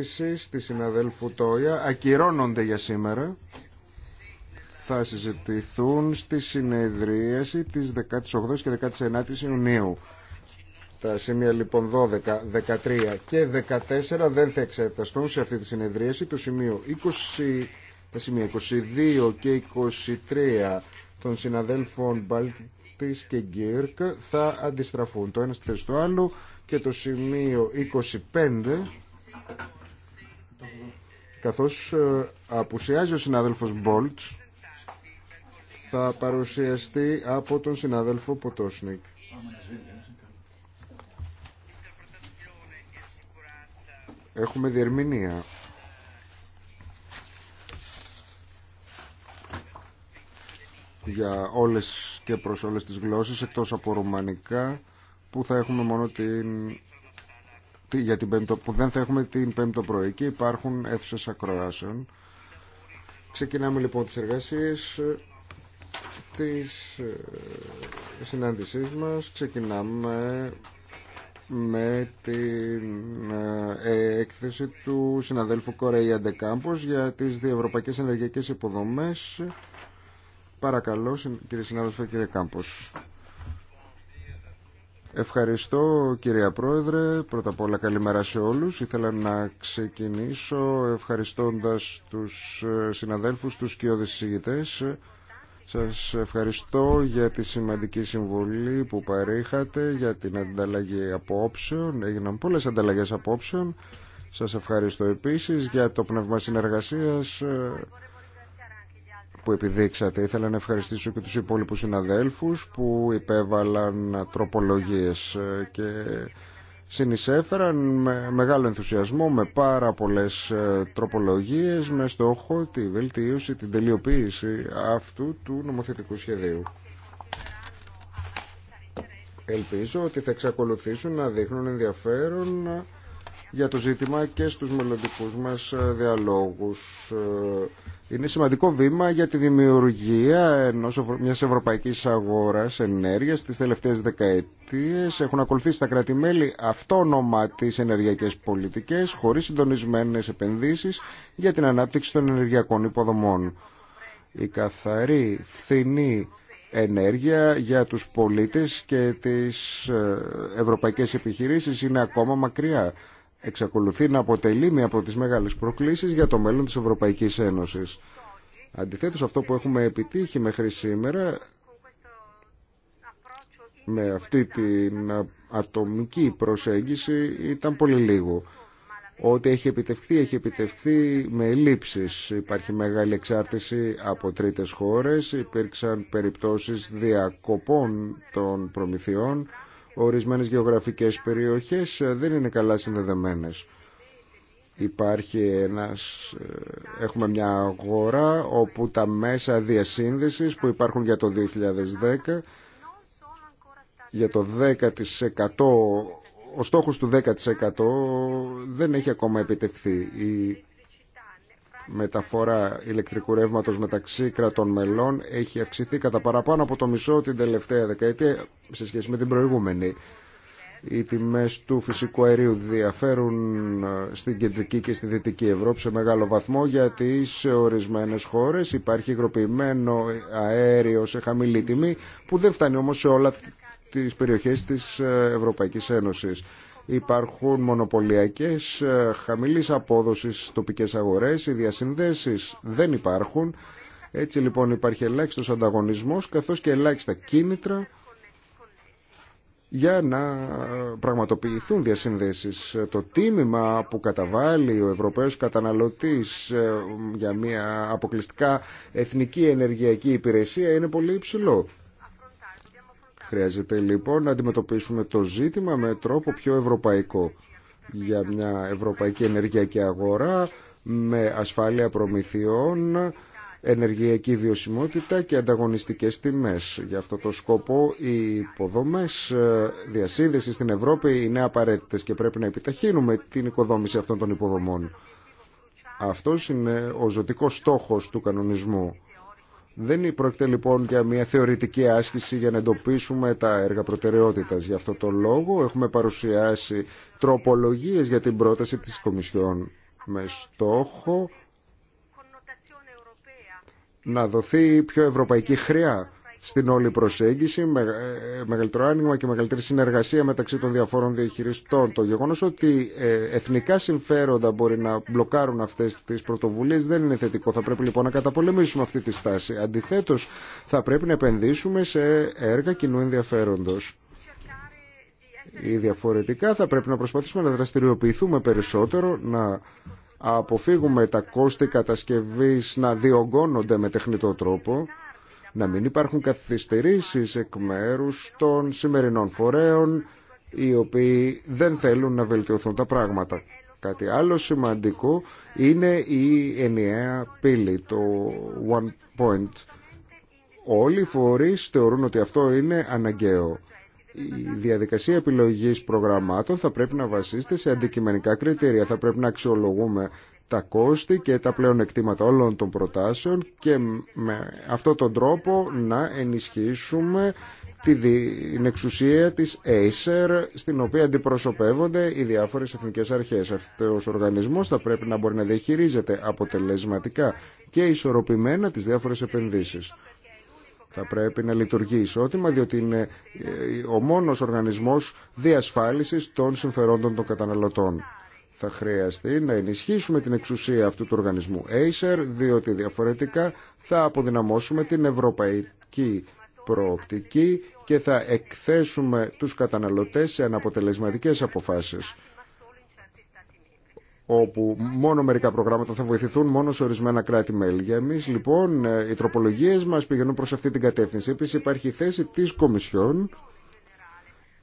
συζητήσεις της συναδέλφου Τόια ακυρώνονται για σήμερα. Θα συζητηθούν στη συνεδρίαση της 18 και 19 Ιουνίου. Τα σημεία λοιπόν 12, 13 και 14 δεν θα εξεταστούν σε αυτή τη συνεδρίαση. Το σημείο 20, τα σημεία 22 και 23 των συναδέλφων Μπάλτη και Γκίρκ θα αντιστραφούν το ένα στη θέση του άλλου και το σημείο 25 Καθώς ε, απουσιάζει ο συνάδελφος Μπόλτ, θα παρουσιαστεί από τον συνάδελφο Ποτόσνικ. Έχουμε διερμηνία. για όλες και προς όλες τις γλώσσες εκτός από ρουμανικά που θα έχουμε μόνο την για την που δεν θα έχουμε την πέμπτο πρωί και υπάρχουν αίθουσε ακροάσεων. Ξεκινάμε λοιπόν τις εργασίες της ε, συνάντησής μας. Ξεκινάμε με την ε, έκθεση του συναδέλφου Κορέη Αντεκάμπος για τις διευρωπαϊκές ενεργειακές υποδομές. Παρακαλώ, κύριε συνάδελφε, κύριε Κάμπος. Ευχαριστώ κυρία Πρόεδρε. Πρώτα απ' όλα καλημέρα σε όλους. Ήθελα να ξεκινήσω ευχαριστώντας τους ε, συναδέλφους, τους κοιόδες συζητητές. Σας ευχαριστώ για τη σημαντική συμβολή που παρήχατε, για την ανταλλαγή απόψεων. Έγιναν πολλές ανταλλαγές απόψεων. Σας ευχαριστώ επίσης για το πνεύμα συνεργασίας ε, που επιδείξατε. Ήθελα να ευχαριστήσω και τους υπόλοιπους συναδέλφους που υπέβαλαν τροπολογίες ε, και συνεισέφεραν με μεγάλο ενθουσιασμό, με πάρα πολλές ε, τροπολογίες, με στόχο τη βελτίωση, την τελειοποίηση αυτού του νομοθετικού σχεδίου. Ελπίζω ότι θα εξακολουθήσουν να δείχνουν ενδιαφέρον για το ζήτημα και στους μελλοντικού μας ε, διαλόγους είναι σημαντικό βήμα για τη δημιουργία ενός, μιας ευρωπαϊκής αγοράς ενέργειας. Τις τελευταίες δεκαετίες έχουν ακολουθήσει τα κράτη-μέλη αυτόνομα τις ενεργειακές πολιτικές χωρίς συντονισμένες επενδύσεις για την ανάπτυξη των ενεργειακών υποδομών. Η καθαρή, φθηνή ενέργεια για τους πολίτες και τις ε, ευρωπαϊκές επιχειρήσεις είναι ακόμα μακριά εξακολουθεί να αποτελεί μία από τις μεγάλες προκλήσεις για το μέλλον της Ευρωπαϊκής Ένωσης. Αντιθέτως αυτό που έχουμε επιτύχει μέχρι σήμερα με αυτή την ατομική προσέγγιση ήταν πολύ λίγο. Ό,τι έχει επιτευχθεί, έχει επιτευχθεί με ελλείψεις. Υπάρχει μεγάλη εξάρτηση από τρίτες χώρες, υπήρξαν περιπτώσεις διακοπών των προμηθειών, ορισμένες γεωγραφικές περιοχές ε, δεν είναι καλά συνδεδεμένες. Υπάρχει ένας, ε, έχουμε μια αγορά όπου τα μέσα διασύνδεσης που υπάρχουν για το 2010 για το 10% ο στόχος του 10% δεν έχει ακόμα επιτευχθεί. Η μεταφορά ηλεκτρικού ρεύματος μεταξύ κρατών μελών έχει αυξηθεί κατά παραπάνω από το μισό την τελευταία δεκαετία σε σχέση με την προηγούμενη. Οι τιμές του φυσικού αερίου διαφέρουν ε, στην κεντρική και στη δυτική Ευρώπη σε μεγάλο βαθμό γιατί σε ορισμένες χώρες υπάρχει υγροποιημένο αέριο σε χαμηλή τιμή που δεν φτάνει όμως σε όλα τις περιοχές της ε, Ευρωπαϊκής Ένωσης. Υπάρχουν μονοπωλιακές, ε, χαμηλής απόδοσης τοπικές αγορές, οι διασυνδέσεις δεν υπάρχουν. Έτσι λοιπόν υπάρχει ελάχιστος ανταγωνισμός καθώς και ελάχιστα κίνητρα για να ε, πραγματοποιηθούν διασύνδεσεις. Το τίμημα που καταβάλει ο Ευρωπαίος καταναλωτής ε, για μια αποκλειστικά εθνική ενεργειακή υπηρεσία είναι πολύ υψηλό. Χρειάζεται λοιπόν να αντιμετωπίσουμε το ζήτημα με τρόπο πιο ευρωπαϊκό για μια ευρωπαϊκή ενεργειακή αγορά με ασφάλεια προμηθειών, ενεργειακή βιωσιμότητα και ανταγωνιστικές τιμές. Για αυτό το σκοπό οι υποδομές ε, διασύνδεσης στην Ευρώπη είναι απαραίτητες και πρέπει να επιταχύνουμε την οικοδόμηση αυτών των υποδομών. Αυτός είναι ο ζωτικός στόχος του κανονισμού δεν πρόκειται λοιπόν για μια θεωρητική άσκηση για να εντοπίσουμε τα έργα προτεραιότητα. Γι' αυτό το λόγο έχουμε παρουσιάσει τροπολογίες για την πρόταση της Κομισιόν με στόχο να δοθεί πιο ευρωπαϊκή χρειά στην όλη προσέγγιση, με, ε, μεγαλύτερο άνοιγμα και μεγαλύτερη συνεργασία μεταξύ των διαφόρων διαχειριστών. Το γεγονός ότι ε, εθνικά συμφέροντα μπορεί να μπλοκάρουν αυτές τις πρωτοβουλίες δεν είναι θετικό. Θα πρέπει λοιπόν να καταπολεμήσουμε αυτή τη στάση. Αντιθέτως θα πρέπει να επενδύσουμε σε έργα κοινού ενδιαφέροντος ή διαφορετικά θα πρέπει να προσπαθήσουμε να δραστηριοποιηθούμε περισσότερο, να αποφύγουμε τα κόστη κατασκευής να διωγγώνονται με τεχνητό τρόπο να μην υπάρχουν καθυστερήσεις εκ μέρου των σημερινών φορέων οι οποίοι δεν θέλουν να βελτιωθούν τα πράγματα. Κάτι άλλο σημαντικό είναι η ενιαία πύλη, το one point. Όλοι οι φορείς θεωρούν ότι αυτό είναι αναγκαίο. Η διαδικασία επιλογής προγραμμάτων θα πρέπει να βασίζεται σε αντικειμενικά κριτήρια. Θα πρέπει να αξιολογούμε τα κόστη και τα πλέον εκτήματα όλων των προτάσεων και με αυτόν τον τρόπο να ενισχύσουμε την εξουσία της Acer στην οποία αντιπροσωπεύονται οι διάφορες εθνικές αρχές. Αυτός ο οργανισμός θα πρέπει να μπορεί να διαχειρίζεται αποτελεσματικά και ισορροπημένα τις διάφορες επενδύσεις. Θα πρέπει να λειτουργεί ισότιμα διότι είναι ε, ο μόνος οργανισμός διασφάλισης των συμφερόντων των καταναλωτών θα χρειαστεί να ενισχύσουμε την εξουσία αυτού του οργανισμού Acer, διότι διαφορετικά θα αποδυναμώσουμε την ευρωπαϊκή προοπτική και θα εκθέσουμε τους καταναλωτές σε αναποτελεσματικές αποφάσεις όπου μόνο μερικά προγράμματα θα βοηθηθούν μόνο σε ορισμένα κράτη-μέλη. Για εμείς, λοιπόν, ε, οι τροπολογίες μας πηγαίνουν προς αυτή την κατεύθυνση. Επίσης, υπάρχει η θέση της Κομισιόν,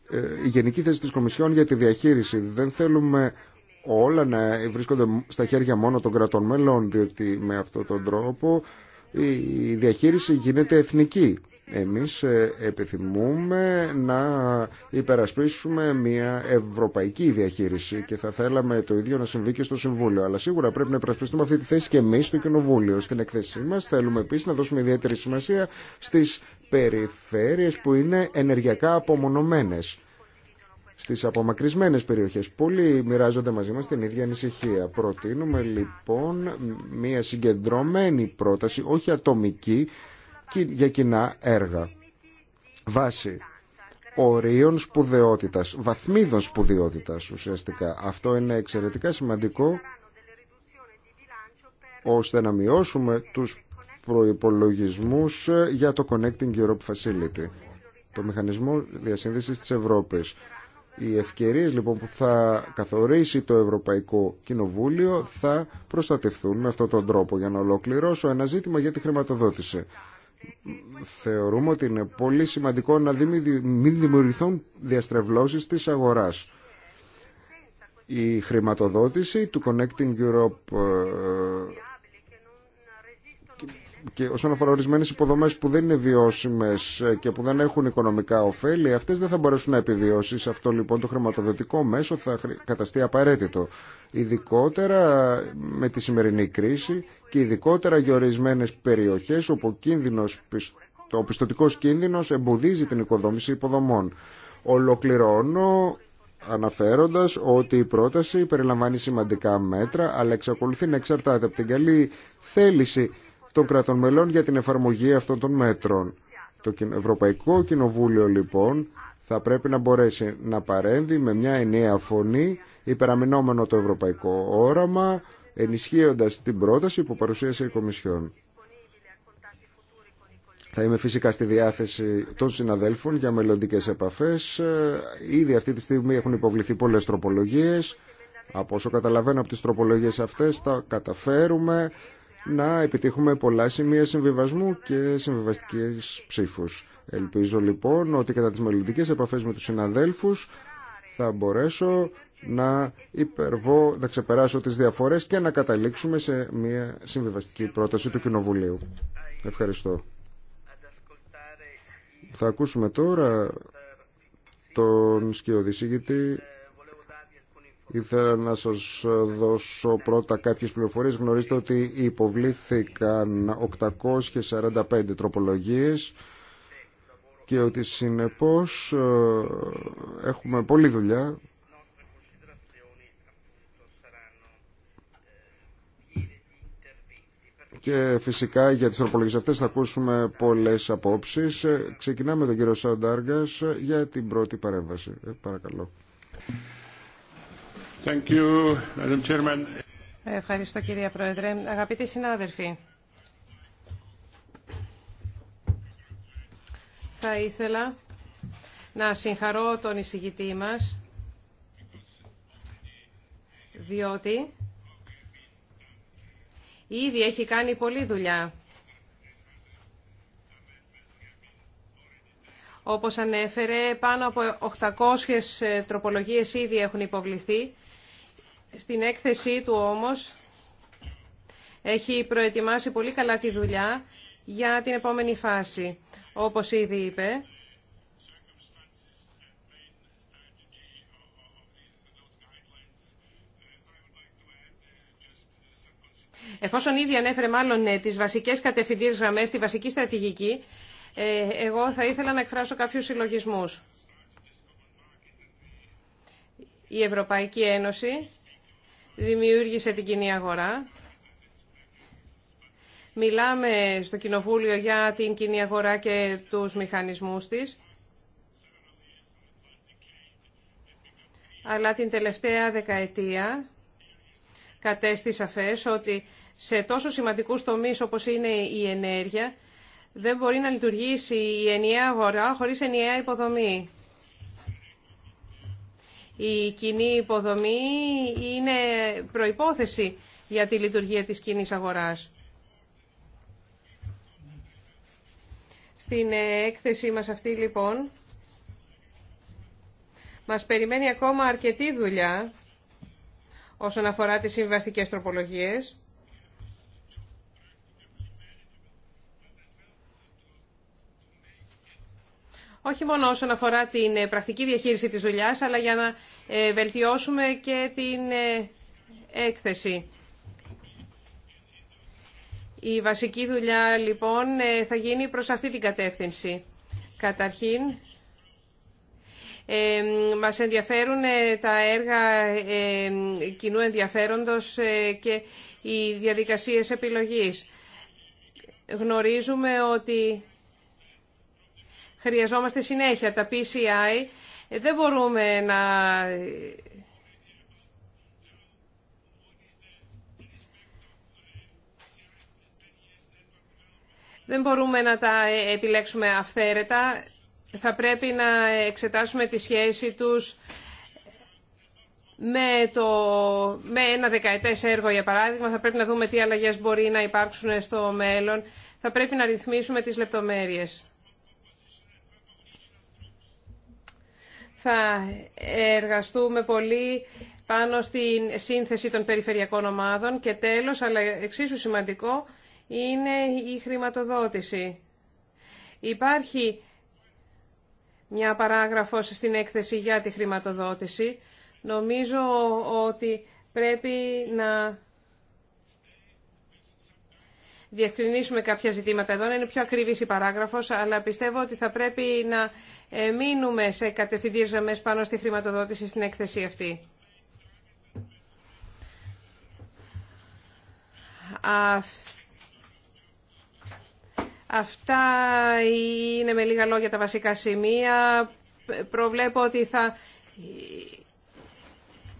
ε, η γενική θέση της Κομισιόν για τη διαχείριση. Δεν θέλουμε όλα να βρίσκονται στα χέρια μόνο των κρατών μελών, διότι με αυτόν τον τρόπο η διαχείριση γίνεται εθνική. Εμείς ε, επιθυμούμε να υπερασπίσουμε μια ευρωπαϊκή διαχείριση και θα θέλαμε το ίδιο να συμβεί και στο Συμβούλιο. Αλλά σίγουρα πρέπει να υπερασπιστούμε αυτή τη θέση και εμείς στο Κοινοβούλιο. Στην εκθέσή μας θέλουμε επίσης να δώσουμε ιδιαίτερη σημασία στις περιφέρειες που είναι ενεργειακά απομονωμένες στις απομακρυσμένες περιοχές. Πολλοί μοιράζονται μαζί μας την ίδια ανησυχία. Προτείνουμε λοιπόν μια συγκεντρωμένη πρόταση, όχι ατομική, για κοινά έργα. Βάση ορίων σπουδαιότητας, βαθμίδων σπουδαιότητας ουσιαστικά. Αυτό είναι εξαιρετικά σημαντικό ώστε να μειώσουμε τους προϋπολογισμούς για το Connecting Europe Facility, το μηχανισμό διασύνδεσης της Ευρώπης. Οι ευκαιρίες λοιπόν που θα καθορίσει το Ευρωπαϊκό Κοινοβούλιο θα προστατευθούν με αυτόν τον τρόπο. Για να ολοκληρώσω ένα ζήτημα για τη χρηματοδότηση. Θεωρούμε ότι είναι πολύ σημαντικό να μην δημιουργηθούν διαστρεβλώσεις της αγοράς. Η χρηματοδότηση του Connecting Europe ε, και όσον αφορά ορισμένε υποδομέ που δεν είναι βιώσιμε ε, και που δεν έχουν οικονομικά ωφέλη, αυτέ δεν θα μπορέσουν να επιβιώσει. Σε αυτό λοιπόν το χρηματοδοτικό μέσο θα καταστεί απαραίτητο. Ειδικότερα ε, με τη σημερινή κρίση και ειδικότερα για ορισμένε περιοχέ όπου ο, κίνδυνος, ο πιστοτικό κίνδυνο εμποδίζει την οικοδόμηση υποδομών. Ολοκληρώνω αναφέροντας ότι η πρόταση περιλαμβάνει σημαντικά μέτρα αλλά εξακολουθεί να εξαρτάται από την καλή θέληση των κρατών μελών για την εφαρμογή αυτών των μέτρων. Το Ευρωπαϊκό Κοινοβούλιο λοιπόν θα πρέπει να μπορέσει να παρέμβει με μια ενιαία φωνή υπεραμεινόμενο το ευρωπαϊκό όραμα ενισχύοντας την πρόταση που παρουσίασε η Κομισιόν. Θα είμαι φυσικά στη διάθεση των συναδέλφων για μελλοντικές επαφές. Ήδη αυτή τη στιγμή έχουν υποβληθεί πολλές τροπολογίες. Από όσο καταλαβαίνω από τις τροπολογίες αυτές θα καταφέρουμε να επιτύχουμε πολλά σημεία συμβιβασμού και συμβιβαστικές ψήφους. Ελπίζω λοιπόν ότι κατά τις μελλοντικέ επαφές με του συναδέλφου θα μπορέσω να υπερβώ, να ξεπεράσω τις διαφορές και να καταλήξουμε σε μια συμβιβαστική πρόταση του Κοινοβουλίου. Ευχαριστώ. Θα ακούσουμε τώρα τον σκιοδησίγητη Ήθελα να σας δώσω πρώτα κάποιες πληροφορίες. Γνωρίζετε ότι υποβλήθηκαν 845 τροπολογίες και ότι συνεπώς ε, έχουμε πολλή δουλειά. Και φυσικά για τις τροπολογίες αυτές θα ακούσουμε πολλές απόψεις. Ε, ξεκινάμε τον κύριο Σαντάργας για την πρώτη παρέμβαση. Ε, παρακαλώ. Ευχαριστώ κυρία Πρόεδρε. Αγαπητοί συνάδελφοι, θα ήθελα να συγχαρώ τον εισηγητή μας, διότι ήδη έχει κάνει πολλή δουλειά. Όπως ανέφερε, πάνω από 800 τροπολογίες ήδη έχουν υποβληθεί στην έκθεσή του όμως έχει προετοιμάσει πολύ καλά τη δουλειά για την επόμενη φάση. Όπως ήδη είπε, Εφόσον ήδη ανέφερε μάλλον ε, τις βασικές κατευθυντήρες γραμμές, τη βασική στρατηγική, ε, εγώ θα ήθελα να εκφράσω κάποιους συλλογισμούς. Η Ευρωπαϊκή Ένωση δημιούργησε την κοινή αγορά. Μιλάμε στο Κοινοβούλιο για την κοινή αγορά και τους μηχανισμούς της. Αλλά την τελευταία δεκαετία κατέστη σαφές ότι σε τόσο σημαντικούς τομείς όπως είναι η ενέργεια δεν μπορεί να λειτουργήσει η ενιαία αγορά χωρίς ενιαία υποδομή. Η κοινή υποδομή είναι προϋπόθεση για τη λειτουργία της κοινή αγοράς. Στην έκθεσή μας αυτή λοιπόν μας περιμένει ακόμα αρκετή δουλειά όσον αφορά τις συμβαστικές τροπολογίες. όχι μόνο όσον αφορά την ε, πρακτική διαχείριση της δουλειάς, αλλά για να ε, βελτιώσουμε και την ε, έκθεση. Η βασική δουλειά, λοιπόν, θα γίνει προς αυτή την κατεύθυνση. Καταρχήν, ε, μας ενδιαφέρουν τα έργα κοινού ενδιαφέροντος και οι διαδικασίες επιλογής. Γνωρίζουμε ότι Χρειαζόμαστε συνέχεια τα PCI. Δεν μπορούμε να Δεν μπορούμε να τα επιλέξουμε αυθαίρετα. Θα πρέπει να εξετάσουμε τη σχέση τους με, το, με ένα δεκαετές έργο, για παράδειγμα. Θα πρέπει να δούμε τι αλλαγές μπορεί να υπάρξουν στο μέλλον. Θα πρέπει να ρυθμίσουμε τις λεπτομέρειες. Θα εργαστούμε πολύ πάνω στην σύνθεση των περιφερειακών ομάδων και τέλος, αλλά εξίσου σημαντικό, είναι η χρηματοδότηση. Υπάρχει μια παράγραφος στην έκθεση για τη χρηματοδότηση. Νομίζω ότι πρέπει να διευκρινίσουμε κάποια ζητήματα εδώ. Είναι πιο ακριβής η παράγραφος, αλλά πιστεύω ότι θα πρέπει να ε, μείνουμε σε κατευθυντήρες πάνω στη χρηματοδότηση στην έκθεση αυτή. Αυτά είναι με λίγα λόγια τα βασικά σημεία. Προβλέπω ότι θα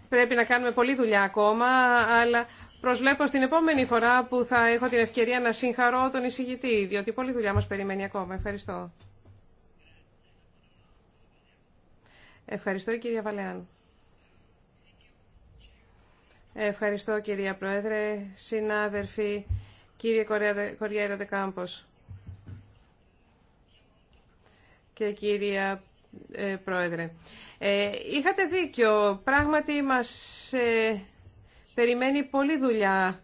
πρέπει να κάνουμε πολλή δουλειά ακόμα, αλλά προσβλέπω στην επόμενη φορά που θα έχω την ευκαιρία να συγχαρώ τον εισηγητή, διότι πολλή δουλειά μας περιμένει ακόμα. Ευχαριστώ. Ευχαριστώ κυρία Βαλεάν. Ευχαριστώ κυρία Πρόεδρε, συνάδελφοι, κύριε Κοριέρα Δεκάμπος και κυρία ε, Πρόεδρε. Ε, είχατε δίκιο. Πράγματι μας ε, περιμένει πολλή δουλειά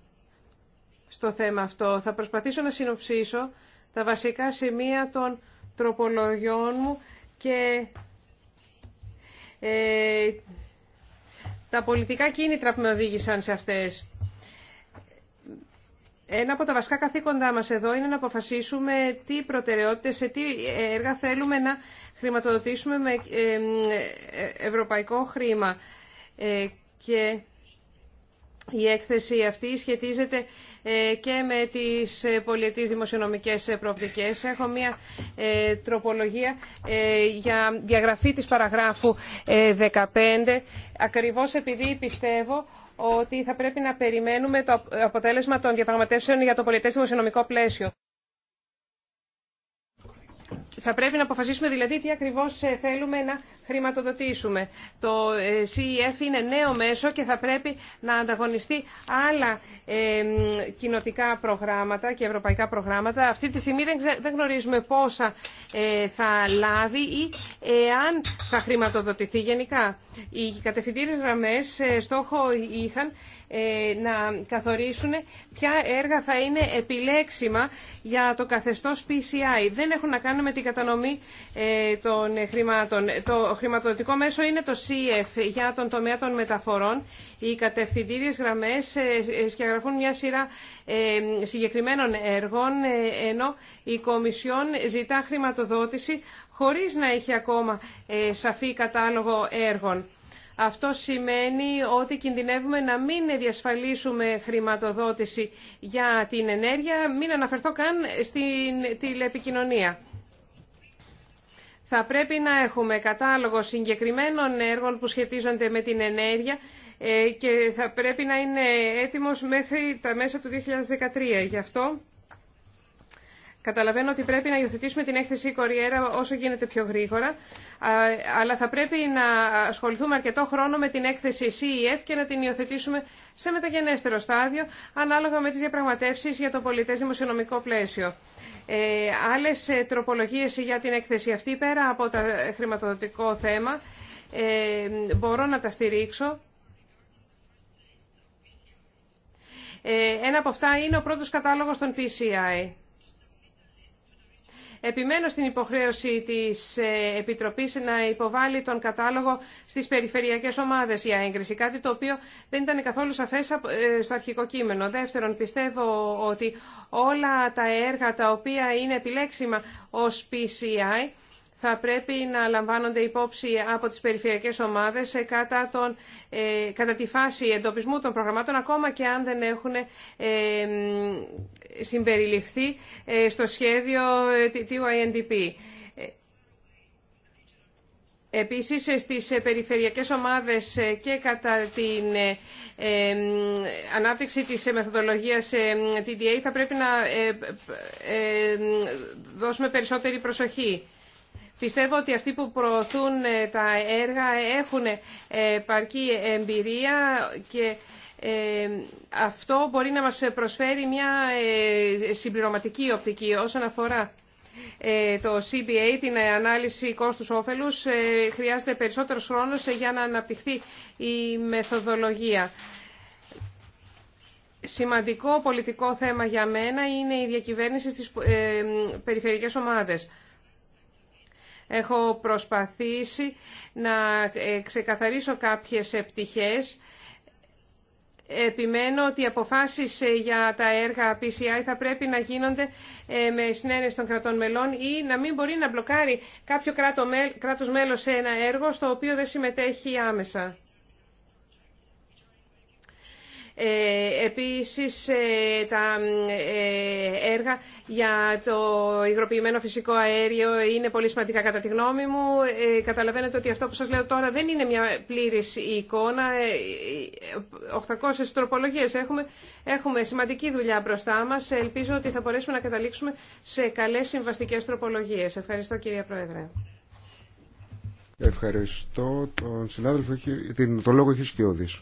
στο θέμα αυτό. Θα προσπαθήσω να συνοψίσω τα βασικά σημεία των τροπολογιών μου και ε, τα πολιτικά κίνητρα που με οδήγησαν σε αυτές. Ένα από τα βασικά καθήκοντά μας εδώ είναι να αποφασίσουμε τι προτεραιότητες, σε τι έργα θέλουμε να χρηματοδοτήσουμε με ε, ευρωπαϊκό χρήμα. Ε, και η έκθεση αυτή σχετίζεται ε, και με τις ε, πολιετής δημοσιονομικές ε, προοπτικές. Έχω μία τροπολογία για διαγραφή της παραγράφου 15, ακριβώς επειδή πιστεύω ότι θα πρέπει να περιμένουμε το αποτέλεσμα των διαπραγματεύσεων για το πολιτέ δημοσιονομικό πλαίσιο. Θα πρέπει να αποφασίσουμε δηλαδή τι ακριβώς ε, θέλουμε να χρηματοδοτήσουμε. Το ε, CEF είναι νέο μέσο και θα πρέπει να ανταγωνιστεί άλλα ε, κοινοτικά προγράμματα και ευρωπαϊκά προγράμματα. Αυτή τη στιγμή δεν γνωρίζουμε πόσα θα λάβει ή αν θα χρηματοδοτηθεί γενικά. Οι κατευθυντήρες γραμμές στόχο είχαν ε, να καθορίσουν ποια έργα θα είναι επιλέξιμα για το καθεστώς PCI. Δεν έχουν να κάνουν με την κατανομή ε, των χρημάτων. Το χρηματοδοτικό μέσο είναι το CF για τον τομέα των μεταφορών. Οι κατευθυντήριες γραμμές ε, σχεδιαγραφούν μια σειρά συγκεκριμένων έργων, ενώ η Κομισιόν ζητά χρηματοδότηση χωρίς να έχει ακόμα σαφή κατάλογο έργων. Αυτό σημαίνει ότι κινδυνεύουμε να μην διασφαλίσουμε χρηματοδότηση για την ενέργεια, μην αναφερθώ καν στην τηλεπικοινωνία. Θα πρέπει να έχουμε κατάλογο συγκεκριμένων έργων που σχετίζονται με την ενέργεια ε, και θα πρέπει να είναι έτοιμος μέχρι τα μέσα του 2013. Γι' αυτό Καταλαβαίνω ότι πρέπει να υιοθετήσουμε την έκθεση Κοριέρα όσο γίνεται πιο γρήγορα, αλλά θα πρέπει να ασχοληθούμε αρκετό χρόνο με την έκθεση CEF και να την υιοθετήσουμε σε μεταγενέστερο στάδιο, ανάλογα με τις διαπραγματεύσεις για το πολιτές δημοσιονομικό πλαίσιο. Ε, άλλες ε, τροπολογίες για την έκθεση αυτή, πέρα από το χρηματοδοτικό θέμα, ε, μπορώ να τα στηρίξω. Ε, ένα από αυτά είναι ο πρώτος κατάλογος των PCI. Επιμένω στην υποχρέωση της ε, Επιτροπής να υποβάλει τον κατάλογο στις περιφερειακές ομάδες για έγκριση, κάτι το οποίο δεν ήταν καθόλου σαφές ε, στο αρχικό κείμενο. Δεύτερον, πιστεύω ότι όλα τα έργα τα οποία είναι επιλέξιμα ως PCI θα πρέπει να λαμβάνονται υπόψη από τις περιφερειακές ομάδες ε, κατά, τη φάση εντοπισμού των προγραμμάτων, ακόμα και αν δεν έχουν ε, συμπεριληφθεί ε, στο σχέδιο του INDP. Επίσης, στις περιφερειακές ομάδες και κατά την ανάπτυξη της μεθοδολογίας TDA θα πρέπει να δώσουμε περισσότερη προσοχή. Πιστεύω ότι αυτοί που προωθούν ε, τα έργα έχουν ε, παρκή εμπειρία και ε, αυτό μπορεί να μας προσφέρει μια συμπληρωματική οπτική όσον αφορά το CBA, την ανάλυση κόστους όφελους. Χρειάζεται περισσότερος χρόνος για να αναπτυχθεί η μεθοδολογία. Σημαντικό πολιτικό θέμα για μένα είναι η διακυβέρνηση στις περιφερειακές ομάδες. Έχω προσπαθήσει να ε, ξεκαθαρίσω κάποιες επιτυχές. Επιμένω ότι οι αποφάσεις ε, για τα έργα PCI θα πρέπει να γίνονται ε, με συνένεση των κρατών μελών ή να μην μπορεί να μπλοκάρει κάποιο κράτος μέλος σε ένα έργο στο οποίο δεν συμμετέχει άμεσα. Ε, επίσης, ε, τα ε, έργα για το υγροποιημένο φυσικό αέριο είναι πολύ σημαντικά κατά τη γνώμη μου. Καταλαβαίνετε ότι αυτό που σας λέω τώρα δεν είναι μια πλήρης εικόνα. 800 τροπολογίες έχουμε. Έχουμε σημαντική δουλειά μπροστά μας. Ελπίζω ότι θα μπορέσουμε να καταλήξουμε σε καλές συμβαστικές τροπολογίες. Ευχαριστώ κυρία Πρόεδρε. Ευχαριστώ τον συνάδελφο. Το λόγο έχει Σκιώδης.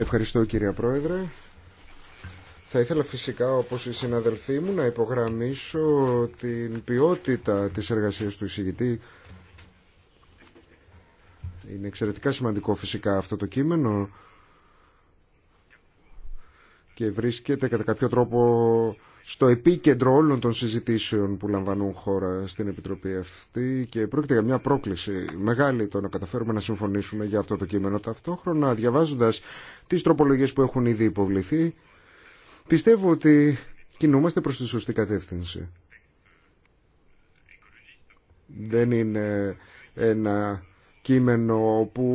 Ευχαριστώ κυρία Πρόεδρε. Θα ήθελα φυσικά όπως οι συναδελφοί μου να υπογραμμίσω την ποιότητα της εργασίας του εισηγητή. Είναι εξαιρετικά σημαντικό φυσικά αυτό το κείμενο και βρίσκεται κατά κάποιο τρόπο στο επίκεντρο όλων των συζητήσεων που λαμβανούν χώρα στην Επιτροπή αυτή και πρόκειται για μια πρόκληση μεγάλη το να καταφέρουμε να συμφωνήσουμε για αυτό το κείμενο ταυτόχρονα διαβάζοντας τις τροπολογίες που έχουν ήδη υποβληθεί πιστεύω ότι κινούμαστε προς τη σωστή κατεύθυνση. Δεν είναι ένα κείμενο που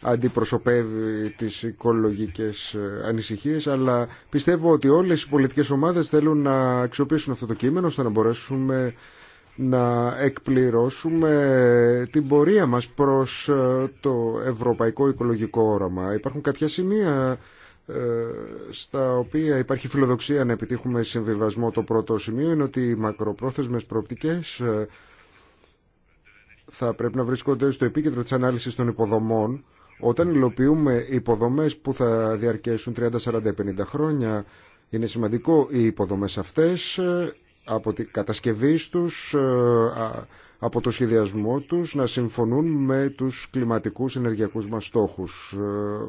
αντιπροσωπεύει τις οικολογικές ε, ανησυχίες αλλά πιστεύω ότι όλες οι πολιτικές ομάδες θέλουν να αξιοποιήσουν αυτό το κείμενο ώστε να μπορέσουμε να εκπληρώσουμε την πορεία μας προς ε, το ευρωπαϊκό οικολογικό όραμα. Υπάρχουν κάποια σημεία ε, στα οποία υπάρχει φιλοδοξία να επιτύχουμε συμβιβασμό. Το πρώτο σημείο είναι ότι οι μακροπρόθεσμες προοπτικές θα πρέπει να βρίσκονται στο επίκεντρο της ανάλυσης των υποδομών όταν υλοποιούμε υποδομές που θα διαρκέσουν 30, 40, 50 χρόνια. Είναι σημαντικό οι υποδομές αυτές ε, από την κατασκευή τους, ε, από το σχεδιασμό τους να συμφωνούν με τους κλιματικούς ενεργειακούς μας στόχους ε,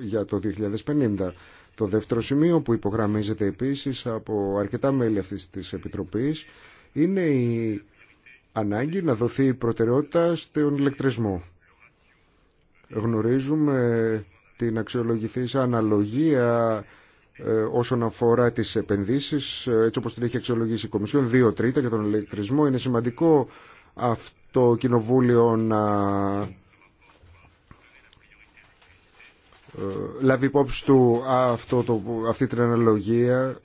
για το 2050. Το δεύτερο σημείο που υπογραμμίζεται επίσης από αρκετά μέλη αυτής της Επιτροπής είναι η ανάγκη να δοθεί προτεραιότητα στον ηλεκτρισμό. Γνωρίζουμε την αξιολογηθήσα αναλογία ε, όσον αφορά τις επενδύσεις, ε, έτσι όπως την έχει αξιολογήσει η Κομισιόν, δύο τρίτα για τον ηλεκτρισμό. Είναι σημαντικό αυτό το κοινοβούλιο να ε, λάβει υπόψη του αυτό το, αυτή την αναλογία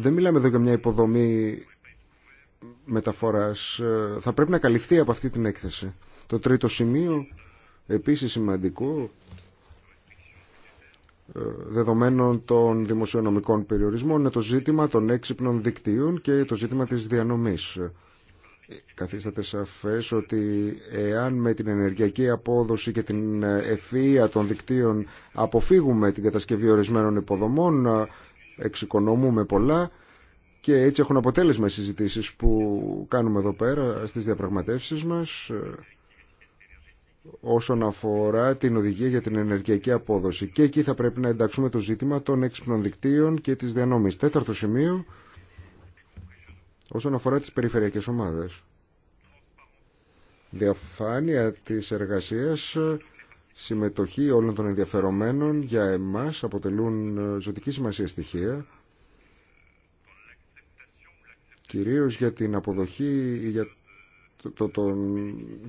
δεν μιλάμε εδώ για μια υποδομή μεταφοράς. Ε, θα πρέπει να καλυφθεί από αυτή την έκθεση. Το τρίτο σημείο, επίσης σημαντικό, ε, δεδομένων των δημοσιονομικών περιορισμών είναι το ζήτημα των έξυπνων δικτύων και το ζήτημα της διανομής. Καθίσταται σαφές ότι εάν με την ενεργειακή απόδοση και την ευφυΐα των δικτύων αποφύγουμε την κατασκευή ορισμένων υποδομών εξοικονομούμε πολλά και έτσι έχουν αποτέλεσμα οι συζητήσεις που κάνουμε εδώ πέρα στις διαπραγματεύσεις μας ε, όσον αφορά την οδηγία για την ενεργειακή απόδοση. Και εκεί θα πρέπει να ενταξούμε το ζήτημα των έξυπνων δικτύων και της διανομής. Τέταρτο σημείο, όσον αφορά τις περιφερειακές ομάδες. Διαφάνεια της εργασίας συμμετοχή όλων των ενδιαφερομένων για εμάς αποτελούν ε, ζωτική σημασία στοιχεία κυρίως για την αποδοχή για το, τον,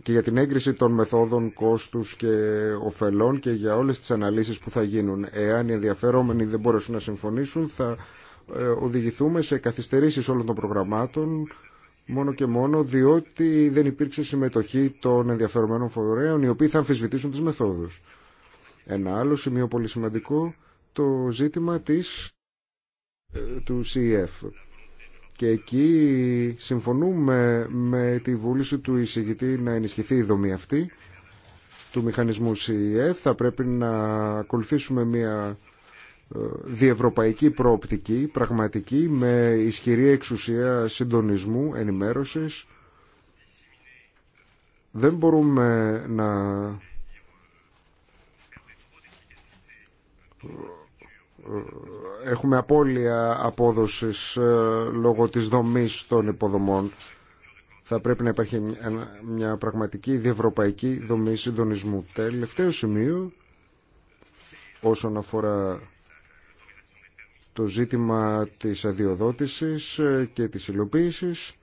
και για την έγκριση των μεθόδων κόστους και ωφελών και για όλες τις αναλύσεις που θα γίνουν. Εάν οι ενδιαφερόμενοι δεν μπορέσουν να συμφωνήσουν θα ε, οδηγηθούμε σε καθυστερήσεις όλων των προγραμμάτων μόνο και μόνο διότι δεν υπήρξε συμμετοχή των ενδιαφερομένων φορέων οι οποίοι θα αμφισβητήσουν τις μεθόδους. Ένα άλλο σημείο πολύ σημαντικό, το ζήτημα της, ε, του CEF. Και εκεί συμφωνούμε με τη βούληση του εισηγητή να ενισχυθεί η δομή αυτή του μηχανισμού CEF. Θα πρέπει να ακολουθήσουμε μια ε, διευρωπαϊκή προοπτική, πραγματική, με ισχυρή εξουσία συντονισμού, ενημέρωσης. Δεν μπορούμε να ε, έχουμε απώλεια απόδοσης ε, λόγω της δομής των υποδομών. Θα πρέπει να υπάρχει μια πραγματική διευρωπαϊκή δομή συντονισμού. Τελευταίο σημείο όσον αφορά το ζήτημα της αδειοδότησης και της υλοποίησης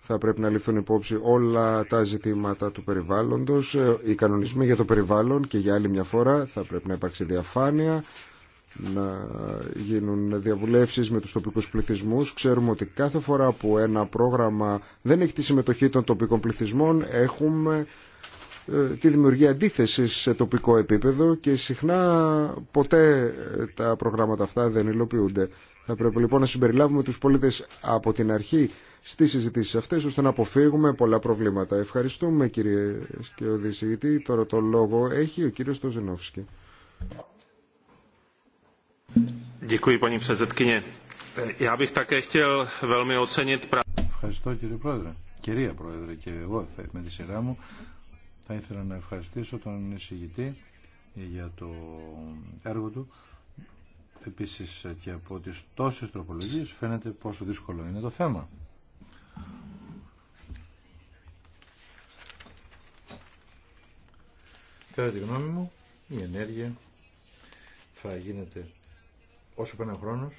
Θα πρέπει να ληφθούν υπόψη όλα τα ζητήματα του περιβάλλοντος, οι κανονισμοί για το περιβάλλον και για άλλη μια φορά θα πρέπει να υπάρξει διαφάνεια, να γίνουν διαβουλεύσεις με τους τοπικούς πληθυσμούς. Ξέρουμε ότι κάθε φορά που ένα πρόγραμμα δεν έχει τη συμμετοχή των τοπικών πληθυσμών έχουμε ε, τη δημιουργία αντίθεσης σε τοπικό επίπεδο και συχνά ποτέ ε, τα προγράμματα αυτά δεν υλοποιούνται. Θα πρέπει λοιπόν να συμπεριλάβουμε τους πολίτες από την αρχή στις συζητήσεις αυτές ώστε να αποφύγουμε πολλά προβλήματα. Ευχαριστούμε κύριε Σκεωδησίτη. Τώρα το λόγο έχει ο κύριος Στοζενόφσκι. Ευχαριστώ κύριε Πρόεδρε. Κυρία Πρόεδρε και εγώ με τη σειρά μου θα ήθελα να ευχαριστήσω τον εισηγητή για το έργο του. Επίσης και από τις τόσες τροπολογίες φαίνεται πόσο δύσκολο είναι το θέμα. Κατά τη γνώμη μου, η ενέργεια θα γίνεται όσο πέραν χρόνος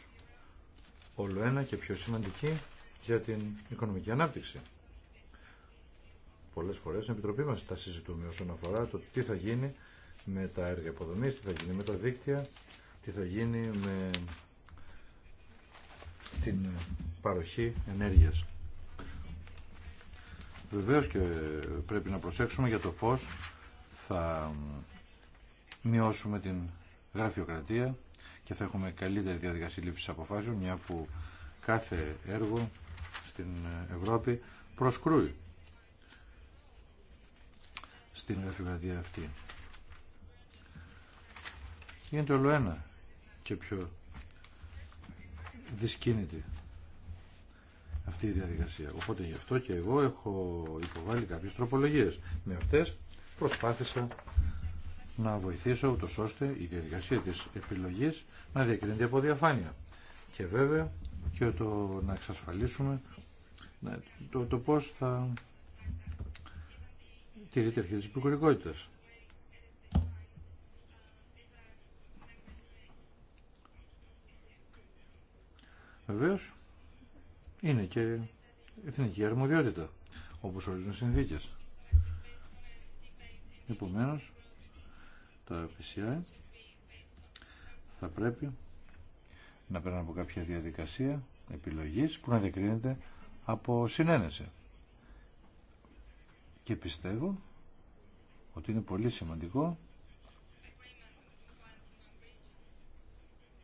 όλο ένα και πιο σημαντική για την οικονομική ανάπτυξη πολλές φορές στην Επιτροπή μας τα συζητούμε όσον αφορά το τι θα γίνει με τα έργα υποδομής, τι θα γίνει με τα δίκτυα, τι θα γίνει με την παροχή ενέργειας. Βεβαίως και πρέπει να προσέξουμε για το πώς θα μειώσουμε την γραφειοκρατία και θα έχουμε καλύτερη διαδικασία λήψης αποφάσεων, μια που κάθε έργο στην Ευρώπη προσκρούει στην γραφειοκρατία αυτή. Γίνεται όλο ένα και πιο δυσκίνητη αυτή η διαδικασία. Οπότε γι' αυτό και εγώ έχω υποβάλει κάποιες τροπολογίες. Με αυτές προσπάθησα να βοηθήσω ούτως ώστε η διαδικασία της επιλογής να διακρίνεται από διαφάνεια. Και βέβαια και το να εξασφαλίσουμε το, το πώς θα τηρείται αρχή της υπηκορικότητας. Βεβαίω είναι και εθνική αρμοδιότητα, όπως ορίζουν συνθήκες. Επομένως, τα PCI θα πρέπει να περνάνε από κάποια διαδικασία επιλογής που να διακρίνεται από συνένεση και πιστεύω ότι είναι πολύ σημαντικό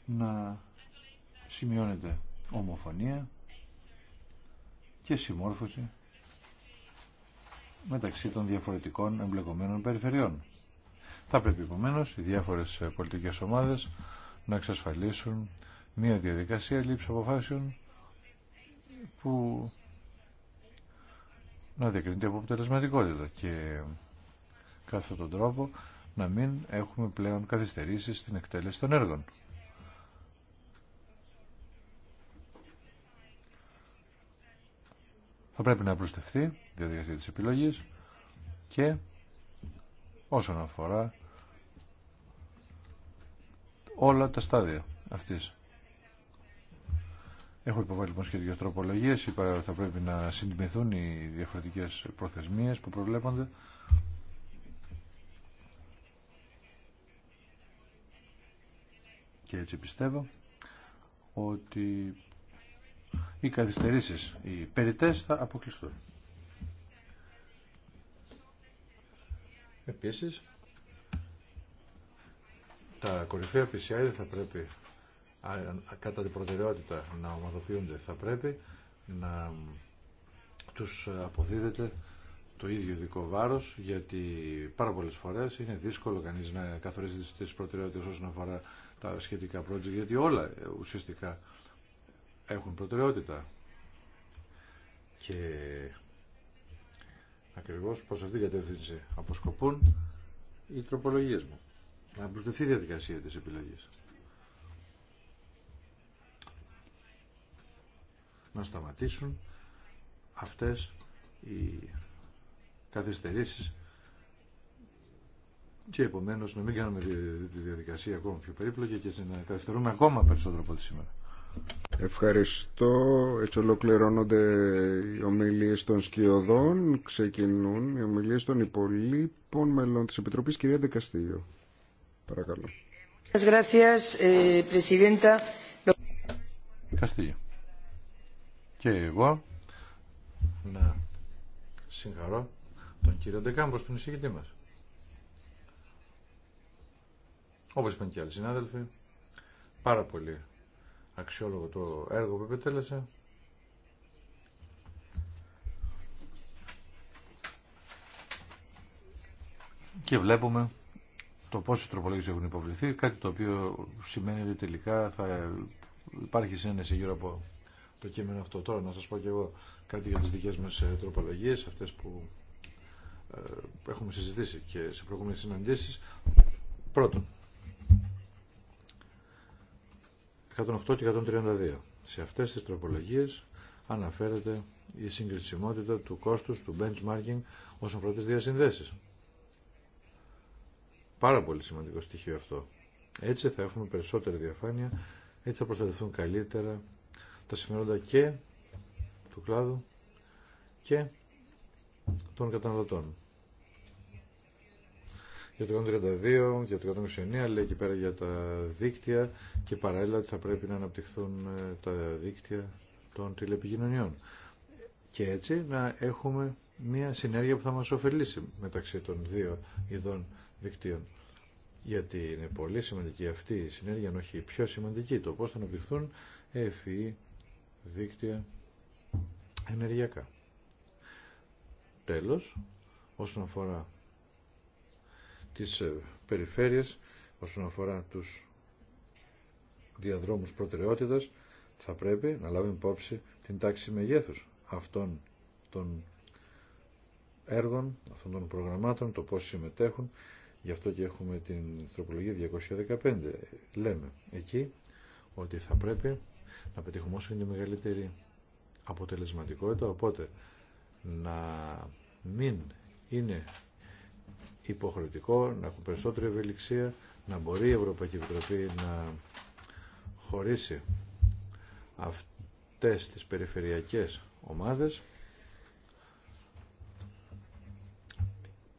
να σημειώνεται ομοφωνία και συμμόρφωση μεταξύ των διαφορετικών εμπλεκομένων περιφερειών. Θα πρέπει επομένω οι διάφορες πολιτικές ομάδες να εξασφαλίσουν μια διαδικασία λήψη αποφάσεων που να διακρίνεται από αποτελεσματικότητα και κάθε τον τρόπο να μην έχουμε πλέον καθυστερήσεις στην εκτέλεση των έργων. Θα πρέπει να απλουστευτεί η διαδικασία της επιλογής και όσον αφορά όλα τα στάδια αυτής Έχω υποβάλει λοιπόν σχετικέ τροπολογίε. Είπα θα πρέπει να συντηρηθούν οι διαφορετικέ προθεσμίε που προβλέπονται. Και έτσι πιστεύω ότι οι καθυστερήσεις, οι περιτές θα αποκλειστούν. Επίσης, τα κορυφαία PCI θα πρέπει κατά την προτεραιότητα να ομαδοποιούνται. Θα πρέπει να τους αποδίδεται το ίδιο δικό βάρος γιατί πάρα πολλές φορές είναι δύσκολο κανείς να καθορίζει τις προτεραιότητες όσον αφορά τα σχετικά project γιατί όλα ε, ουσιαστικά έχουν προτεραιότητα και ακριβώς προς αυτήν την κατεύθυνση αποσκοπούν οι τροπολογίες μου να προσδεθεί η διαδικασία της επιλογής. να σταματήσουν αυτές οι καθυστερήσεις και επομένως να μην κάνουμε τη διαδικασία ακόμα πιο περίπλοκη και να καθυστερούμε ακόμα περισσότερο από ό,τι σήμερα. Ευχαριστώ. Έτσι ολοκληρώνονται οι ομιλίες των σκιωδών. Ξεκινούν οι ομιλίες των υπολείπων μελών της Επιτροπής. Κυρία Ντεκαστήγιο, Παρακαλώ και εγώ να συγχαρώ τον κύριο Ντεκάμπρος, τον εισηγητή μας. Όπως είπαν και άλλοι συνάδελφοι, πάρα πολύ αξιόλογο το έργο που επιτέλεσε. Και βλέπουμε το πόσε τροπολογίε έχουν υποβληθεί, κάτι το οποίο σημαίνει ότι τελικά θα υπάρχει συνένεση γύρω από το κείμενο αυτό. Τώρα να σας πω και εγώ κάτι για τις δικές μας ε, τροπολογίες, αυτές που ε, έχουμε συζητήσει και σε προηγούμενες συναντήσεις. Πρώτον, 108 και 132. Σε αυτές τις τροπολογίες αναφέρεται η συγκρισιμότητα του κόστους, του benchmarking όσον αφορά τις διασυνδέσεις. Πάρα πολύ σημαντικό στοιχείο αυτό. Έτσι θα έχουμε περισσότερη διαφάνεια, έτσι θα προστατευτούν καλύτερα τα συμφέροντα και του κλάδου και των καταναλωτών. Για το 132, για το 129 λέει και πέρα για τα δίκτυα και παράλληλα ότι θα πρέπει να αναπτυχθούν ε, τα δίκτυα των τηλεπικοινωνιών. Και έτσι να έχουμε μια συνέργεια που θα μας ωφελήσει μεταξύ των δύο ειδών δικτύων. Γιατί είναι πολύ σημαντική αυτή η συνέργεια, αν όχι η πιο σημαντική, το πώς θα αναπτυχθούν εφή δίκτυα ενεργειακά. Τέλος, όσον αφορά τις ε, περιφέρειες, όσον αφορά τους διαδρόμους προτεραιότητας, θα πρέπει να λάβουμε υπόψη την τάξη μεγέθους αυτών των έργων, αυτών των προγραμμάτων, το πώς συμμετέχουν. Γι' αυτό και έχουμε την τροπολογία 215. Λέμε εκεί ότι θα πρέπει να πετύχουμε όσο είναι μεγαλύτερη αποτελεσματικότητα, οπότε να μην είναι υποχρεωτικό, να έχουμε περισσότερη ευελιξία, να μπορεί η Ευρωπαϊκή Επιτροπή να χωρίσει αυτές τις περιφερειακές ομάδες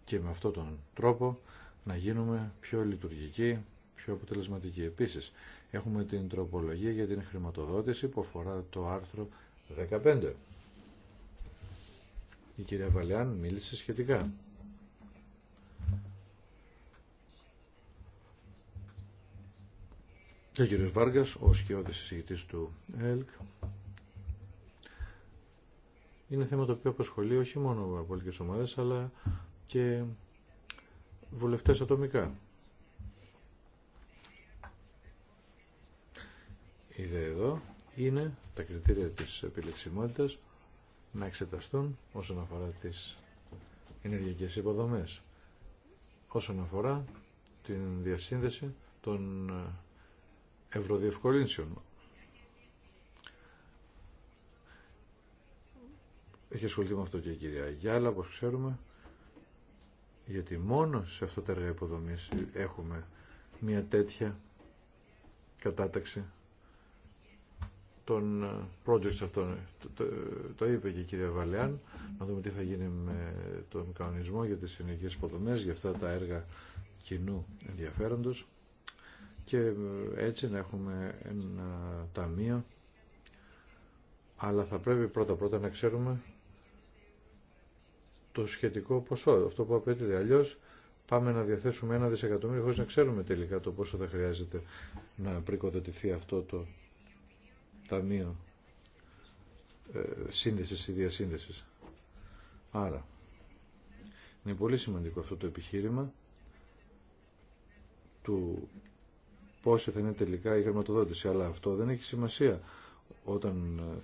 και με αυτόν τον τρόπο να γίνουμε πιο λειτουργικοί, πιο αποτελεσματικοί. Επίσης, Έχουμε την τροπολογία για την χρηματοδότηση που αφορά το άρθρο 15. Η κυρία Βαλιάν μίλησε σχετικά. Και ο κύριος Βάργας, ο σκιώδης ηγέτης του ΕΛΚ, είναι θέμα το οποίο απασχολεί όχι μόνο πολιτικές ομάδες, αλλά και βουλευτές ατομικά. ιδέα εδώ είναι τα κριτήρια της επιλεξιμότητας να εξεταστούν όσον αφορά τις ενεργειακές υποδομές, όσον αφορά την διασύνδεση των ε, ευρωδιευκολύνσεων. Έχει ασχοληθεί με αυτό και η κυρία Γιάλα, όπως ξέρουμε, γιατί μόνο σε αυτά το έργα υποδομής έχουμε μια τέτοια κατάταξη των ε, projects αυτών. Το, το, είπε και η κυρία Βαλεάν. Να δούμε τι θα γίνει με τον κανονισμό για τις συνεργείες υποδομές, για αυτά τα έργα κοινού ενδιαφέροντος και ε, έτσι να έχουμε ένα ταμείο αλλά θα πρέπει πρώτα πρώτα να ξέρουμε το σχετικό ποσό, αυτό που απαιτείται. Αλλιώ πάμε να διαθέσουμε ένα δισεκατομμύριο χωρίς να ξέρουμε τελικά το πόσο θα χρειάζεται να πρικοδοτηθεί αυτό το ταμείο ε, σύνδεσης ή διασύνδεσης. Άρα, είναι πολύ σημαντικό αυτό το επιχείρημα του πόση θα είναι τελικά η χρηματοδότηση. Αλλά αυτό δεν έχει σημασία πώς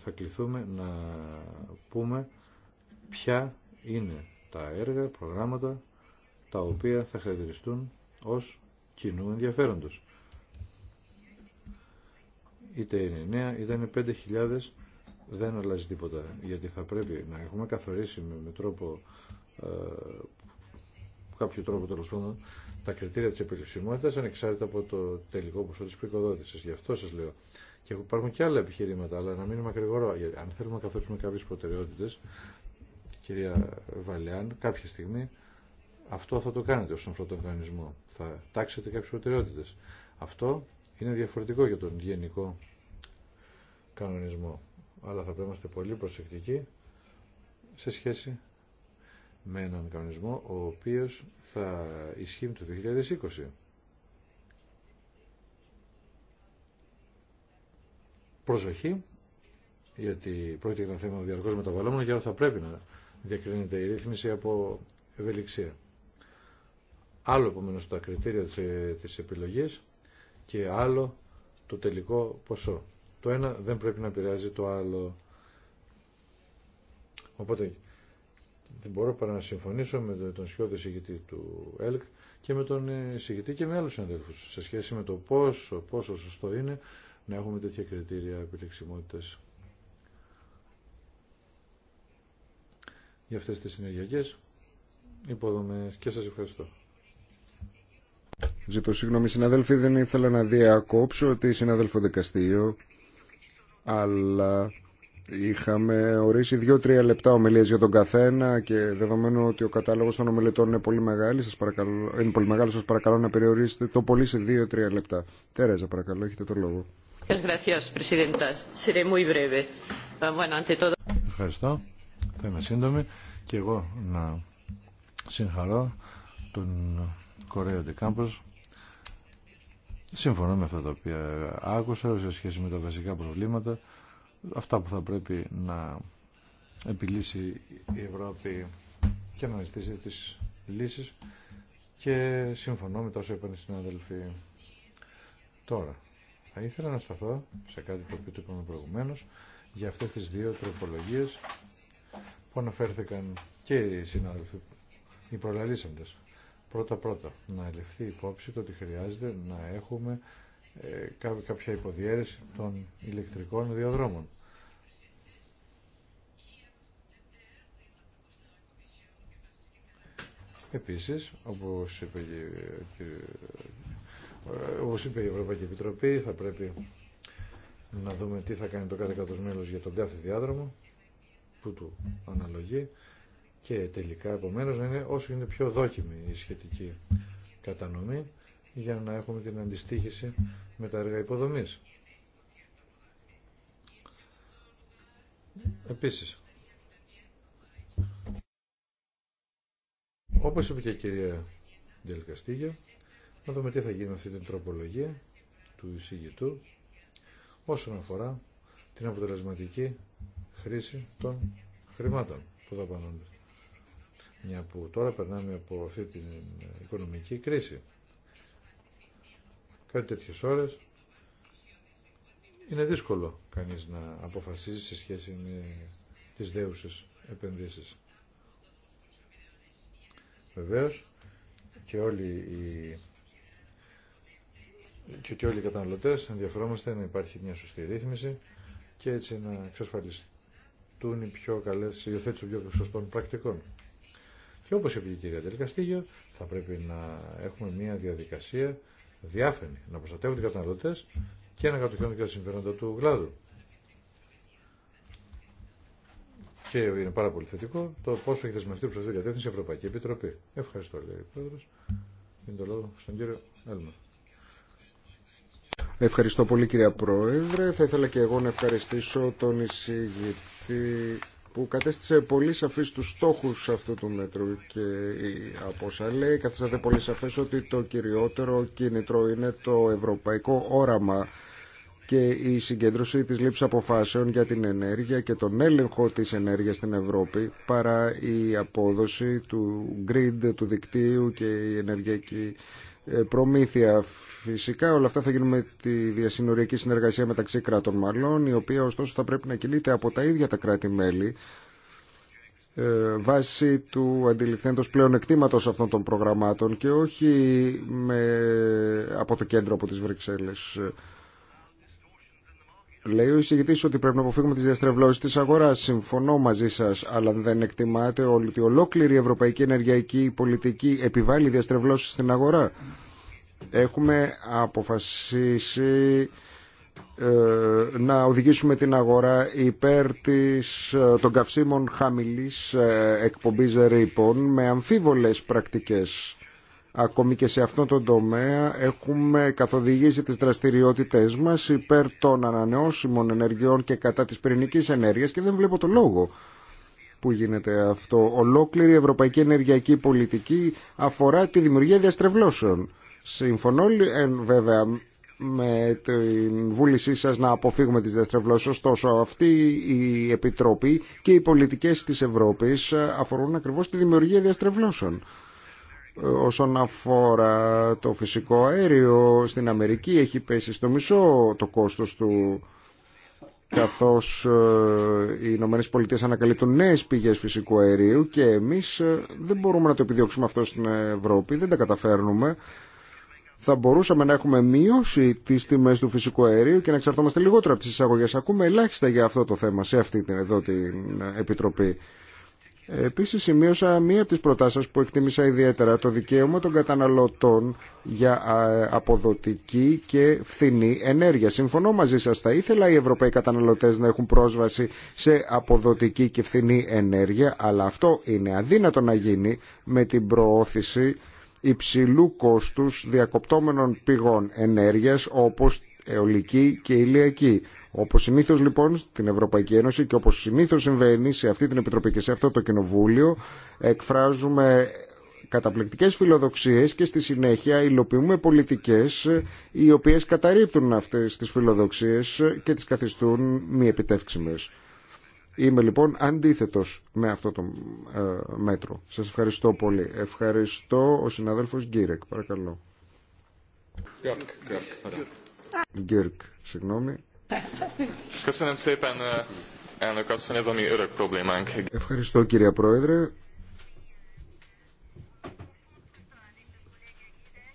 θα κληθούμε να πούμε ποια είναι τα έργα, προγράμματα τα οποία θα χαρακτηριστούν ως κοινού ενδιαφέροντος είτε είναι 9, είτε είναι 5.000, δεν αλλάζει τίποτα. Γιατί θα πρέπει να έχουμε καθορίσει με, με τρόπο, ε, κάποιο τρόπο τέλο πάντων, τα κριτήρια τη επιλεξιμότητα ανεξάρτητα από το τελικό ποσό τη πρικοδότηση. Γι' αυτό σα λέω. Και υπάρχουν και άλλα επιχειρήματα, αλλά να μην είμαι Γιατί αν θέλουμε να καθορίσουμε κάποιε προτεραιότητε, κυρία Βαλεάν, κάποια στιγμή αυτό θα το κάνετε όσον αφορά τον οργανισμό. Θα τάξετε κάποιε προτεραιότητε. Αυτό είναι διαφορετικό για τον γενικό κανονισμό. Αλλά θα πρέπει να είμαστε πολύ προσεκτικοί σε σχέση με έναν κανονισμό ο οποίος θα ισχύει το 2020. Προσοχή, γιατί πρόκειται για ένα θέμα διαρκώ μεταβαλλόμενο και θα πρέπει να διακρίνεται η ρύθμιση από ευελιξία. Άλλο επομένω τα κριτήρια της ε, επιλογή και άλλο το τελικό ποσό. Το ένα δεν πρέπει να επηρεάζει το άλλο. Οπότε δεν μπορώ παρά να συμφωνήσω με τον σιώδη συγητή του ΕΛΚ και με τον ε, συγητή και με άλλους συναδέλφους σε σχέση με το πόσο, πόσο σωστό είναι να έχουμε τέτοια κριτήρια επιλεξιμότητας για αυτές τις συνεργειακές υποδομές και σας ευχαριστώ. Ζητώ συγγνώμη, συναδέλφοι, δεν ήθελα να διακόψω τη συναδέλφο δικαστήριο, αλλά είχαμε ορίσει δύο-τρία λεπτά ομιλίες για τον καθένα και δεδομένου ότι ο κατάλογος των ομιλητών είναι πολύ, μεγάλη, σας παρακαλώ, είναι πολύ μεγάλο, σας παρακαλώ να περιορίσετε το πολύ σε δύο-τρία λεπτά. Τέρεζα, παρακαλώ, έχετε το λόγο. Ah, Ευχαριστώ. Θα είμαι σύντομη και εγώ να συγχαρώ τον Ντεκάμπος Συμφωνώ με αυτά τα οποία άκουσα σε σχέση με τα βασικά προβλήματα, αυτά που θα πρέπει να επιλύσει η Ευρώπη και να ζητήσει τις λύσεις και συμφωνώ με τα όσα είπαν οι συνάδελφοι τώρα. Θα ήθελα να σταθώ σε κάτι που οποίο το είπαμε προηγουμένως για αυτές τις δύο τροπολογίες που αναφέρθηκαν και οι συνάδελφοι, οι προλαλήσαντες πρώτα-πρώτα να ελευθεί υπόψη το ότι χρειάζεται να έχουμε ε, κάποια υποδιέρεση των ηλεκτρικών διαδρόμων. Επίσης, ε, όπως είπε, η Ευρωπαϊκή Επιτροπή, θα πρέπει να δούμε τι θα κάνει το κάθε κράτος μέλος για τον κάθε διάδρομο που του αναλογεί και τελικά επομένω να είναι όσο είναι πιο δόκιμη η σχετική κατανομή για να έχουμε την αντιστοίχηση με τα έργα υποδομής. Επίσης, όπως είπε και η κυρία Ντελκαστίγια, να δούμε τι θα γίνει με αυτή την τροπολογία του εισηγητού όσον αφορά την αποτελεσματική χρήση των χρημάτων που δαπανώνται μια που τώρα περνάμε από αυτή την οικονομική κρίση. Κάτι τέτοιες ώρες είναι δύσκολο κανείς να αποφασίζει σε σχέση με τις δέουσες επενδύσεις. Βεβαίως και όλοι οι και, και όλοι οι καταναλωτές ενδιαφερόμαστε να υπάρχει μια σωστή ρύθμιση και έτσι να εξασφαλιστούν οι πιο καλές υιοθέτηση των πιο σωστών πρακτικών. Και όπως είπε η κυρία Τελικαστήγιο, θα πρέπει να έχουμε μια διαδικασία διάφανη, να προστατεύονται οι καταναλωτέ και να κατοχυρώνονται και τα συμφέροντα του κλάδου. Και είναι πάρα πολύ θετικό το πόσο έχει δεσμευτεί προ αυτήν την κατεύθυνση η Ευρωπαϊκή Επιτροπή. Ευχαριστώ, λέει ο Πρόεδρο. Είναι το λόγο στον κύριο Έλμα. Ευχαριστώ πολύ, κυρία Πρόεδρε. Θα ήθελα και εγώ να ευχαριστήσω τον εισηγητή που κατέστησε πολύ σαφείς τους στόχους αυτού του μέτρου και από όσα λέει καθίσατε πολύ σαφές ότι το κυριότερο κίνητρο είναι το ευρωπαϊκό όραμα και η συγκέντρωση της λήψη αποφάσεων για την ενέργεια και τον έλεγχο της ενέργειας στην Ευρώπη παρά η απόδοση του grid, του δικτύου και η ενεργειακή ε, προμήθεια. Φυσικά όλα αυτά θα γίνουν με τη διασυνοριακή συνεργασία μεταξύ κράτων μαλλών, η οποία ωστόσο θα πρέπει να κινείται από τα ίδια τα κράτη-μέλη ε, βάσει του αντιληφθέντος πλέον εκτήματος αυτών των προγραμμάτων και όχι με, από το κέντρο από τις Βρυξέλλες. Λέει ο εισηγητής ότι πρέπει να αποφύγουμε τις διαστρεβλώσεις της αγοράς. Συμφωνώ μαζί σας, αλλά δεν εκτιμάτε ότι ολόκληρη η ευρωπαϊκή ενεργειακή πολιτική επιβάλλει διαστρεβλώσεις στην αγορά. Έχουμε αποφασίσει ε, να οδηγήσουμε την αγορά υπέρ της, ε, των καυσίμων χαμηλής ε, εκπομπής ρήπων με αμφίβολες πρακτικές Ακόμη και σε αυτόν τον τομέα έχουμε καθοδηγήσει τις δραστηριότητές μας υπέρ των ανανεώσιμων ενεργειών και κατά της πυρηνικής ενέργειας και δεν βλέπω το λόγο που γίνεται αυτό. Ολόκληρη η ευρωπαϊκή ενεργειακή πολιτική αφορά τη δημιουργία διαστρεβλώσεων. Συμφωνώ βέβαια με την βούλησή σας να αποφύγουμε τις διαστρεβλώσεις. Ωστόσο αυτή η Επιτροπή και οι πολιτικές της Ευρώπης αφορούν ακριβώς τη δημιουργία διαστρεβλώσεων όσον αφορά το φυσικό αέριο στην Αμερική έχει πέσει στο μισό το κόστος του καθώς ε, οι Ηνωμένες Πολιτείες ανακαλύπτουν νέες πηγές φυσικού αερίου και εμείς ε, δεν μπορούμε να το επιδιώξουμε αυτό στην Ευρώπη, δεν τα καταφέρνουμε. Θα μπορούσαμε να έχουμε μείωση τις τιμές του φυσικού αερίου και να εξαρτώμαστε λιγότερο από τις εισαγωγές. Ακούμε ελάχιστα για αυτό το θέμα σε αυτή την εδώ την Επιτροπή. Επίσης σημείωσα μία από τις προτάσεις που εκτίμησα ιδιαίτερα το δικαίωμα των καταναλωτών για αποδοτική και φθηνή ενέργεια. Συμφωνώ μαζί σας, θα ήθελα οι Ευρωπαίοι καταναλωτές να έχουν πρόσβαση σε αποδοτική και φθηνή ενέργεια, αλλά αυτό είναι αδύνατο να γίνει με την προώθηση υψηλού κόστους διακοπτόμενων πηγών ενέργειας όπως αιωλική και ηλιακή όπως συνήθω λοιπόν στην Ευρωπαϊκή Ένωση και όπως συνήθω συμβαίνει σε αυτή την Επιτροπή και σε αυτό το Κοινοβούλιο εκφράζουμε καταπληκτικές φιλοδοξίες και στη συνέχεια υλοποιούμε πολιτικές οι οποίες καταρρύπτουν αυτές τις φιλοδοξίες και τις καθιστούν μη επιτεύξιμες. Είμαι λοιπόν αντίθετος με αυτό το ε, μέτρο. Σας ευχαριστώ πολύ. Ευχαριστώ ο συνάδελφος Γκίρεκ, παρακαλώ. Γκίρεκ, συγγνώμη. Ευχαριστώ κύριε Πρόεδρε.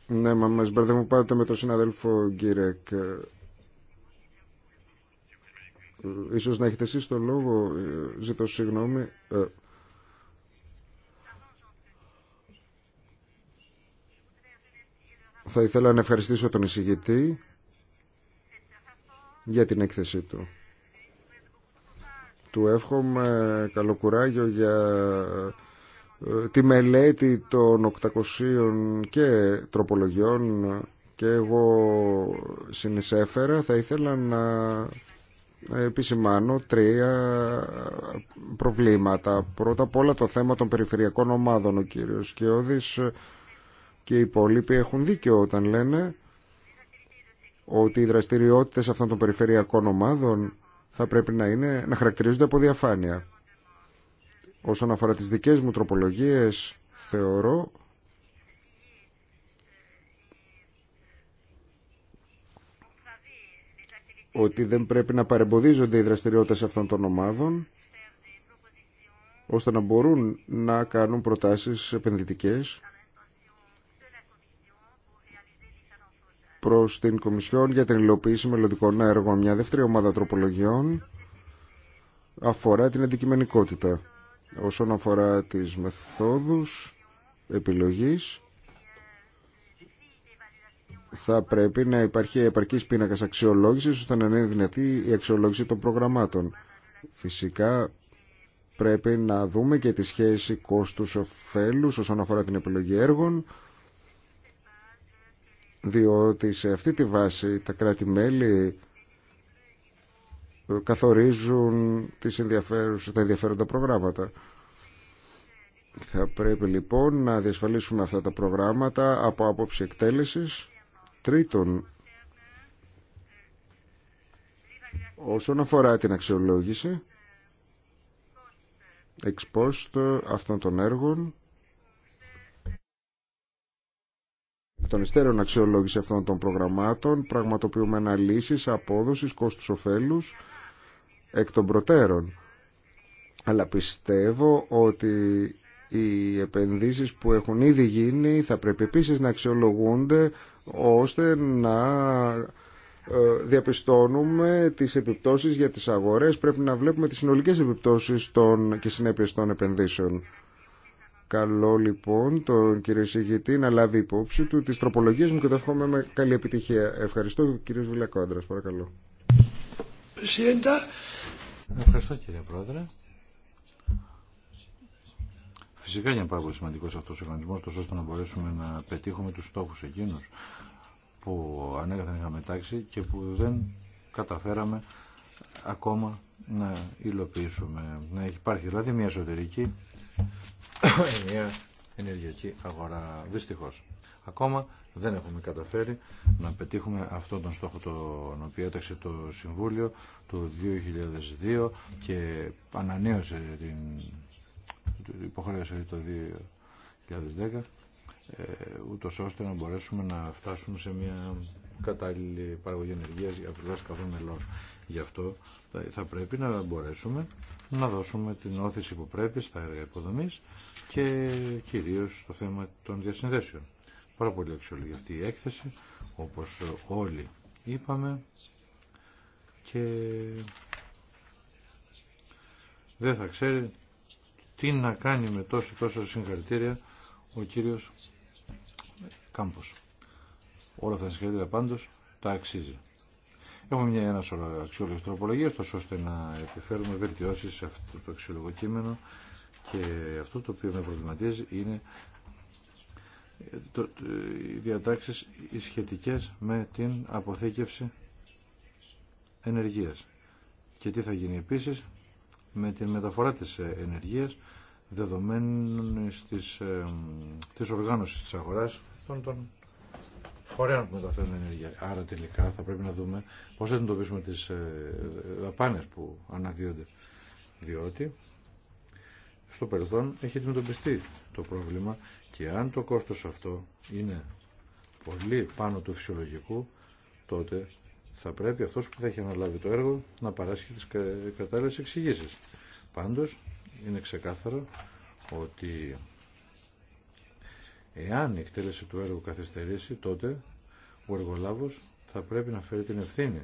Ναι, μα μας μπερδεύουν πάντα με τον συναδέλφο Γκίρεκ. Ε, ίσως να έχετε εσείς το λόγο, ε, ζητώ συγγνώμη. Ε, θα ήθελα να ευχαριστήσω τον εισηγητή για την έκθεσή του. Του εύχομαι καλοκουράγιο για ε, τη μελέτη των 800 και τροπολογιών και εγώ συνεισέφερα. Θα ήθελα να επισημάνω τρία προβλήματα. Πρώτα απ' όλα το θέμα των περιφερειακών ομάδων. Ο κύριος Κιώδης και οι υπόλοιποι έχουν δίκιο όταν λένε ότι οι δραστηριότητες αυτών των περιφερειακών ομάδων θα πρέπει να, είναι, να χαρακτηρίζονται από διαφάνεια. Όσον αφορά τις δικές μου τροπολογίες, θεωρώ ότι δεν πρέπει να παρεμποδίζονται οι δραστηριότητες αυτών των ομάδων ώστε να μπορούν να κάνουν προτάσεις επενδυτικές προς την Κομισιόν για την υλοποίηση μελλοντικών έργων. Μια δεύτερη ομάδα τροπολογιών αφορά την αντικειμενικότητα όσον αφορά τις μεθόδους επιλογής θα πρέπει να υπάρχει επαρκής πίνακας αξιολόγησης ώστε να είναι δυνατή η αξιολόγηση των προγραμμάτων. Φυσικά πρέπει να δούμε και τη σχεση κόστου κόστους-οφέλους όσον αφορά την επιλογή έργων διότι σε αυτή τη βάση τα κράτη-μέλη ε, καθορίζουν τις τα ενδιαφέροντα προγράμματα. Θα πρέπει λοιπόν να διασφαλίσουμε αυτά τα προγράμματα από άποψη εκτέλεσης. Τρίτον, όσον αφορά την αξιολόγηση εξ αυτών των έργων των υστέρων αξιολόγηση αυτών των προγραμμάτων, πραγματοποιούμε αναλύσει, απόδοσης, κόστου ωφέλου εκ των προτέρων. Αλλά πιστεύω ότι οι επενδύσεις που έχουν ήδη γίνει θα πρέπει επίσης να αξιολογούνται ώστε να ε, διαπιστώνουμε τις επιπτώσεις για τις αγορές. Πρέπει να βλέπουμε τις συνολικές επιπτώσεις των και συνέπειες των επενδύσεων. Καλό λοιπόν τον κύριο Σιγητή να λάβει υπόψη του τις τροπολογίες μου και το ευχόμαι με καλή επιτυχία. Ευχαριστώ κύριος άντρας, παρακαλώ. Ευχαριστώ κύριε Πρόεδρε. Φυσικά είναι πάρα πολύ σημαντικό αυτό ο οργανισμό, τόσο ώστε να μπορέσουμε να πετύχουμε του στόχου εκείνου που ανέκαθεν είχαμε τάξει και που δεν καταφέραμε ακόμα να υλοποιήσουμε. Να υπάρχει δηλαδή μια εσωτερική μια ενεργειακή αγορά. Δυστυχώ. Ακόμα δεν έχουμε καταφέρει να πετύχουμε αυτό τον στόχο τον οποίο έταξε το Συμβούλιο το 2002 και ανανέωσε την υποχρέωση το 2010 ε, ούτως ώστε να μπορέσουμε να φτάσουμε σε μια κατάλληλη παραγωγή ενεργείας για πλευράς μελλον. μελών. Γι' αυτό θα πρέπει να μπορέσουμε να δώσουμε την όθηση που πρέπει στα έργα υποδομής και κυρίως στο θέμα των διασυνδέσεων. Πάρα πολύ αξιολογή αυτή η έκθεση, όπως όλοι είπαμε και δεν θα ξέρει τι να κάνει με τόσο τόσο συγχαρητήρια ο κύριος Κάμπος. Όλα αυτά τα συγχαρητήρια πάντως τα αξίζει. Έχουμε μια, ένα σωρό αξιόλογες τροπολογίες, τόσο ώστε να επιφέρουμε βελτιώσεις σε αυτό το αξιόλογο κείμενο και αυτό το οποίο με προβληματίζει είναι ε, οι διατάξεις οι με την αποθήκευση ενεργείας. Και τι θα γίνει επίσης με την μεταφορά της ε, ενεργείας δεδομένων της, ε, της οργάνωσης της αγοράς των, των φορέων που μεταφέρουν ενέργεια. Άρα τελικά θα πρέπει να δούμε πώς θα αντιμετωπίσουμε τις ε, απάνες που αναδύονται. Διότι στο παρελθόν έχει αντιμετωπιστεί το πρόβλημα και αν το κόστος αυτό είναι πολύ πάνω του φυσιολογικού, τότε θα πρέπει αυτός που θα έχει αναλάβει το έργο να παράσχει τι κατάλληλε εξηγήσει. Πάντω είναι ξεκάθαρο ότι Εάν η εκτέλεση του έργου καθυστερήσει, τότε ο εργολάβος θα πρέπει να φέρει την ευθύνη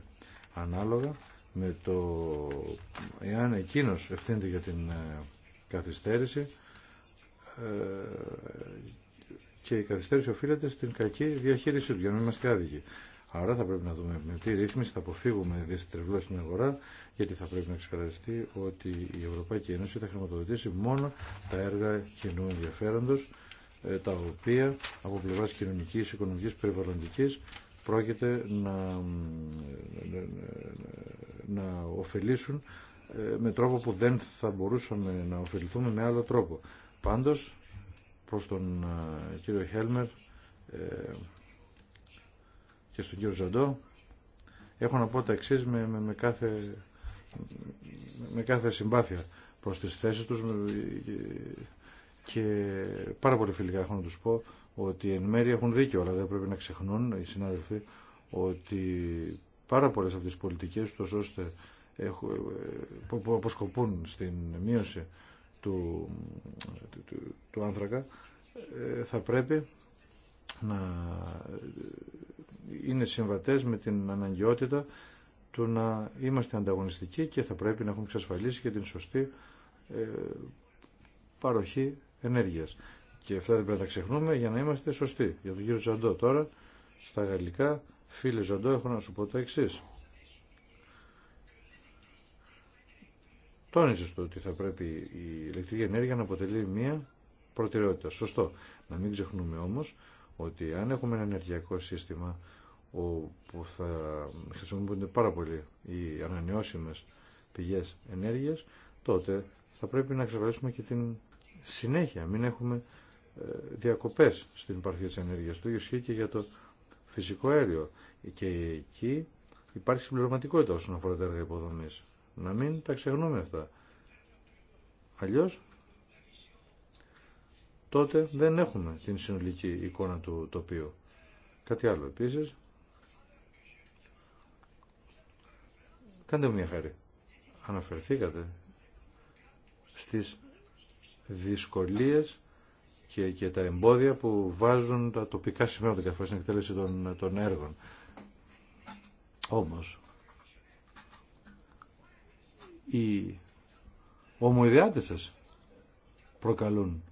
ανάλογα με το εάν εκείνος ευθύνεται για την ε, καθυστέρηση ε, και η καθυστέρηση οφείλεται στην κακή διαχείριση του για να είμαστε άδικοι. Άρα θα πρέπει να δούμε με τι ρύθμιση θα αποφύγουμε δυστρεβλώ στην αγορά, γιατί θα πρέπει να ξεκαθαριστεί ότι η Ευρωπαϊκή Ένωση θα χρηματοδοτήσει μόνο τα έργα κοινού ενδιαφέροντος ε, τα οποία από πλευράς κοινωνικής, οικονομικής, περιβαλλοντικής πρόκειται να, ε, να ωφελήσουν ε, με τρόπο που δεν θα μπορούσαμε να ωφεληθούμε με άλλο τρόπο. Πάντως, προς τον κύριο Χέλμερ και στον κύριο Ζαντό, έχω να πω τα εξής με, με, κάθε, με κάθε συμπάθεια προς τις θέσεις τους και πάρα πολύ φιλικά έχω να τους πω ότι εν μέρει έχουν δίκιο, αλλά δεν πρέπει να ξεχνούν οι συνάδελφοι ότι πάρα πολλέ από τι πολιτικές τους ώστε που αποσκοπούν στην μείωση του, του, άνθρακα ε, θα πρέπει να είναι συμβατές με την αναγκαιότητα του να είμαστε ανταγωνιστικοί και θα πρέπει να έχουμε εξασφαλίσει και την σωστή ε, παροχή ενέργειας. Και αυτά δεν πρέπει να τα ξεχνούμε για να είμαστε σωστοί. Για τον κύριο Ζαντό τώρα, στα γαλλικά, φίλε Ζαντό, έχω να σου πω το εξή. Τόνισε το ότι θα πρέπει η ηλεκτρική ενέργεια να αποτελεί μία προτεραιότητα. Σωστό. Να μην ξεχνούμε όμως ότι αν έχουμε ένα ενεργειακό σύστημα όπου θα χρησιμοποιούνται πάρα πολύ οι ανανεώσιμες πηγές ενέργειας, τότε θα πρέπει να εξασφαλίσουμε και την συνέχεια, μην έχουμε ε, διακοπές στην υπαρχία της ενέργειας. Το ίδιο ισχύει και για το φυσικό αέριο. Και εκεί υπάρχει συμπληρωματικότητα όσον αφορά τα έργα υποδομής. Να μην τα ξεχνούμε αυτά. Αλλιώς τότε δεν έχουμε την συνολική εικόνα του τοπίου. Κάτι άλλο επίσης. Κάντε μου μια χάρη. Αναφερθήκατε στις δυσκολίες και, τα εμπόδια που βάζουν τα τοπικά σημεία καθώς στην εκτέλεση των, έργων. Όμως, οι ομοειδεάτες σας προκαλούν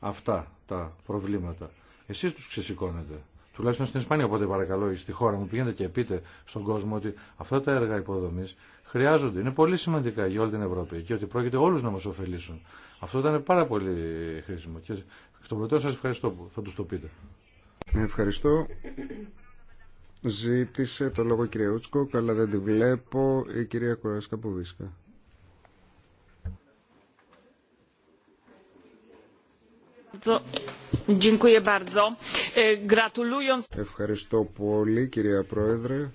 αυτά τα προβλήματα. Εσείς τους ξεσηκώνετε. Τουλάχιστον στην Ισπανία, οπότε παρακαλώ, στη χώρα μου πηγαίνετε και πείτε στον κόσμο ότι αυτά τα έργα υποδομής χρειάζονται, είναι πολύ σημαντικά για όλη την Ευρώπη και ότι πρόκειται όλους να μας ωφελήσουν. Αυτό ήταν πάρα πολύ χρήσιμο και στον πρωτό σας ευχαριστώ που θα τους το πείτε. Ευχαριστώ. Ζήτησε το λόγο η κυρία αλλά δεν τη βλέπω η κυρία Κουράσκα που e, Ευχαριστώ πολύ κυρία Πρόεδρε.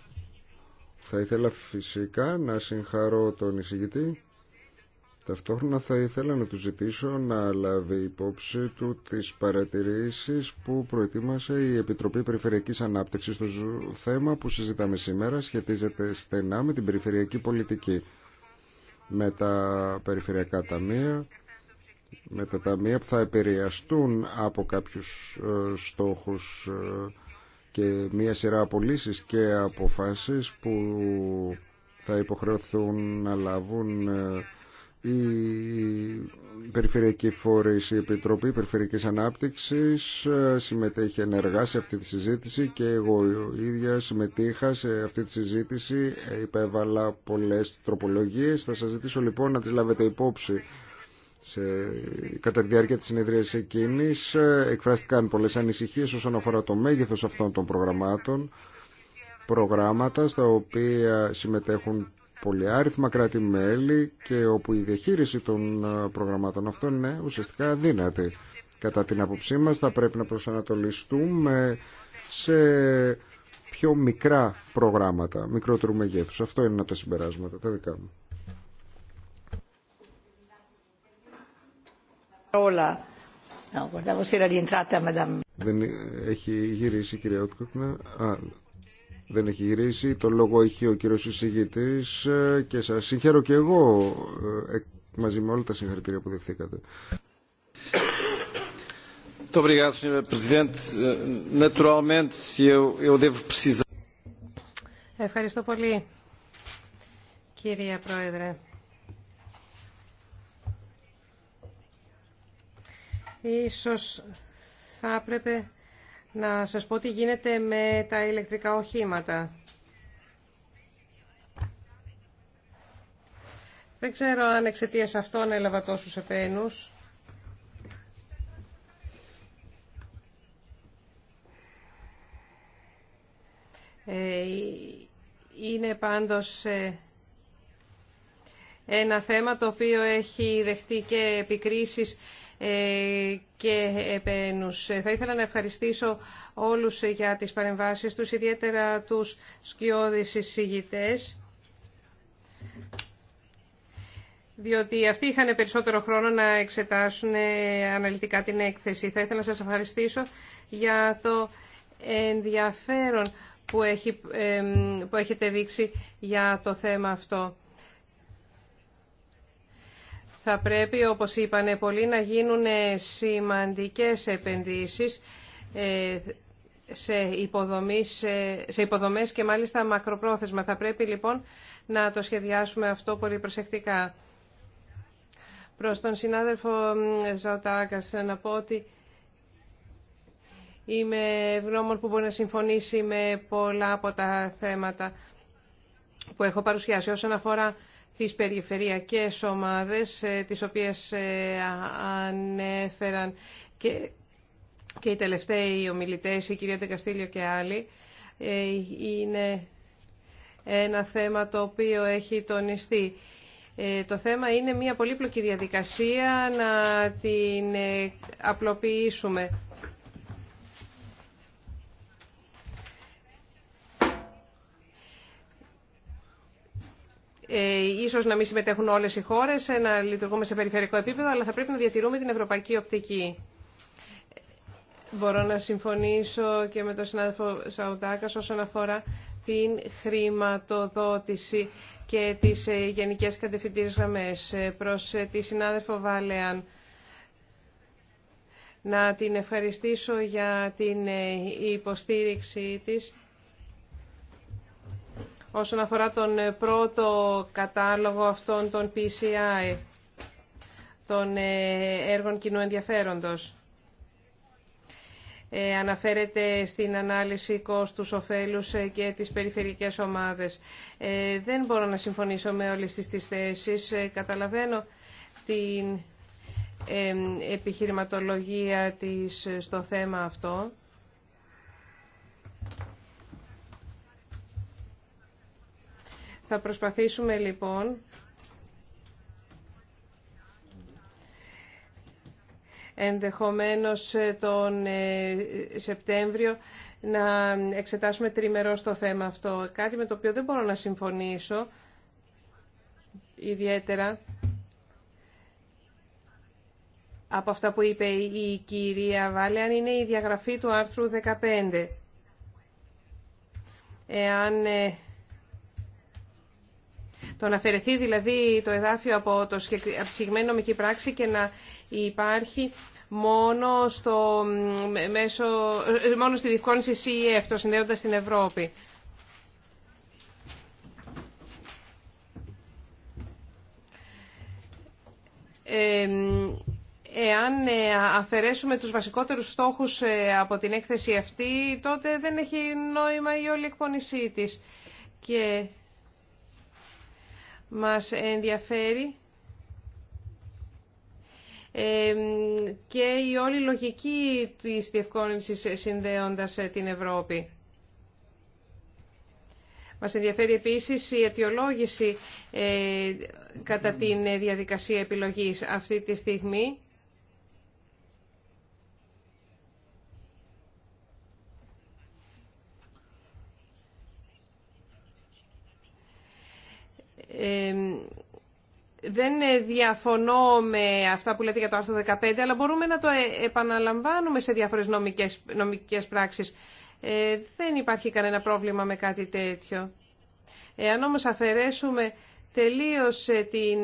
Θα ήθελα φυσικά να συγχαρώ τον εισηγητή Ταυτόχρονα θα ήθελα να του ζητήσω να λάβει υπόψη του τις παρατηρήσεις που προετοίμασε η Επιτροπή Περιφερειακής Ανάπτυξης. στο θέμα που συζητάμε σήμερα σχετίζεται στενά με την περιφερειακή πολιτική, με τα περιφερειακά ταμεία, με τα ταμεία που θα επηρεαστούν από κάποιους ε, στόχους ε, και μία σειρά απολύσεις και αποφάσεις που θα υποχρεωθούν να λάβουν ε, η Περιφερειακή Φορήση η Επιτροπή Περιφερειακής Ανάπτυξης ε, συμμετέχει ενεργά σε αυτή τη συζήτηση και εγώ ίδια συμμετείχα σε αυτή τη συζήτηση, υπέβαλα πολλές τροπολογίες. Θα σας ζητήσω λοιπόν να τις λάβετε υπόψη σε, κατά τη διάρκεια της συνεδρίας εκείνης. Εκφράστηκαν πολλές ανησυχίες όσον αφορά το μέγεθος αυτών των προγραμμάτων προγράμματα στα οποία συμμετέχουν πολυάριθμα κράτη-μέλη και όπου η διαχείριση των ε, προγραμμάτων αυτών είναι ουσιαστικά αδύνατη. Κατά την άποψή μας θα πρέπει να προσανατολιστούμε σε πιο μικρά προγράμματα, μικρότερου μεγέθους. Αυτό είναι από τα συμπεράσματα, τα δικά μου. Δεν ε, έχει γυρίσει η κυρία ναι δεν έχει γυρίσει. Το λόγο έχει ο κύριο εισηγητής ε, και σα συγχαίρω και εγώ ε, μαζί με όλα τα συγχαρητήρια που δεχθήκατε. Ευχαριστώ πολύ, κυρία Πρόεδρε. Ίσως θα έπρεπε να σας πω τι γίνεται με τα ηλεκτρικά οχήματα. Δεν ξέρω αν εξαιτίας αυτών έλαβα τόσους επένους. Ε, είναι πάντως ε, ένα θέμα το οποίο έχει δεχτεί και επικρίσεις ε, και επένους. Ε, θα ήθελα να ευχαριστήσω όλους για τις παρεμβάσεις τους, ιδιαίτερα τους σκιώδεις εισηγητές διότι αυτοί είχαν περισσότερο χρόνο να εξετάσουν ε, αναλυτικά την έκθεση. Θα ήθελα να σας ευχαριστήσω για το ενδιαφέρον που, έχει, που έχετε δείξει για το θέμα αυτό. Θα πρέπει, όπως είπανε πολλοί, να γίνουν ε, σημαντικές επενδύσεις ε, σε, υποδομής, ε, σε υποδομές και μάλιστα μακροπρόθεσμα. Θα πρέπει λοιπόν να το σχεδιάσουμε αυτό πολύ προσεκτικά. Προς τον συνάδελφο Ζαοτάκας να πω ότι είμαι ευγνώμων που μπορεί να συμφωνήσει με πολλά από τα θέματα που έχω παρουσιάσει. Όσον αφορά τις περιφερειακές ομάδες, ε, τις οποίες ε, ανέφεραν και, και οι τελευταίοι ομιλητές, η κυρία Τεκαστήλιο και άλλοι, ε, είναι ένα θέμα το οποίο έχει τονιστεί. Το θέμα είναι μια πολύπλοκη διαδικασία να την απλοποιήσουμε. Ε, ίσως να μην συμμετέχουν όλες οι χώρες, ε, να λειτουργούμε σε περιφερειακό επίπεδο, αλλά θα πρέπει να διατηρούμε την ευρωπαϊκή οπτική. Μπορώ να συμφωνήσω και με τον συνάδελφο Σαουτάκας όσον αφορά την χρηματοδότηση και τις ε, γενικές κατευθυντήρες γραμμές προς τη συνάδελφο Βάλεαν. Να την ευχαριστήσω για την υποστήριξή της όσον αφορά τον ε, πρώτο κατάλογο αυτών των PCI, των ε, έργων κοινού ενδιαφέροντος. Ε, αναφέρεται στην ανάλυση κόστους, ωφέλους και τις περιφερειακές ομάδες. δεν μπορώ να συμφωνήσω με όλες τις, τις θέσεις. καταλαβαίνω την επιχειρηματολογία της στο θέμα αυτό. Θα προσπαθήσουμε λοιπόν ενδεχομένως ε, τον ε, Σεπτέμβριο να εξετάσουμε τριμερό το θέμα αυτό. Κάτι με το οποίο δεν μπορώ να συμφωνήσω ιδιαίτερα από αυτά που είπε η κυρία Βάλεαν είναι η διαγραφή του άρθρου 15. Εάν ε, το να αφαιρεθεί δηλαδή το εδάφιο από, το, συγκεκριμένο τη νομική πράξη και να υπάρχει μόνο, στο, μέσω ε, μόνο στη διευκόνηση CEF, το συνδέοντας στην Ευρώπη. εάν ε, αφαιρέσουμε τους βασικότερους στόχους ε, από την έκθεση αυτή, τότε δεν έχει νόημα η όλη εκπονησή της. Και μας ενδιαφέρει και η όλη λογική της διευκόλυνσης συνδέοντας ε, την Ευρώπη. Μας ενδιαφέρει επίσης η αιτιολόγηση ε, κατά την ε, διαδικασία επιλογής αυτή τη στιγμή. δεν διαφωνώ με αυτά που λέτε για το άρθρο 15, αλλά μπορούμε να το ε, επαναλαμβάνουμε σε διάφορες νομικές, νομικές πράξεις. Ε, δεν υπάρχει κανένα πρόβλημα με κάτι τέτοιο. Εάν όμως αφαιρέσουμε τελείως ε, την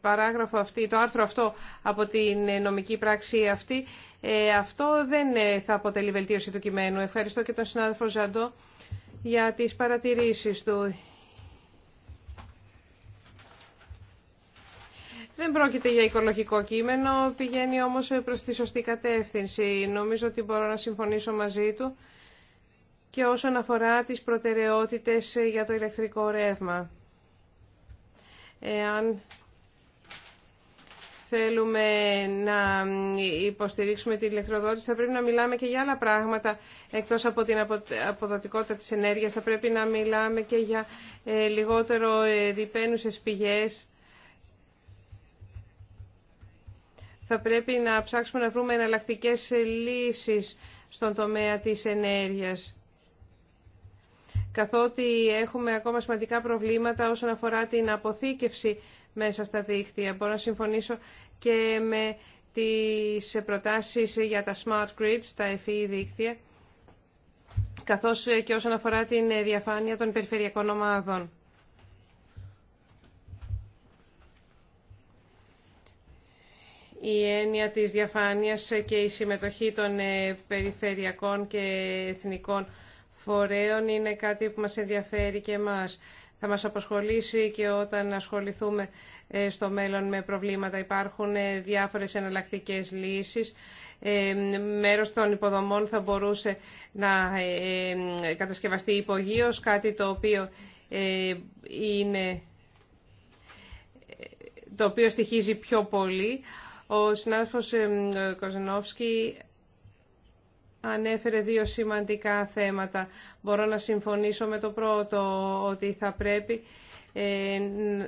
παράγραφο αυτή, το άρθρο αυτό από την νομική πράξη αυτή, αυτό δεν θα αποτελεί βελτίωση του κειμένου. Ευχαριστώ και τον συνάδελφο Ζαντό για τις παρατηρήσεις του. Δεν πρόκειται για οικολογικό κείμενο, πηγαίνει όμως προς τη σωστή κατεύθυνση. Νομίζω ότι μπορώ να συμφωνήσω μαζί του και όσον αφορά τις προτεραιότητες για το ηλεκτρικό ρεύμα. Εάν θέλουμε να υποστηρίξουμε την ηλεκτροδότηση, θα πρέπει να μιλάμε και για άλλα πράγματα εκτός από την αποδοτικότητα της ενέργειας. Θα πρέπει να μιλάμε και για ε, λιγότερο διπένουσες ε, πηγές θα πρέπει να ψάξουμε να βρούμε εναλλακτικέ λύσεις στον τομέα της ενέργειας. Καθότι έχουμε ακόμα σημαντικά προβλήματα όσον αφορά την αποθήκευση μέσα στα δίκτυα. Μπορώ να συμφωνήσω και με τις προτάσεις για τα smart grids, τα FEE δίκτυα, καθώς και όσον αφορά την διαφάνεια των περιφερειακών ομάδων. η έννοια της διαφάνειας και η συμμετοχή των ε, περιφερειακών και εθνικών φορέων είναι κάτι που μας ενδιαφέρει και εμάς. Θα μας απασχολήσει και όταν ασχοληθούμε ε, στο μέλλον με προβλήματα. Υπάρχουν ε, διάφορες εναλλακτικέ λύσεις. Μέρος των υποδομών θα μπορούσε να κατασκευαστεί υπογείως, κάτι το οποίο είναι το οποίο στοιχίζει πιο πολύ, ο συνάδελφος Κοζενόφσκι ανέφερε δύο σημαντικά θέματα. Μπορώ να συμφωνήσω με το πρώτο, ότι θα πρέπει ε,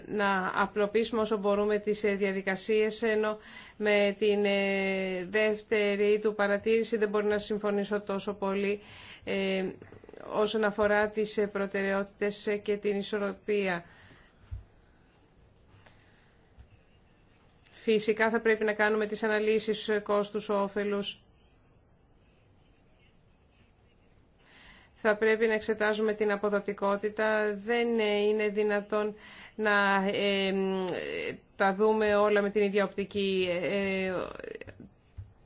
να απλοποιήσουμε όσο μπορούμε τις ε, διαδικασίες, ενώ με την ε, δεύτερη του παρατήρηση δεν μπορώ να συμφωνήσω τόσο πολύ όσον αφορά τις προτεραιότητες και την ισορροπία. Φυσικά θα πρέπει να κάνουμε τις αναλύσεις κόστους όφελους. Θα πρέπει να εξετάζουμε την αποδοτικότητα. Δεν είναι δυνατόν να ε, τα δούμε όλα με την ίδια οπτική. Ε,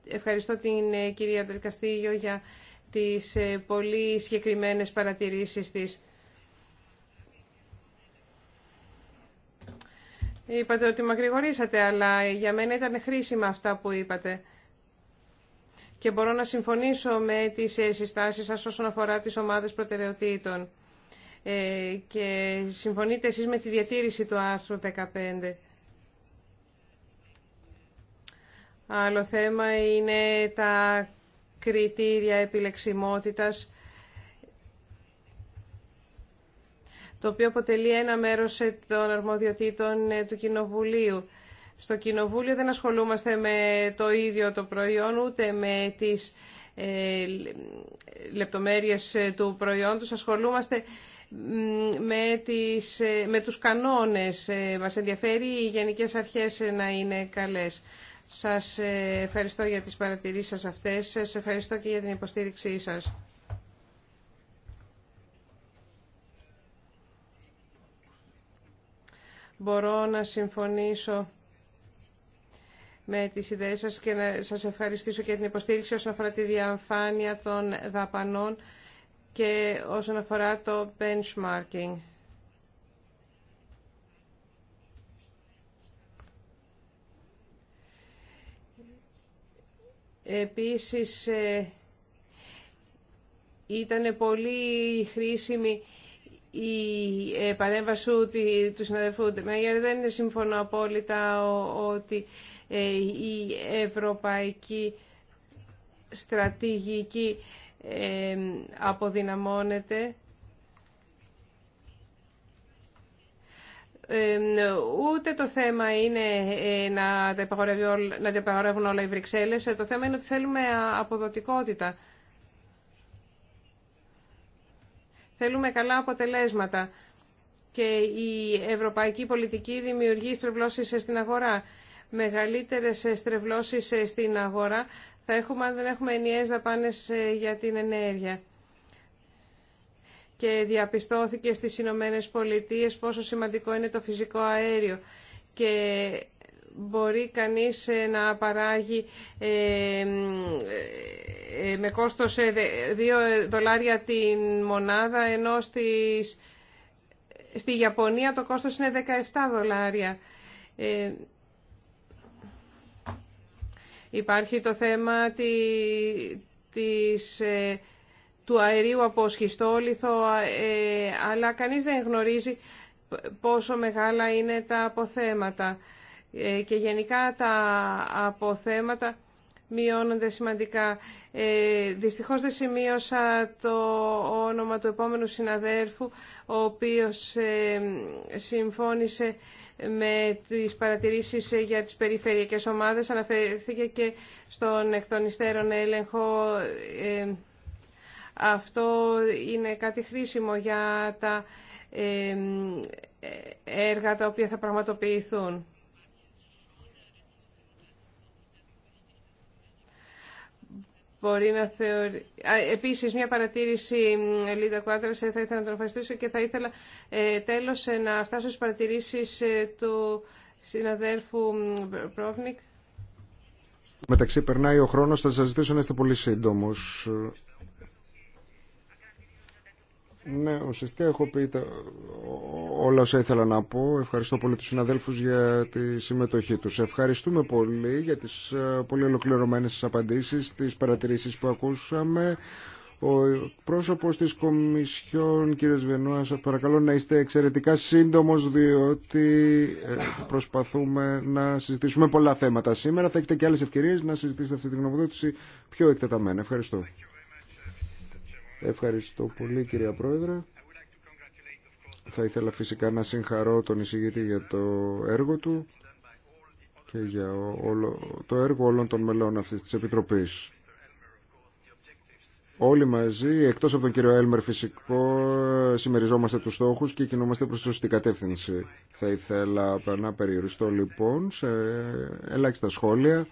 ευχαριστώ την ε, κυρία Τερκαστήγιο για τις πολύ συγκεκριμένες παρατηρήσεις της. Είπατε ότι μακρηγορήσατε, αλλά για μένα ήταν χρήσιμα αυτά που είπατε. Και μπορώ να συμφωνήσω με τις ε, συστάσεις σας όσον αφορά τις ομάδες προτεραιοτήτων. Ε, και συμφωνείτε εσείς με τη διατήρηση του άρθρου 15. Άλλο θέμα είναι τα κριτήρια επιλεξιμότητας το οποίο αποτελεί ένα μέρος ε, των αρμοδιοτήτων ε, του Κοινοβουλίου. Στο Κοινοβούλιο δεν ασχολούμαστε με το ίδιο το προϊόν, ούτε με τις ε, λεπτομέρειες του προϊόντος. Ασχολούμαστε με, τις, με τους κανόνες. Μας ενδιαφέρει οι γενικές αρχές να είναι καλές. Σας ευχαριστώ για τις παρατηρήσεις σας αυτές. Σας ευχαριστώ και για την υποστήριξή σας. μπορώ να συμφωνήσω με τις ιδέες σας και να σας ευχαριστήσω και την υποστήριξη όσον αφορά τη διαφάνεια των δαπανών και όσον αφορά το benchmarking. Επίσης, ε, ήταν πολύ χρήσιμη η ε, παρέμβαση του συναδελφού Ντεμέγερ δεν συμφωνώ απόλυτα ότι ε, η ευρωπαϊκή στρατηγική ε, αποδυναμώνεται. Ούτε το θέμα είναι να τα, να όλα οι Βρυξέλλες. Το θέμα είναι ότι θέλουμε αποδοτικότητα. Θέλουμε καλά αποτελέσματα και η ευρωπαϊκή πολιτική δημιουργεί στρεβλώσεις στην αγορά. Μεγαλύτερες στρεβλώσεις στην αγορά θα έχουμε αν δεν έχουμε ενιαίες δαπάνες ε, για την ενέργεια. Και διαπιστώθηκε στις Ηνωμένε Πολιτείες πόσο σημαντικό είναι το φυσικό αέριο. Και μπορεί κανείς ε, να παράγει ε, ε, με κόστος 2 δολάρια την μονάδα, ενώ στις, στη Ιαπωνία το κόστος είναι 17 δολάρια. Υπάρχει το θέμα τη, του αερίου από σχιστόλιθο, αλλά κανείς δεν γνωρίζει πόσο μεγάλα είναι τα αποθέματα. Ε, και γενικά τα αποθέματα μειώνονται σημαντικά. Ε, δυστυχώς δεν σημείωσα το όνομα του επόμενου συναδέρφου, ο οποίος ε, συμφώνησε με τις παρατηρήσεις για τις περιφερειακές ομάδες. Αναφερθήκε και στον εκ των υστέρων έλεγχο. Ε, αυτό είναι κάτι χρήσιμο για τα έργα τα οποία θα πραγματοποιηθούν. μπορεί να θεωρεί... Επίσης, μια παρατήρηση, Λίδα Κουάτρα, ε, θα ήθελα να τον ευχαριστήσω και θα ήθελα ε, τέλος ε, να φτάσω στις παρατηρήσεις του συναδέρφου Πρόβνικ. Μεταξύ περνάει ο χρόνος, θα σα ζητήσω να είστε πολύ σύντομο. Ναι, ουσιαστικά έχω πει τα... όλα όσα ήθελα να πω. Ευχαριστώ πολύ τους συναδέλφους για τη συμμετοχή τους. Ευχαριστούμε πολύ για τις ε, πολύ ολοκληρωμένες απαντήσεις, τις παρατηρήσεις που ακούσαμε. Ο πρόσωπος της Κομισιόν, κύριε Βενουά, σας παρακαλώ να είστε εξαιρετικά σύντομος, διότι ε, προσπαθούμε να συζητήσουμε πολλά θέματα σήμερα. Θα έχετε και άλλες ευκαιρίες να συζητήσετε αυτή τη γνωμοδότηση πιο εκτεταμένα. Ευχαριστώ. Ευχαριστώ πολύ κυρία Πρόεδρε. Θα ήθελα φυσικά να συγχαρώ τον εισηγητή για το έργο του και για όλο, το έργο όλων των μελών αυτής της Επιτροπής. Όλοι μαζί, εκτός από τον κύριο Έλμερ φυσικό, συμμεριζόμαστε τους στόχους και κινούμαστε προς τη σωστή κατεύθυνση. Θα ήθελα να περιοριστώ λοιπόν σε ελάχιστα σχόλια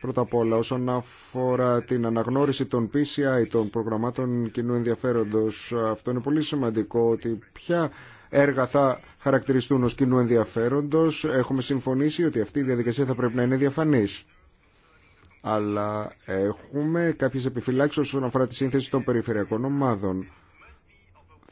Πρώτα απ' όλα, όσον αφορά την αναγνώριση των PCI, των προγραμμάτων κοινού ενδιαφέροντος, αυτό είναι πολύ σημαντικό ότι ποια έργα θα χαρακτηριστούν ως κοινού ενδιαφέροντος. Έχουμε συμφωνήσει ότι αυτή η διαδικασία θα πρέπει να είναι διαφανής. Αλλά έχουμε κάποιες επιφυλάξεις όσον αφορά τη σύνθεση των περιφερειακών ομάδων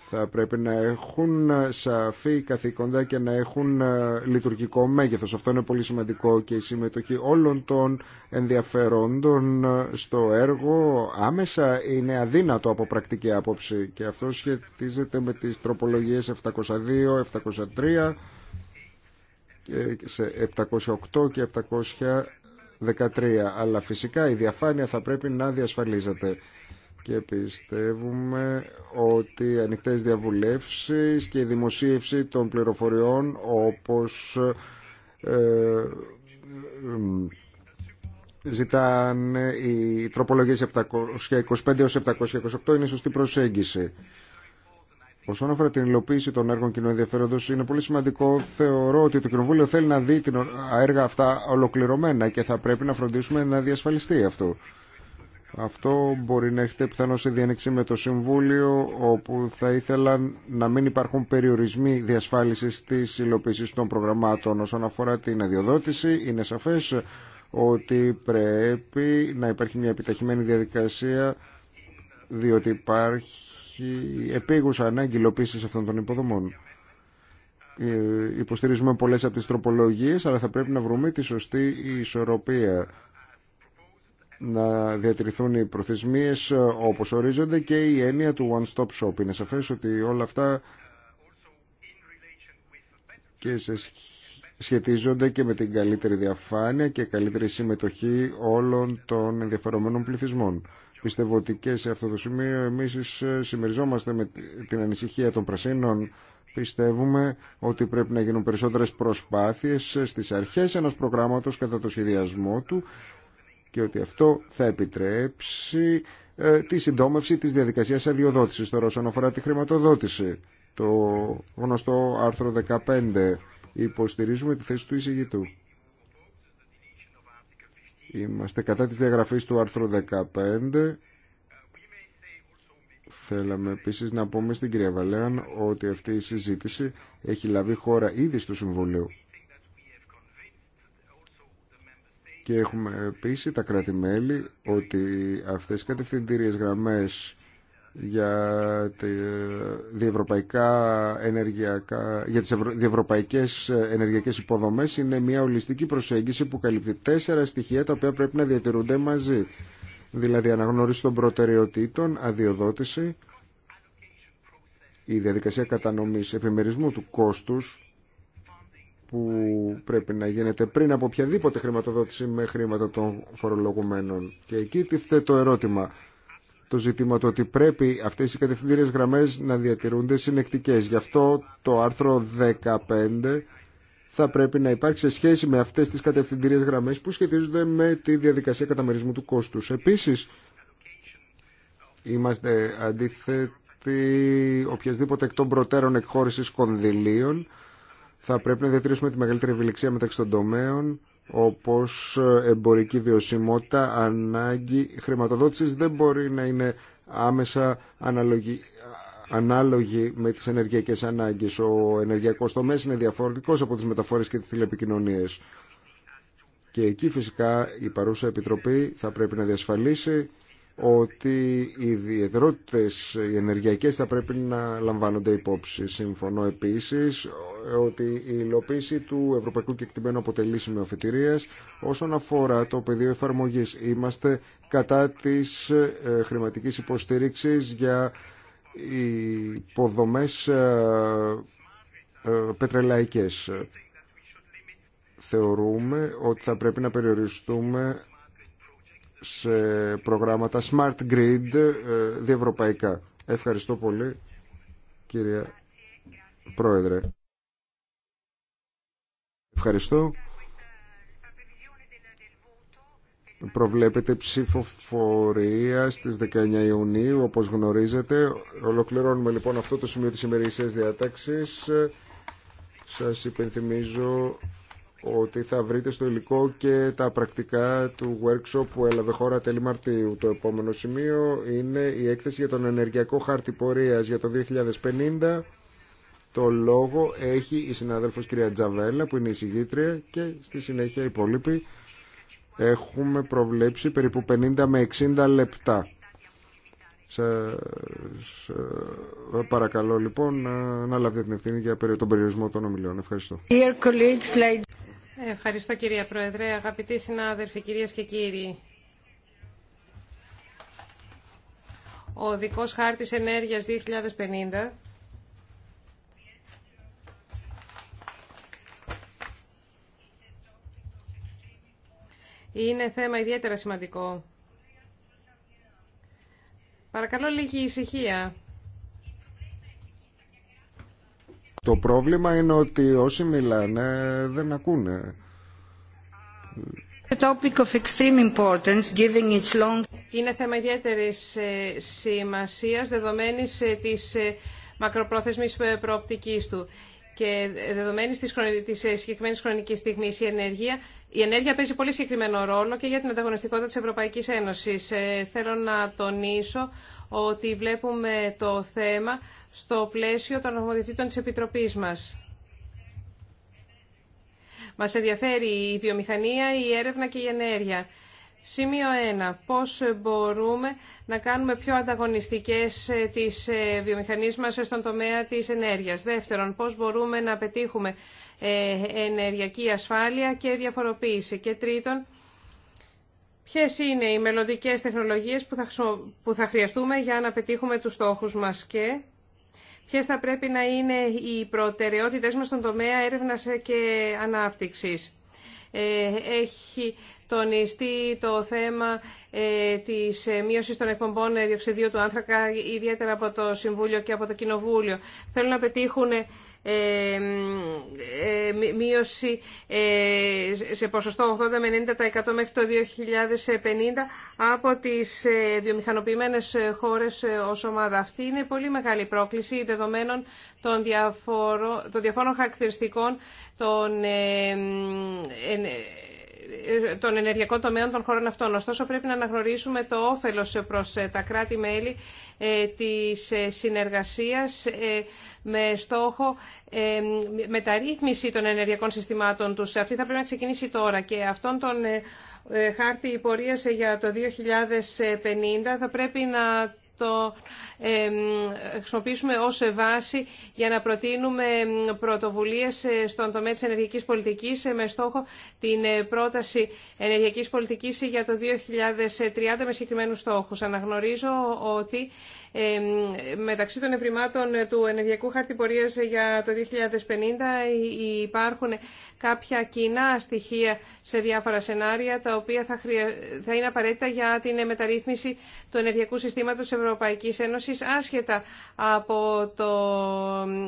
θα πρέπει να έχουν σαφή καθήκοντα και να έχουν ε, λειτουργικό μέγεθος. Αυτό είναι πολύ σημαντικό και η συμμετοχή όλων των ενδιαφερόντων ε, στο έργο άμεσα είναι αδύνατο από πρακτική άποψη και αυτό σχετίζεται με τις τροπολογίες 702, 703, 708 και 713. Αλλά φυσικά η διαφάνεια θα πρέπει να διασφαλίζεται και πιστεύουμε ότι ανοιχτές διαβουλεύσεις και η δημοσίευση των πληροφοριών όπως ε, ε, ζητάνε οι τροπολογίες 725 έως 728 είναι σωστή προσέγγιση. Όσον αφορά την υλοποίηση των έργων κοινού ενδιαφέροντο, είναι πολύ σημαντικό. Θεωρώ ότι το Κοινοβούλιο θέλει να δει την έργα αυτά ολοκληρωμένα και θα πρέπει να φροντίσουμε να διασφαλιστεί αυτό. Αυτό μπορεί να έχετε πιθανώς σε διένεξη με το Συμβούλιο όπου θα ήθελαν να μην υπάρχουν περιορισμοί διασφάλισης της υλοποίησης των προγραμμάτων όσον αφορά την αδειοδότηση. Είναι σαφές ότι πρέπει να υπάρχει μια επιταχυμένη διαδικασία διότι υπάρχει επίγουσα ανάγκη υλοποίησης αυτών των υποδομών. Ε, υποστηρίζουμε πολλές από τις τροπολογίες αλλά θα πρέπει να βρούμε τη σωστή ισορροπία να διατηρηθούν οι προθεσμίες ε, όπως ορίζονται και η έννοια του one-stop shop. Είναι σαφές ότι όλα αυτά και σχετίζονται και με την καλύτερη διαφάνεια και καλύτερη συμμετοχή όλων των ενδιαφερομένων πληθυσμών. Πιστεύω ότι και σε αυτό το σημείο εμείς ε, συμμεριζόμαστε με την ανησυχία των πρασίνων. Πιστεύουμε ότι πρέπει να γίνουν περισσότερες προσπάθειες ε, στις αρχές ενός προγράμματος κατά το σχεδιασμό του και ότι αυτό θα επιτρέψει ε, τη συντόμευση της διαδικασίας αδειοδότησης τώρα όσον αφορά τη χρηματοδότηση το γνωστό άρθρο 15 υποστηρίζουμε τη θέση του εισηγητού είμαστε κατά τη διαγραφής του άρθρου 15 Θέλαμε επίσης να πούμε στην κυρία Βαλέαν ότι αυτή η συζήτηση έχει λάβει χώρα ήδη στο Συμβουλίο και έχουμε πείσει τα κράτη-μέλη ότι αυτές οι κατευθυντήριες γραμμές για, τη διευρωπαϊκά ενεργειακά, για τις διευρωπαϊκές ενεργειακές υποδομές είναι μια ολιστική προσέγγιση που καλύπτει τέσσερα στοιχεία τα οποία πρέπει να διατηρούνται μαζί. Δηλαδή αναγνώριση των προτεραιοτήτων, αδειοδότηση, η διαδικασία κατανομής επιμερισμού του κόστους που πρέπει να γίνεται πριν από οποιαδήποτε χρηματοδότηση με χρήματα των φορολογουμένων. Και εκεί τίθεται το ερώτημα. Το ζήτημα το ότι πρέπει αυτές οι κατευθυντήριες γραμμές να διατηρούνται συνεκτικές. Γι' αυτό το άρθρο 15 θα πρέπει να υπάρξει σε σχέση με αυτές τις κατευθυντήριες γραμμές που σχετίζονται με τη διαδικασία καταμερισμού του κόστους. Επίσης, είμαστε αντίθετοι οποιασδήποτε εκ των προτέρων εκχώρησης κονδυλίων θα πρέπει να διατηρήσουμε τη μεγαλύτερη ευελιξία μεταξύ των τομέων όπως εμπορική βιωσιμότητα, ανάγκη χρηματοδότησης δεν μπορεί να είναι άμεσα αναλογική ανάλογη με τις ενεργειακές ανάγκες. Ο ενεργειακός τομέας είναι διαφορετικός από τις μεταφορές και τις τηλεπικοινωνίες. Και εκεί φυσικά η παρούσα Επιτροπή θα πρέπει να διασφαλίσει ότι οι ιδιαιτερότητες οι ενεργειακές θα πρέπει να λαμβάνονται υπόψη. Συμφωνώ επίσης ότι η υλοποίηση του ευρωπαϊκού κεκτημένου αποτελεί σημείο Όσον αφορά το πεδίο εφαρμογής, είμαστε κατά της ε, χρηματικής υποστήριξης για υποδομές ε, ε, πετρελαϊκές. Θεωρούμε ότι θα πρέπει να περιοριστούμε σε προγράμματα Smart Grid διευρωπαϊκά. Ευχαριστώ πολύ, κυρία Πρόεδρε. Ευχαριστώ. Προβλέπεται ψηφοφορία στις 19 Ιουνίου, όπως γνωρίζετε. Ολοκληρώνουμε λοιπόν αυτό το σημείο της ημερήσιας διάταξης. Σας υπενθυμίζω ότι θα βρείτε στο υλικό και τα πρακτικά του workshop που έλαβε χώρα τέλη Μαρτίου. Το επόμενο σημείο είναι η έκθεση για τον ενεργειακό χάρτη πορείας για το 2050. Το λόγο έχει η συνάδελφος κυρία Τζαβέλα που είναι η συγγήτρια και στη συνέχεια οι υπόλοιποι έχουμε προβλέψει περίπου 50 με 60 λεπτά. σε, παρακαλώ λοιπόν να λάβετε την ευθύνη για τον περιορισμό των ομιλιών. Ευχαριστώ. Ευχαριστώ κυρία Πρόεδρε, αγαπητοί συνάδελφοι, κυρίες και κύριοι. Ο δικός χάρτης ενέργειας 2050 Είναι θέμα ιδιαίτερα σημαντικό. Παρακαλώ λίγη ησυχία. Το πρόβλημα είναι ότι όσοι μιλάνε δεν ακούνε. Είναι θέμα ιδιαίτερη ε, σημασία δεδομένη ε, τη ε, μακροπρόθεσμη προοπτική του και δεδομένης της, της ε, συγκεκριμένης χρονικής στιγμής η ενέργεια η ενέργεια παίζει πολύ συγκεκριμένο ρόλο και για την ανταγωνιστικότητα της Ευρωπαϊκής Ένωσης. Ε, θέλω να τονίσω ότι βλέπουμε το θέμα στο πλαίσιο των αρμοδιοτήτων της Επιτροπής μας. Μας ενδιαφέρει η βιομηχανία, η έρευνα και η ενέργεια. Σημείο 1. Πώς μπορούμε να κάνουμε πιο ανταγωνιστικές ε, τις ε, βιομηχανίε μας στον τομέα της ενέργειας. Δεύτερον, πώς μπορούμε να πετύχουμε ε, ενεργειακή ασφάλεια και διαφοροποίηση. Και τρίτον, ποιες είναι οι μελλοντικέ τεχνολογίες που θα χρειαστούμε για να πετύχουμε τους στόχους μας και ποιες θα πρέπει να είναι οι προτεραιότητες μας στον τομέα έρευνας και ανάπτυξης. Έχει τονιστεί το θέμα ε, της ε, μείωσης των εκπομπών ε, διοξιδίου του άνθρακα, ιδιαίτερα από το Συμβούλιο και από το Κοινοβούλιο. Θέλουν να πετύχουν μείωση σε ποσοστό 80 με 90% μέχρι το 2050 από τις βιομηχανοποιημένες χώρες ως ομάδα. Αυτή είναι πολύ μεγάλη πρόκληση δεδομένων των, διαφορο... των διαφόρων χαρακτηριστικών των των ενεργειακών τομέων των χωρών αυτών. Ωστόσο, πρέπει να αναγνωρίσουμε το όφελος προς ε, τα κράτη-μέλη ε, της ε, συνεργασίας με στόχο μεταρρύθμιση των ενεργειακών συστημάτων τους. Αυτή θα πρέπει να ξεκινήσει τώρα και αυτόν τον χάρτη πορείας για το 2050 θα πρέπει να το χρησιμοποιήσουμε ως βάση για να προτείνουμε πρωτοβουλίες ε, στον τομέα της ενεργειακής πολιτικής ε, με στόχο την ε, πρόταση ενεργειακής πολιτικής για το 2030 με συγκεκριμένους στόχους. Αναγνωρίζω ότι μεταξύ των ευρημάτων του ενεργειακού χάρτη πορείας για το 2050 υπάρχουν κάποια κοινά στοιχεία σε διάφορα σενάρια τα οποία θα, θα είναι απαραίτητα για την μεταρρύθμιση του ενεργειακού συστήματος Ευρωπαϊκής Ένωσης άσχετα από το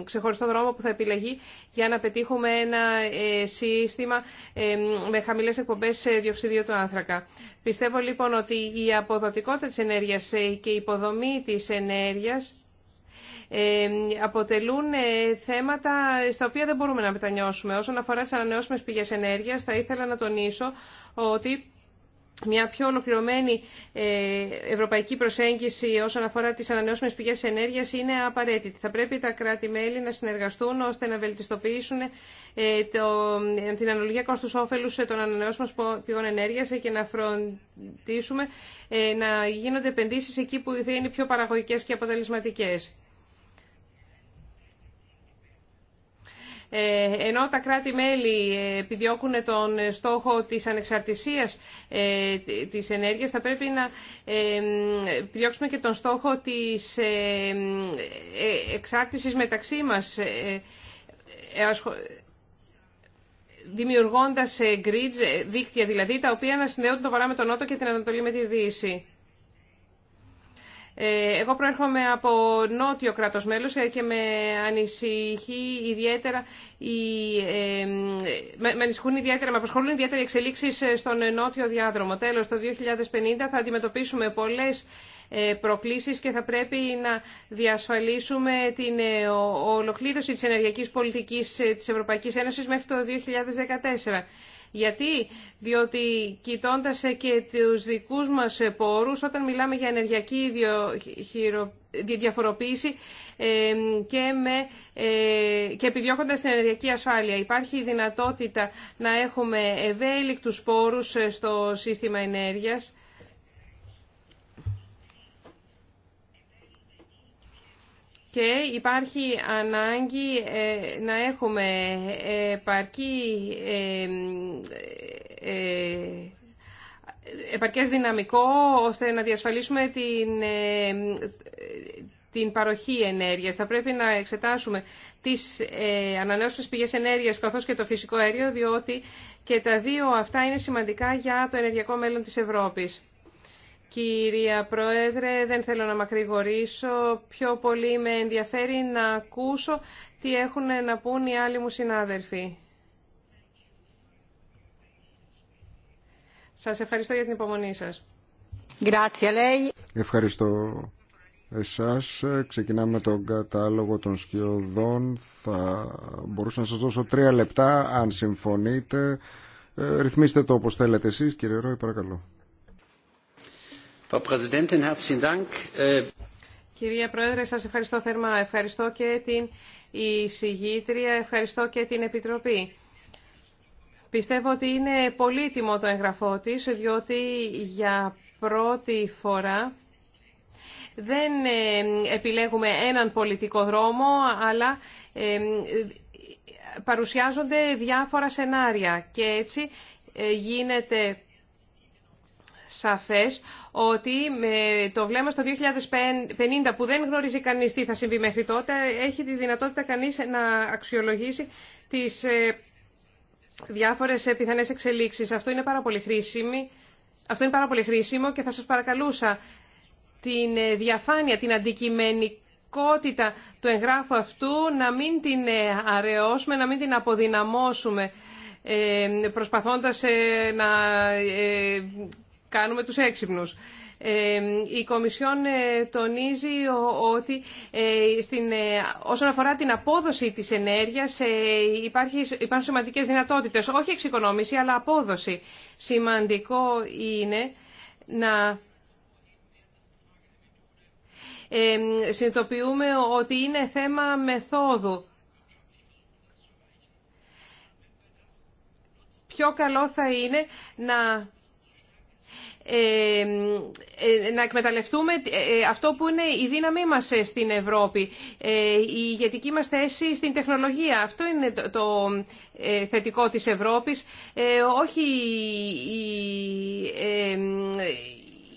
ξεχωριστό δρόμο που θα επιλεγεί για να πετύχουμε ένα ε, σύστημα ε, με χαμηλές εκπομπές διοξιδίου του άνθρακα. Πιστεύω λοιπόν ότι η αποδοτικότητα της ενέργειας ε, και η υποδομή της ενέργειας αποτελούν θέματα στα οποία δεν μπορούμε να μετανιώσουμε. Όσον αφορά τις ανανεώσιμες πηγές ενέργειας, θα ήθελα να τονίσω ότι μια πιο ολοκληρωμένη ε, ευρωπαϊκή προσέγγιση όσον αφορά τι ανανεώσιμε πηγέ ενέργειας είναι απαραίτητη. Θα πρέπει τα κράτη-μέλη να συνεργαστούν ώστε να βελτιστοποιήσουν ε, το, την αναλογία κοστου όφελου ε, των ανανεώσιμων πηγών ενέργειας και να φροντίσουμε να γίνονται επενδύσει εκεί που θα είναι πιο παραγωγικέ και αποτελεσματικέ. Ε, ενώ τα κράτη-μέλη ε, επιδιώκουν τον στόχο της ανεξαρτησίας ε, της ενέργειας, θα πρέπει να επιδιώξουμε και τον στόχο της εξάρτησης μεταξύ μας, δημιουργώντας grids, δίκτυα δηλαδή, τα οποία να συνδέονται το βορρά με τον νότο και την ανατολή με τη δύση. Ε, εγώ προέρχομαι από νότιο κράτος μέλος ε, και με ανησυχεί ιδιαίτερα ε, με ανησυχούν ιδιαίτερα, με απασχολούν ιδιαίτερα οι εξελίξεις στον νότιο διάδρομο. Τέλος, το 2050 θα αντιμετωπίσουμε πολλές προκλήσεις και θα πρέπει να διασφαλίσουμε την ολοκλήρωση της ενεργειακής πολιτικής της Ευρωπαϊκής Ένωσης μέχρι το 2014. Γιατί, διότι κοιτώντα και τους δικούς μας πόρους, όταν μιλάμε για ενεργειακή διαφοροποίηση ε, και, με, ε, και την ενεργειακή ασφάλεια, υπάρχει η δυνατότητα να έχουμε ευέλικτους πόρους ε, στο σύστημα ενέργειας και υπάρχει ανάγκη ε, να έχουμε επαρκή, ε, ε, επαρκές δυναμικό ώστε να διασφαλίσουμε την, την παροχή ενέργειας. Θα πρέπει να εξετάσουμε τις ανανεώσιμες πηγές ενέργειας καθώς και το φυσικό αέριο διότι και τα δύο αυτά είναι σημαντικά για το ενεργειακό μέλλον της Ευρώπης. Κυρία Πρόεδρε, δεν θέλω να μακρηγορήσω. Πιο πολύ με ενδιαφέρει να ακούσω τι έχουν να πούν οι άλλοι μου συνάδελφοι. Σας ευχαριστώ για την υπομονή σας. Ευχαριστώ εσάς. Ξεκινάμε τον κατάλογο των σκιωδών. Θα μπορούσα να σας δώσω τρία λεπτά, αν συμφωνείτε. Ε, ρυθμίστε το όπως θέλετε εσείς, κύριε Ρόη, παρακαλώ. Äh, Κυρία Πρόεδρε, σας ευχαριστώ θερμά. Ευχαριστώ και την εισηγήτρια, ευχαριστώ και την Επιτροπή. Πιστεύω ότι είναι πολύτιμο το εγγραφό της, διότι για πρώτη φορά δεν ε, επιλέγουμε έναν πολιτικό δρόμο, αλλά ε, παρουσιάζονται διάφορα σενάρια και έτσι ε, γίνεται σαφές ότι με το βλέμμα στο 2050 που δεν γνωρίζει κανείς τι θα συμβεί μέχρι τότε, έχει τη δυνατότητα κανείς να αξιολογήσει τις ε, διάφορες ε, πιθανές εξελίξεις. Αυτό είναι πάρα πολύ χρήσιμο, αυτό είναι πάρα πολύ χρήσιμο και θα σας παρακαλούσα την ε, διαφάνεια, την αντικειμενικότητα του εγγράφου αυτού να μην την αραιώσουμε, να μην την αποδυναμώσουμε προσπαθώντας να κάνουμε τους έξυπνους. Ε, η Κομισιόν ε, τονίζει ότι ε, στην, όσον αφορά την απόδοση της ενέργειας υπάρχει, υπάρχουν σημαντικές δυνατότητες. Όχι εξοικονόμηση, αλλά απόδοση. Σημαντικό είναι να συνειδητοποιούμε ότι είναι θέμα μεθόδου. Πιο καλό θα είναι να ε, ε, να εκμεταλλευτούμε ε, αυτό που είναι η δύναμή μας στην Ευρώπη, η ηγετική μας θέση στην τεχνολογία. Αυτό είναι το θετικό της Ευρώπης, όχι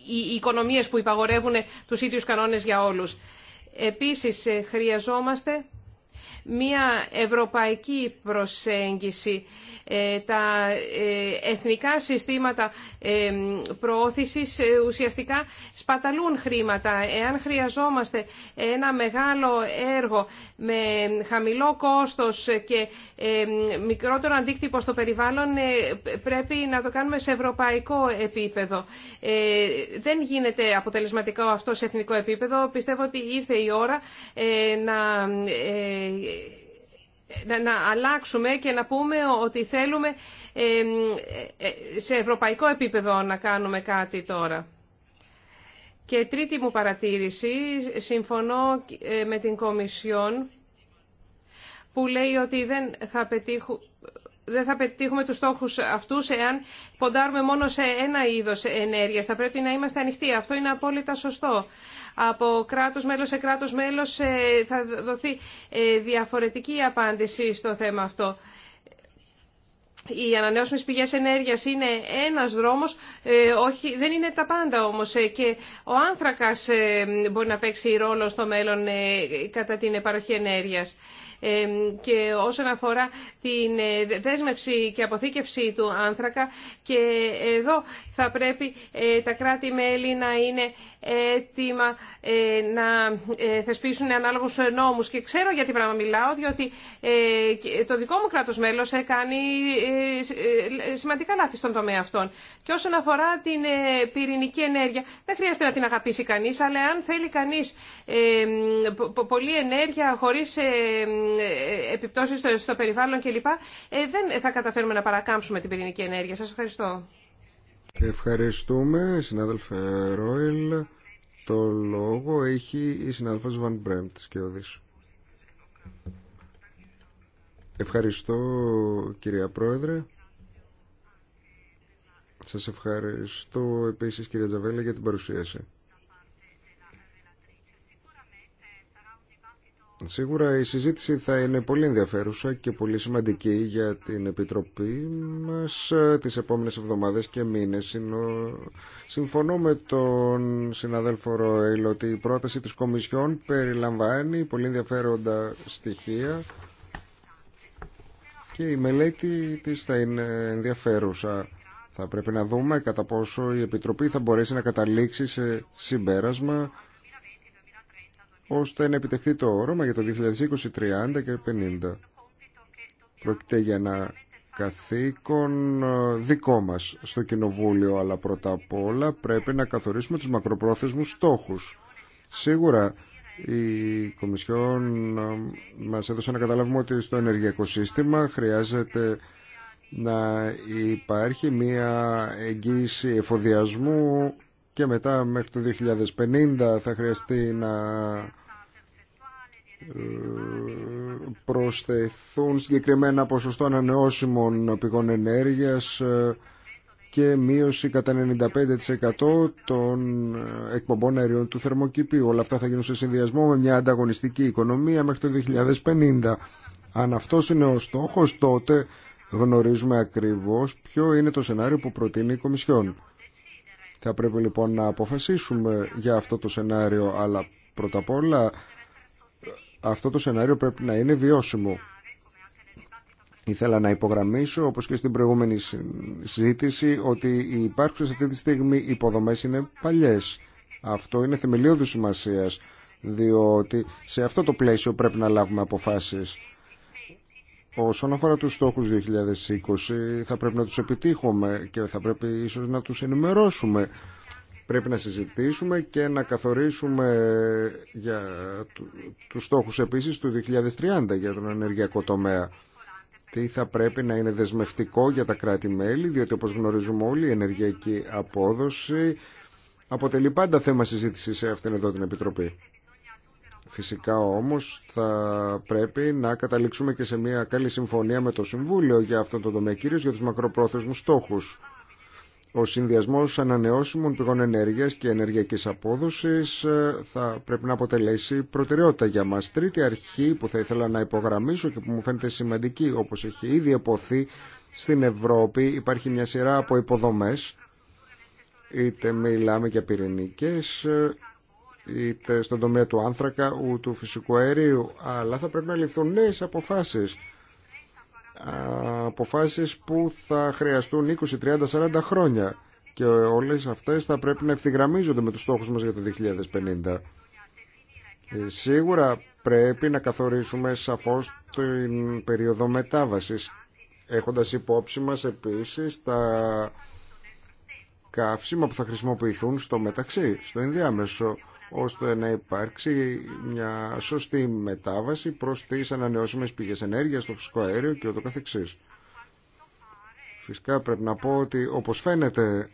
οι οικονομίες που υπαγορεύουν τους ίδιους κανόνες για όλους. Επίσης, χρειαζόμαστε μία ευρωπαϊκή προσέγγιση. Ε, τα ε, εθνικά συστήματα ε, προώθησης ουσιαστικά σπαταλούν χρήματα. Εάν χρειαζόμαστε ένα μεγάλο έργο με χαμηλό κόστος και μικρότερο αντίκτυπο στο περιβάλλον, πρέπει να το κάνουμε σε ευρωπαϊκό επίπεδο. Δεν γίνεται αποτελεσματικό αυτό σε εθνικό επίπεδο. Πιστεύω ότι ήρθε η ώρα να να, να αλλάξουμε και να πούμε ότι θέλουμε σε ευρωπαϊκό επίπεδο να κάνουμε κάτι τώρα. Και τρίτη μου παρατήρηση, συμφωνώ ε, με την Κομισιόν που λέει ότι δεν θα, δεν θα πετύχουμε τους στόχους αυτούς εάν ποντάρουμε μόνο σε ένα είδος ενέργειας. Θα πρέπει να είμαστε ανοιχτοί. Αυτό είναι απόλυτα σωστό από κράτος μέλος σε κράτος μέλος ε, θα δοθεί ε, διαφορετική απάντηση στο θέμα αυτό. Οι ανανεώσιμες πηγές ενέργειας είναι ένας δρόμος, ε, όχι, δεν είναι τα πάντα όμως και ο άνθρακας μπορεί να παίξει ρόλο στο μέλλον κατά την παροχή ενέργειας και όσον αφορά την ε, δέσμευση και αποθήκευση του άνθρακα και εδώ θα πρέπει ε, τα κράτη-μέλη να είναι έτοιμα ε, να θεσπίσουν ανάλογους νόμους και ξέρω γιατί πράγμα μιλάω διότι το δικό μου κράτος μέλος κάνει σημαντικά λάθη στον τομέα αυτών και όσον αφορά την πυρηνική ενέργεια δεν χρειάζεται να την αγαπήσει κανείς αλλά αν θέλει κανείς πολλή ενέργεια χωρίς ε, επιπτώσεις στο, στο περιβάλλον κλπ. Ε, δεν θα καταφέρουμε να παρακάμψουμε την πυρηνική ενέργεια. Σας ευχαριστώ. Ευχαριστούμε, συνάδελφε Ρόιλ. Το λόγο έχει η συνάδελφος Βαν Μπρέμ της Κιώδης. Ευχαριστώ, κυρία Πρόεδρε. Σας ευχαριστώ επίσης, κυρία Τζαβέλα, για την παρουσίαση. Σίγουρα η συζήτηση θα είναι πολύ ενδιαφέρουσα και πολύ σημαντική για την Επιτροπή μας ε, τις επόμενες εβδομάδες και μήνες. Συμφωνώ με τον συναδέλφο Ροέλ ότι η πρόταση της Κομισιόν περιλαμβάνει πολύ ενδιαφέροντα στοιχεία και η μελέτη της θα είναι ενδιαφέρουσα. Θα πρέπει να δούμε κατά πόσο η Επιτροπή θα μπορέσει να καταλήξει σε συμπέρασμα ώστε να επιτευχθεί το όρομα για το 2020, 30 και 50. Πρόκειται για ένα καθήκον ε, δικό μας στο Κοινοβούλιο, αλλά πρώτα απ' όλα πρέπει να καθορίσουμε τους μακροπρόθεσμους στόχους. Σίγουρα η Κομισιόν ε, μας έδωσε να καταλάβουμε ότι στο ενεργειακό σύστημα χρειάζεται να υπάρχει μια εγγύηση εφοδιασμού και μετά μέχρι το 2050 θα χρειαστεί να ε, προσθεθούν συγκεκριμένα ποσοστό ανανεώσιμων πηγών ενέργειας ε, και μείωση κατά 95% των ε, εκπομπών αερίων του θερμοκηπίου. Όλα αυτά θα γίνουν σε συνδυασμό με μια ανταγωνιστική οικονομία μέχρι το 2050. Αν αυτός είναι ο στόχος τότε γνωρίζουμε ακριβώς ποιο είναι το σενάριο που προτείνει η Κομισιόν. Θα πρέπει λοιπόν να αποφασίσουμε για αυτό το σενάριο, αλλά πρώτα απ' όλα αυτό το σενάριο πρέπει να είναι βιώσιμο. Ήθελα να υπογραμμίσω, όπως και στην προηγούμενη συζήτηση, ότι οι υπάρχουσε αυτή τη στιγμή υποδομές είναι παλιές. Αυτό είναι θεμελιώδη σημασίας, διότι σε αυτό το πλαίσιο πρέπει να λάβουμε αποφάσεις. Όσον αφορά τους στόχους 2020 θα πρέπει να τους επιτύχουμε και θα πρέπει ίσως να τους ενημερώσουμε. Πρέπει να συζητήσουμε και να καθορίσουμε για τους στόχους επίσης του 2030 για τον ενεργειακό τομέα. Τι θα πρέπει να είναι δεσμευτικό για τα κράτη-μέλη, διότι όπως γνωρίζουμε όλοι η ενεργειακή απόδοση αποτελεί πάντα θέμα συζήτησης σε αυτήν εδώ την Επιτροπή. Φυσικά όμως θα πρέπει να καταλήξουμε και σε μια καλή συμφωνία με το Συμβούλιο για αυτό το τομέα, κύριος, για τους μακροπρόθεσμους στόχους. Ο συνδυασμός ανανεώσιμων πηγών ενέργειας και ενεργειακής απόδοσης ε, θα πρέπει να αποτελέσει προτεραιότητα για μας. Τρίτη αρχή που θα ήθελα να υπογραμμίσω και που μου φαίνεται σημαντική, όπως έχει ήδη εποθεί στην Ευρώπη, υπάρχει μια σειρά από υποδομές, είτε μιλάμε για πυρηνικές, ε, είτε στον τομέα του άνθρακα ή του φυσικού αερίου, αλλά θα πρέπει να ληφθούν νέε αποφάσεις. Αποφάσεις που θα χρειαστούν 20, 30, 40 χρόνια και όλες αυτές θα πρέπει να ευθυγραμμίζονται με τους στόχους μας για το 2050. Ε, σίγουρα πρέπει να καθορίσουμε σαφώς την περίοδο μετάβασης, έχοντας υπόψη μας επίσης τα καύσιμα που θα χρησιμοποιηθούν στο μεταξύ, στο ενδιάμεσο ώστε να υπάρξει μια σωστή μετάβαση προς τις ανανεώσιμες πηγές ενέργειας, στο φυσικό αέριο και ούτω καθεξής. Φυσικά πρέπει να πω ότι όπως φαίνεται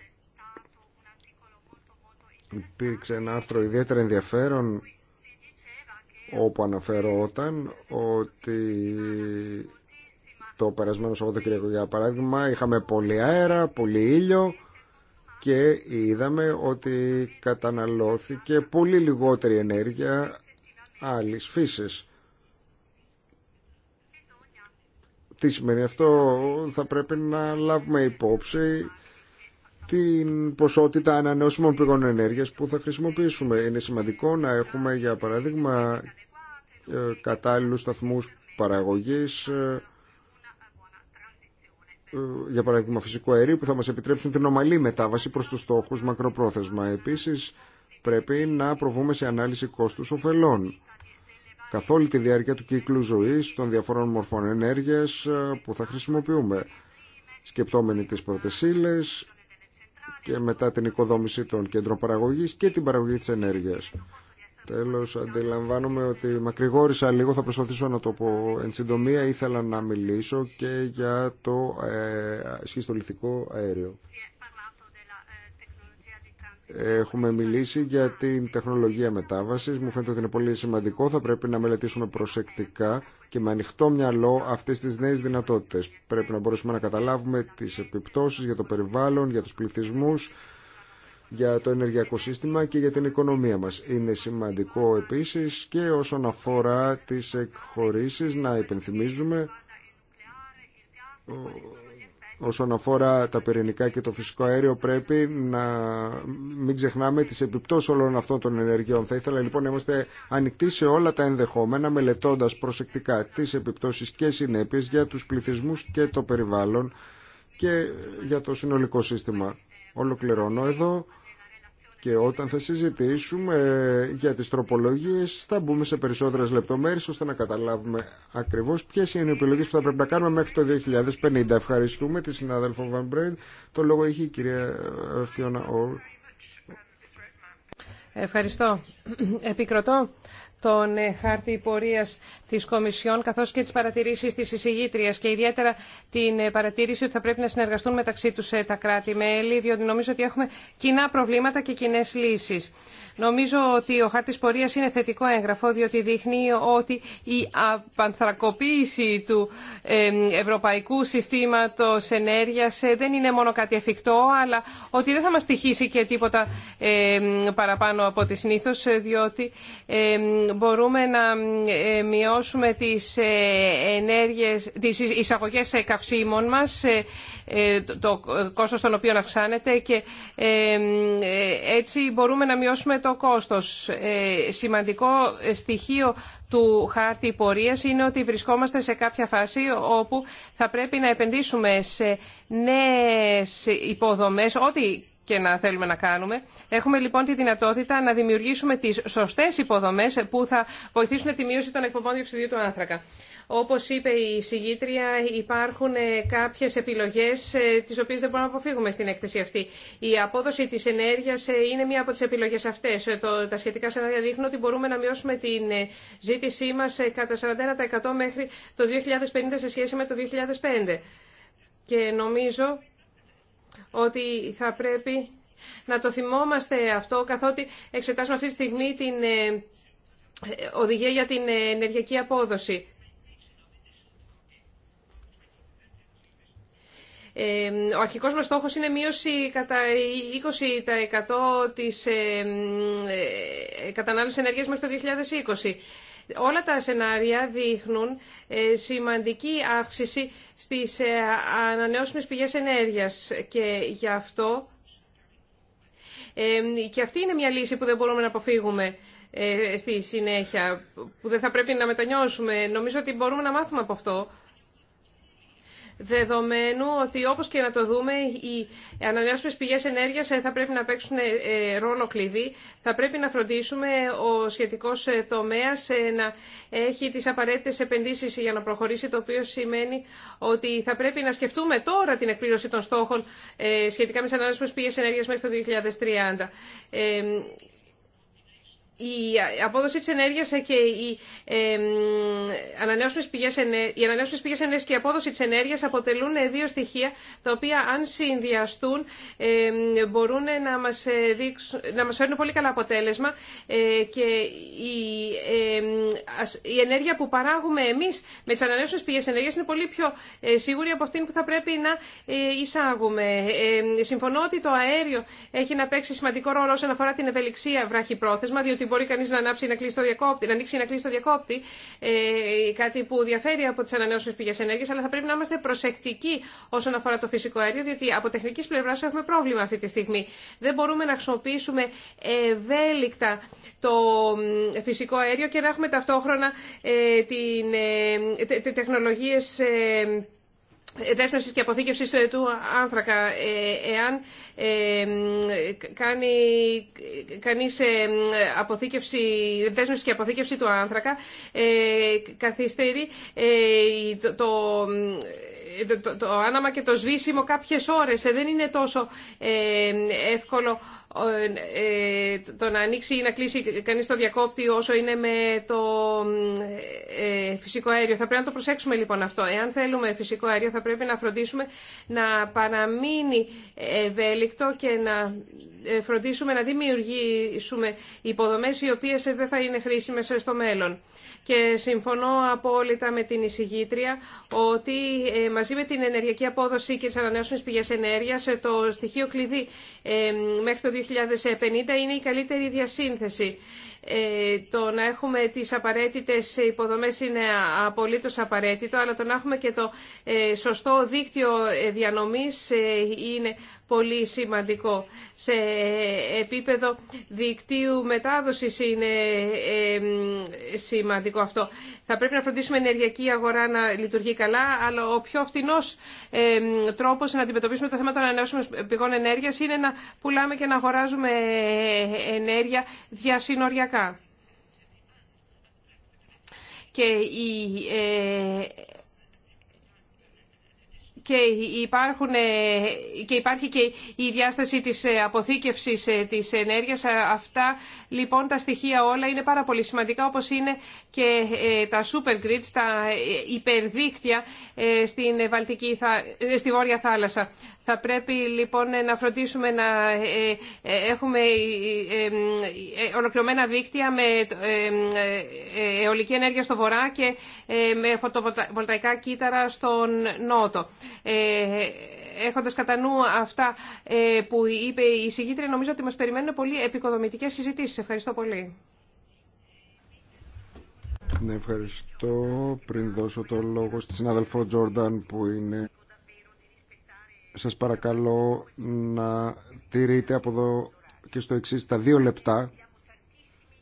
υπήρξε ένα άρθρο ιδιαίτερα ενδιαφέρον όπου αναφερόταν ότι το περασμένο Σαββατοκύριακο για παράδειγμα είχαμε πολύ αέρα, πολύ ήλιο και είδαμε ότι καταναλώθηκε πολύ λιγότερη ενέργεια άλλης φύσης. Τι σημαίνει αυτό, θα πρέπει να λάβουμε υπόψη την ποσότητα ανανεώσιμων πηγών ενέργειας που θα χρησιμοποιήσουμε. Είναι σημαντικό να έχουμε, για παράδειγμα, ε, κατάλληλους σταθμούς παραγωγής ε, ε, για παράδειγμα φυσικού αερίου που θα μας επιτρέψουν την ομαλή μετάβαση προς τους στόχους μακροπρόθεσμα. Επίσης πρέπει να προβούμε σε ανάλυση κόστους ωφελών καθ' όλη τη διάρκεια του κύκλου ζωής των διαφορών μορφών ενέργειας ε, που θα χρησιμοποιούμε σκεπτόμενοι τις πρώτες και μετά την οικοδόμηση των κέντρων παραγωγής και την παραγωγή της ενέργειας. Τέλος, αντιλαμβάνομαι ότι μακρηγόρησα λίγο, θα προσπαθήσω να το πω εν συντομία. Ήθελα να μιλήσω και για το ε, σχιστολιθικό αέριο. Έχουμε μιλήσει για την τεχνολογία μετάβασης. Μου φαίνεται ότι είναι πολύ σημαντικό. Θα πρέπει να μελετήσουμε προσεκτικά και με ανοιχτό μυαλό αυτές τις νέες δυνατότητες. Πρέπει να μπορέσουμε να καταλάβουμε τις επιπτώσεις για το περιβάλλον, για τους πληθυσμούς, για το ενεργειακό σύστημα και για την οικονομία μας. Είναι σημαντικό επίσης και όσον αφορά τις εκχωρήσεις να υπενθυμίζουμε όσον αφορά τα πυρηνικά και το φυσικό αέριο πρέπει να μην ξεχνάμε τις επιπτώσεις όλων αυτών των ενεργειών. Θα ήθελα λοιπόν να είμαστε ανοιχτοί σε όλα τα ενδεχόμενα μελετώντας προσεκτικά τις επιπτώσεις και συνέπειες για τους πληθυσμούς και το περιβάλλον και για το συνολικό σύστημα. Ολοκληρώνω εδώ και όταν θα συζητήσουμε ε, για τις τροπολογίες θα μπούμε σε περισσότερες λεπτομέρειες ώστε να καταλάβουμε ακριβώς ποιες είναι οι επιλογές που θα πρέπει να κάνουμε μέχρι το 2050. Ευχαριστούμε τη συνάδελφο Βαν Το λόγο έχει η κυρία ε, Φιώνα Όλ. Ευχαριστώ. Επικροτώ τον ε, χάρτη πορεία τη Κομισιόν καθώ και τι παρατηρήσει τη εισηγήτρια και ιδιαίτερα την ε, παρατήρηση ότι θα πρέπει να συνεργαστούν μεταξύ του ε, τα κράτη-μέλη διότι νομίζω ότι έχουμε κοινά προβλήματα και κοινέ λύσει. Νομίζω ότι ο Χάρτη πορεία είναι θετικό έγγραφο διότι δείχνει ότι η απανθρακοποίηση του ευρωπαϊκού συστήματο ενέργεια δεν είναι μόνο κάτι εφικτό αλλά ότι δεν θα μα τυχήσει και τίποτα παραπάνω από τη συνήθω, διότι μπορούμε να ε, μειώσουμε τις, ε, ενέργειες, τις εισαγωγές ε, καυσίμων μας, το κόστος των οποίων αυξάνεται και έτσι μπορούμε να μειώσουμε το κόστος. Σημαντικό στοιχείο του χάρτη πορείας είναι ότι βρισκόμαστε σε κάποια φάση όπου θα πρέπει να επενδύσουμε σε νέες υποδομές, ό,τι και να θέλουμε να κάνουμε. Έχουμε λοιπόν τη δυνατότητα να δημιουργήσουμε τι σωστέ υποδομέ που θα βοηθήσουν τη μείωση των εκπομπών διοξιδίου του άνθρακα. Όπω είπε η συγγήτρια, υπάρχουν ε, κάποιε επιλογέ ε, τι οποίε δεν μπορούμε να αποφύγουμε στην έκθεση αυτή. Η απόδοση τη ενέργεια ε, είναι μία από τι επιλογέ αυτέ. τα σχετικά σενάρια δείχνουν ότι μπορούμε να μειώσουμε την ζήτησή μα κατά 41% μέχρι το 2050 σε σχέση με το 2005. Και νομίζω ότι θα πρέπει να το θυμόμαστε αυτό, καθότι εξετάζουμε αυτή τη στιγμή την ε, οδηγία για την ε, ενεργειακή απόδοση. Ε, ο αρχικός μας στόχος είναι μείωση κατά 20% της κατανάλωσης ενέργειας μέχρι το 2020. Όλα τα σενάρια δείχνουν ε, σημαντική αύξηση στις ε, ανανεώσιμες πηγές ενέργειας και γι' αυτό και αυτή είναι μια λύση που δεν μπορούμε να αποφύγουμε ε, στη συνέχεια, που δεν θα πρέπει να μετανιώσουμε. Νομίζω ότι μπορούμε να μάθουμε από αυτό δεδομένου ότι όπως και να το δούμε οι ανανεώσιμες πηγές ενέργειας ε, θα πρέπει να παίξουν ε, ε, ρόλο κλειδί. Θα πρέπει να φροντίσουμε ο σχετικός τομέας να έχει τις απαραίτητες επενδύσεις για να προχωρήσει το οποίο σημαίνει ότι θα πρέπει να σκεφτούμε τώρα την εκπλήρωση των στόχων σχετικά με τις ανανεώσιμες πηγές ενέργειας μέχρι το 2030 η απόδοση της ενέργειας και οι, ε, ανανεώσιμες πηγές, ενέργειας και η απόδοση της ενέργειας αποτελούν δύο στοιχεία τα οποία αν συνδυαστούν μπορούν να μας, δείξουν, να μας φέρουν πολύ καλά αποτέλεσμα ε, και η, ενέργεια που παράγουμε εμείς με τις ανανεώσιμες πηγές ενέργειας είναι πολύ πιο ε, σίγουρη από αυτήν που θα πρέπει να ε, εισάγουμε. συμφωνώ ότι το αέριο έχει να παίξει σημαντικό ρόλο όσον αφορά την ευελιξία βράχη πρόθεσμα, διότι ότι μπορεί κανείς να, ανάψει κλείσει διακόπτη, να ανοίξει το το διακόπτη, ε, κάτι που διαφέρει από τις ανανεώσιμε πηγέ ενέργειας, αλλά θα πρέπει να είμαστε προσεκτικοί όσον αφορά το φυσικό αέριο, διότι από τεχνικής πλευράς έχουμε πρόβλημα αυτή τη στιγμή. Δεν μπορούμε να χρησιμοποιήσουμε ευέλικτα το φυσικό αέριο και να έχουμε ταυτόχρονα ε, ε, ε δέσμευση και αποθήκευση ε, του άνθρακα. Ε, εάν ε, κάνει κανείς αποθήκευση, δέσμευση και αποθήκευση του άνθρακα, καθυστερεί το, το, το, άναμα και το σβήσιμο κάποιες ώρες. Δεν είναι τόσο εύκολο ε, το να ανοίξει ή να κλείσει κανείς το διακόπτη όσο είναι με το ε, φυσικό αέριο. Θα πρέπει να το προσέξουμε λοιπόν αυτό. Εάν θέλουμε φυσικό αέριο θα πρέπει να φροντίσουμε να παραμείνει ευέλικτο και να ε, φροντίσουμε να δημιουργήσουμε υποδομές οι οποίες δεν θα είναι χρήσιμες στο μέλλον. Και συμφωνώ απόλυτα με την εισηγήτρια ότι μαζί με την ενεργειακή απόδοση και τις ανανεώσιμες πηγές ενέργειας το στοιχείο κλειδί μέχρι το είναι η καλύτερη διασύνθεση. Ε, το να έχουμε τις απαραίτητες υποδομές είναι απολύτως απαραίτητο, αλλά το να έχουμε και το ε, σωστό δίκτυο ε, διανομής είναι πολύ σημαντικό. Σε επίπεδο δικτύου μετάδοσης είναι σημαντικό αυτό. Θα πρέπει να φροντίσουμε η ενεργειακή αγορά να λειτουργεί καλά, αλλά ο πιο φτηνός τρόπος να αντιμετωπίσουμε το θέμα των ανανεώσιμων πηγών ενέργειας είναι να πουλάμε και να αγοράζουμε ε, ενέργεια διασυνοριακά. Και η ε, και, υπάρχουν, ε, και υπάρχει και η διάσταση της ε, αποθήκευσης ε, της ενέργειας. Αυτά λοιπόν τα στοιχεία όλα είναι πάρα πολύ σημαντικά όπως είναι και τα super grids, τα υπερδίκτυα στην στη Βόρεια Θάλασσα. Θα πρέπει λοιπόν να φροντίσουμε να ε, ε, έχουμε ε, ολοκληρωμένα δίκτυα με αιωλική ενέργεια στο βορρά και με φωτοβολταϊκά κύτταρα στον νότο. Έχοντας κατά νου αυτά που είπε η συγγήτρια, νομίζω ότι μας περιμένουν πολύ επικοδομητικές συζητήσεις. Ευχαριστώ πολύ. Ναι, ευχαριστώ. Πριν δώσω το λόγο στη συνάδελφο Τζόρνταν που είναι σας παρακαλώ να τηρείτε από εδώ και στο εξής τα δύο λεπτά,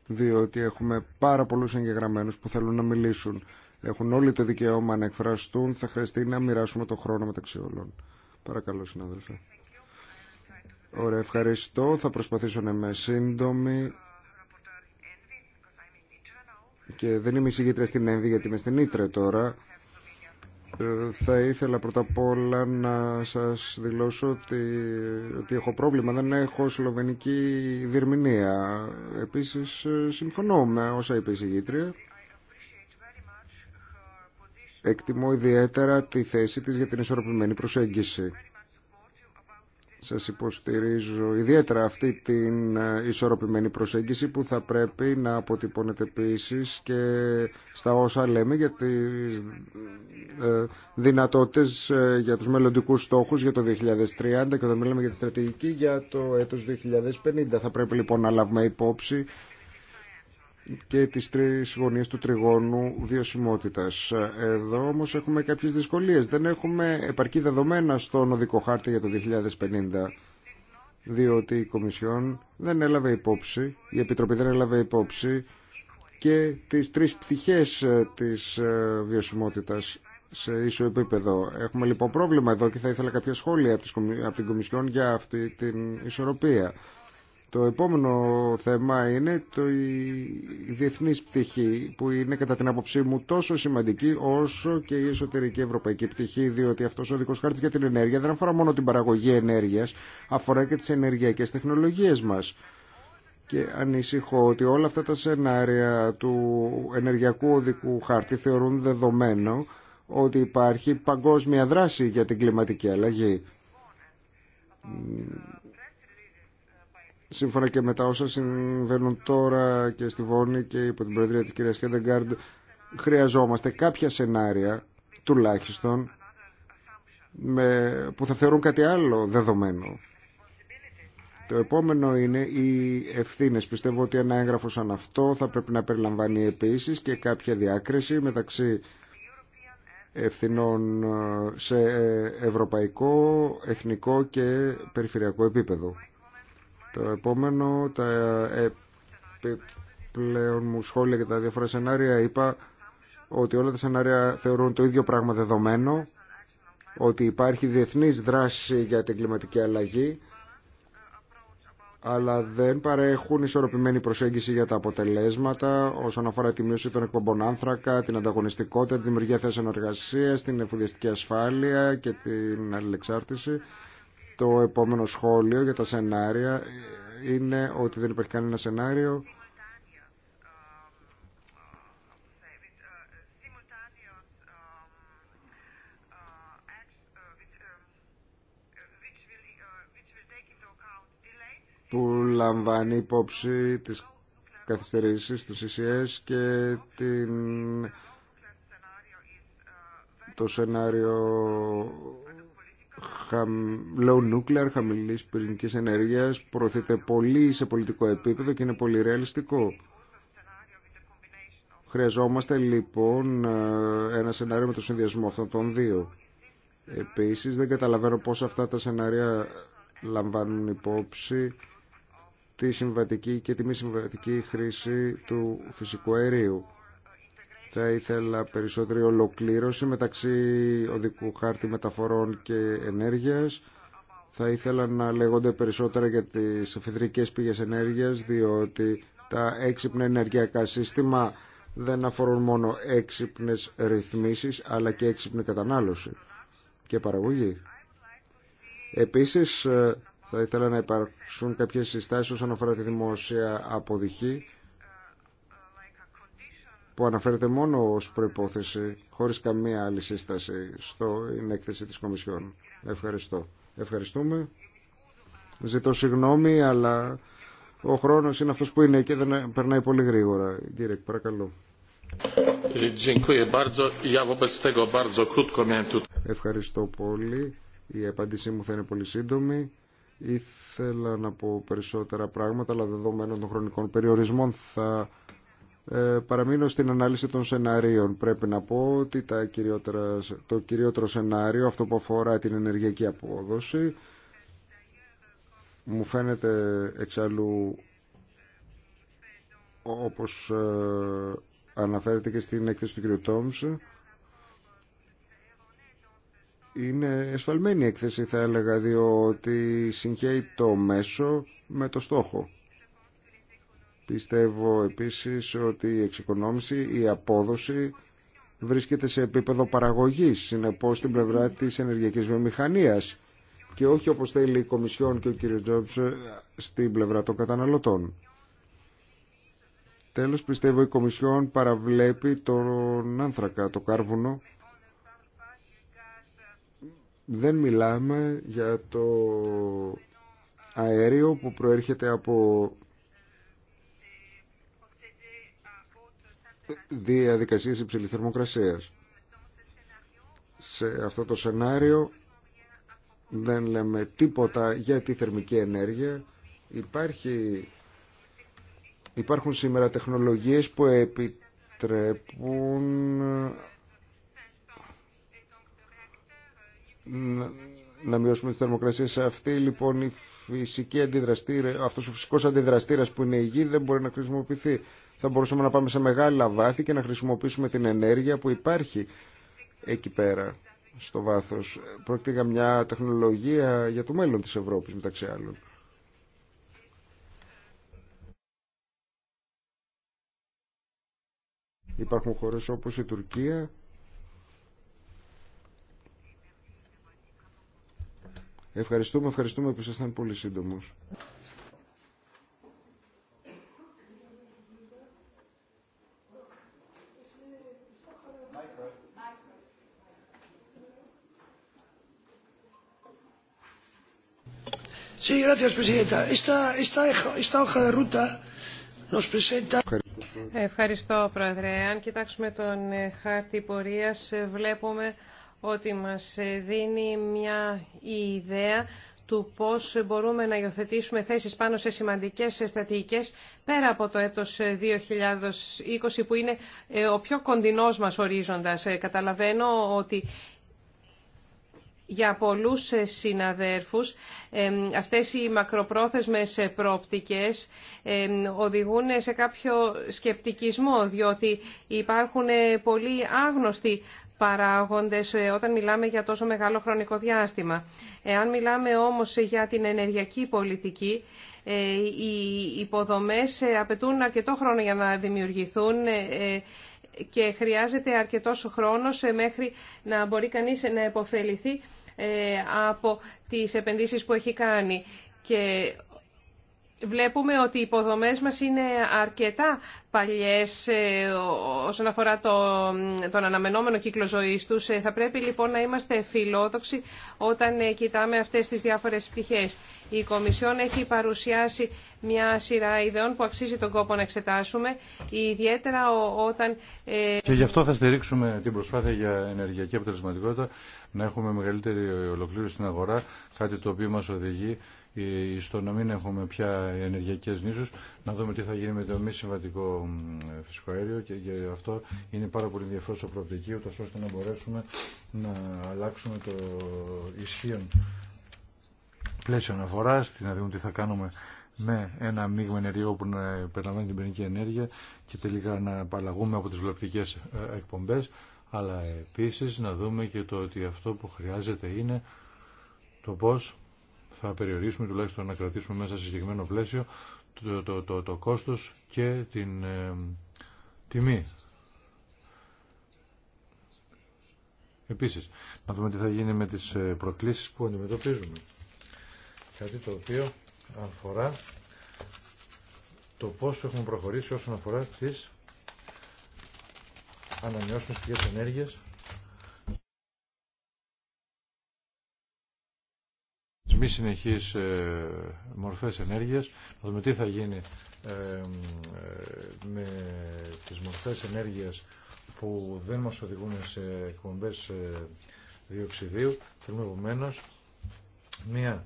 διότι έχουμε πάρα πολλούς εγγεγραμμένους που θέλουν να μιλήσουν. Έχουν όλοι το δικαίωμα να εκφραστούν, θα χρειαστεί να μοιράσουμε το χρόνο μεταξύ όλων. Παρακαλώ, συνάδελφε. Ωραία, ευχαριστώ. Θα προσπαθήσω να είμαι σύντομη. Και δεν είμαι εισηγήτρια στην ΕΜΒ γιατί είμαι στην Ήτρε τώρα. Ε, θα ήθελα πρώτα απ' όλα να σας δηλώσω ότι, ότι έχω πρόβλημα. Δεν έχω σλοβενική διερμηνία. Επίσης, ε, συμφωνώ με όσα είπε η συγγήτρια. Εκτιμώ ιδιαίτερα τη θέση της για την ισορροπημένη προσέγγιση. Σας υποστηρίζω ιδιαίτερα αυτή την ε, ισορροπημένη προσέγγιση που θα πρέπει να αποτυπώνεται επίση και στα όσα λέμε για τις ε, δυνατότητες ε, για τους μελλοντικούς στόχους για το 2030 και όταν μιλάμε για τη στρατηγική για το έτος 2050. Θα πρέπει λοιπόν να λάβουμε υπόψη και τις τρεις γωνίες του τριγώνου βιωσιμότητας. Εδώ όμως έχουμε κάποιες δυσκολίες. Δεν έχουμε επαρκή δεδομένα στον οδικό χάρτη για το 2050 διότι η Κομισιόν δεν έλαβε υπόψη, η Επιτροπή δεν έλαβε υπόψη και τις τρεις πτυχές της ε, βιωσιμότητας σε ίσο επίπεδο. Έχουμε λοιπόν πρόβλημα εδώ και θα ήθελα κάποια σχόλια από την Κομισιόν για αυτή την ισορροπία. Το επόμενο θέμα είναι το, η διεθνή πτυχή που είναι κατά την άποψή μου τόσο σημαντική όσο και η εσωτερική ευρωπαϊκή πτυχή διότι αυτός ο δικός χάρτης για την ενέργεια δεν αφορά μόνο την παραγωγή ενέργειας αφορά και τις ενεργειακές τεχνολογίες μας. Και ανησυχώ ότι όλα αυτά τα σενάρια του ενεργειακού οδικού χάρτη θεωρούν δεδομένο ότι υπάρχει παγκόσμια δράση για την κλιματική αλλαγή σύμφωνα και με τα όσα συμβαίνουν τώρα και στη Βόνη και υπό την Προεδρία της κυρίας Χέντεγκάρντ, χρειαζόμαστε κάποια σενάρια, τουλάχιστον, με, που θα θεωρούν κάτι άλλο δεδομένο. Το επόμενο είναι οι ευθύνε. Πιστεύω ότι ένα έγγραφο σαν αυτό θα πρέπει να περιλαμβάνει επίσης και κάποια διάκριση μεταξύ ευθυνών ε, σε ε, ευρωπαϊκό, εθνικό και περιφερειακό επίπεδο. Το επόμενο, τα επιπλέον μου σχόλια για τα διάφορα σενάρια είπα ότι όλα τα σενάρια θεωρούν το ίδιο πράγμα δεδομένο, ότι υπάρχει διεθνής δράση για την κλιματική αλλαγή, αλλά δεν παρέχουν ισορροπημένη προσέγγιση για τα αποτελέσματα όσον αφορά τη μείωση των εκπομπών άνθρακα, την ανταγωνιστικότητα, τη δημιουργία θέσεων εργασία, την εφοδιαστική ασφάλεια και την αλληλεξάρτηση. Το επόμενο σχόλιο για τα σενάρια είναι ότι δεν υπάρχει κανένα σενάριο που λαμβάνει υπόψη τις καθυστερήσεις του CCS και την... το σενάριο low nuclear, χαμηλή πυρηνική ενέργεια προωθείται πολύ σε πολιτικό επίπεδο και είναι πολύ ρεαλιστικό. Χρειαζόμαστε λοιπόν ε, ένα σενάριο με το συνδυασμό αυτών των δύο. Επίσης δεν καταλαβαίνω πώς αυτά τα σενάρια λαμβάνουν υπόψη τη συμβατική και τη μη συμβατική χρήση του φυσικού αερίου. Θα ήθελα περισσότερη ολοκλήρωση μεταξύ οδικού χάρτη μεταφορών και ενέργειας. Θα ήθελα να λέγονται περισσότερα για τις εφηδρικές πηγές ενέργειας, διότι τα έξυπνα ενεργειακά σύστημα δεν αφορούν μόνο έξυπνες ρυθμίσεις, αλλά και έξυπνη κατανάλωση και παραγωγή. Επίσης, ε, θα ήθελα να υπάρξουν κάποιες συστάσεις όσον αφορά τη δημόσια αποδοχή που αναφέρεται μόνο ως προϋπόθεση, χωρίς καμία άλλη σύσταση στην έκθεση της Κομισιόν. Ευχαριστώ. Ευχαριστούμε. Ζητώ συγγνώμη, αλλά ο χρόνος είναι αυτός που είναι και δεν περνάει πολύ γρήγορα. Κύριε, παρακαλώ. Ευχαριστώ πολύ. Η απάντησή μου θα είναι πολύ σύντομη. Ήθελα να πω περισσότερα πράγματα, αλλά δεδομένων των χρονικών περιορισμών θα ε, παραμείνω στην ανάλυση των σενάριων. Πρέπει να πω ότι τα το κυριότερο σενάριο, αυτό που αφορά την ενεργειακή απόδοση, μου φαίνεται εξάλλου όπως ε, αναφέρεται και στην έκθεση του κ. Τόμς, είναι εσφαλμένη η έκθεση θα έλεγα διότι συγχαίει το μέσο με το στόχο. Πιστεύω επίσης ότι η εξοικονόμηση, η απόδοση βρίσκεται σε επίπεδο παραγωγής, συνεπώς στην πλευρά της ενεργειακής βιομηχανίας και όχι όπως θέλει η Κομισιόν και ο κ. Τζόμπς ε, στην πλευρά των καταναλωτών. Τέλος, πιστεύω η Κομισιόν παραβλέπει τον άνθρακα, το κάρβουνο. Δεν μιλάμε για το αέριο που προέρχεται από διαδικασίες υψηλής θερμοκρασίας. Σε αυτό το σενάριο δεν λέμε τίποτα για τη θερμική ενέργεια. Υπάρχει, υπάρχουν σήμερα τεχνολογίες που επιτρέπουν να, μειώσουμε τη θερμοκρασία σε αυτή. Λοιπόν, η φυσική αντιδραστήρα, αυτός ο φυσικός αντιδραστήρας που είναι η γη δεν μπορεί να χρησιμοποιηθεί θα μπορούσαμε να πάμε σε μεγάλα βάθη και να χρησιμοποιήσουμε την ενέργεια που υπάρχει εκεί πέρα στο βάθος. Πρόκειται για μια τεχνολογία για το μέλλον της Ευρώπης μεταξύ άλλων. Υπάρχουν χώρες όπως η Τουρκία Ευχαριστούμε, ευχαριστούμε που ήσασταν πολύ σύντομος. Ευχαριστώ, Πρόεδρε. Αν κοιτάξουμε τον ε, χάρτη πορείας, ε, βλέπουμε ότι μας ε, δίνει μια ιδέα του πώς μπορούμε να υιοθετήσουμε θέσεις πάνω σε σημαντικές στατικές πέρα από το έτος 2020 που είναι ο πιο κοντινός μας ορίζοντας. Καταλαβαίνω ότι για πολλούς ε, συναδέρφους αυτές οι μακροπρόθεσμες ε, πρόπτικες οδηγούν ε, σε κάποιο σκεπτικισμό διότι υπάρχουν πολύ άγνωστοι παράγοντες όταν μιλάμε για τόσο μεγάλο χρονικό διάστημα. Εάν μιλάμε όμως για την ενεργειακή πολιτική, οι υποδομές απαιτούν αρκετό χρόνο για να δημιουργηθούν, και χρειάζεται αρκετός χρόνος ε, μέχρι να μπορεί κανείς να επωφεληθεί ε, από τις επενδύσεις που έχει κάνει. Και Βλέπουμε ότι οι υποδομές μας είναι αρκετά παλιές ε, όσον αφορά το, τον αναμενόμενο κύκλο ζωής τους. Ε, θα πρέπει λοιπόν να είμαστε φιλόδοξοι όταν ε, κοιτάμε αυτές τις διάφορες πτυχές. Η Κομισιόν έχει παρουσιάσει μια σειρά ιδεών που αξίζει τον κόπο να εξετάσουμε, ιδιαίτερα όταν... Και γι' αυτό θα στηρίξουμε την προσπάθεια για ενεργειακή αποτελεσματικότητα, να έχουμε μεγαλύτερη ολοκλήρωση στην αγορά, κάτι το οποίο μας οδηγεί ε, στο να μην έχουμε πια ενεργειακές νήσους, να δούμε τι θα γίνει με το μη συμβατικό φυσικό αέριο και αυτό είναι πάρα πολύ στο προοπτική, ούτως ώστε να μπορέσουμε να αλλάξουμε το ισχύον πλαίσιο αναφορά, να δούμε τι θα κάνουμε με ένα μείγμα ενεργείου που να περιλαμβάνει την πυρηνική ενέργεια και τελικά να απαλλαγούμε από τις βλαπτικές ε, εκπομπές αλλά επίσης να δούμε και το ότι αυτό που χρειάζεται είναι το πώς θα περιορίσουμε, τουλάχιστον να κρατήσουμε μέσα σε συγκεκριμένο πλαίσιο, το, το, το, κόστος και την ε, τιμή. Επίσης, να δούμε τι θα γίνει με τις ε, προκλήσεις που αντιμετωπίζουμε. Κάτι το οποίο αφορά το πόσο έχουμε προχωρήσει όσον αφορά τις ανανεώσιμες πηγές ενέργειας μη συνεχείς ε, μορφές ενέργειας, να δούμε τι θα γίνει ε, ε, με τις μορφές ενέργειας που δεν μας οδηγούν σε εκπομπές διοξιδίου. Θέλουμε επομένω μια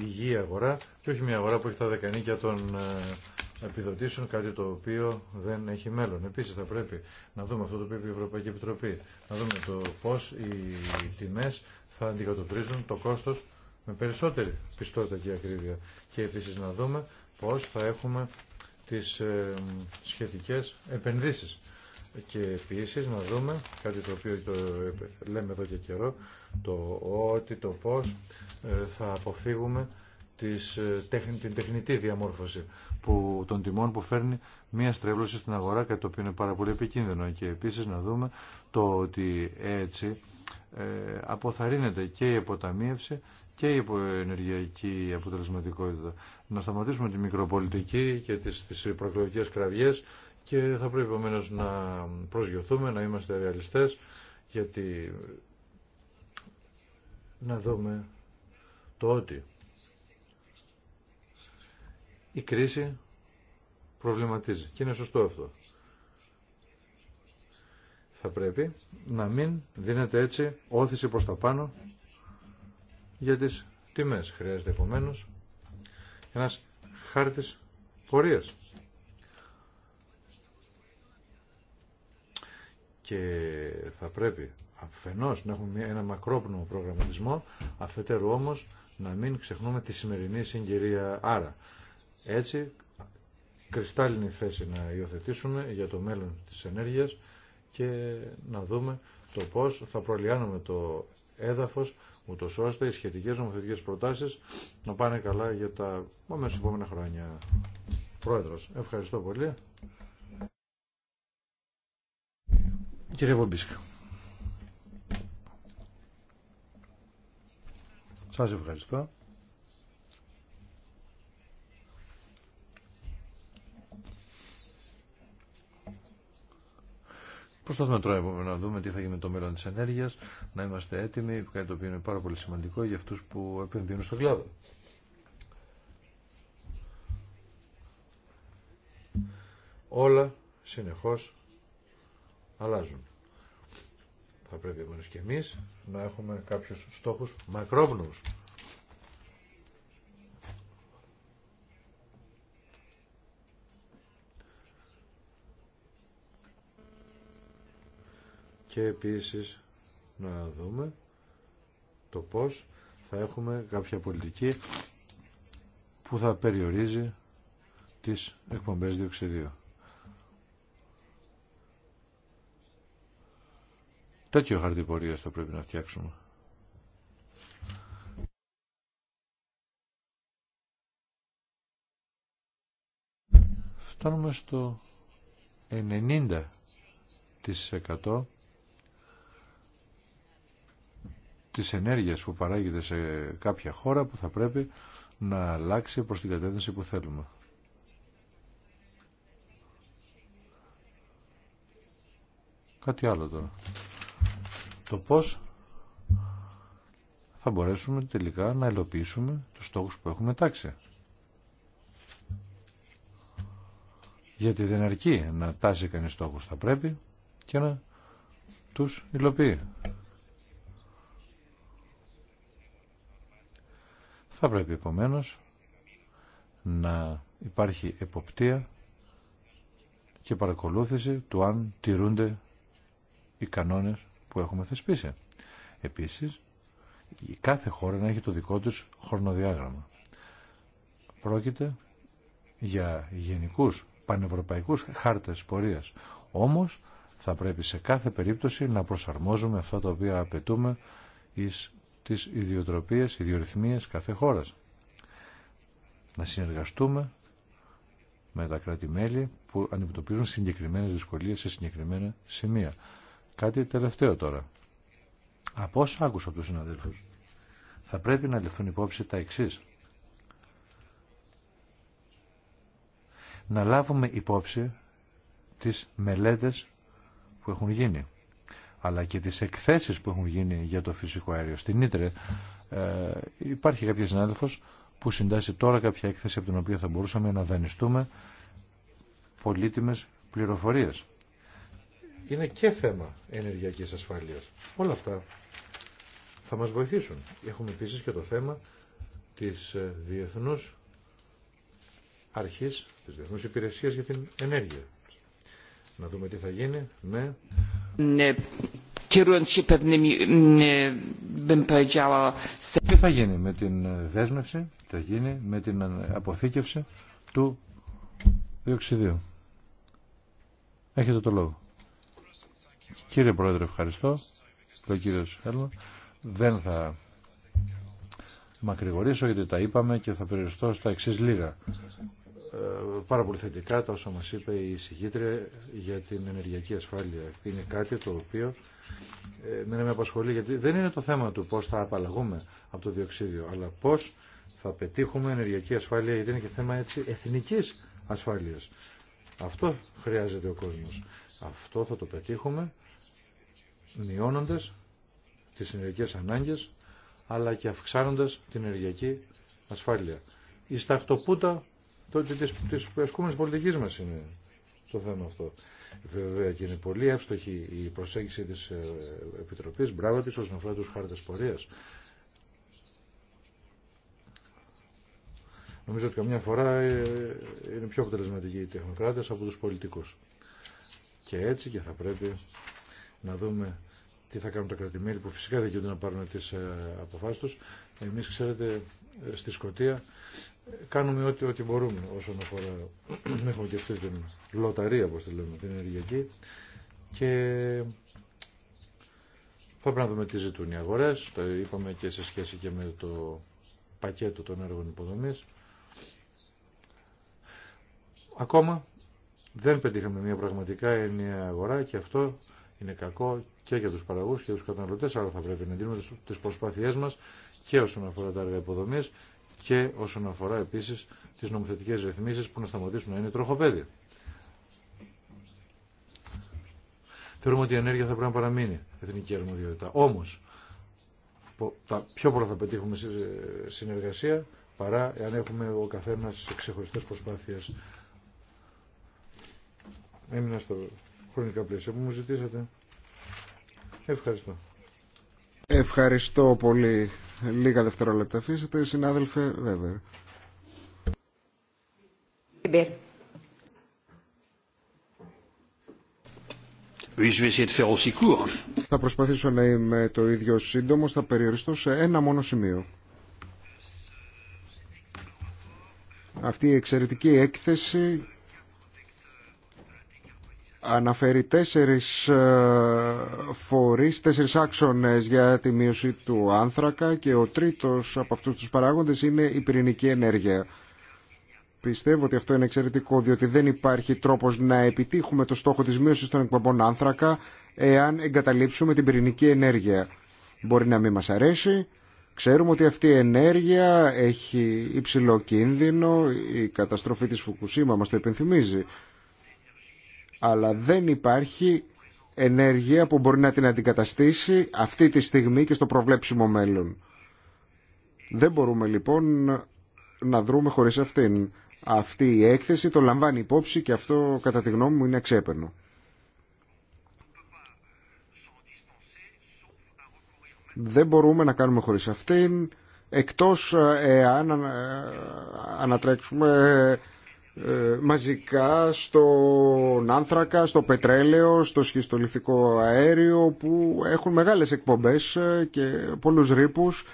υγιή αγορά και όχι μια αγορά που έχει τα δεκανίκια των επιδοτήσεων, κάτι το οποίο δεν έχει μέλλον. Επίσης θα πρέπει να δούμε αυτό το οποίο είπε η Ευρωπαϊκή Επιτροπή, να δούμε το πώς οι τιμές θα αντικατοπτρίζουν το κόστος με περισσότερη πιστότητα και ακρίβεια. Και επίσης να δούμε πώς θα έχουμε τις ε, σχετικές επενδύσεις. Και επίσης να δούμε κάτι το οποίο το ε, λέμε εδώ και καιρό, το ότι, το πώς ε, θα αποφύγουμε της, την τεχνητή διαμόρφωση που, των τιμών που φέρνει μία στρέβλωση στην αγορά, κάτι το οποίο είναι πάρα πολύ επικίνδυνο. Και επίσης να δούμε το ότι έτσι αποθαρρύνεται και η αποταμίευση και η ενεργειακή αποτελεσματικότητα. Να σταματήσουμε τη μικροπολιτική και τις, τις προεκλογικές κραυγές και θα πρέπει επομένω να προσγειωθούμε, να είμαστε ρεαλιστές γιατί να δούμε το ότι η κρίση προβληματίζει και είναι σωστό αυτό. Θα πρέπει να μην δίνεται έτσι όθηση προς τα πάνω για τις τιμές. Χρειάζεται επομένω ένας χάρτης πορείας. Και θα πρέπει αφενός να έχουμε ένα μακρόπνομο προγραμματισμό, αφετέρου όμως να μην ξεχνούμε τη σημερινή συγκυρία. Άρα, έτσι, κρυστάλλινη θέση να υιοθετήσουμε για το μέλλον της ενέργειας και να δούμε το πώς θα προλιάνουμε το έδαφος ούτω ώστε οι σχετικές νομοθετικέ προτάσεις να πάνε καλά για τα μέσα επόμενα χρόνια. Πρόεδρος, ευχαριστώ πολύ. Κύριε Βομπίσκα. Σας ευχαριστώ. Προσπαθούμε τώρα να δούμε τι θα γίνει με το μέλλον της ενέργειας, να είμαστε έτοιμοι, κάτι το οποίο είναι πάρα πολύ σημαντικό για αυτού που επενδύουν στον κλάδο. Όλα συνεχώ αλλάζουν. Θα πρέπει εμεί και εμεί να έχουμε κάποιου στόχους μακρόπνοους και επίσης να δούμε το πώς θα έχουμε κάποια πολιτική που θα περιορίζει τις εκπομπές διοξιδίου. Τέτοιο χαρτί πορείας θα πρέπει να φτιάξουμε. Φτάνουμε στο 90% της ενέργειας που παράγεται σε κάποια χώρα που θα πρέπει να αλλάξει προς την κατεύθυνση που θέλουμε. Κάτι άλλο τώρα. Το πώς θα μπορέσουμε τελικά να ελοπίσουμε τους στόχους που έχουμε τάξει. Γιατί δεν αρκεί να τάσει κανείς στόχους. Θα πρέπει και να τους υλοποιεί. Θα πρέπει επομένως να υπάρχει εποπτεία και παρακολούθηση του αν τηρούνται οι κανόνες που έχουμε θεσπίσει. Επίσης, η κάθε χώρα να έχει το δικό τους χρονοδιάγραμμα. Πρόκειται για γενικούς πανευρωπαϊκούς χάρτες πορείας. Όμως θα πρέπει σε κάθε περίπτωση να προσαρμόζουμε αυτά τα οποία απαιτούμε εις τις ιδιοτροπίες, ιδιορυθμίες κάθε χώρας. Να συνεργαστούμε με τα κράτη-μέλη που αντιμετωπίζουν συγκεκριμένες δυσκολίες σε συγκεκριμένα σημεία. Κάτι τελευταίο τώρα. Από όσα άκουσα από τους συναδέλφους, θα πρέπει να ληφθούν υπόψη τα εξής. Να λάβουμε υπόψη τις μελέτες που έχουν γίνει αλλά και τις εκθέσεις που έχουν γίνει για το φυσικό αέριο. Στην Ήτρε ε, υπάρχει κάποια συνάδελφος που συντάσσει τώρα κάποια έκθεση από την οποία θα μπορούσαμε να δανειστούμε πολύτιμες πληροφορίες. Είναι και θέμα ενεργειακής ασφάλειας. Όλα αυτά θα μας βοηθήσουν. Έχουμε επίσης και το θέμα της ε, διεθνού αρχής, της διεθνούς υπηρεσίας για την ενέργεια. Να δούμε τι θα γίνει με... Ναι. Τι mm, e, θα γίνει με την e, δέσμευση, τι θα γίνει με την e, αποθήκευση του διοξιδίου. Έχετε το λόγο. Κύριε Πρόεδρε, ευχαριστώ. Το κύριο Δεν θα μακρηγορήσω γιατί τα είπαμε και θα περιοριστώ στα εξή λίγα. Ε, πάρα πολύ θετικά τα όσα μας είπε η συγκήτρια για την ενεργειακή ασφάλεια. Είναι κάτι το οποίο δεν με απασχολεί γιατί δεν είναι το θέμα του πώς θα απαλλαγούμε από το διοξίδιο αλλά πώς θα πετύχουμε ενεργειακή ασφάλεια γιατί είναι και θέμα έτσι εθνικής ασφάλειας. Αυτό χρειάζεται ο κόσμος. Αυτό θα το πετύχουμε μειώνοντας τις ενεργειακές ανάγκες αλλά και αυξάνοντας την ενεργειακή ασφάλεια. Η σταχτοπούτα το, της, της ασκούμενης πολιτικής μας είναι το θέμα αυτό. Βέβαια και είναι πολύ εύστοχη η προσέγγιση της ε, Επιτροπής, μπράβο της όσον αφορά τους χάρτες πορείας. Νομίζω ότι καμιά φορά ε, είναι πιο αποτελεσματικοί οι τεχνοκράτες από τους πολιτικούς. Και έτσι και θα πρέπει να δούμε τι θα κάνουν τα κρατημέλη που φυσικά δεν να πάρουν τις ε, αποφάσεις τους. Εμείς, ξέρετε, στη σκοτία κάνουμε ό,τι ό,τι μπορούμε όσον αφορά έχουμε και αυτή την λοταρία όπως τη λέμε την ενεργειακή και θα πρέπει να δούμε τι ζητούν οι αγορές το είπαμε και σε σχέση και με το πακέτο των έργων υποδομής ακόμα δεν πετύχαμε μια πραγματικά ενιαία αγορά και αυτό είναι κακό και για τους παραγωγούς και τους καταναλωτές, αλλά θα πρέπει να δίνουμε τις προσπάθειές μας και όσον αφορά τα έργα υποδομής και όσον αφορά επίσης τις νομοθετικές ρυθμίσεις που να σταματήσουν να είναι τροχοπέδια. Θεωρούμε ότι η ενέργεια θα πρέπει να παραμείνει εθνική αρμοδιότητα. Όμως, τα πιο πολλά θα πετύχουμε συνεργασία παρά εάν έχουμε ο καθένας ξεχωριστές προσπάθειες. Έμεινα στο χρονικά πλαίσιο που μου ζητήσατε. Ευχαριστώ. Ευχαριστώ πολύ. Λίγα δευτερόλεπτα αφήσετε, συνάδελφε βέβαια. Θα προσπαθήσω να είμαι το ίδιο σύντομο, θα περιοριστώ σε ένα μόνο σημείο. Αυτή η εξαιρετική έκθεση αναφέρει τέσσερις ε, φορείς, τέσσερις άξονες για τη μείωση του άνθρακα και ο τρίτος από αυτούς τους παράγοντες είναι η πυρηνική ενέργεια. Πιστεύω ότι αυτό είναι εξαιρετικό, διότι δεν υπάρχει τρόπος να επιτύχουμε το στόχο της μείωσης των εκπομπών άνθρακα εάν εγκαταλείψουμε την πυρηνική ενέργεια. Μπορεί να μην μας αρέσει, Ξέρουμε ότι αυτή η ενέργεια έχει υψηλό κίνδυνο, η καταστροφή της Φουκουσίμα μας το υπενθυμίζει αλλά δεν υπάρχει ενέργεια που μπορεί να την αντικαταστήσει αυτή τη στιγμή και στο προβλέψιμο μέλλον. Δεν μπορούμε λοιπόν να δρούμε χωρίς αυτήν. Αυτή η έκθεση το λαμβάνει υπόψη και αυτό κατά τη γνώμη μου είναι ξέπαινο. Δεν μπορούμε να κάνουμε χωρίς αυτήν εκτός ε, εάν ε, ανατρέξουμε ε, μαζικά στον άνθρακα, στο πετρέλαιο, στο σχιστολιθικό αέριο που έχουν μεγάλες εκπομπές ε, και πολλούς ρήπους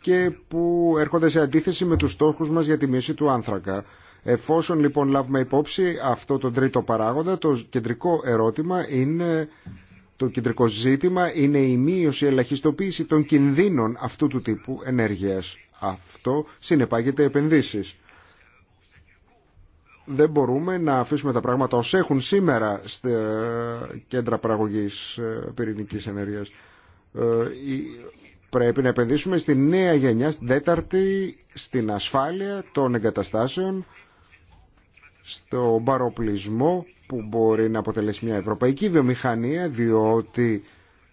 και που έρχονται σε αντίθεση με τους στόχους μας για τη μείωση του άνθρακα. Εφόσον λοιπόν λάβουμε υπόψη αυτό το τρίτο παράγοντα, το κεντρικό ερώτημα είναι, το κεντρικό ζήτημα είναι η μείωση, η ελαχιστοποίηση των κινδύνων αυτού του τύπου ενέργειας. Αυτό συνεπάγεται επενδύσεις δεν μπορούμε να αφήσουμε τα πράγματα ως έχουν σήμερα στα κέντρα παραγωγής ε, πυρηνικής ενέργειας. Ε, πρέπει να επενδύσουμε στη νέα γενιά, στην τέταρτη, στην ασφάλεια των εγκαταστάσεων, στο παροπλισμό που μπορεί να αποτελέσει μια ευρωπαϊκή βιομηχανία, διότι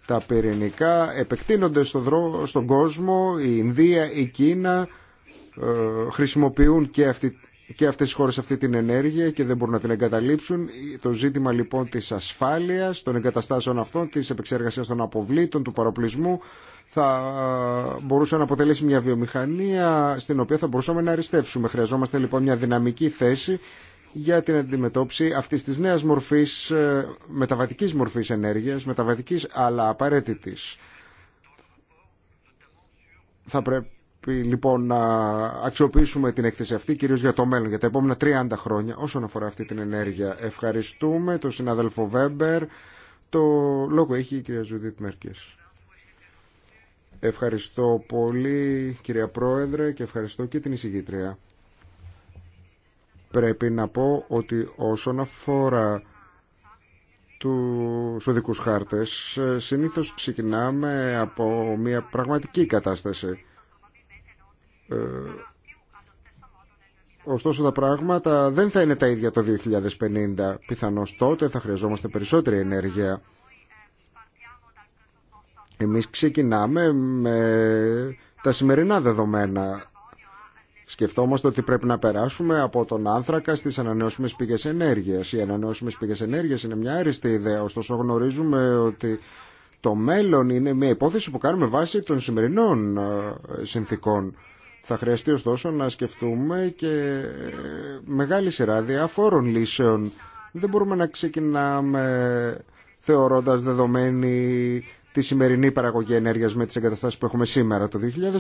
τα πυρηνικά επεκτείνονται στο στον κόσμο, η Ινδία, η Κίνα ε, χρησιμοποιούν και αυτή και αυτές οι χώρες αυτή την ενέργεια και δεν μπορούν να την εγκαταλείψουν. Το ζήτημα λοιπόν της ασφάλειας, των εγκαταστάσεων αυτών, της επεξεργασίας των αποβλήτων, του παροπλισμού θα ε, μπορούσε να αποτελέσει μια βιομηχανία στην οποία θα μπορούσαμε να αριστεύσουμε. Χρειαζόμαστε λοιπόν μια δυναμική θέση για την αντιμετώπιση αυτής της νέας μορφής, ε, μεταβατικής μορφής ενέργειας, μεταβατικής αλλά απαραίτητης. Θα πρέπει λοιπόν να αξιοποιήσουμε την έκθεση αυτή κυρίως για το μέλλον, για τα επόμενα 30 χρόνια όσον αφορά αυτή την ενέργεια. Ευχαριστούμε τον συναδελφό Βέμπερ. Το λόγο έχει η κυρία Ζουδίτ Μέρκες. Ευχαριστώ πολύ κυρία Πρόεδρε και ευχαριστώ και την εισηγήτρια. Πρέπει να πω ότι όσον αφορά του οδικούς χάρτες συνήθως ξεκινάμε από μια πραγματική κατάσταση ε, ωστόσο τα πράγματα δεν θα είναι τα ίδια το 2050. Πιθανώς τότε θα χρειαζόμαστε περισσότερη ενέργεια. Εμείς ξεκινάμε με τα σημερινά δεδομένα. Σκεφτόμαστε ότι πρέπει να περάσουμε από τον άνθρακα στις ανανεώσιμες πηγές ενέργειας. Οι ανανεώσιμες πηγές ενέργειας είναι μια άριστη ιδέα, ωστόσο γνωρίζουμε ότι το μέλλον είναι μια υπόθεση που κάνουμε βάσει των σημερινών ε, συνθήκων. Θα χρειαστεί ωστόσο να σκεφτούμε και ε, μεγάλη σειρά διαφόρων λύσεων. Δεν μπορούμε να ξεκινάμε θεωρώντας δεδομένη τη σημερινή παραγωγή ενέργειας με τις εγκαταστάσεις που έχουμε σήμερα το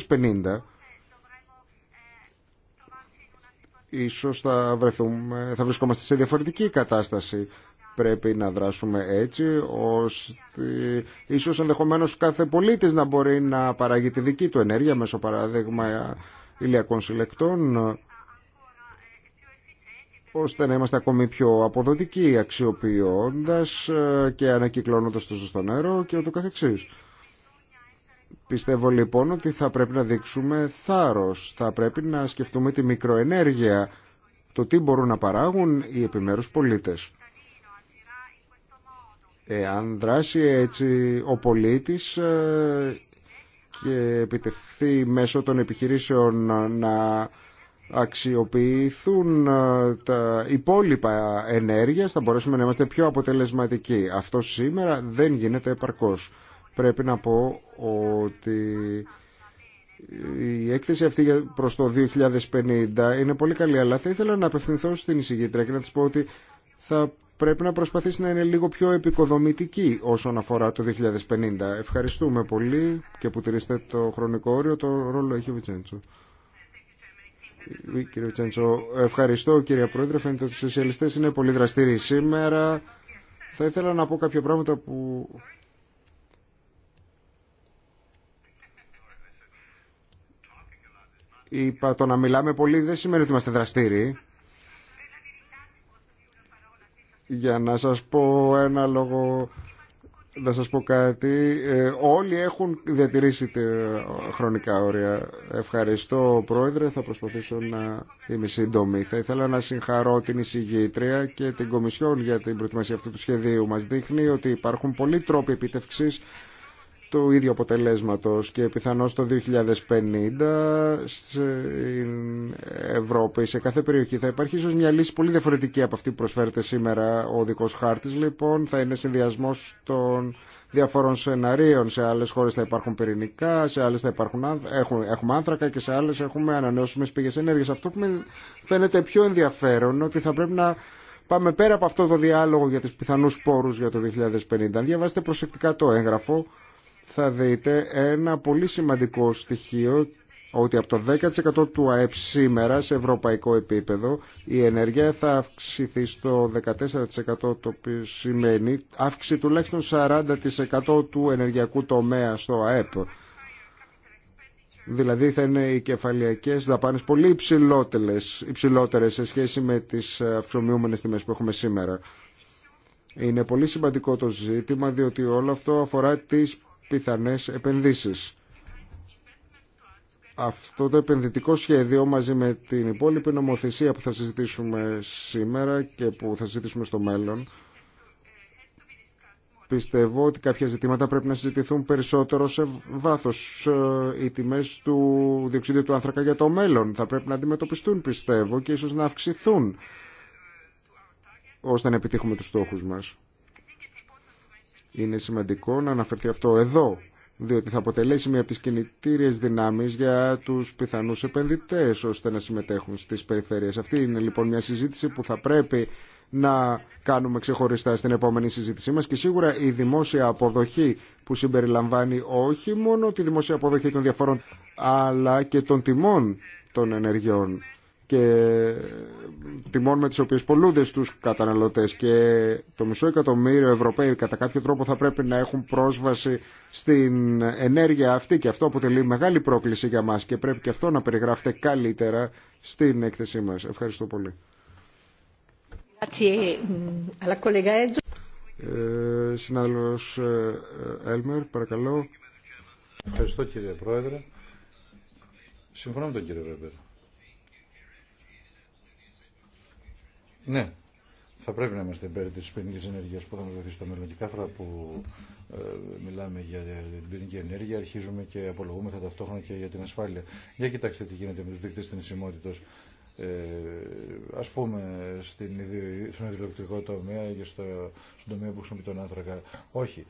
2050. Ίσως θα, βρεθούμε, θα βρισκόμαστε σε διαφορετική κατάσταση πρέπει να δράσουμε έτσι ώστε ίσως ενδεχομένως κάθε πολίτης να μπορεί να παράγει τη δική του ενέργεια μέσω παράδειγμα ηλιακών συλλεκτών ώστε να είμαστε ακόμη πιο αποδοτικοί αξιοποιώντας ε, και ανακυκλώνοντας το ζωστό νερό και ούτω καθεξής. Πιστεύω λοιπόν ότι θα πρέπει να δείξουμε θάρρος, θα πρέπει να σκεφτούμε τη μικροενέργεια, το τι μπορούν να παράγουν οι επιμέρους πολίτες. Εάν δράσει έτσι ο πολίτης ε, και επιτευχθεί μέσω των επιχειρήσεων να αξιοποιηθούν ε, τα υπόλοιπα ενέργειας θα μπορέσουμε να είμαστε πιο αποτελεσματικοί. Αυτό σήμερα δεν γίνεται επαρκώς. Πρέπει να πω ότι η έκθεση αυτή προς το 2050 είναι πολύ καλή αλλά θα ήθελα να απευθυνθώ στην εισηγήτρια και να της πω ότι θα πρέπει να προσπαθήσει να είναι λίγο πιο επικοδομητική όσον αφορά το 2050. Ευχαριστούμε πολύ και που τηρήσετε το χρονικό όριο. Το ρόλο έχει ο Βιτσέντσο. Κύριε Βιτσέντσο, ευχαριστώ κύριε Πρόεδρε. Φαίνεται ότι οι σοσιαλιστές είναι πολύ δραστήριοι σήμερα. Θα ήθελα να πω κάποια πράγματα που... Είπα το να μιλάμε πολύ δεν σημαίνει ότι είμαστε δραστήριοι για να σας πω ένα λόγο, να σας πω κάτι. Ε, όλοι έχουν διατηρήσει τη ε, χρονικά όρια. Ευχαριστώ, Πρόεδρε. Θα προσπαθήσω να είμαι σύντομη. Θα ήθελα να συγχαρώ την εισηγήτρια και την Κομισιόν για την προετοιμασία αυτού του σχεδίου. Μας δείχνει ότι υπάρχουν πολλοί τρόποι επίτευξης του ίδιου αποτελέσματος και πιθανώς το 2050 στην Ευρώπη, σε κάθε περιοχή θα υπάρχει ίσως μια λύση πολύ διαφορετική από αυτή που προσφέρεται σήμερα ο δικός χάρτης λοιπόν θα είναι συνδυασμό των διαφορών σεναρίων σε άλλες χώρες θα υπάρχουν πυρηνικά σε άλλες θα υπάρχουν, έχουν, έχουμε άνθρακα και σε άλλες έχουμε ανανεώσιμες πηγές ενέργειας αυτό που με φαίνεται πιο ενδιαφέρον ότι θα πρέπει να Πάμε πέρα από αυτό το διάλογο για τις πιθανούς πόρους για το 2050. Διάβάστε προσεκτικά το έγγραφο, θα δείτε ένα πολύ σημαντικό στοιχείο ότι από το 10% του ΑΕΠ σήμερα σε ευρωπαϊκό επίπεδο η ενέργεια θα αυξηθεί στο 14% το οποίο σημαίνει αύξηση τουλάχιστον 40% του ενεργειακού τομέα στο ΑΕΠ. Δηλαδή θα είναι οι κεφαλιακές δαπάνες πολύ υψηλότερες, υψηλότερες σε σχέση με τις αυξομοιούμενες τιμές που έχουμε σήμερα. Είναι πολύ σημαντικό το ζήτημα διότι όλο αυτό αφορά τις πιθανές επενδύσεις. Αυτό το επενδυτικό σχέδιο μαζί με την υπόλοιπη νομοθεσία που θα συζητήσουμε σήμερα και που θα συζητήσουμε στο μέλλον πιστεύω ότι κάποια ζητήματα πρέπει να συζητηθούν περισσότερο σε βάθος. Ε, οι τιμές του διοξιδίου του άνθρακα για το μέλλον θα πρέπει να αντιμετωπιστούν πιστεύω και ίσως να αυξηθούν ώστε να επιτύχουμε τους στόχους μας. Είναι σημαντικό να αναφερθεί αυτό εδώ, διότι θα αποτελέσει μία από τις κινητήριες δυνάμεις για τους πιθανούς επενδυτές ώστε να συμμετέχουν στις περιφέρειες. Αυτή είναι λοιπόν μια συζήτηση που θα πρέπει να κάνουμε ξεχωριστά στην επόμενη συζήτησή μας και σίγουρα η δημόσια αποδοχή που συμπεριλαμβάνει όχι μόνο τη δημόσια αποδοχή των διαφορών αλλά και των τιμών των ενεργειών και τιμών με τις οποίες πολλούνται στους καταναλωτές και το μισό εκατομμύριο Ευρωπαίοι κατά κάποιο τρόπο θα πρέπει να έχουν πρόσβαση στην ενέργεια αυτή και αυτό αποτελεί μεγάλη πρόκληση για μας και πρέπει και αυτό να περιγράφεται καλύτερα στην έκθεσή μας. Ευχαριστώ πολύ. Mm, ε, ε, ε, Έλμερ, παρακαλώ. Ευχαριστώ κύριε Πρόεδρε. Συμφωνώ με τον κύριο Βέμπερα Ναι, θα πρέπει να είμαστε υπέρ τη πυρηνική ενέργεια που θα μα βοηθήσει στο μέλλον. Και κάθε φορά που ε, μιλάμε για την πυρηνική ενέργεια, αρχίζουμε και απολογούμε θα ταυτόχρονα και για την ασφάλεια. Για κοιτάξτε τι γίνεται με του δείκτε θνησιμότητο. Ε, Α πούμε στην, στον τομέα και στο, στον τομέα που χρησιμοποιεί τον άνθρακα. Όχι.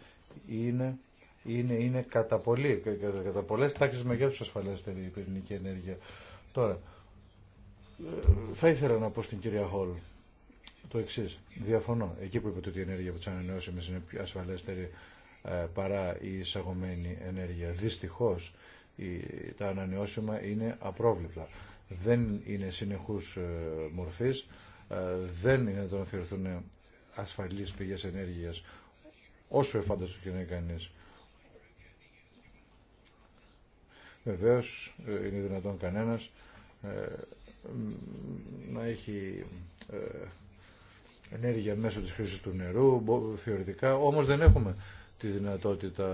Είναι, είναι, είναι κατά, πολύ, κατά, κατά πολλέ τάξει μεγέθους ασφαλέστερη η πυρηνική ενέργεια. Τώρα, ε, θα ήθελα να πω στην κυρία Χόλ το εξή. Διαφωνώ. Εκεί που είπατε ότι η ενέργεια από τι ανανεώσιμε είναι πιο ασφαλέστερη ε, παρά η εισαγωμένη ενέργεια. Δυστυχώ τα ανανεώσιμα είναι απρόβλεπτα. Δεν είναι συνεχού ε, μορφή. Ε, δεν είναι να θεωρηθούν ασφαλεί πηγέ ενέργεια όσο εφάνταστο και να είναι κανεί. Βεβαίω είναι δυνατόν κανένα να έχει ενέργεια μέσω της χρήσης του νερού, θεωρητικά, όμως δεν έχουμε τη δυνατότητα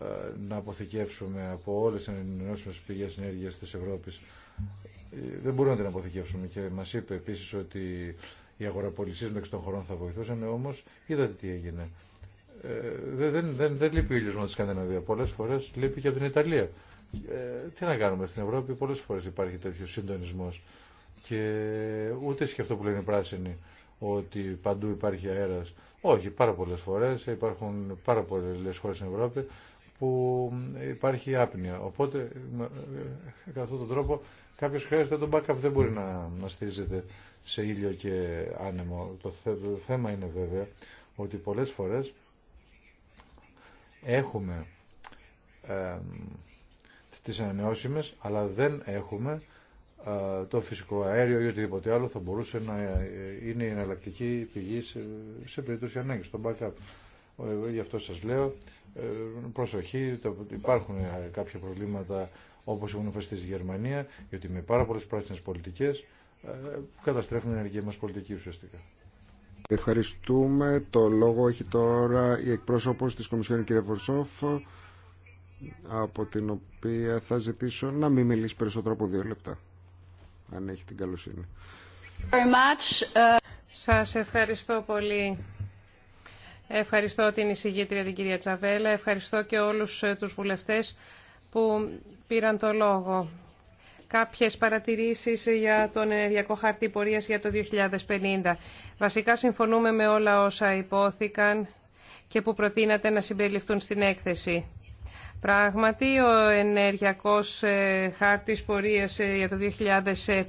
ε, να αποθηκεύσουμε από όλες τις ενενώσιμες πηγές ενέργειας της Ευρώπης. Ε, δεν μπορούμε να την αποθηκεύσουμε και μας είπε επίσης ότι οι αγοραπολισίες μεταξύ των χωρών θα βοηθούσαν, ε, όμως είδατε τι έγινε. δεν, δεν, δεν, δεν λείπει ο ήλιος μόνο τη Σκανδιναβία, πολλές φορές λείπει και από την Ιταλία. τι να κάνουμε στην Ευρώπη, πολλές φορές υπάρχει τέτοιο συντονισμός και ούτε και αυτό που λένε οι πράσινοι ότι παντού υπάρχει αέρας. Όχι, πάρα πολλές φορές υπάρχουν πάρα πολλές χώρες στην Ευρώπη που υπάρχει άπνοια. Οπότε, ε, κατά αυτόν τον τρόπο, κάποιος χρειάζεται τον backup, δεν μπορεί να, να στηρίζεται σε ήλιο και άνεμο. Το, θέμα είναι βέβαια ότι πολλές φορές έχουμε ε, τις ανανεώσιμες, αλλά δεν έχουμε το φυσικό αέριο ή οτιδήποτε άλλο θα μπορούσε να ε, είναι η εναλλακτική πηγή σε, περίπτωση ανάγκης, στον backup. Ε, γι' αυτό σας λέω, ε, προσοχή, υπάρχουν κάποια προβλήματα όπως έχουν εμφανιστεί στη Γερμανία, γιατί με πάρα πολλές πράσινες πολιτικές καταστρέφουν την ενεργεία μας πολιτική ουσιαστικά. Ευχαριστούμε. Το λόγο έχει τώρα η εκπρόσωπος της Κομισιόν, κ. Βορσόφ, από την οποία θα ζητήσω να μην μιλήσει περισσότερο από δύο λεπτά αν έχει την καλοσύνη. Uh, Σας ευχαριστώ πολύ. Ευχαριστώ την εισηγήτρια την κυρία Τσαβέλα. Ευχαριστώ και όλους ε, τους βουλευτές που πήραν το λόγο. Κάποιες παρατηρήσεις για τον ενεργειακό χαρτί πορείας για το 2050. Βασικά συμφωνούμε με όλα όσα υπόθηκαν και που προτείνατε να συμπεριληφθούν στην έκθεση. Πράγματι, ο ενεργειακός ε, χάρτης πορείας ε, για το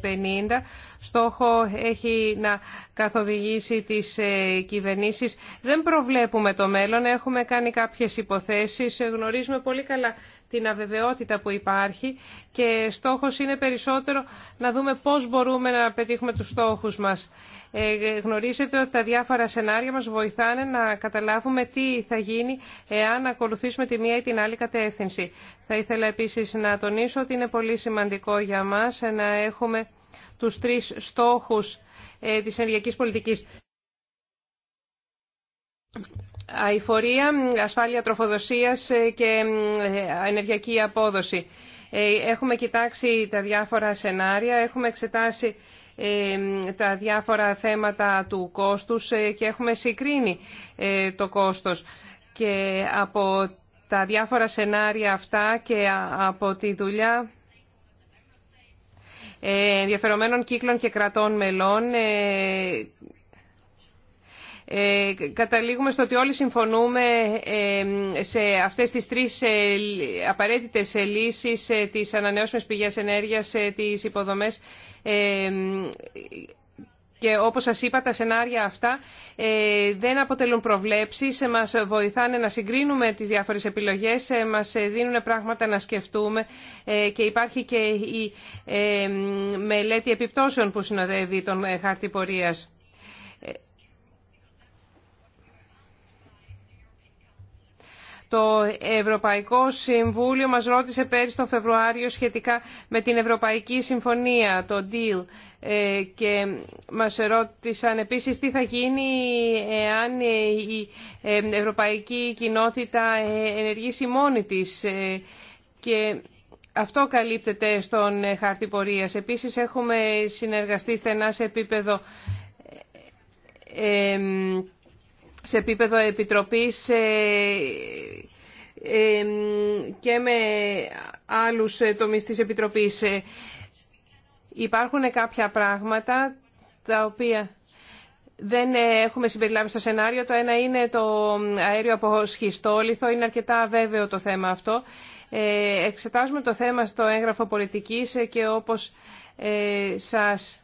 2050 στόχο έχει να καθοδηγήσει τις ε, κυβερνήσεις. Δεν προβλέπουμε το μέλλον, έχουμε κάνει κάποιες υποθέσεις, γνωρίζουμε πολύ καλά την αβεβαιότητα που υπάρχει και στόχος είναι περισσότερο να δούμε πώς μπορούμε να πετύχουμε τους στόχους μας. Ε, γνωρίζετε ότι τα διάφορα σενάρια μας βοηθάνε να καταλάβουμε τι θα γίνει εάν ακολουθήσουμε τη μία ή την άλλη κατεύθυνση. Θα ήθελα επίσης να τονίσω ότι είναι πολύ σημαντικό για μας να έχουμε τους τρεις στόχους ε, της ενεργειακής πολιτικής αηφορία, ασφάλεια τροφοδοσίας και ενεργειακή απόδοση. Ε, έχουμε κοιτάξει τα διάφορα σενάρια, έχουμε εξετάσει ε, τα διάφορα θέματα του κόστους ε, και έχουμε συγκρίνει το κόστος. Και από τα διάφορα σενάρια αυτά και από τη δουλειά ενδιαφερομένων κύκλων και κρατών μελών ε, καταλήγουμε στο ότι όλοι συμφωνούμε ε, σε αυτές τις τρεις ε, απαραίτητες λύσεις, τις ανανεώσιμες πηγές ενέργειας, τις υποδομές και όπως σας είπα, τα σενάρια αυτά δεν αποτελούν προβλέψεις, μας βοηθάνε να συγκρίνουμε τις διάφορες επιλογές, μας δίνουν πράγματα να σκεφτούμε και υπάρχει και η μελέτη επιπτώσεων που συνοδεύει τον χάρτη πορείας. Το Ευρωπαϊκό Συμβούλιο μας ρώτησε πέρυσι τον Φεβρουάριο σχετικά με την Ευρωπαϊκή Συμφωνία, το deal, ε, και μας ρώτησαν επίσης τι θα γίνει εάν η ε, Ευρωπαϊκή Κοινότητα ε, ενεργήσει μόνη της και αυτό καλύπτεται στον χάρτη πορείας. Επίσης έχουμε συνεργαστεί στενά σε επίπεδο σε επίπεδο επιτροπής ε, και με άλλους ε, τομείς της Επιτροπής. Ε, υπάρχουν κάποια πράγματα τα οποία δεν έχουμε συμπεριλάβει στο σενάριο. Το ένα είναι το αέριο από σχιστόλιθο. Είναι αρκετά βέβαιο το θέμα αυτό. Εξετάζουμε το θέμα στο έγγραφο πολιτικής και όπως σας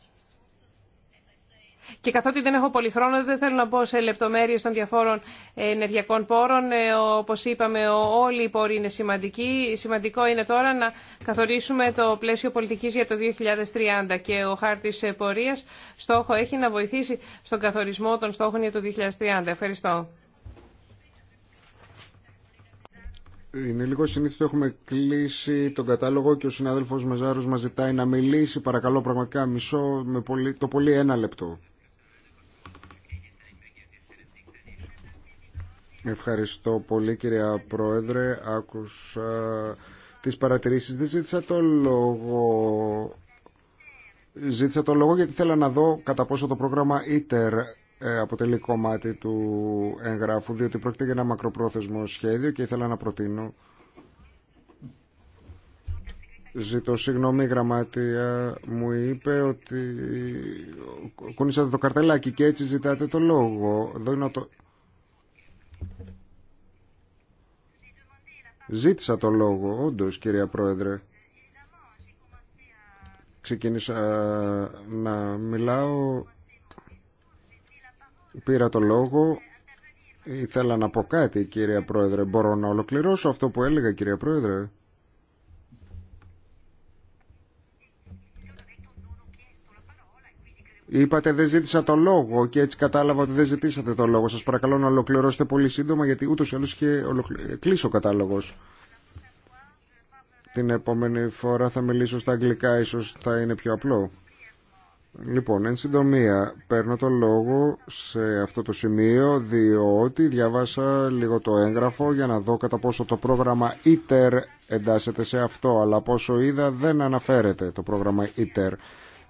και καθότι δεν έχω πολύ χρόνο, δεν θέλω να πω σε λεπτομέρειε των διαφόρων ε, ενεργειακών πόρων. Ε, όπω είπαμε, όλοι οι πόροι είναι σημαντικοί. Σημαντικό είναι τώρα να καθορίσουμε το πλαίσιο πολιτική για το 2030 και ο χάρτης ε, πορεία στόχο έχει να βοηθήσει στον καθορισμό των στόχων για το 2030. Ευχαριστώ. Είναι λίγο συνήθιστο, έχουμε κλείσει τον κατάλογο και ο συνάδελφος Μεζάρος μας ζητάει να μιλήσει. Παρακαλώ πραγματικά μισό με πολύ, το πολύ ένα λεπτό. Ευχαριστώ πολύ κυρία Πρόεδρε. Άκουσα τις παρατηρήσεις. Δεν ζήτησα το λόγο... Ζήτησα το λόγο γιατί θέλω να δω κατά πόσο το πρόγραμμα ITER ε, αποτελεί κομμάτι του εγγράφου, διότι πρόκειται για ένα μακροπρόθεσμο σχέδιο και ήθελα να προτείνω. Ζητώ συγγνώμη, η γραμμάτια μου είπε ότι κουνήσατε το καρτελάκι και έτσι ζητάτε το λόγο. το... Ζήτησα το λόγο, όντως, κυρία Πρόεδρε. Ξεκίνησα να μιλάω, πήρα το λόγο, ήθελα να πω κάτι, κυρία Πρόεδρε. Μπορώ να ολοκληρώσω αυτό που έλεγα, κυρία Πρόεδρε. Είπατε δεν ζήτησα το λόγο και έτσι κατάλαβα ότι δεν ζητήσατε το λόγο. Σας παρακαλώ να ολοκληρώσετε πολύ σύντομα γιατί ούτως ή άλλως είχε ολοκλη... Ε, κλείσει ο κατάλογος. Την επόμενη φορά θα μιλήσω στα αγγλικά, ίσως θα είναι πιο απλό. Λοιπόν, εν συντομία, παίρνω το λόγο σε αυτό το σημείο διότι διάβασα λίγο το έγγραφο για να δω κατά πόσο το πρόγραμμα ITER εντάσσεται σε αυτό αλλά πόσο είδα δεν αναφέρεται το πρόγραμμα ITER.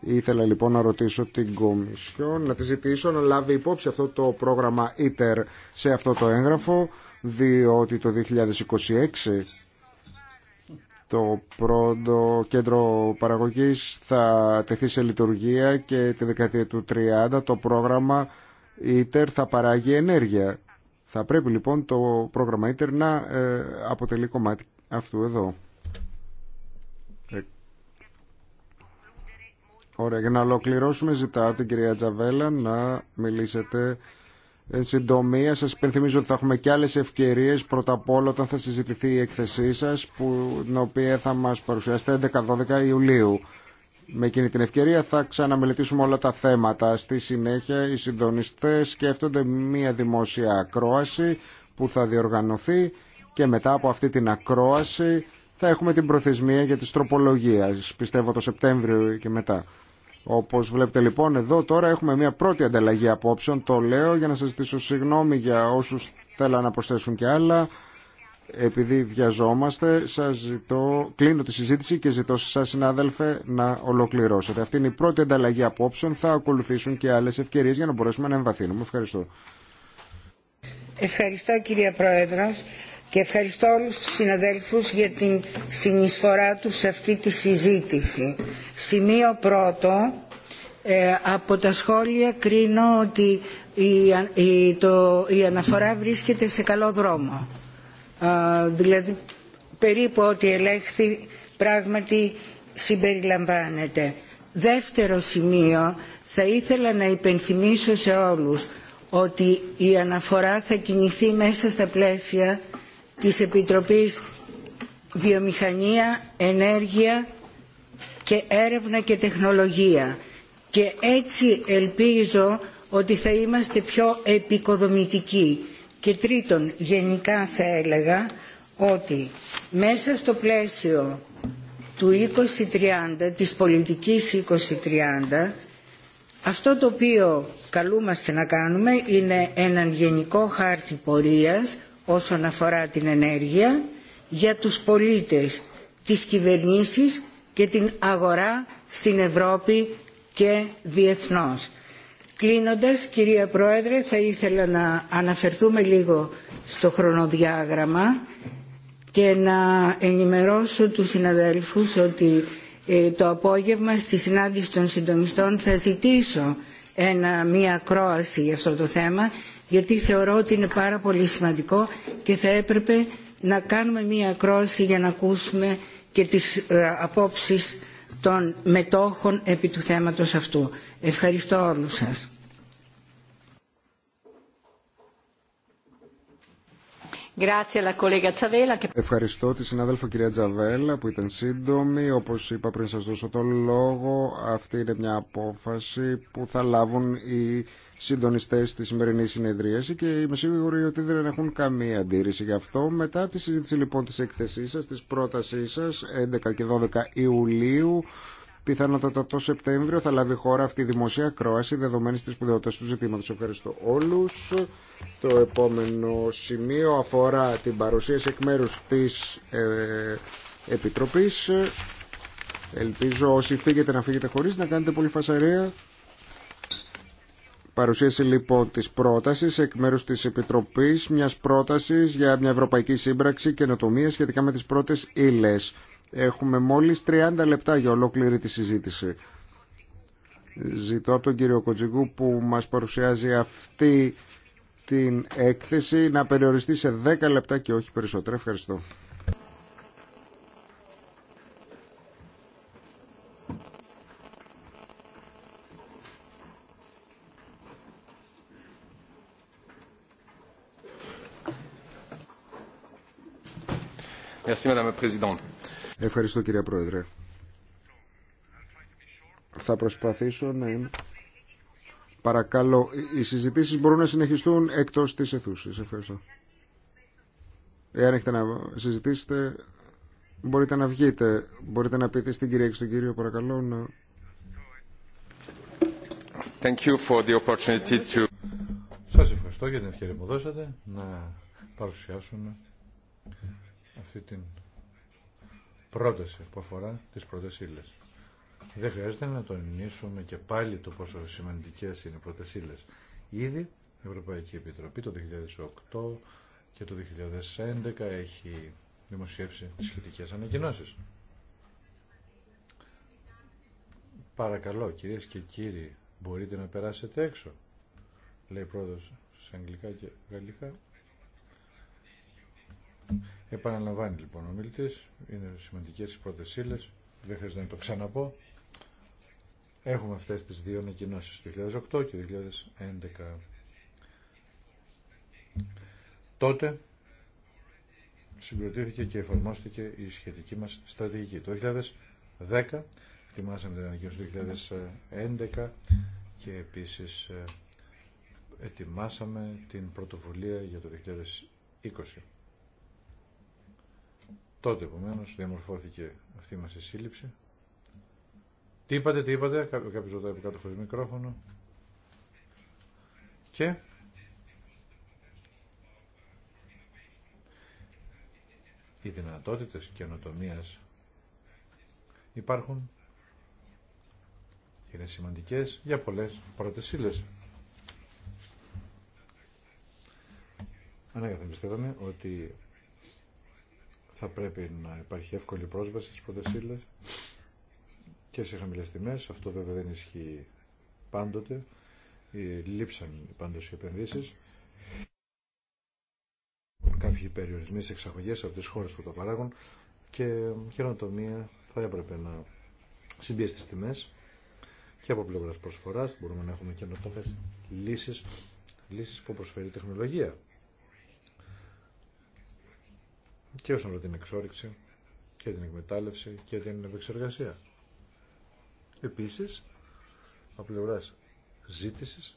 Ήθελα λοιπόν να ρωτήσω την Κομισιόν να τη ζητήσω να λάβει υπόψη αυτό το πρόγραμμα ITER σε αυτό το έγγραφο διότι το 2026 το πρώτο κέντρο παραγωγής θα τεθεί σε λειτουργία και τη δεκαετία του 30 το πρόγραμμα ITER θα παράγει ενέργεια. Θα πρέπει λοιπόν το πρόγραμμα ITER να ε, αποτελεί κομμάτι αυτού εδώ. Ωραία, για να ολοκληρώσουμε ζητάω την κυρία Τζαβέλα να μιλήσετε εν συντομία. Σας υπενθυμίζω ότι θα έχουμε και άλλες ευκαιρίες πρώτα απ' όλα όταν θα συζητηθεί η έκθεσή σας που, την οποία θα μας παρουσιάσετε 11-12 Ιουλίου. Με εκείνη την ευκαιρία θα ξαναμελετήσουμε όλα τα θέματα. Στη συνέχεια οι συντονιστές σκέφτονται μία δημόσια ακρόαση που θα διοργανωθεί και μετά από αυτή την ακρόαση θα έχουμε την προθεσμία για τις τροπολογίες, πιστεύω το Σεπτέμβριο και μετά. Όπως βλέπετε λοιπόν εδώ τώρα έχουμε μια πρώτη ανταλλαγή απόψεων, το λέω για να σας ζητήσω συγγνώμη για όσους θέλαν να προσθέσουν και άλλα. Επειδή βιαζόμαστε, σας ζητώ, κλείνω τη συζήτηση και ζητώ σε εσάς συνάδελφε να ολοκληρώσετε. Αυτή είναι η πρώτη ανταλλαγή απόψεων, θα ακολουθήσουν και άλλες ευκαιρίες για να μπορέσουμε να εμβαθύνουμε. Ευχαριστώ. Ευχαριστώ κυρία και ευχαριστώ όλους τους συναδέλφους για την συνεισφορά τους σε αυτή τη συζήτηση. Σημείο πρώτο, ε, από τα σχόλια κρίνω ότι η, το, η αναφορά βρίσκεται σε καλό δρόμο. δηλαδή περίπου ό,τι ελέγχθη πράγματι συμπεριλαμβάνεται. Δεύτερο σημείο, θα ήθελα να υπενθυμίσω σε όλους ότι η αναφορά θα κινηθεί μέσα στα πλαίσια της Επιτροπής Βιομηχανία, Ενέργεια και Έρευνα και Τεχνολογία. Και έτσι ελπίζω ότι θα είμαστε πιο επικοδομητικοί. Και τρίτον, γενικά θα έλεγα ότι μέσα στο πλαίσιο του 2030, της πολιτικής 2030, αυτό το οποίο καλούμαστε να κάνουμε είναι έναν γενικό χάρτη πορείας όσον αφορά την ενέργεια για τους πολίτες, τις κυβερνήσεις και την αγορά στην Ευρώπη και διεθνώς. Κλείνοντας, κυρία Πρόεδρε, θα ήθελα να αναφερθούμε λίγο στο χρονοδιάγραμμα και να ενημερώσω τους συναδέλφους ότι ε, το απόγευμα στη συνάντηση των συντονιστών θα ζητήσω μία κρόαση για αυτό το θέμα γιατί θεωρώ ότι είναι πάρα πολύ σημαντικό και θα έπρεπε να κάνουμε μία ακρόαση για να ακούσουμε και τις ε, απόψεις των μετόχων επί του θέματος αυτού. Ευχαριστώ όλους σας. Ευχαριστώ τη συνάδελφο κυρία Τζαβέλα που ήταν σύντομη. Όπως είπα πριν σας δώσω το λόγο, αυτή είναι μια απόφαση που θα λάβουν οι συντονιστές της σημερινής συνεδρία και είμαι σίγουρη ότι δεν έχουν καμία αντίρρηση γι' αυτό. Μετά τη συζήτηση λοιπόν της έκθεσής σας, της πρότασής σας, 11 και 12 Ιουλίου, Πιθανότατα το Σεπτέμβριο θα λάβει χώρα αυτή η δημοσία κρόαση δεδομένη τη σπουδαιότητα του ζητήματο. Ευχαριστώ όλου. Το επόμενο σημείο αφορά την παρουσίαση εκ μέρου τη ε, Επιτροπή. Ελπίζω όσοι φύγετε να φύγετε χωρί να κάνετε πολύ φασαρία. Παρουσίαση λοιπόν της πρότασης εκ μέρους της Επιτροπής μιας πρότασης για μια ευρωπαϊκή σύμπραξη καινοτομία σχετικά με τις πρώτες ύλες. Έχουμε μόλις 30 λεπτά για ολόκληρη τη συζήτηση. Ζητώ από τον κύριο Κοτζιγκού που μας παρουσιάζει αυτή την έκθεση να περιοριστεί σε 10 λεπτά και όχι περισσότερο. Ευχαριστώ. Merci Madame Ευχαριστώ κυρία Πρόεδρε. Θα προσπαθήσω να είμαι... Παρακαλώ, οι συζητήσεις μπορούν να συνεχιστούν εκτός της αιθούσης. Ευχαριστώ. Εάν έχετε να συζητήσετε, μπορείτε να βγείτε. Μπορείτε να πείτε στην κυρία και στον κύριο, παρακαλώ, να... Thank you for the opportunity to... Σας ευχαριστώ για την ευκαιρία που δώσατε να παρουσιάσουμε αυτή την πρόταση που αφορά τις πρώτες ύλες. Δεν χρειάζεται να τονίσουμε και πάλι το πόσο σημαντικές είναι οι πρώτες ύλες. Ήδη η Ευρωπαϊκή Επιτροπή το 2008 και το 2011 έχει δημοσιεύσει τι σχετικές ανακοινώσεις. Παρακαλώ κυρίες και κύριοι, μπορείτε να περάσετε έξω, λέει πρόεδρος σε αγγλικά και γαλλικά. Επαναλαμβάνει λοιπόν ο μιλητή, είναι σημαντικέ οι πρώτε ύλε, δεν χρειάζεται να το ξαναπώ. Έχουμε αυτέ τι δύο ανακοινώσει το 2008 και 2011. Τότε συγκροτήθηκε και εφαρμόστηκε η σχετική μας στρατηγική. Το 2010 ετοιμάσαμε την ανακοίνωση του 2011 και επίσης ε, ετοιμάσαμε την πρωτοβουλία για το 2020. Τότε επομένω διαμορφώθηκε αυτή μα η σύλληψη. Τι είπατε, τι είπατε, κάποιο ρωτάει από κάτω χωρί μικρόφωνο. Και οι δυνατότητες καινοτομίας υπάρχουν και είναι σημαντικές για πολλές πρώτες ύλες. Ανέκαθεν πιστεύαμε ότι θα πρέπει να υπάρχει εύκολη πρόσβαση στις πρωτεσίλες και σε χαμηλές τιμές. Αυτό βέβαια δεν ισχύει πάντοτε. Ε, λείψαν πάντως οι επενδύσεις. Κάποιοι περιορισμοί σε εξαγωγές από τις χώρες που το παράγουν και χειρονοτομία θα έπρεπε να συμπιέσει τις τιμές και από πλευράς προσφοράς μπορούμε να έχουμε καινοτόμες λύσεις, λύσεις που προσφέρει η τεχνολογία και όσον αφορά την εξόρυξη και την εκμετάλλευση και την επεξεργασία. Επίσης, από πλευρά ζήτηση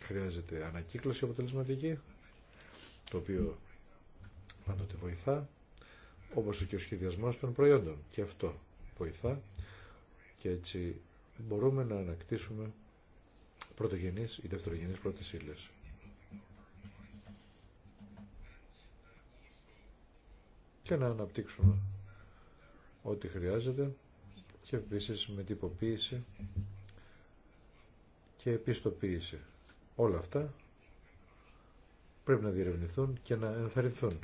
χρειάζεται ανακύκλωση αποτελεσματική, το οποίο πάντοτε βοηθά, όπως και ο σχεδιασμός των προϊόντων. Και αυτό βοηθά και έτσι μπορούμε να ανακτήσουμε πρωτογενείς ή δευτερογενείς πρώτες ύλες. και να αναπτύξουμε ό,τι χρειάζεται και επίση με τυποποίηση και επιστοποίηση. Όλα αυτά πρέπει να διερευνηθούν και να ενθαρρυνθούν.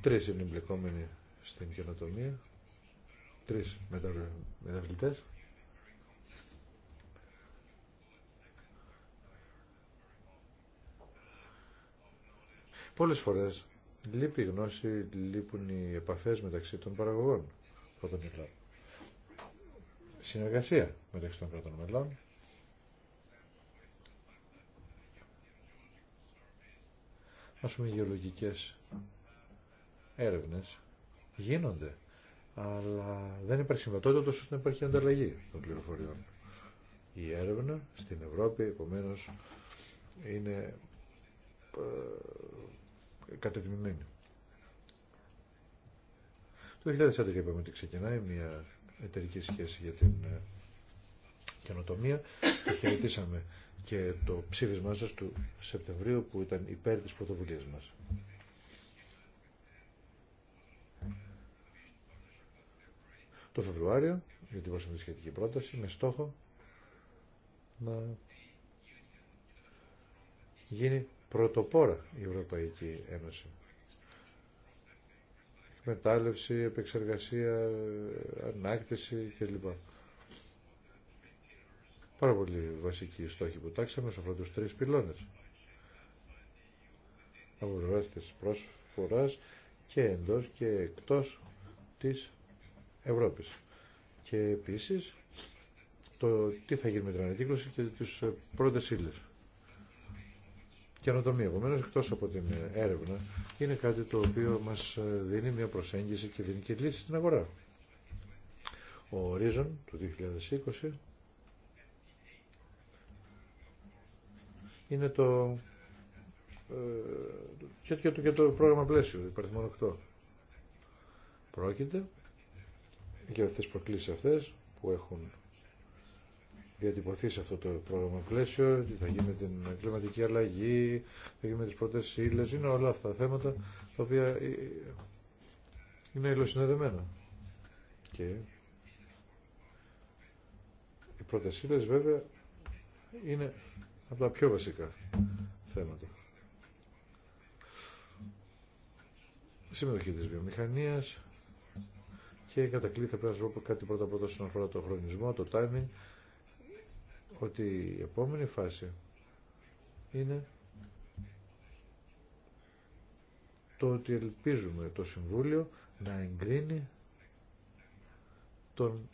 Τρεις είναι εμπλεκόμενοι στην καινοτομία, τρεις μεταβλητές Πολλές φορές λείπει η γνώση, λείπουν οι επαφές μεταξύ των παραγωγών πρώτων μελών. Συνεργασία μεταξύ των πρώτων μελών. Ας πούμε γεωλογικές έρευνες γίνονται, αλλά δεν υπάρχει συμβατότητα τόσο να υπάρχει ανταλλαγή των πληροφοριών. Η έρευνα στην Ευρώπη, επομένως, είναι ε, κατευθυνμένη. Το 2004 είπαμε ότι ξεκινάει μια εταιρική σχέση για την ε, καινοτομία και χαιρετήσαμε και το ψήφισμά σας του Σεπτεμβρίου που ήταν υπέρ της πρωτοβουλίας μας. Το Φεβρουάριο, γιατί βάσαμε τη σχετική πρόταση, με στόχο να γίνει πρωτοπόρα η Ευρωπαϊκή Ένωση. Μετάλλευση, επεξεργασία, ανάκτηση κλπ. Πάρα πολύ βασική στόχη που τάξαμε σε αυτούς του τρεις πυλώνες. Από της πρόσφορας και εντός και εκτός της Ευρώπης. Και επίσης το τι θα γίνει με την ανακύκλωση και τις πρώτες ύλες καινοτομία. Επομένω, εκτό από την έρευνα, είναι κάτι το οποίο μα δίνει μια προσέγγιση και δίνει και λύση στην αγορά. Ο ορίζον του 2020 είναι το, ε, και, το, και το πρόγραμμα πλαίσιο, υπαριθμόν 8. Πρόκειται για αυτές τις προκλήσεις αυτές που έχουν διατυπωθεί σε αυτό το πρόγραμμα πλαίσιο, τι θα γίνει με την κλιματική αλλαγή, θα γίνει με τις πρώτες ύλες, είναι όλα αυτά τα θέματα τα οποία ε, είναι υλοσυνδεδεμένα. Και οι πρώτες ύλες βέβαια είναι από τα πιο βασικά θέματα. Συμμετοχή της βιομηχανίας και κατακλείδη θα πρέπει να σας πω κάτι πρώτα πρώτα όσον αφορά το χρονισμό, το timing, ότι η επόμενη φάση είναι το ότι ελπίζουμε το Συμβούλιο να εγκρίνει τον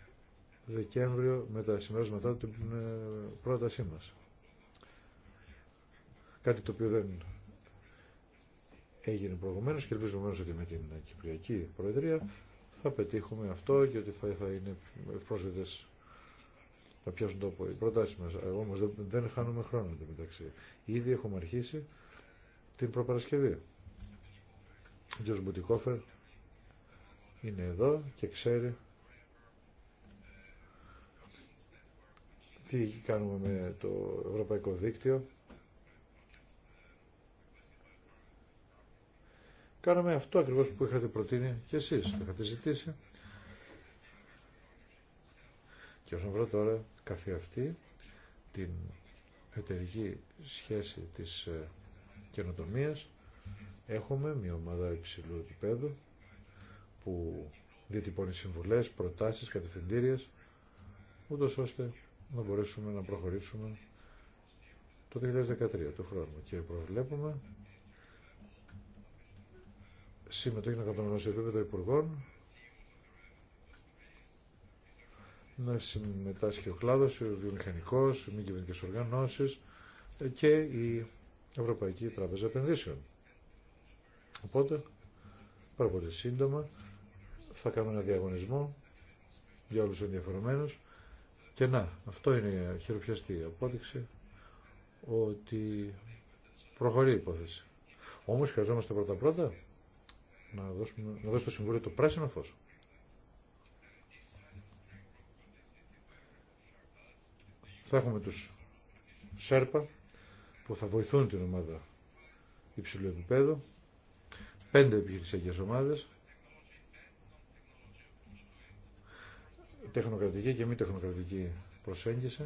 Δεκέμβριο με τα συμπεράσματά του την ε, πρότασή μας. Κάτι το οποίο δεν έγινε προηγουμένως και ελπίζουμε ότι με την Κυπριακή Προεδρία θα πετύχουμε αυτό και ότι θα, είναι πρόσδετες θα πιάσουν τόπο οι προτάσει μα. Ε, Όμω δεν χάνουμε χρόνο μεταξύ. Ήδη έχουμε αρχίσει την προπαρασκευή. Ο κ. Μπουτικόφερ είναι εδώ και ξέρει τι κάνουμε με το Ευρωπαϊκό Δίκτυο. Κάναμε αυτό ακριβώς που είχατε προτείνει και εσείς, το είχατε ζητήσει. Και όσον βρω τώρα καθ' αυτή την εταιρική σχέση της ε, καινοτομίας έχουμε μια ομάδα υψηλού επίπεδου που διατυπώνει συμβουλές, προτάσεις, κατευθυντήριε, ούτω ώστε να μπορέσουμε να προχωρήσουμε το 2013 του χρόνου και προβλέπουμε συμμετοχή να καταναλώσει επίπεδο υπουργών να συμμετάσχει ο κλάδο, ο βιομηχανικό, οι μη κυβερνικές οργανώσεις και η Ευρωπαϊκή Τράπεζα Επενδύσεων. Οπότε, πάρα πολύ σύντομα, θα κάνουμε ένα διαγωνισμό για όλους τους ενδιαφερομένου. και να, αυτό είναι χειροπιαστή απόδειξη ότι προχωρεί η υπόθεση. Όμως χρειαζόμαστε πρώτα-πρώτα να, δώσουμε, να το Συμβούλιο το πράσινο φως. Θα έχουμε τους Σέρπα που θα βοηθούν την ομάδα υψηλού επίπεδου. Πέντε επιχειρησιακές ομάδες. Τεχνοκρατική και μη τεχνοκρατική προσέγγιση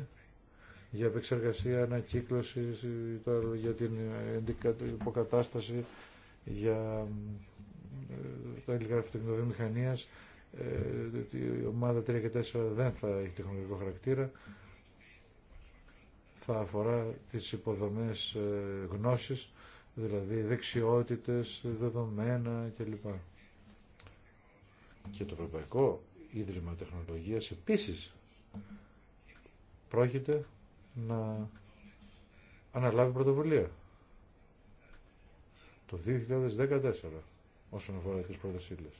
για επεξεργασία, ανακύκλωση, για την υποκατάσταση, για ε, τα υλικά αυτοκινητοβιομηχανίας. Ε, η ομάδα 3 και 4 δεν θα έχει τεχνολογικό χαρακτήρα θα αφορά τις υποδομές ε, γνώσης, δηλαδή δεξιότητες, δεδομένα κλπ. Και το Ευρωπαϊκό Ίδρυμα Τεχνολογίας επίσης πρόκειται να αναλάβει πρωτοβουλία. Το 2014 όσον αφορά τις πρώτες ύλες.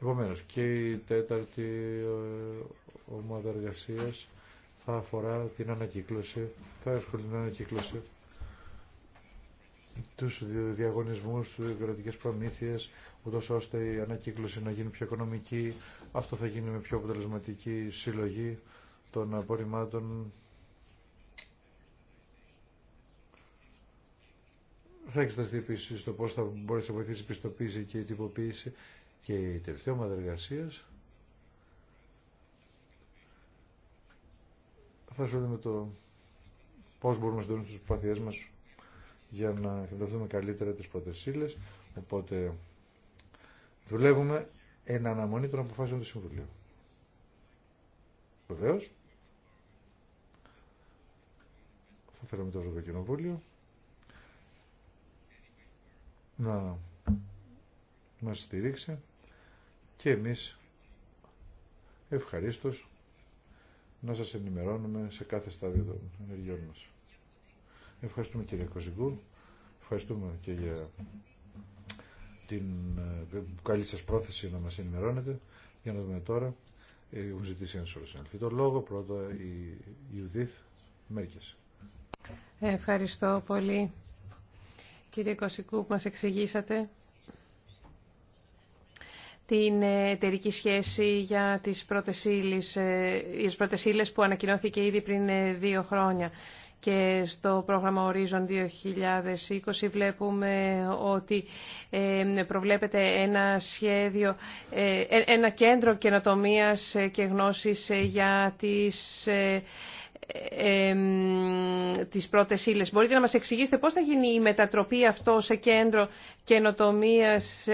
Επομένως και η τέταρτη ε, ομάδα εργασίας θα αφορά την ανακύκλωση, θα έρχονται την ανακύκλωση, τους διαγωνισμούς, του κρατικές προμήθειες, ούτως ώστε η ανακύκλωση να γίνει πιο οικονομική. Αυτό θα γίνει με πιο αποτελεσματική συλλογή των απορριμμάτων. Θα εξεταστεί επίση το πώ θα μπορέσει να βοηθήσει η πιστοποίηση και η τυποποίηση και η τελευταία ομάδα εργασία θα σου με το πώς μπορούμε να συντονίσουμε τι προσπάθειέ μας για να εκμεταλλευτούμε καλύτερα τι πρώτες Οπότε δουλεύουμε εν αναμονή των αποφάσεων του Συμβουλίου. Βεβαίω. Θα θέλαμε το Ευρωπαϊκό Κοινοβούλιο να μας στηρίξει και εμείς ευχαρίστως να σας ενημερώνουμε σε κάθε στάδιο των ενεργειών μας. Ευχαριστούμε κύριε Κωσικού, ευχαριστούμε και για την ε, καλή σας πρόθεση να μας ενημερώνετε. Για να δούμε τώρα, ε, έχουν ζητήσει ένα σωρό Το λόγο πρώτα η Ιουδίθ Μέρκες. Ευχαριστώ πολύ κύριε Κωσικού που μας εξηγήσατε την εταιρική σχέση για τις πρώτες ύλες, ε, τις που ανακοινώθηκε ήδη πριν ε, δύο χρόνια. Και στο πρόγραμμα Horizon 2020 βλέπουμε ότι ε, προβλέπεται ένα σχέδιο, ένα κέντρο καινοτομίας και γνώσης για τις τις πρώτες ύλες. Μπορείτε να μας εξηγήσετε πώς θα γίνει η μετατροπή αυτό σε κέντρο καινοτομίας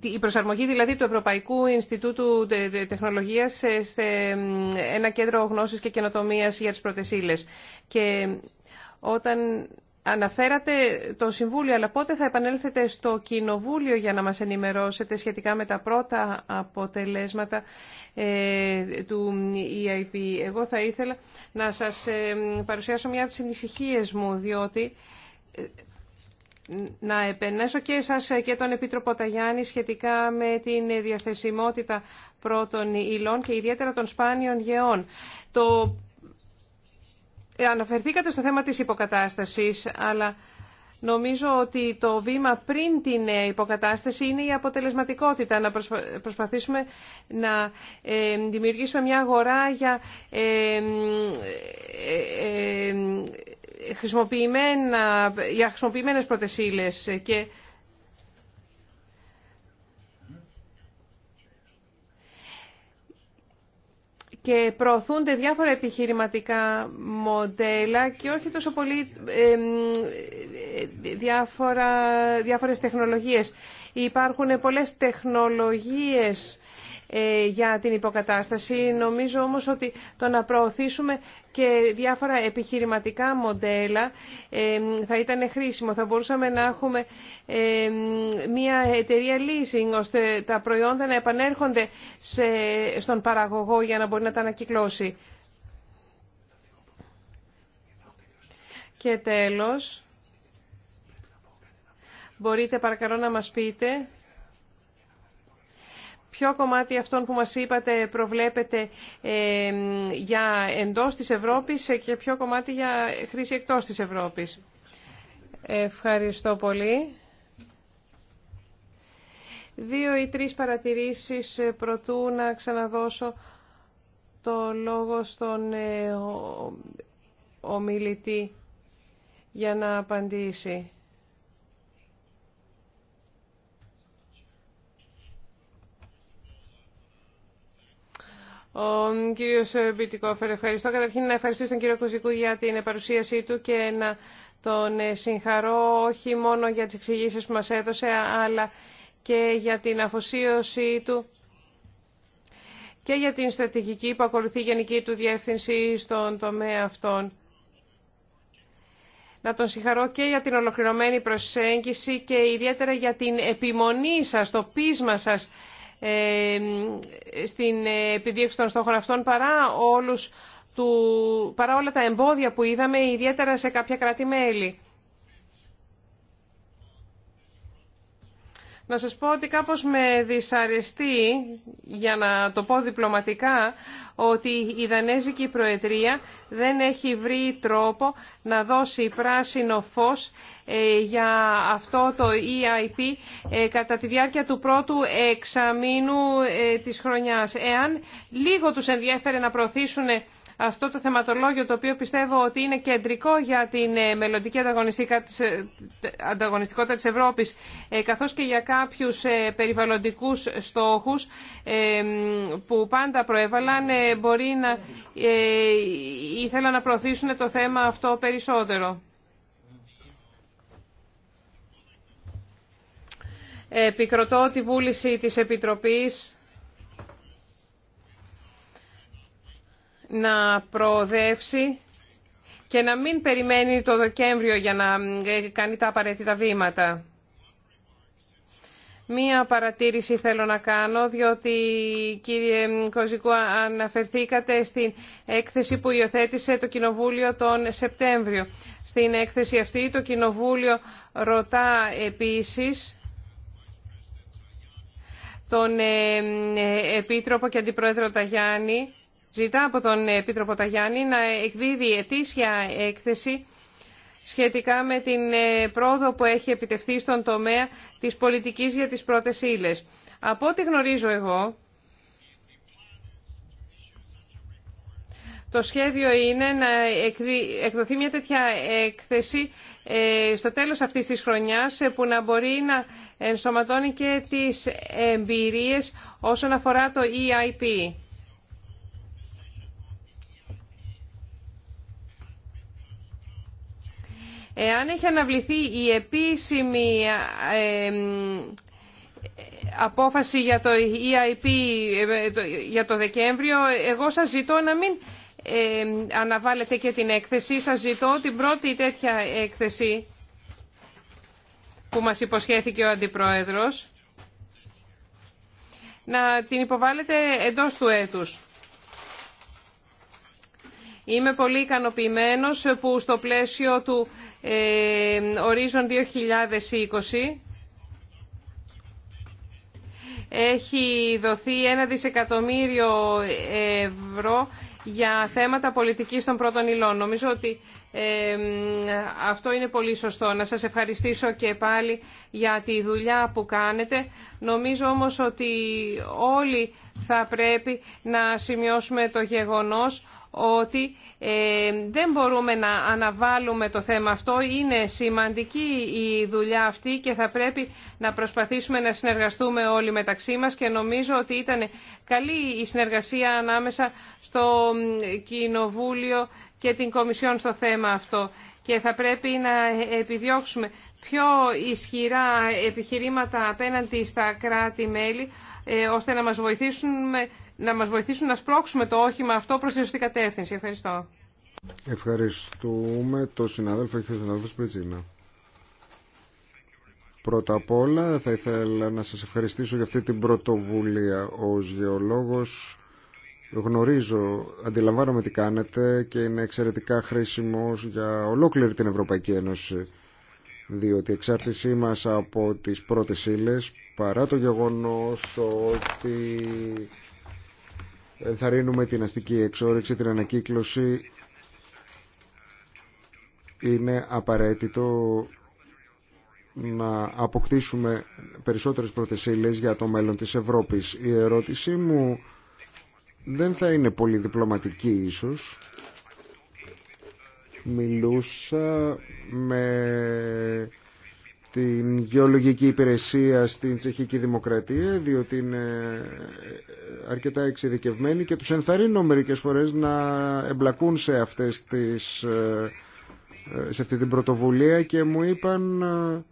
η προσαρμογή δηλαδή του Ευρωπαϊκού Ινστιτούτου Τεχνολογίας σε ένα κέντρο γνώσης και καινοτομίας για τις πρώτες Και όταν αναφέρατε το Συμβούλιο, αλλά πότε θα επανέλθετε στο Κοινοβούλιο για να μας ενημερώσετε σχετικά με τα πρώτα αποτελέσματα ε, του EIP. Εγώ θα ήθελα να σας παρουσιάσω μια από τις μου, διότι ε, να επενέσω και εσάς και τον Επίτροπο Ταγιάννη σχετικά με την διαθεσιμότητα πρώτων υλών και ιδιαίτερα των σπάνιων γεών. Το... Αναφερθήκατε στο θέμα της υποκατάστασης, αλλά Νομίζω ότι το βήμα πριν την υποκατάσταση είναι η αποτελεσματικότητα. Να προσπαθήσουμε να δημιουργήσουμε μια αγορά για χρησιμοποιημένα, για χρησιμοποιημένες πρωτεσίλες και και προωθούνται διάφορα επιχειρηματικά μοντέλα και όχι τόσο πολύ ε, διάφορα, διάφορες τεχνολογίες. Υπάρχουν πολλές τεχνολογίες ε, για την υποκατάσταση. Νομίζω όμως ότι το να προωθήσουμε και διάφορα επιχειρηματικά μοντέλα ε, θα ήταν χρήσιμο. Θα μπορούσαμε να έχουμε ε, μια εταιρεία leasing ώστε τα προϊόντα να επανέρχονται στον παραγωγό για να μπορεί να τα ανακυκλώσει. Και τέλος, μπορείτε παρακαλώ να μας πείτε Ποιο κομμάτι αυτών που μας είπατε προβλέπετε ε, για εντός της Ευρώπης και ποιο κομμάτι για χρήση εκτός της Ευρώπης. Ευχαριστώ πολύ. Δύο ή τρεις παρατηρήσεις προτού να ξαναδώσω το λόγο στον ε, ομιλητή για να απαντήσει. Ο κύριο ε, Μπιτικόφερ, ευχαριστώ. Καταρχήν να ευχαριστήσω τον κύριο Κουζικού για την παρουσίασή του και να τον ε, συγχαρώ όχι μόνο για τις εξηγήσεις που μας έδωσε, αλλά και για την αφοσίωσή του και για την στρατηγική που ακολουθεί η Γενική του Διεύθυνση στον τομέα αυτών. Να τον συγχαρώ και για την ολοκληρωμένη προσέγγιση και ιδιαίτερα για την επιμονή σας, το πείσμα σας στην επιδίωξη των στόχων αυτών παρά, όλους του, παρά όλα τα εμπόδια που είδαμε, ιδιαίτερα σε κάποια κράτη-μέλη. Να σας πω ότι κάπως με δυσαρεστεί, για να το πω διπλωματικά, ότι η Δανέζικη Προεδρία δεν έχει βρει τρόπο να δώσει πράσινο φως ε, για αυτό το EIP ε, κατά τη διάρκεια του πρώτου εξαμήνου ε, της χρονιάς. Εάν λίγο τους ενδιέφερε να προωθήσουν αυτό το θεματολόγιο το οποίο πιστεύω ότι είναι κεντρικό για την ε, μελλοντική ε, ανταγωνιστικότητα της Ευρώπης ε, καθώς και για κάποιους περιβαλλοντικούς στόχους που πάντα προέβαλαν μπορεί να ήθελα να προωθήσουν το θέμα αυτό περισσότερο. Επικροτώ τη βούληση της Επιτροπής να προοδεύσει και να μην περιμένει το Δεκέμβριο για να ε, κάνει τα απαραίτητα βήματα. Μία παρατήρηση θέλω να κάνω, διότι κύριε Κοζικού αναφερθήκατε στην έκθεση που υιοθέτησε το Κοινοβούλιο τον Σεπτέμβριο. Στην έκθεση αυτή το Κοινοβούλιο ρωτά επίσης τον ε, ε, Επίτροπο και Αντιπρόεδρο Ταγιάννη ζητά από τον Επίτροπο Ταγιάννη να εκδίδει ετήσια έκθεση σχετικά με την ε, πρόοδο που έχει επιτευχθεί στον τομέα της πολιτικής για τις πρώτες ύλες. Από ό,τι γνωρίζω εγώ, το σχέδιο είναι να εκδοθεί μια τέτοια έκθεση ε, στο τέλος αυτής της χρονιάς ε, που να μπορεί να ενσωματώνει και τις εμπειρίες όσον αφορά το EIP. Εάν έχει αναβληθεί η επίσημη απόφαση για το EIP για το Δεκέμβριο, εγώ σας ζητώ να μην αναβάλλετε και την έκθεση. Σας ζητώ την πρώτη τέτοια έκθεση που μας υποσχέθηκε ο Αντιπρόεδρος να την υποβάλλετε εντός του έτους. Είμαι πολύ ικανοποιημένος που στο πλαίσιο του ε, Horizon 2020 έχει δοθεί ένα δισεκατομμύριο ευρώ για θέματα πολιτικής των πρώτων υλών. Νομίζω ότι ε, αυτό είναι πολύ σωστό. Να σας ευχαριστήσω και πάλι για τη δουλειά που κάνετε. Νομίζω όμως ότι όλοι θα πρέπει να σημειώσουμε το γεγονός ότι ε, δεν μπορούμε να αναβάλουμε το θέμα αυτό. Είναι σημαντική η δουλειά αυτή και θα πρέπει να προσπαθήσουμε να συνεργαστούμε όλοι μεταξύ μας και νομίζω ότι ήταν καλή η συνεργασία ανάμεσα στο Κοινοβούλιο και την Κομισιόν στο θέμα αυτό και θα πρέπει να επιδιώξουμε πιο ισχυρά επιχειρήματα απέναντι στα κράτη-μέλη ε, ώστε να μας βοηθήσουν να μας βοηθήσουν να σπρώξουμε το όχημα αυτό προς τη σωστή κατεύθυνση. Ευχαριστώ. Ευχαριστούμε το συνάδελφο και τον συνάδελφο Σπριτζίνα. Πρώτα απ' όλα θα ήθελα να σας ευχαριστήσω για αυτή την πρωτοβουλία. Ως γεωλόγος γνωρίζω, αντιλαμβάνομαι τι κάνετε και είναι εξαιρετικά χρήσιμος για ολόκληρη την Ευρωπαϊκή Ένωση διότι η εξάρτησή μας από τις πρώτες ύλες, παρά το γεγονός ότι θαρρύνουμε την αστική εξόρυξη, την ανακύκλωση. Είναι απαραίτητο να αποκτήσουμε περισσότερες προτεσίλες για το μέλλον της Ευρώπης. Η ερώτησή μου δεν θα είναι πολύ διπλωματική ίσως. Μιλούσα με την γεωλογική υπηρεσία στην Τσεχική Δημοκρατία διότι είναι αρκετά εξειδικευμένοι και τους ενθαρρύνω μερικές φορές να εμπλακούν σε, αυτές τις, ε, σε αυτή την πρωτοβουλία και μου είπαν ε,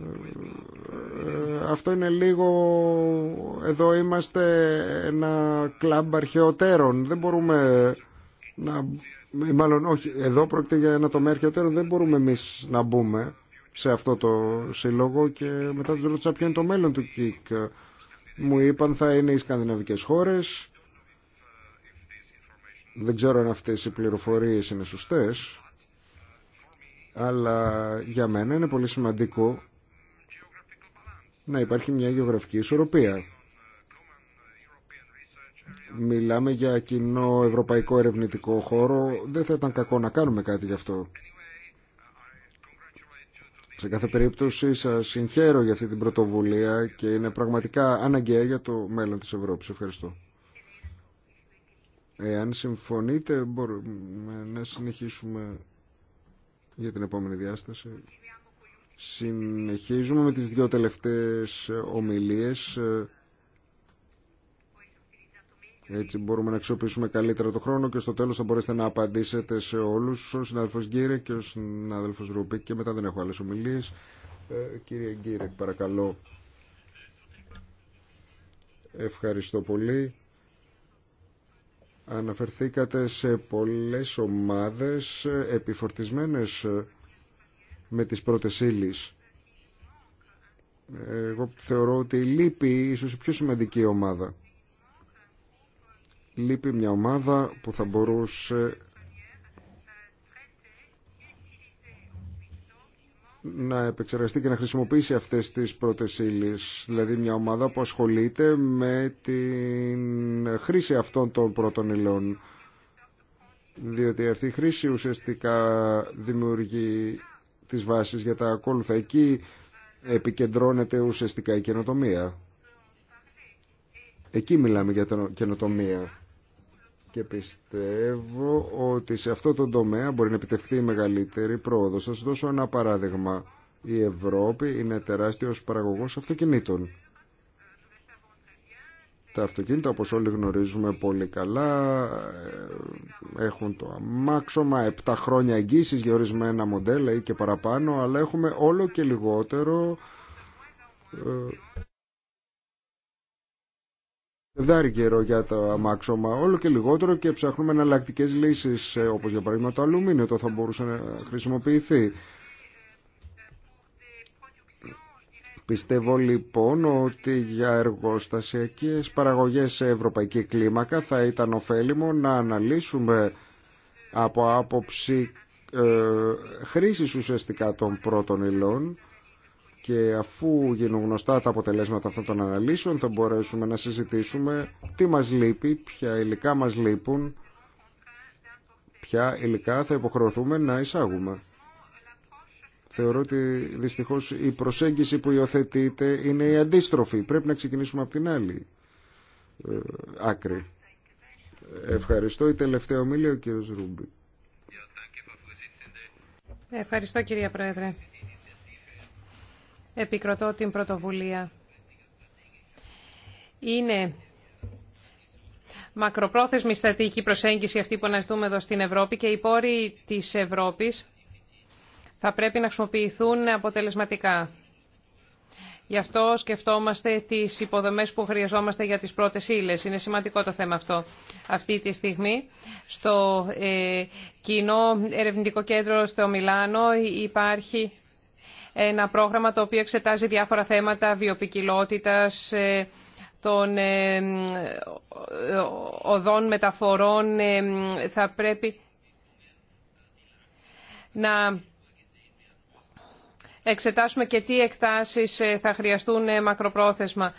ε, αυτό είναι λίγο εδώ είμαστε ένα κλαμπ αρχαιοτέρων δεν μπορούμε να μάλλον όχι εδώ πρόκειται για ένα τομέα αρχαιοτέρων δεν μπορούμε εμείς να μπούμε σε αυτό το σύλλογο και μετά τους ρώτησα ποιο είναι το μέλλον του ΚΙΚ. Μου είπαν θα είναι οι σκανδιναβικές χώρες. Δεν ξέρω αν αυτές οι πληροφορίες είναι σωστές, αλλά για μένα είναι πολύ σημαντικό να υπάρχει μια γεωγραφική ισορροπία. Μιλάμε για κοινό ευρωπαϊκό ερευνητικό χώρο. Δεν θα ήταν κακό να κάνουμε κάτι γι' αυτό. Σε κάθε περίπτωση σας συγχαίρω για αυτή την πρωτοβουλία και είναι πραγματικά αναγκαία για το μέλλον της Ευρώπης. Ευχαριστώ. Εάν συμφωνείτε μπορούμε να συνεχίσουμε για την επόμενη διάσταση. Συνεχίζουμε με τις δύο τελευταίες ομιλίες. Έτσι μπορούμε να αξιοποιήσουμε καλύτερα το χρόνο και στο τέλος θα μπορέσετε να απαντήσετε σε όλους. Ο συνάδελφος Γκύρε και ο συνάδελφος Ρουπίκ και μετά δεν έχω άλλες ομιλίες. Ε, κύριε Γκύρε, παρακαλώ. Ευχαριστώ πολύ. Αναφερθήκατε σε πολλές ομάδες επιφορτισμένες με τις πρώτες ύλης. Εγώ θεωρώ ότι η Λύπη ίσως η πιο σημαντική ομάδα λείπει μια ομάδα που θα μπορούσε να επεξεργαστεί και να χρησιμοποιήσει αυτές τις πρώτες ύλες. δηλαδή μια ομάδα που ασχολείται με την χρήση αυτών των πρώτων υλών διότι αυτή η χρήση ουσιαστικά δημιουργεί τις βάσεις για τα ακόλουθα εκεί επικεντρώνεται ουσιαστικά η καινοτομία εκεί μιλάμε για την καινοτομία και πιστεύω ότι σε αυτό το τομέα μπορεί να επιτευχθεί η μεγαλύτερη πρόοδο. σα δώσω ένα παράδειγμα. Η Ευρώπη είναι τεράστιος παραγωγός αυτοκινήτων. Τα αυτοκίνητα, όπως όλοι γνωρίζουμε πολύ καλά, ε, έχουν το αμάξωμα, 7 χρόνια εγγύσεις για ορισμένα μοντέλα ή και παραπάνω, αλλά έχουμε όλο και λιγότερο ε, καιρό για το αμάξωμα, όλο και λιγότερο και ψάχνουμε εναλλακτικέ λύσεις, ε, όπως για παράδειγμα το αλουμίνιο, το θα μπορούσε να χρησιμοποιηθεί. Πιστεύω λοιπόν ότι για εργοστασιακές παραγωγές σε ευρωπαϊκή κλίμακα θα ήταν ωφέλιμο να αναλύσουμε από άποψη ε, χρήσης ουσιαστικά των πρώτων υλών και αφού γίνουν γνωστά τα αποτελέσματα αυτών των αναλύσεων θα μπορέσουμε να συζητήσουμε τι μας λείπει, ποια υλικά μας λείπουν, ποια υλικά θα υποχρεωθούμε να εισάγουμε. Θεωρώ ότι δυστυχώς η προσέγγιση που υιοθετείται είναι η αντίστροφη. Πρέπει να ξεκινήσουμε από την άλλη ε, άκρη. Ευχαριστώ. Η τελευταία ομιλία ο κύριος Ρούμπι. Ευχαριστώ κυρία Πρόεδρε επικροτώ την πρωτοβουλία. Είναι μακροπρόθεσμη στρατηγική προσέγγιση αυτή που αναζητούμε εδώ στην Ευρώπη και οι πόροι της Ευρώπης θα πρέπει να χρησιμοποιηθούν αποτελεσματικά. Γι' αυτό σκεφτόμαστε τις υποδομές που χρειαζόμαστε για τις πρώτες ύλε. Είναι σημαντικό το θέμα αυτό. Αυτή τη στιγμή στο ε, κοινό ερευνητικό κέντρο στο Μιλάνο υπάρχει ένα πρόγραμμα το οποίο εξετάζει διάφορα θέματα βιοπικιλότητας, ε, των ε, ε, οδών μεταφορών. Θα πρέπει να εξετάσουμε και τι εκτάσεις θα χρειαστούν μακροπρόθεσμα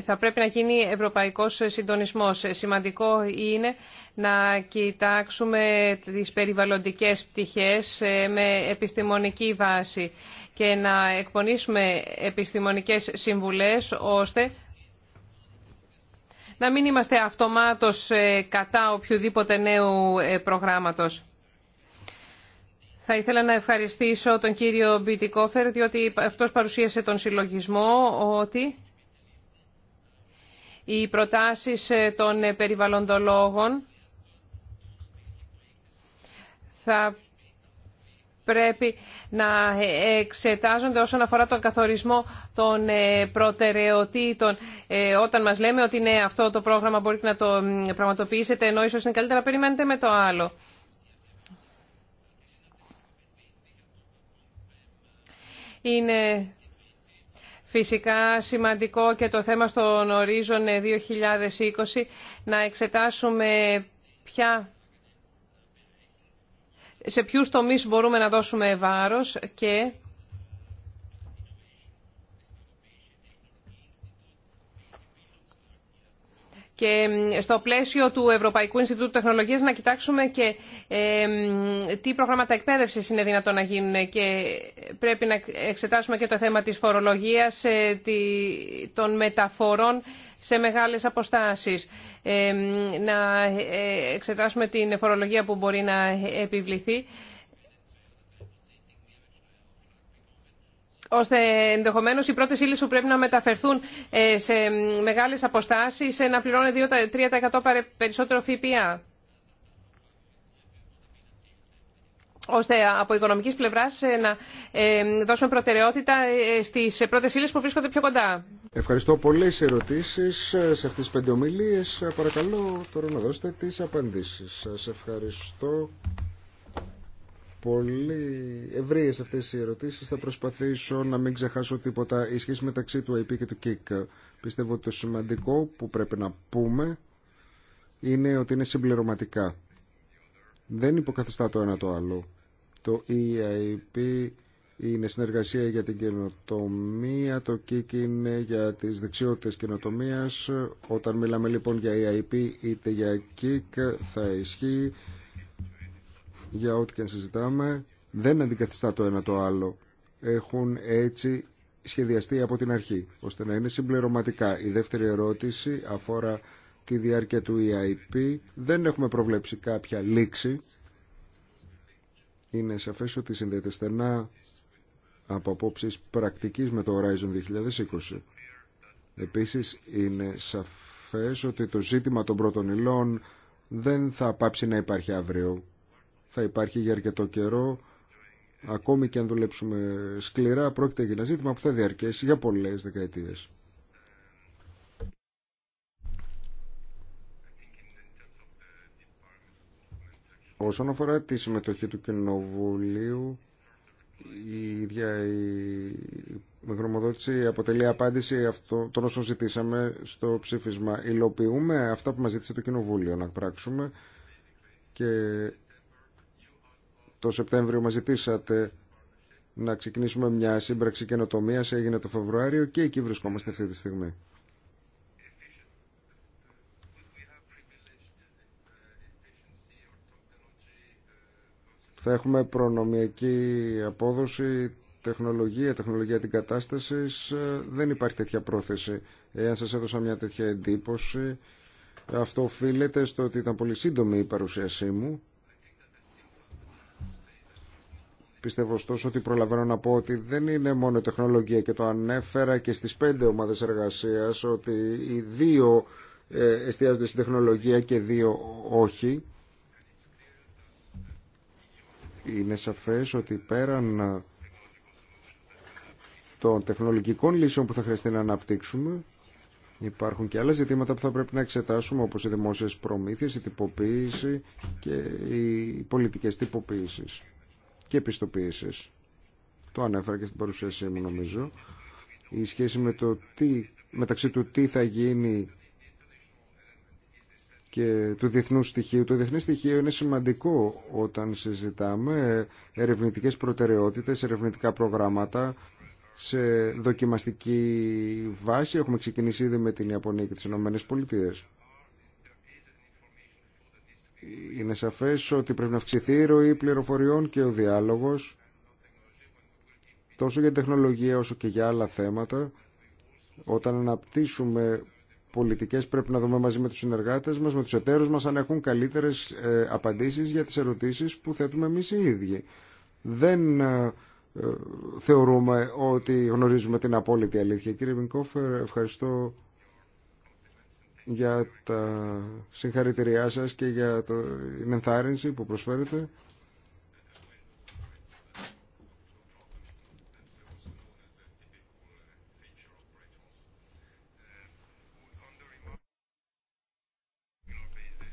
θα πρέπει να γίνει ευρωπαϊκός συντονισμός. Σημαντικό είναι να κοιτάξουμε τις περιβαλλοντικές πτυχές ε, με επιστημονική βάση και να εκπονήσουμε επιστημονικές συμβουλές ώστε να μην είμαστε αυτομάτως ε, κατά οποιοδήποτε νέου ε, προγράμματος. Θα ήθελα να ευχαριστήσω τον κύριο Μπιτικόφερ, διότι αυτός παρουσίασε τον συλλογισμό ότι οι προτάσεις ε, των ε, περιβαλλοντολόγων θα πρέπει να ε, εξετάζονται όσον αφορά τον καθορισμό των προτεραιοτήτων. Όταν μας λέμε ότι ναι, αυτό το πρόγραμμα μπορείτε να το πραγματοποιήσετε, ενώ ίσως είναι καλύτερα να περιμένετε με το άλλο. Είναι Φυσικά σημαντικό και το θέμα στον ορίζον 2020 να εξετάσουμε ποια, σε ποιους τομείς μπορούμε να δώσουμε βάρος και και στο πλαίσιο του Ευρωπαϊκού Ινστιτούτου Τεχνολογίας να κοιτάξουμε και ε, τι προγράμματα εκπαίδευσης είναι δυνατόν να γίνουν και πρέπει να εξετάσουμε και το θέμα της φορολογίας, ε, των μεταφορών σε μεγάλες αποστάσεις. Ε, να εξετάσουμε την φορολογία που μπορεί να επιβληθεί ώστε ενδεχομένω οι πρώτε ύλε που πρέπει να μεταφερθούν ε, σε μεγάλες αποστάσεις ε, να πληρώνουν 2-3% περισσότερο ΦΠΑ. ώστε από οικονομική πλευρά ε, να δώσουμε προτεραιότητα στις πρώτε ύλε που βρίσκονται πιο κοντά. Ευχαριστώ πολλές ερωτήσεις σε αυτέ τι πέντε ομιλίε. Παρακαλώ τώρα να δώσετε τι απαντήσει. Σα ευχαριστώ πολύ ευρείες αυτές οι ερωτήσεις. Θα προσπαθήσω να μην ξεχάσω τίποτα. Η σχέση μεταξύ του IP και του KIC. Πιστεύω ότι το σημαντικό που πρέπει να πούμε είναι ότι είναι συμπληρωματικά. Δεν υποκαθιστά το ένα το άλλο. Το EIP είναι συνεργασία για την καινοτομία, το KIC είναι για τις δεξιότητες καινοτομίας. Όταν μιλάμε λοιπόν για EIP είτε για KIC θα ισχύει για ό,τι και αν συζητάμε δεν αντικαθιστά το ένα το άλλο. Έχουν έτσι σχεδιαστεί από την αρχή, ώστε να είναι συμπληρωματικά. Η δεύτερη ερώτηση αφορά τη διάρκεια του EIP. Δεν έχουμε προβλέψει κάποια λήξη. Είναι σαφές ότι συνδέεται στενά από απόψεις πρακτικής με το Horizon 2020. Επίσης είναι σαφές ότι το ζήτημα των πρώτων υλών δεν θα πάψει να υπάρχει αύριο θα υπάρχει για αρκετό καιρό. Ακόμη και αν δουλέψουμε σκληρά, πρόκειται για ένα ζήτημα που θα διαρκέσει για πολλέ δεκαετίε. Όσον αφορά τη συμμετοχή του Κοινοβουλίου, η ίδια η γνωμοδότηση αποτελεί απάντηση αυτό, τον όσων ζητήσαμε στο ψήφισμα. Υλοποιούμε αυτά που μας ζήτησε το Κοινοβούλιο να πράξουμε και το Σεπτέμβριο μας ζητήσατε να ξεκινήσουμε μια σύμπραξη καινοτομία έγινε το Φεβρουάριο και εκεί βρισκόμαστε αυτή τη στιγμή. Θα έχουμε προνομιακή απόδοση, τεχνολογία, τεχνολογία την κατάσταση. Δεν υπάρχει τέτοια πρόθεση. Εάν σας έδωσα μια τέτοια εντύπωση, αυτό οφείλεται στο ότι ήταν πολύ σύντομη η παρουσίασή μου Πιστεύω ωστόσο ότι προλαβαίνω να πω ότι δεν είναι μόνο τεχνολογία και το ανέφερα και στις πέντε ομάδες εργασίας ότι οι δύο ε, εστιάζονται στην τεχνολογία και δύο όχι. Είναι σαφές ότι πέραν των τεχνολογικών λύσεων που θα χρειαστεί να αναπτύξουμε υπάρχουν και άλλα ζητήματα που θα πρέπει να εξετάσουμε όπως οι δημόσιες προμήθειες, η τυποποίηση και οι πολιτικές τυποποίησεις και επιστοποίησες, Το ανέφερα και στην παρουσίασή μου νομίζω. Η σχέση με το τι, μεταξύ του τι θα γίνει και του διεθνού στοιχείου. Το διεθνή στοιχείο είναι σημαντικό όταν συζητάμε ερευνητικές προτεραιότητες, ερευνητικά προγράμματα σε δοκιμαστική βάση. Έχουμε ξεκινήσει ήδη με την Ιαπωνία και τις Ηνωμένες Πολιτείες. Είναι σαφές ότι πρέπει να αυξηθεί η ροή πληροφοριών και ο διάλογος τόσο για τεχνολογία όσο και για άλλα θέματα. Όταν αναπτύσσουμε πολιτικές πρέπει να δούμε μαζί με τους συνεργάτες μας, με τους εταίρους μας αν έχουν καλύτερες ε, απαντήσεις για τις ερωτήσεις που θέτουμε εμείς οι ίδιοι. Δεν ε, ε, θεωρούμε ότι γνωρίζουμε την απόλυτη αλήθεια. Κύριε Μινκόφερ, ευχαριστώ για τα συγχαρητηριά σας και για το, την ενθάρρυνση που προσφέρετε.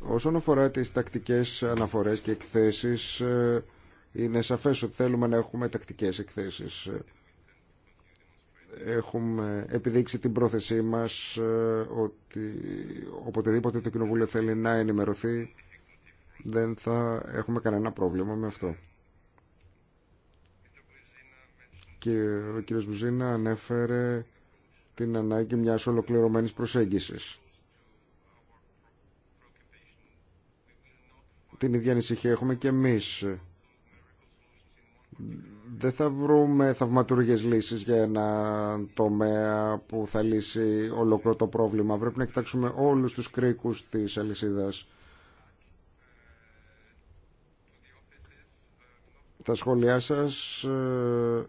Όσον αφορά τις τακτικές αναφορές και εκθέσεις, ε, είναι σαφές ότι θέλουμε να έχουμε τακτικές εκθέσεις έχουμε επιδείξει την πρόθεσή μας ε, ότι οποτεδήποτε το Κοινοβούλιο θέλει να ενημερωθεί δεν θα έχουμε κανένα πρόβλημα με αυτό. Και ο κ. Μπουζίνα ανέφερε την ανάγκη μιας ολοκληρωμένης προσέγγισης. Την ίδια ανησυχία έχουμε και εμείς δεν θα βρούμε θαυματουργές λύσεις για ένα τομέα που θα λύσει ολόκληρο πρόβλημα. Πρέπει να κοιτάξουμε όλους τους κρίκους της αλυσίδας. Τα σχόλιά σας ε,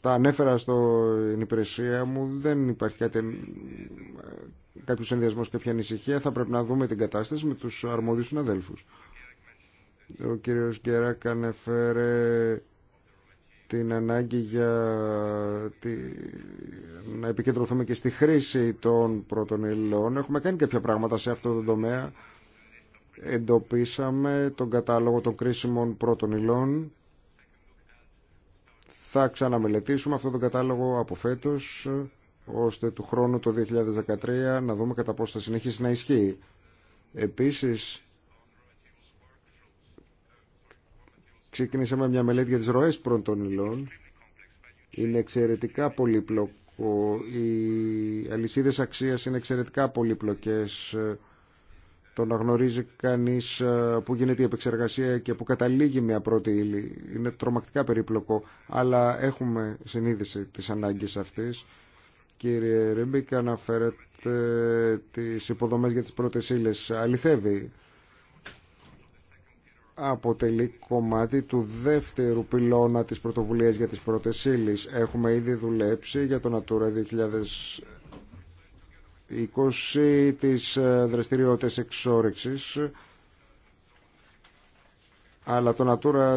τα ανέφερα στην υπηρεσία μου. Δεν υπάρχει κάτι, ε, κάποιος και κάποια ανησυχία. Θα πρέπει να δούμε την κατάσταση με τους αρμόδιους συναδέλφους. Ο κύριος Γκέρακ ανέφερε την ανάγκη για να επικεντρωθούμε και στη χρήση των πρώτων υλών. Έχουμε κάνει κάποια πράγματα σε αυτό το τομέα. Εντοπίσαμε τον κατάλογο των κρίσιμων πρώτων υλών. Θα ξαναμελετήσουμε αυτόν τον κατάλογο από φέτος, ώστε του χρόνου το 2013 να δούμε κατά πόσο θα συνεχίσει να ισχύει. Επίσης, Ξεκινήσαμε μια μελέτη για τις ροές πρώτων υλών. Είναι εξαιρετικά πολύπλοκο. Οι αλυσίδες αξίας είναι εξαιρετικά πολύπλοκες. Το να γνωρίζει κανείς ε, που γίνεται η επεξεργασία και που καταλήγει μια πρώτη ύλη είναι τρομακτικά περίπλοκο, αλλά έχουμε συνείδηση της ανάγκης αυτής. Κύριε Ρίμπικ, αναφέρετε τις υποδομές για τις πρώτες ύλες. Αληθεύει αποτελεί κομμάτι του δεύτερου πυλώνα της πρωτοβουλίας για τις πρώτες ύλες. Έχουμε ήδη δουλέψει για το Natura 2020 τις ε, δραστηριότητες εξόρυξης αλλά το Natura 2020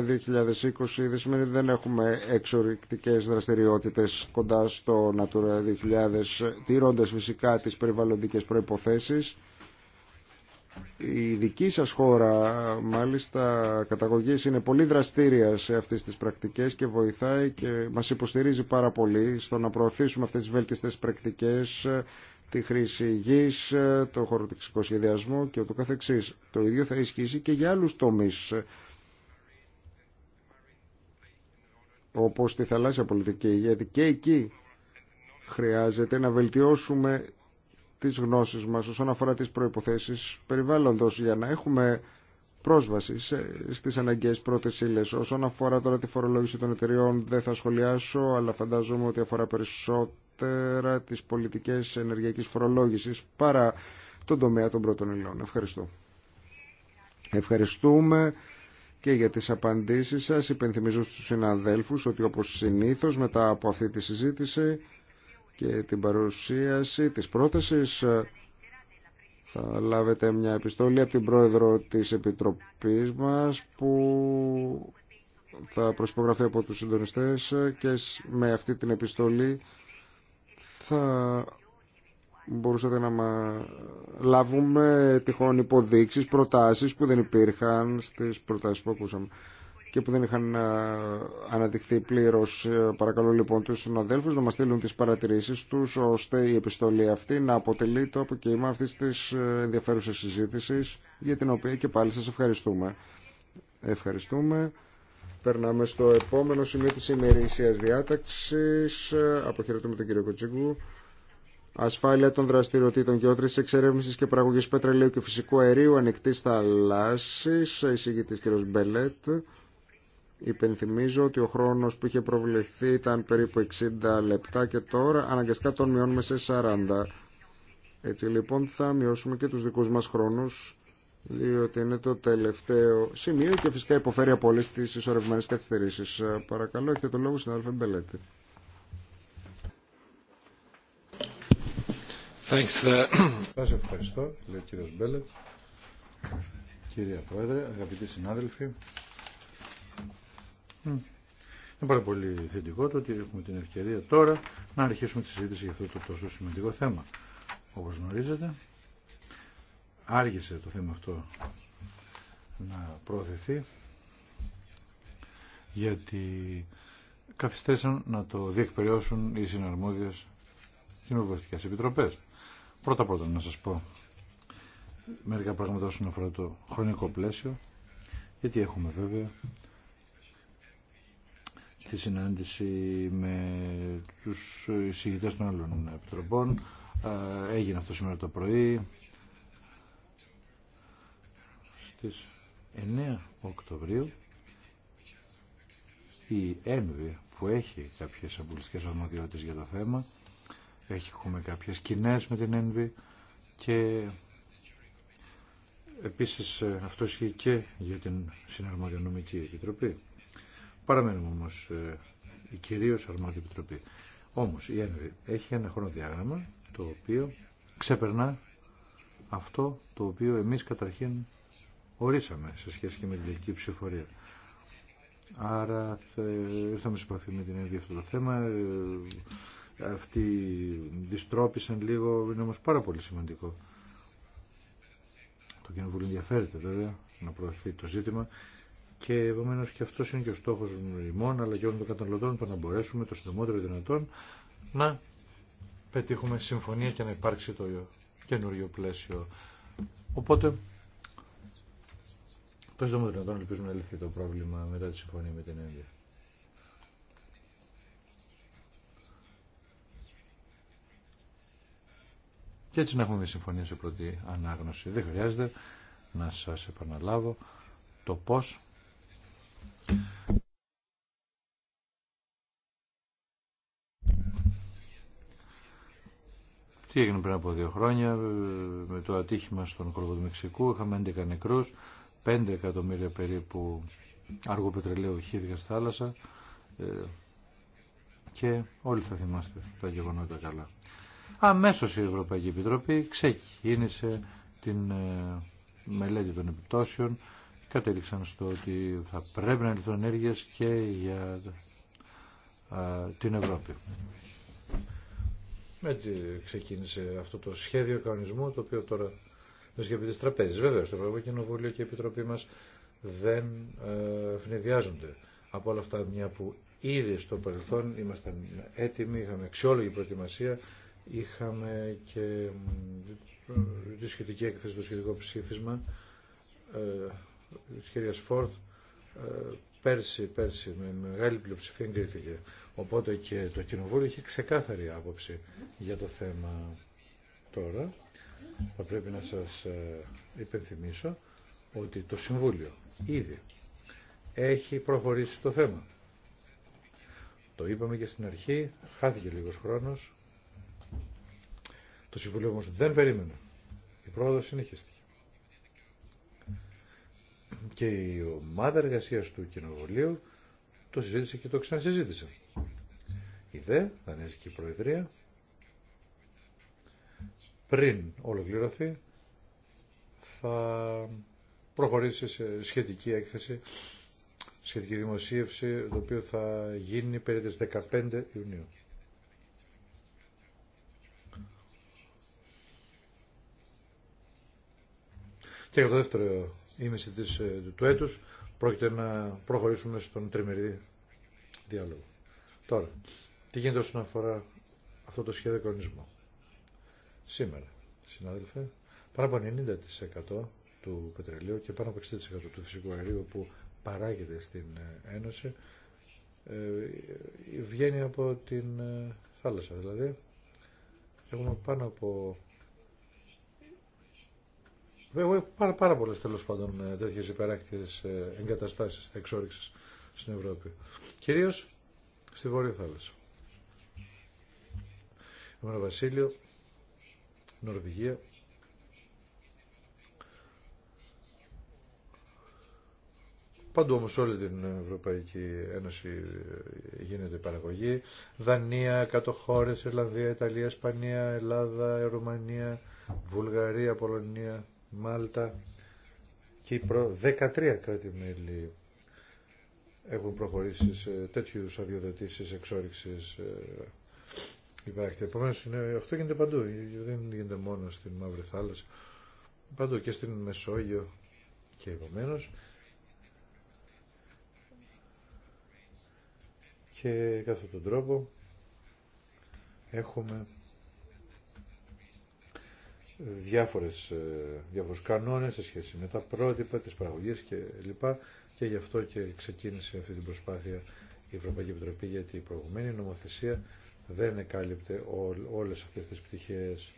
δεν σημαίνει ότι δεν έχουμε εξορυκτικές δραστηριότητες κοντά στο Natura 2000 τηρώντας φυσικά τις περιβαλλοντικές προϋποθέσεις η δική σας χώρα, μάλιστα, καταγωγής είναι πολύ δραστήρια σε αυτές τις πρακτικές και βοηθάει και μας υποστηρίζει πάρα πολύ στο να προωθήσουμε αυτές τις βέλτιστες πρακτικές, τη χρήση γης, το χωροτεξικό σχεδιασμό και ούτω καθεξής. Το ίδιο θα ισχύσει και για άλλους τομείς, όπως τη θαλάσσια πολιτική, γιατί και εκεί χρειάζεται να βελτιώσουμε τις γνώσεις μας όσον αφορά τις προϋποθέσεις περιβάλλοντος για να έχουμε πρόσβαση στις αναγκαίες πρώτες ύλε. Όσον αφορά τώρα τη φορολόγηση των εταιριών δεν θα σχολιάσω, αλλά φαντάζομαι ότι αφορά περισσότερα τις πολιτικές ενεργειακής φορολόγησης παρά τον τομέα των πρώτων υλών. Ευχαριστώ. Ευχαριστούμε και για τις απαντήσεις σας. Υπενθυμίζω στους συναδέλφους ότι όπως συνήθως μετά από αυτή τη συζήτηση και την παρουσίαση της πρότασης ε, θα λάβετε μια επιστολή από την πρόεδρο της Επιτροπής μας που θα προσπογραφεί από τους συντονιστές και με αυτή την επιστολή θα μπορούσατε να λάβουμε τυχόν υποδείξεις, προτάσεις που δεν υπήρχαν στις προτάσεις που ακούσαμε και που δεν είχαν ε, αναδειχθεί πλήρω. Ε, παρακαλώ λοιπόν του συναδέλφου να μα στείλουν τι παρατηρήσει του, ώστε η επιστολή αυτή να αποτελεί το αποκύμα αυτή τη ε, ενδιαφέρουσα συζήτηση για την οποία και πάλι σα ευχαριστούμε. Ευχαριστούμε. Περνάμε στο επόμενο σημείο τη ημερήσια διάταξη. Αποχαιρετούμε τον κύριο Κοτσίγκου. Ασφάλεια των δραστηριοτήτων ότρε εξερεύνηση και παραγωγή πετρελαίου και φυσικού αερίου ανοιχτή θαλάσση. Εισηγητή κ. Μπελέτ. Υπενθυμίζω ότι ο χρόνος που είχε προβλεφθεί ήταν περίπου 60 λεπτά και τώρα αναγκαστικά τον μειώνουμε σε 40. Έτσι λοιπόν θα μειώσουμε και τους δικούς μας χρόνους διότι είναι το τελευταίο σημείο και φυσικά υποφέρει από όλες τις ισορρευμένες καθυστερήσεις. Ε, παρακαλώ, έχετε το λόγο στην Μπελέτη. Ε, Σας ευχαριστώ, λέει ο κύριος Μπέλετ. Κυρία Πρόεδρε, αγαπητοί συνάδελφοι, είναι πάρα πολύ θετικό το ότι έχουμε την ευκαιρία τώρα να αρχίσουμε τη συζήτηση για αυτό το τόσο σημαντικό θέμα. Όπως γνωρίζετε, άργησε το θέμα αυτό να προωθηθεί γιατί καθυστέρησαν να το διεκπαιριώσουν οι συναρμόδιες κοινοβουλευτικές επιτροπές. Πρώτα πρώτα να σας πω μερικά πράγματα όσον αφορά το χρονικό πλαίσιο γιατί έχουμε βέβαια τη συνάντηση με τους εισηγητές των άλλων επιτροπών. Έγινε αυτό σήμερα το πρωί στις 9 Οκτωβρίου η ΕΝΒΗ που έχει κάποιες αμπουλιστικές αρμοδιότητες για το θέμα έχουμε κάποιες κοινέ με την ΕΝΒΗ και επίσης αυτό ισχύει και για την Συναρμοδιονομική Επιτροπή Παραμένουμε όμω ε, η κυρίω αρμόδια επιτροπή. Όμως η ΕΝΒΗ έχει ένα χρονοδιάγραμμα το οποίο ξεπερνά αυτό το οποίο εμείς καταρχήν ορίσαμε σε σχέση και με την τελική ψηφορία. Άρα ήρθαμε σε επαφή με την ΕΝΒΗ αυτό το θέμα. Ε, αυτοί διστρόπησαν λίγο, είναι όμω πάρα πολύ σημαντικό. Το Κοινοβούλιο ενδιαφέρεται βέβαια να προωθεί το ζήτημα και επομένω και αυτό είναι και ο στόχο ημών αλλά και όλων των καταναλωτών που να μπορέσουμε το συντομότερο δυνατόν να πετύχουμε συμφωνία και να υπάρξει το καινούριο πλαίσιο. Οπότε το συντομότερο δυνατόν ελπίζουμε να λυθεί το πρόβλημα μετά τη συμφωνία με την Ένδια. Και έτσι να έχουμε μια συμφωνία σε πρώτη ανάγνωση. Δεν χρειάζεται να σας επαναλάβω το πώς τι έγινε πριν από δύο χρόνια με το ατύχημα στον κόλπο του Μεξικού. Είχαμε 11 νεκρούς, 5 εκατομμύρια περίπου αργού πετρελαίου χύθηκαν στη θάλασσα ε, και όλοι θα θυμάστε τα γεγονότα καλά. Αμέσω η Ευρωπαϊκή Επιτροπή ξεκίνησε την ε, μελέτη των επιπτώσεων κατέληξαν στο ότι θα πρέπει να λυθούν ενέργειες και για την Ευρώπη. Έτσι ξεκίνησε αυτό το σχέδιο κανονισμού, το οποίο τώρα βρίσκεται στις τραπέζες. Βέβαια, στο Ευρωπαϊκό Κοινοβούλιο και η Επιτροπή μας δεν φνηδιάζονται από όλα αυτά μια που ήδη στο παρελθόν ήμασταν έτοιμοι, είχαμε αξιόλογη προετοιμασία, είχαμε και τη σχετική έκθεση, το σχετικό ψήφισμα. Ε, της κυρίας Φόρτ ε, πέρσι, πέρσι με μεγάλη πλειοψηφία εγκρίθηκε. Οπότε και το Κοινοβούλιο είχε ξεκάθαρη άποψη για το θέμα τώρα. Θα πρέπει να σας ε, υπενθυμίσω ότι το Συμβούλιο ήδη έχει προχωρήσει το θέμα. Το είπαμε και στην αρχή, χάθηκε λίγος χρόνος. Το Συμβούλιο όμως δεν περίμενε. Η πρόοδος συνεχίστηκε και η ομάδα εργασία του Κοινοβουλίου το συζήτησε και το ξανασυζήτησε. Η ΔΕ, Δανέζικη Προεδρία, πριν ολοκληρωθεί, θα προχωρήσει σε σχετική έκθεση, σχετική δημοσίευση, το οποίο θα γίνει περί τις 15 Ιουνίου. Και για το δεύτερο ή της, ε, του έτους πρόκειται να προχωρήσουμε στον τριμερή διάλογο. Τώρα, τι γίνεται όσον αφορά αυτό το σχέδιο κανονισμού. Σήμερα, συνάδελφε, πάνω από 90% του πετρελαίου και πάνω από 60% του φυσικού αερίου που παράγεται στην ε, Ένωση ε, βγαίνει από την θάλασσα. Δηλαδή, έχουμε πάνω από Βέβαια, πάρα, πάρα πολλέ τέλο πάντων ε, τέτοιε υπεράκτητε εγκαταστάσει εξόριξη στην Ευρώπη. Κυρίω στη Βόρεια Θάλασσα. Βασίλειο, Νορβηγία. Παντού όμως όλη την Ευρωπαϊκή Ένωση ε, γίνεται παραγωγή. Δανία, κάτω χώρες, Ιρλανδία, Ιταλία, Ισπανία, Ελλάδα, Ρουμανία, Βουλγαρία, Πολωνία, Μάλτα, Κύπρο, 13 κράτη-μέλη έχουν προχωρήσει σε τέτοιου είδου αδειοδοτήσει εξόριξη. Ε, υπάρχει. Επομένω, αυτό γίνεται παντού. Δεν γίνεται μόνο στην Μαύρη Θάλασσα. Παντού και στην Μεσόγειο. Και επομένω. Και κατά τον τρόπο έχουμε διάφορες, ε, διάφορους κανόνες σε σχέση με τα πρότυπα, τις παραγωγές και λοιπά και γι' αυτό και ξεκίνησε αυτή την προσπάθεια η Ευρωπαϊκή Επιτροπή γιατί η προηγουμένη νομοθεσία δεν εκάλυπτε όλες αυτές τις πτυχές.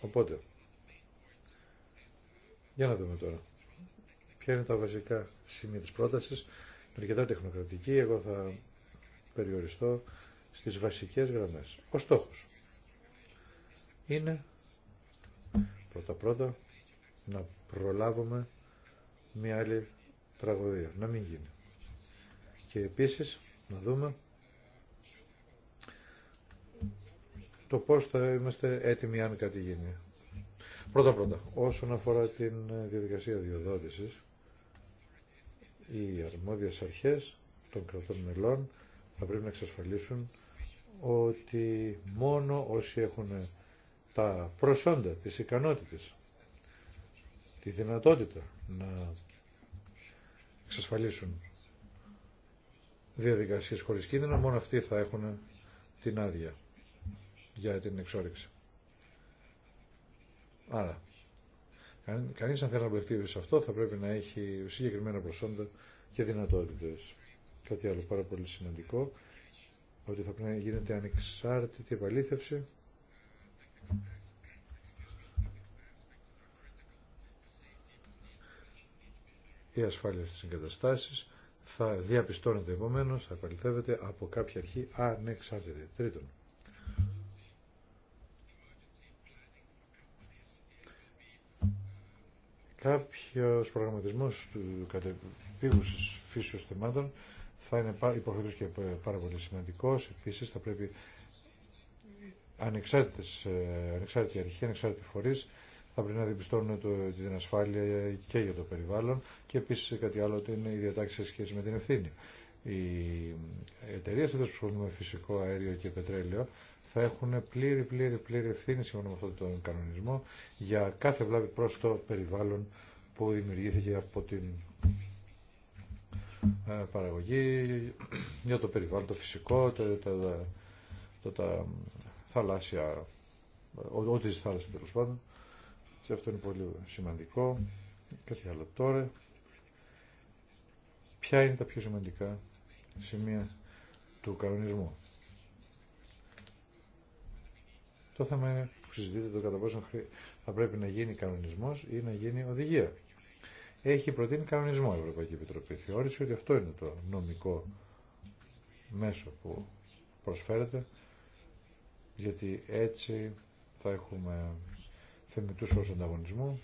Οπότε, για να δούμε τώρα. Ποια είναι τα βασικά σημεία της πρότασης. Είναι αρκετά τεχνοκρατική, εγώ θα περιοριστώ στις βασικές γραμμές. Ο στόχος είναι πρώτα πρώτα να προλάβουμε μια άλλη τραγωδία, να μην γίνει. Και επίσης να δούμε το πώς θα είμαστε έτοιμοι αν κάτι γίνει. Πρώτα πρώτα, όσον αφορά την διαδικασία διοδότησης, οι αρμόδιες αρχές των κρατών μελών θα πρέπει να εξασφαλίσουν ότι μόνο όσοι έχουν τα προσόντα, τις ικανότητες, τη δυνατότητα να εξασφαλίσουν διαδικασίες χωρίς κίνδυνα μόνο αυτοί θα έχουν την άδεια για την εξόριξη. Άρα, κανείς αν θέλει να μπλεχτεί σε αυτό θα πρέπει να έχει συγκεκριμένα προσόντα και δυνατότητες. Κάτι άλλο πάρα πολύ σημαντικό, ότι θα πρέπει να γίνεται ανεξάρτητη επαλήθευση η ασφάλεια στις εγκαταστάσεις θα διαπιστώνεται επομένως, θα επαληθεύεται από κάποια αρχή ανεξάρτητη. Τρίτον, κάποιος προγραμματισμός του κατεπίγουσης φύσεως θεμάτων θα είναι υποχρεωτικός και πάρα πολύ σημαντικός. Επίσης θα πρέπει ανεξάρτητες, ε, ανεξάρτητη αρχή, ανεξάρτητη φορείς θα πρέπει να διαπιστώνουν την ασφάλεια και για το περιβάλλον και επίσης κάτι άλλο ότι είναι η διατάξη σε σχέση με την ευθύνη. Οι εταιρείε που ασχολούνται με φυσικό αέριο και πετρέλαιο θα έχουν πλήρη, πλήρη, πλήρη ευθύνη σύμφωνα με αυτόν τον κανονισμό για κάθε βλάβη προ το περιβάλλον που δημιουργήθηκε από την ε, παραγωγή, για το περιβάλλον, το φυσικό, τα, τα, τα, θαλάσσια, θάλασσα τέλο πάντων. Σε αυτό είναι πολύ σημαντικό. Κάτι άλλο τώρα. Ποια είναι τα πιο σημαντικά σημεία του κανονισμού. Το θέμα είναι που συζητείτε το κατά πόσο θα πρέπει να γίνει κανονισμός ή να γίνει οδηγία. Έχει προτείνει κανονισμό η Ευρωπαϊκή Επιτροπή. Θεώρησε ότι αυτό είναι το νομικό μέσο που προσφέρεται γιατί έτσι θα έχουμε θεμητούς ως ανταγωνισμού.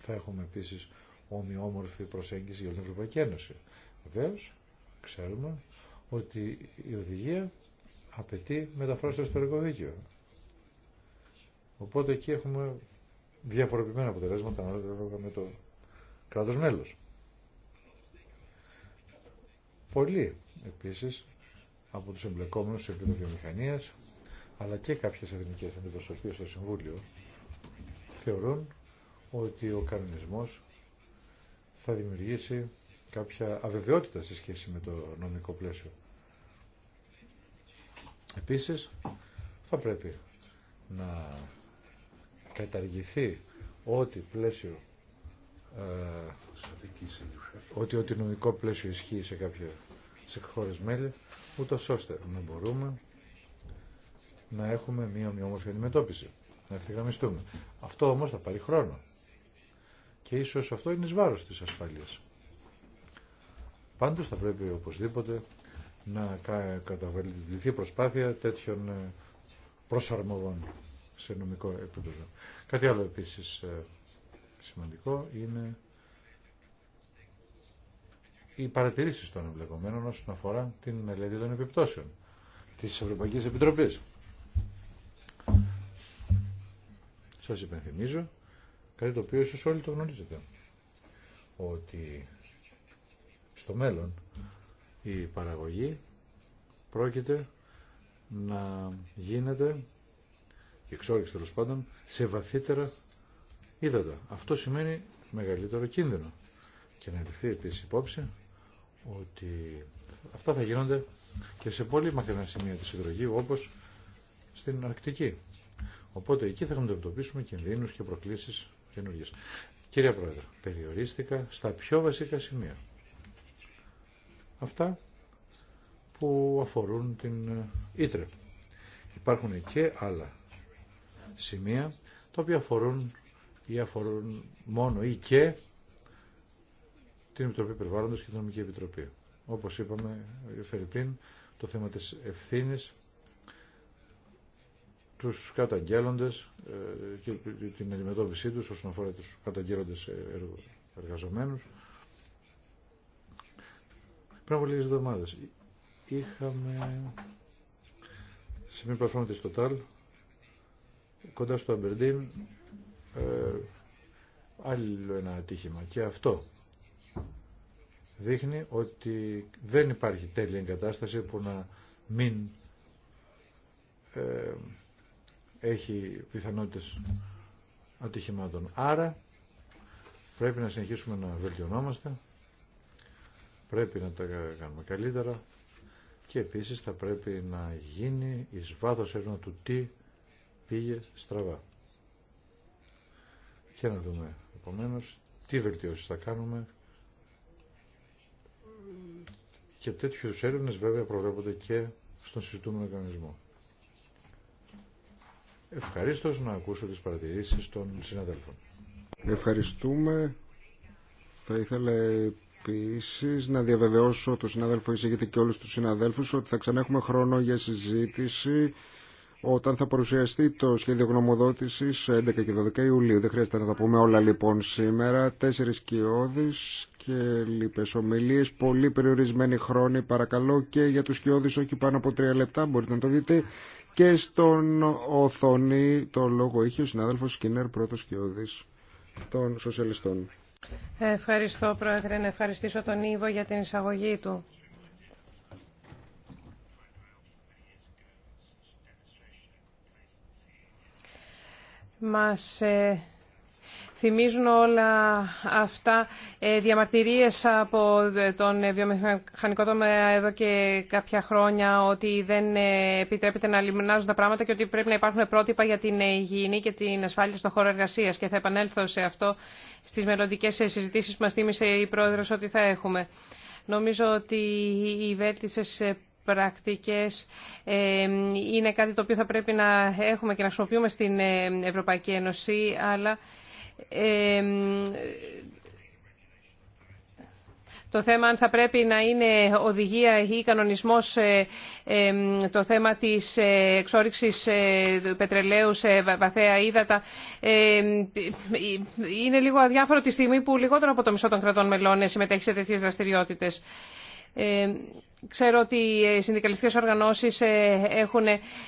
Θα έχουμε επίσης ομοιόμορφη προσέγγιση για την Ευρωπαϊκή Ένωση. Βεβαίω, ξέρουμε ότι η οδηγία απαιτεί μεταφράσει στο ιστορικό δίκαιο. Οπότε εκεί έχουμε διαφοροποιημένα αποτελέσματα ανάλογα με το κράτος μέλος. Πολλοί επίσης από τους εμπλεκόμενους σε επίπεδο αλλά και κάποιες εθνικές αντιπροσωπείες στο Συμβούλιο θεωρούν ότι ο κανονισμός θα δημιουργήσει κάποια αβεβαιότητα σε σχέση με το νομικό πλαίσιο. Επίσης, θα πρέπει να καταργηθεί ό,τι πλαίσιο ε, ότι, ότι νομικό πλαίσιο ισχύει σε κάποια σε χώρες μέλη, ούτως ώστε να μπορούμε να έχουμε μία ομοιόμορφη αντιμετώπιση να ευθυγραμμιστούμε. Αυτό όμως θα πάρει χρόνο. Και ίσως αυτό είναι ει βάρο τη ασφάλειας. Πάντως θα πρέπει οπωσδήποτε να καταβληθεί προσπάθεια τέτοιων ε, προσαρμογών σε νομικό επίπεδο. Κάτι άλλο επίσης ε, σημαντικό είναι οι παρατηρήσει των εμπλεκομένων όσον αφορά την μελέτη των επιπτώσεων της Ευρωπαϊκής Επιτροπής. σας υπενθυμίζω κάτι το οποίο ίσως όλοι το γνωρίζετε ότι στο μέλλον η παραγωγή πρόκειται να γίνεται η εξόριξη τέλο πάντων σε βαθύτερα ύδατα. Αυτό σημαίνει μεγαλύτερο κίνδυνο. Και να ληφθεί επίση υπόψη ότι αυτά θα γίνονται και σε πολύ μακρινά σημεία της υδρογείου όπως στην Αρκτική. Οπότε εκεί θα αντιμετωπίσουμε κινδύνου και προκλήσει καινούργιε. Κύριε Πρόεδρε, περιορίστηκα στα πιο βασικά σημεία. Αυτά που αφορούν την ε, Ήτρε. Υπάρχουν και άλλα σημεία τα οποία αφορούν ή αφορούν μόνο ή και την Επιτροπή Περιβάλλοντος και την Νομική Επιτροπή. Όπως είπαμε, ε, Φερρυπίν, το θέμα της ευθύνης τους καταγγέλλοντες ε, και την αντιμετώπιση του όσον αφορά του καταγγέλλοντε ε, εργαζομένους. Πριν από λίγες εβδομάδε είχαμε σε μια πλατφόρμα τη Total κοντά στο Αμπερντίν άλλο ένα ατύχημα και αυτό δείχνει ότι δεν υπάρχει τέλεια εγκατάσταση που να μην ε, έχει πιθανότητες ατυχημάτων. Άρα πρέπει να συνεχίσουμε να βελτιωνόμαστε, πρέπει να τα κάνουμε καλύτερα και επίσης θα πρέπει να γίνει εις βάθος έρευνα του τι πήγε στραβά. Και να δούμε επομένως τι βελτιώσεις θα κάνουμε και τέτοιους έρευνε βέβαια προβλέπονται και στον συζητούμενο οργανισμό. Ευχαριστώ να ακούσω τις παρατηρήσεις των συναδέλφων. Ευχαριστούμε. Θα ήθελα επίση να διαβεβαιώσω το συνάδελφο εισηγητή και όλους τους συναδέλφους ότι θα ξανά έχουμε χρόνο για συζήτηση όταν θα παρουσιαστεί το σχέδιο γνωμοδότηση 11 και 12 Ιουλίου. Δεν χρειάζεται να τα πούμε όλα λοιπόν σήμερα. Τέσσερι σκιώδει και λοιπέ ομιλίε, πολύ περιορισμένη χρόνη, παρακαλώ και για τους σκιώδει, όχι πάνω από τρία λεπτά, μπορείτε να το δείτε. Και στον οθονή το λόγο είχε ο Συνάδελφο Σκίνερ, πρώτο σκιώδη των σοσιαλιστών. Ευχαριστώ Πρόεδρε, να ευχαριστήσω τον Ήβο για την εισαγωγή του. μας ε, θυμίζουν όλα αυτά ε, διαμαρτυρίες από ε, τον βιομηχανικό τομέα εδώ και κάποια χρόνια ότι δεν επιτρέπεται να λιμνάζουν τα πράγματα και ότι πρέπει να υπάρχουν πρότυπα για την υγιεινή και την ασφάλεια στον χώρο εργασίας και θα επανέλθω σε αυτό στις μελλοντικέ συζητήσεις που μας θύμισε η Πρόεδρος ότι θα έχουμε. Νομίζω ότι οι βέλτισες πρακτικές ε, είναι κάτι το οποίο θα πρέπει να έχουμε και να χρησιμοποιούμε στην ε, Ευρωπαϊκή Ένωση, αλλά ε, το θέμα αν θα πρέπει να είναι οδηγία ή κανονισμός το θέμα της εξόριξης πετρελαίου σε βαθέα ύδατα είναι λίγο αδιάφορο τη στιγμή που λιγότερο από το μισό των κρατών μελών συμμετέχει σε τέτοιες δραστηριότητες. Ξέρω ότι οι συνδικαλιστικές οργανώσεις ε, έχουν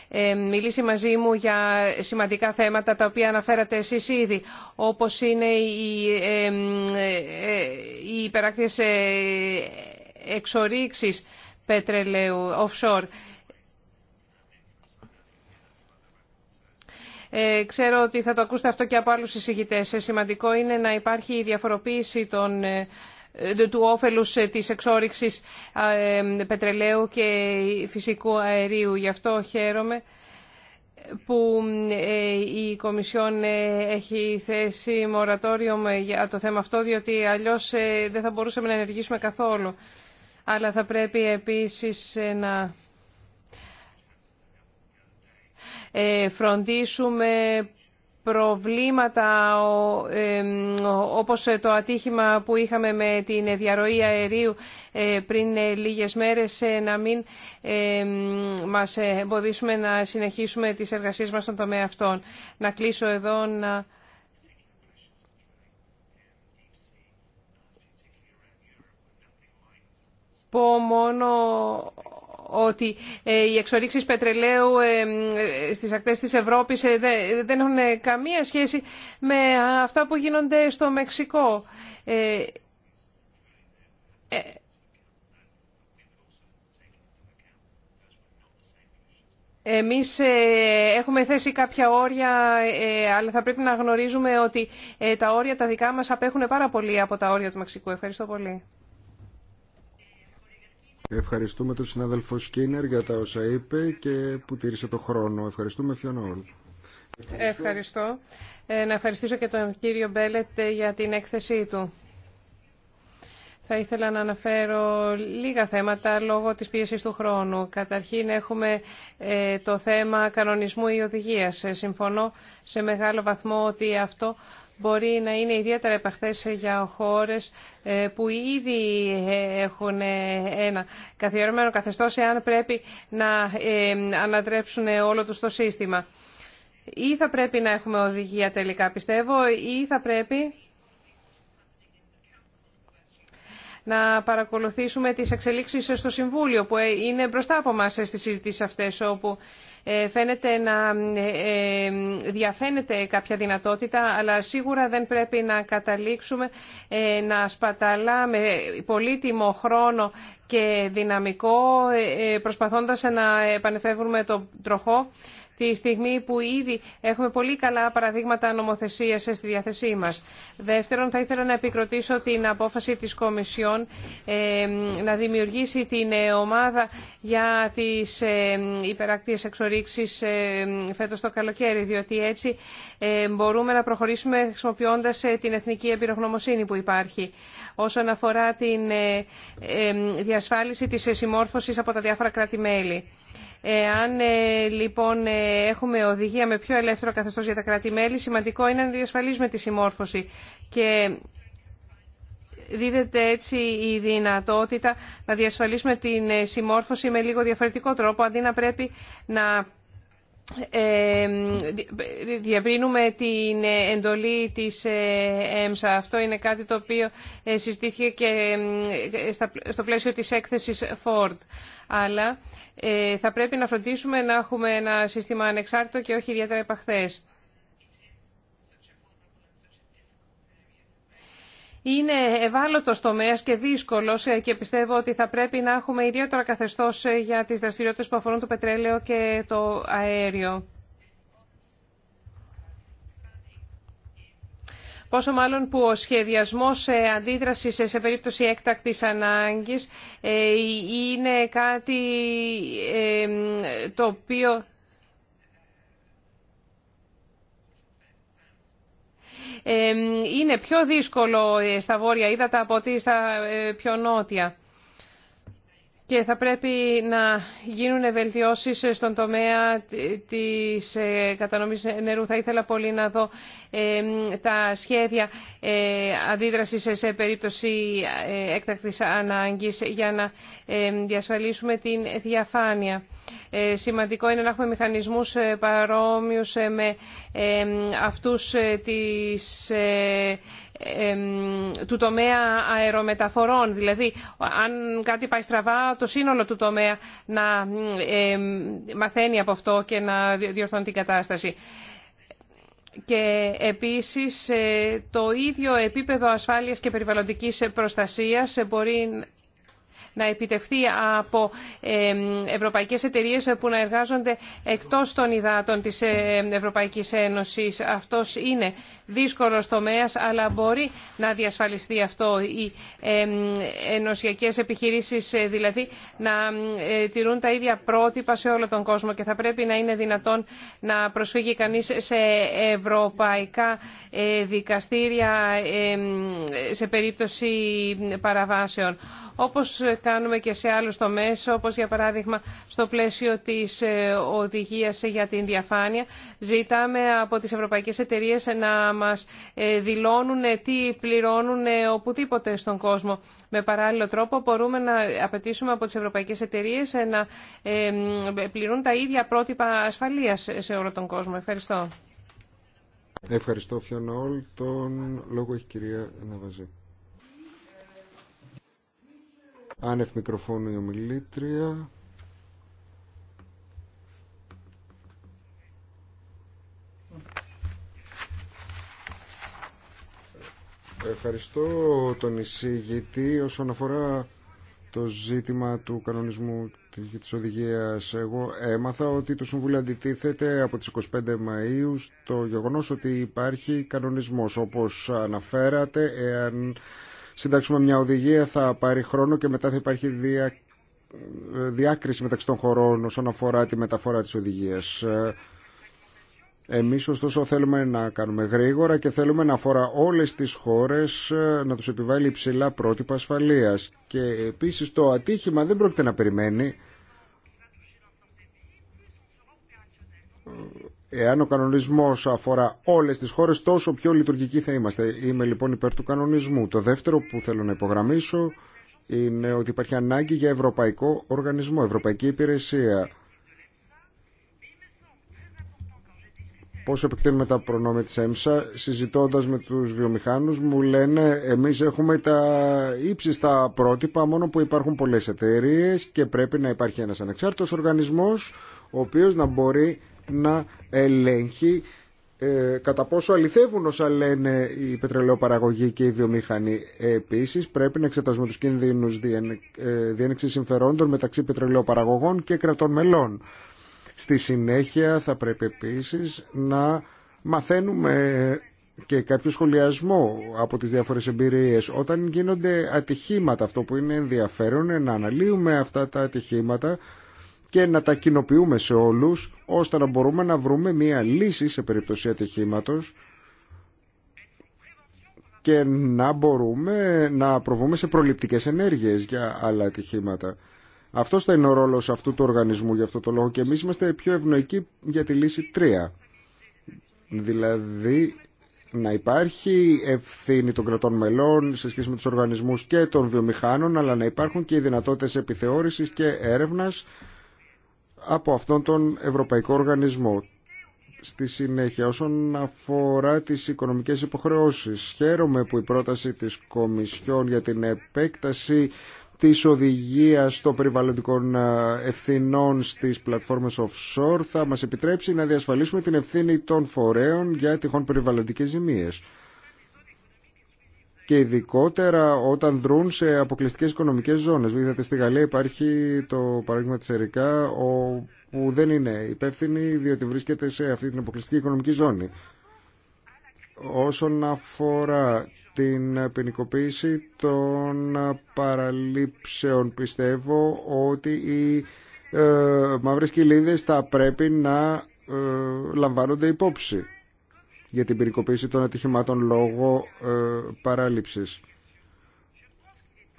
ε, μιλήσει μαζί μου για σημαντικά θέματα τα οποία αναφέρατε εσείς ήδη, όπως είναι οι, ε, οι υπεράκτιες εξορίξεις πετρελαίου offshore. Ξέρω ότι θα το ακούσετε αυτό και από άλλους εισηγητές. Σημαντικό είναι να υπάρχει η διαφοροποίηση των ε, του όφελους ε, της εξόριξης πετρελαίου και φυσικού αερίου. Γι' αυτό χαίρομαι που ε, η Κομισιόν έχει θέσει μορατόριο για το θέμα αυτό, διότι αλλιώς δεν θα μπορούσαμε να ενεργήσουμε καθόλου. Αλλά θα πρέπει επίσης να φροντίσουμε προβλήματα όπως το ατύχημα που είχαμε με την διαρροή αερίου ε, πριν ε, λίγες μέρες ε, να μην μας εμποδίσουμε να συνεχίσουμε τις εργασίες μας στον τομέα αυτών. Να κλείσω εδώ να... Πω μόνο ότι ε, οι εξορίξεις πετρελαίου ε, στις ακτές της Ευρώπης ε, δεν έχουν καμία σχέση με αυτά που γίνονται στο Μεξικό. Εμείς έχουμε θέσει κάποια όρια, αλλά θα πρέπει να γνωρίζουμε ότι τα όρια τα δικά μας απέχουν πάρα πολύ από τα όρια του Μεξικού. Ευχαριστώ πολύ. Ευχαριστούμε τον συνάδελφο Σκίνερ για τα όσα είπε και που τήρησε το χρόνο. Ευχαριστούμε φιόν Ευχαριστώ. Ε, να ευχαριστήσω και τον κύριο Μπέλετ ε, για την έκθεσή του. Θα ήθελα να αναφέρω λίγα θέματα λόγω της πίεσης του χρόνου. Καταρχήν έχουμε ε, το θέμα κανονισμού ή οδηγίας. Συμφωνώ σε μεγάλο βαθμό ότι αυτό μπορεί να είναι ιδιαίτερα επαχθές για χώρες ε, που ήδη ε, έχουν ε, ένα καθιερωμένο καθεστώς εάν πρέπει να ανατρέψουν όλο τους το σύστημα. Ή θα πρέπει να έχουμε οδηγία τελικά πιστεύω ή θα πρέπει να παρακολουθήσουμε τις εξελίξεις στο Συμβούλιο που είναι μπροστά από μας στις συζητήσεις αυτές όπου ε, φαίνεται να ε, ε, διαφαίνεται κάποια δυνατότητα, αλλά σίγουρα δεν πρέπει να καταλήξουμε να σπαταλάμε πολύτιμο χρόνο και δυναμικό προσπαθώντας να επανεφεύρουμε το τροχό τη στιγμή που ήδη έχουμε πολύ καλά παραδείγματα νομοθεσία στη διάθεσή μα. Δεύτερον, θα ήθελα να επικροτήσω την απόφαση τη Κομισιόν ε, να δημιουργήσει την ε, ομάδα για τι ε, υπερακτίε εξορίξει φέτο το καλοκαίρι, διότι έτσι μπορούμε να προχωρήσουμε χρησιμοποιώντα την εθνική εμπειρογνωμοσύνη που υπάρχει. Όσον αφορά την διασφάλιση τη συμμόρφωση από τα διάφορα κράτη-μέλη. Ε, αν ε, λοιπόν ε, έχουμε οδηγία με πιο ελεύθερο καθεστώς για τα κράτη-μέλη, σημαντικό είναι να διασφαλίσουμε τη συμμόρφωση και δίδεται έτσι η δυνατότητα να διασφαλίσουμε την συμμόρφωση με λίγο διαφορετικό τρόπο, αντί να πρέπει να ε, διαβρύνουμε την εντολή της ε, ΕΜΣΑ. Αυτό είναι κάτι το οποίο ε, συζητήθηκε και στο πλαίσιο της έκθεσης Ford. Αλλά θα πρέπει να φροντίσουμε να έχουμε ένα σύστημα ανεξάρτητο και όχι ιδιαίτερα επαχθές. Είναι ευάλωτο τομέα και δύσκολο ε, και πιστεύω ότι θα πρέπει να έχουμε ιδιαίτερα καθεστώ ε, για τις δραστηριότητε που αφορούν το πετρέλαιο και το αέριο. πόσο μάλλον που ο σχεδιασμός ε, αντίδρασης σε περίπτωση έκτακτης ανάγκης είναι κάτι το οποίο Ε, είναι πιο δύσκολο ε, στα βόρεια ύδατα από ότι στα ε, πιο νότια και θα πρέπει να γίνουν βελτιώσεις στον τομέα της ε, κατανομής νερού. Θα ήθελα πολύ να δω ε, τα σχέδια ε, αντίδρασης σε περίπτωση έκτακτης ανάγκης για να διασφαλίσουμε την διαφάνεια. Σημαντικό είναι να έχουμε μηχανισμούς παρόμοιους με αυτούς της του τομέα αερομεταφορών. Δηλαδή, αν κάτι πάει στραβά, το σύνολο του τομέα να μαθαίνει από αυτό και να διορθώνει την κατάσταση. Και επίσης, ε, το ίδιο επίπεδο ασφάλειας και περιβαλλοντικής προστασίας μπορεί να επιτευχθεί από ευρωπαϊκές εταιρείες που να εργάζονται εκτός των υδάτων της ε, Ευρωπαϊκής Ένωσης. Αυτός είναι δύσκολος τομέας, αλλά μπορεί να διασφαλιστεί αυτό. Οι ενωσιακές επιχειρήσεις ε, δηλαδή να ε, τηρούν τα ίδια πρότυπα σε όλο τον κόσμο και θα πρέπει να είναι δυνατόν να προσφύγει κανείς σε ευρωπαϊκά δικαστήρια σε περίπτωση παραβάσεων όπως κάνουμε και σε άλλους τομείς, όπως για παράδειγμα στο πλαίσιο της ε, οδηγίας για την διαφάνεια. Ζητάμε από τις ευρωπαϊκές εταιρείες να μας ε, δηλώνουν τι πληρώνουν ε, οπουδήποτε στον κόσμο. Με παράλληλο τρόπο μπορούμε να απαιτήσουμε από τις ευρωπαϊκές εταιρείες να πληρούν τα ίδια πρότυπα ασφαλείας σε όλο τον κόσμο. Ευχαριστώ. Ευχαριστώ Φιονόλ, Τον λόγο έχει η κυρία Ναβαζή. Άνευ μικροφώνου η ομιλήτρια. Ευχαριστώ τον εισηγητή όσον αφορά το ζήτημα του κανονισμού της οδηγίας. Εγώ έμαθα ότι το Συμβούλιο αντιτίθεται από τις 25 Μαΐου στο γεγονός ότι υπάρχει κανονισμός. Όπως αναφέρατε, εάν συντάξουμε μια οδηγία θα πάρει χρόνο και μετά θα υπάρχει διάκριση μεταξύ των χωρών όσον αφορά τη μεταφορά της οδηγίας. Εμείς ωστόσο θέλουμε να κάνουμε γρήγορα και θέλουμε να αφορά όλες τις χώρες ε, να τους επιβάλλει υψηλά πρότυπα ασφαλείας. Και επίσης το ατύχημα δεν πρόκειται να περιμένει. Εάν ο κανονισμό αφορά όλε τι χώρε τόσο πιο λειτουργικοί θα είμαστε. Είμαι λοιπόν υπέρ του κανονισμού. Το δεύτερο που θέλω να υπογραμμίσω είναι ότι υπάρχει ανάγκη για ευρωπαϊκό οργανισμό, ευρωπαϊκή υπηρεσία. Πώς επεκτείνουμε τα προνόμια της ΕΜΣΑ, συζητώντας με τους βιομηχάνους, μου λένε εμείς έχουμε τα ύψιστα πρότυπα, μόνο που υπάρχουν πολλές εταιρείε και πρέπει να υπάρχει ένας ανεξάρτητο οργανισμός, ο οποίος να μπορεί να ελέγχει ε, κατά πόσο αληθεύουν όσα λένε η πετρελαιοπαραγωγή και οι βιομηχανή. Επίση, πρέπει να εξετασούμε τους κίνδυνους ε, διένεξης συμφερόντων μεταξύ πετρελαιοπαραγωγών και κρατών μελών. Στη συνέχεια θα πρέπει επίσης να μαθαίνουμε και κάποιο σχολιασμό από τις διάφορες εμπειρίες. Όταν γίνονται ατυχήματα, αυτό που είναι ενδιαφέρον να αναλύουμε αυτά τα ατυχήματα και να τα κοινοποιούμε σε όλους ώστε να μπορούμε να βρούμε μια λύση σε περίπτωση ατυχήματος και να μπορούμε να προβούμε σε προληπτικές ενέργειες για άλλα ατυχήματα. Αυτό θα είναι ο ρόλος αυτού του οργανισμού για αυτό το λόγο και εμείς είμαστε πιο ευνοϊκοί για τη λύση 3. Δηλαδή να υπάρχει ευθύνη των κρατών μελών σε σχέση με τους οργανισμούς και των βιομηχάνων αλλά να υπάρχουν και οι δυνατότητες επιθεώρησης και έρευνας από αυτόν τον Ευρωπαϊκό Οργανισμό. Στη συνέχεια, όσον αφορά τις οικονομικές υποχρεώσεις, χαίρομαι που η πρόταση της Κομισιόν για την επέκταση της οδηγίας των περιβαλλοντικών ε, ευθυνών στις πλατφόρμες offshore θα μας επιτρέψει να διασφαλίσουμε την ευθύνη των φορέων για τυχόν περιβαλλοντικές ζημιέ και ειδικότερα όταν δρούν σε αποκλειστικές οικονομικές ζώνες. Βλέπετε, στη Γαλλία υπάρχει το παράδειγμα τη Ερικά που δεν είναι υπεύθυνη διότι βρίσκεται σε αυτή την αποκλειστική οικονομική ζώνη. Όσον αφορά την ποινικοποίηση των παραλήψεων πιστεύω ότι οι ε, μαύρες κοιλίδες θα πρέπει να ε, λαμβάνονται υπόψη για την περικοπήση των ατυχημάτων λόγω ε,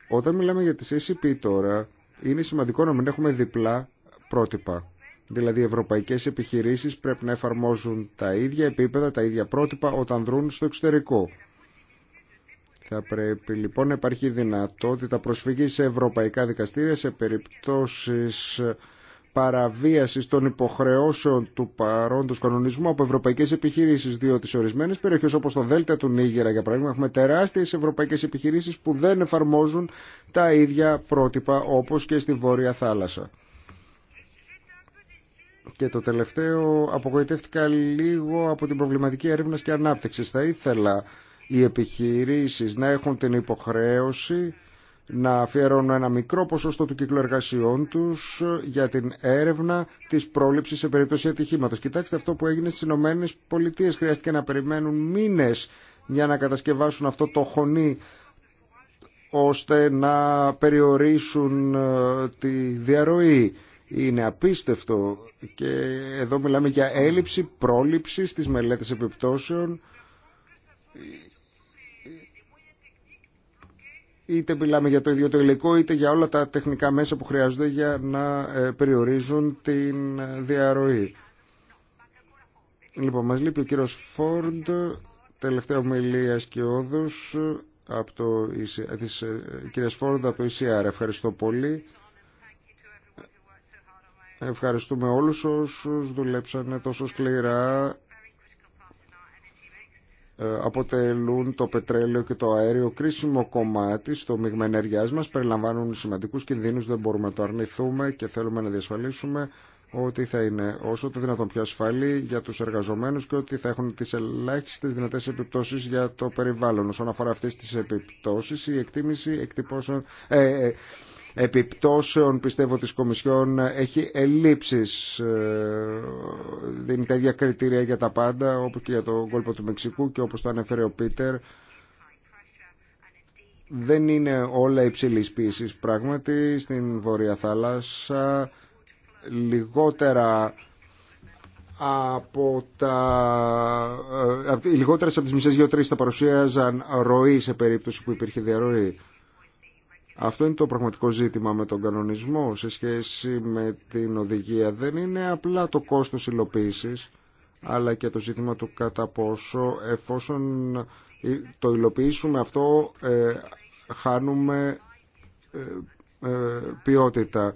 Όταν μιλάμε για τις SCP τώρα, είναι σημαντικό να μην έχουμε διπλά πρότυπα. Δηλαδή, οι ευρωπαϊκές επιχειρήσεις πρέπει να εφαρμόζουν τα ίδια επίπεδα, τα ίδια πρότυπα όταν δρούν στο εξωτερικό. Θα πρέπει λοιπόν να υπάρχει δυνατότητα προσφυγής σε ευρωπαϊκά δικαστήρια σε περιπτώσεις παραβίασης των υποχρεώσεων του παρόντος κανονισμού από ευρωπαϊκές επιχειρήσεις, διότι σε ορισμένες περιοχές όπως το Δέλτα του Νίγερα για παράδειγμα, έχουμε τεράστιες ευρωπαϊκές επιχειρήσεις που δεν εφαρμόζουν τα ίδια πρότυπα όπως και στη Βόρεια Θάλασσα. Και το τελευταίο, απογοητεύτηκα λίγο από την προβληματική έρευνα και ανάπτυξη. Θα ήθελα οι επιχειρήσεις να έχουν την υποχρέωση να αφιερώνουν ένα μικρό ποσοστό του κύκλου εργασιών τους για την έρευνα τη πρόληψη σε περίπτωση ατυχήματο. Κοιτάξτε αυτό που έγινε στι Ηνωμένε Πολιτείε. Χρειάστηκε να περιμένουν μήνες για να κατασκευάσουν αυτό το χωνί ώστε να περιορίσουν ε, τη διαρροή. Είναι απίστευτο και εδώ μιλάμε για έλλειψη πρόληψης της μελέτης επιπτώσεων είτε μιλάμε για το ίδιο το υλικό είτε για όλα τα τεχνικά μέσα που χρειάζονται για να ε, περιορίζουν την διαρροή. Λοιπόν, μας λείπει ο κύριος Φόρντ, τελευταία ομιλία σκιώδους από το, ε, της ε, κυρίας Φόρντ από το ECR. Ευχαριστώ πολύ. Ευχαριστούμε όλους όσους δουλέψανε τόσο σκληρά ε, αποτελούν το πετρέλαιο και το αέριο κρίσιμο κομμάτι στο μείγμα ενέργειάς μας, περιλαμβάνουν σημαντικούς κινδύνους, δεν μπορούμε να το αρνηθούμε και θέλουμε να διασφαλίσουμε ότι θα είναι όσο το δυνατόν πιο ασφαλή για τους εργαζομένους και ότι θα έχουν τις ελάχιστες δυνατές επιπτώσεις για το περιβάλλον. Όσον αφορά αυτές τις επιπτώσεις, η εκτίμηση εκτυπώσεων, ε, ε, επιπτώσεων πιστεύω της Κομισιόν έχει ελλείψεις ε, δίνει τα ίδια κριτήρια για τα πάντα όπως και για τον κόλπο του Μεξικού και όπως το ανέφερε ο Πίτερ δεν είναι όλα υψηλής πίεσης πράγματι στην Βόρεια Θάλασσα λιγότερα από τα ε, ε, λιγότερες από τις μισές γεωτρήσεις θα παρουσίαζαν ροή σε περίπτωση που υπήρχε διαρροή αυτό είναι το πραγματικό ζήτημα με τον κανονισμό σε σχέση με την οδηγία. Δεν είναι απλά το κόστος υλοποίησης, αλλά και το ζήτημα του κατά πόσο εφόσον ε, το υλοποιήσουμε αυτό ε, χάνουμε ε, ποιότητα.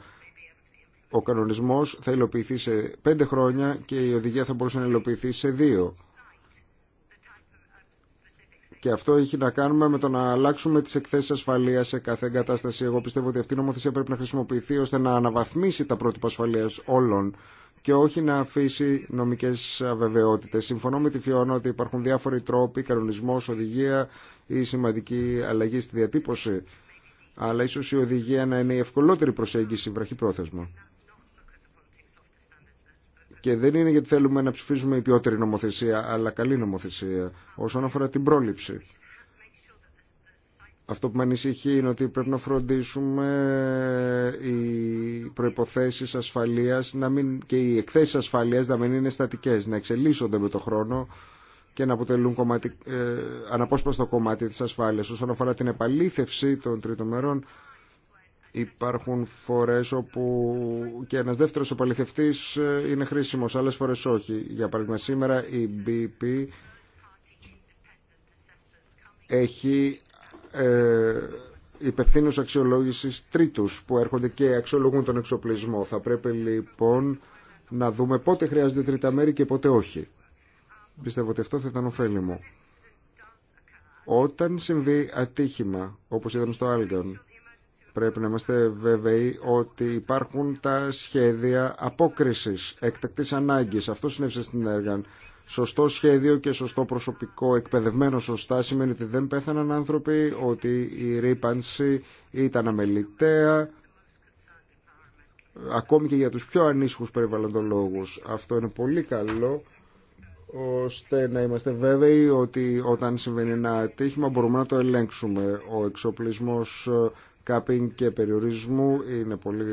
Ο κανονισμός θα υλοποιηθεί σε πέντε χρόνια και η οδηγία θα μπορούσε να υλοποιηθεί σε δύο. Και αυτό έχει να κάνουμε με το να αλλάξουμε τι εκθέσει ασφαλεία σε κάθε εγκατάσταση. Εγώ πιστεύω ότι αυτή η νομοθεσία πρέπει να χρησιμοποιηθεί ώστε να αναβαθμίσει τα πρότυπα ασφαλεία όλων και όχι να αφήσει νομικέ αβεβαιότητε. Συμφωνώ με τη Φιώνα ότι υπάρχουν διάφοροι τρόποι, κανονισμό, οδηγία ή σημαντική αλλαγή στη διατύπωση. Αλλά ίσω η οδηγία να είναι η ευκολότερη προσέγγιση βραχυπρόθεσμα. βραχυπροθεσμα και δεν είναι γιατί θέλουμε να ψηφίζουμε η ποιότερη νομοθεσία, αλλά καλή νομοθεσία όσον αφορά την πρόληψη. Αυτό που με ανησυχεί είναι ότι πρέπει να φροντίσουμε οι προϋποθέσεις ασφαλείας να μην, και οι εκθέσεις ασφαλείας να μην είναι στατικές, να εξελίσσονται με το χρόνο και να αποτελούν κομμάτι, ε, αναπόσπαστο κομμάτι της ασφάλειας. Όσον αφορά την επαλήθευση των τρίτων μερών, Υπάρχουν φορές όπου και ένας δεύτερος επαληθευτής ε, είναι χρήσιμος, άλλες φορές όχι. Για παράδειγμα σήμερα η BP έχει ε, υπευθύνου αξιολόγηση τρίτους που έρχονται και αξιολογούν τον εξοπλισμό. Θα πρέπει λοιπόν να δούμε πότε χρειάζονται τρίτα μέρη και πότε όχι. Πιστεύω ότι αυτό θα ήταν ωφέλιμο. Όταν συμβεί ατύχημα, όπως είδαμε στο Άλγκαν, Πρέπει να είμαστε βέβαιοι ότι υπάρχουν τα σχέδια απόκρισης, εκτακτής ανάγκης. Αυτό συνέβησε στην έργα. Σωστό σχέδιο και σωστό προσωπικό, εκπαιδευμένο σωστά, σημαίνει ότι δεν πέθαναν άνθρωποι, ότι η ρήπανση ήταν αμεληταία, ακόμη και για τους πιο ανήσυχους περιβαλλοντολόγους. Αυτό είναι πολύ καλό ώστε να είμαστε βέβαιοι ότι όταν συμβαίνει ένα ατύχημα μπορούμε να το ελέγξουμε. Ο εξοπλισμός κάπινγκ και περιορισμού είναι πολύ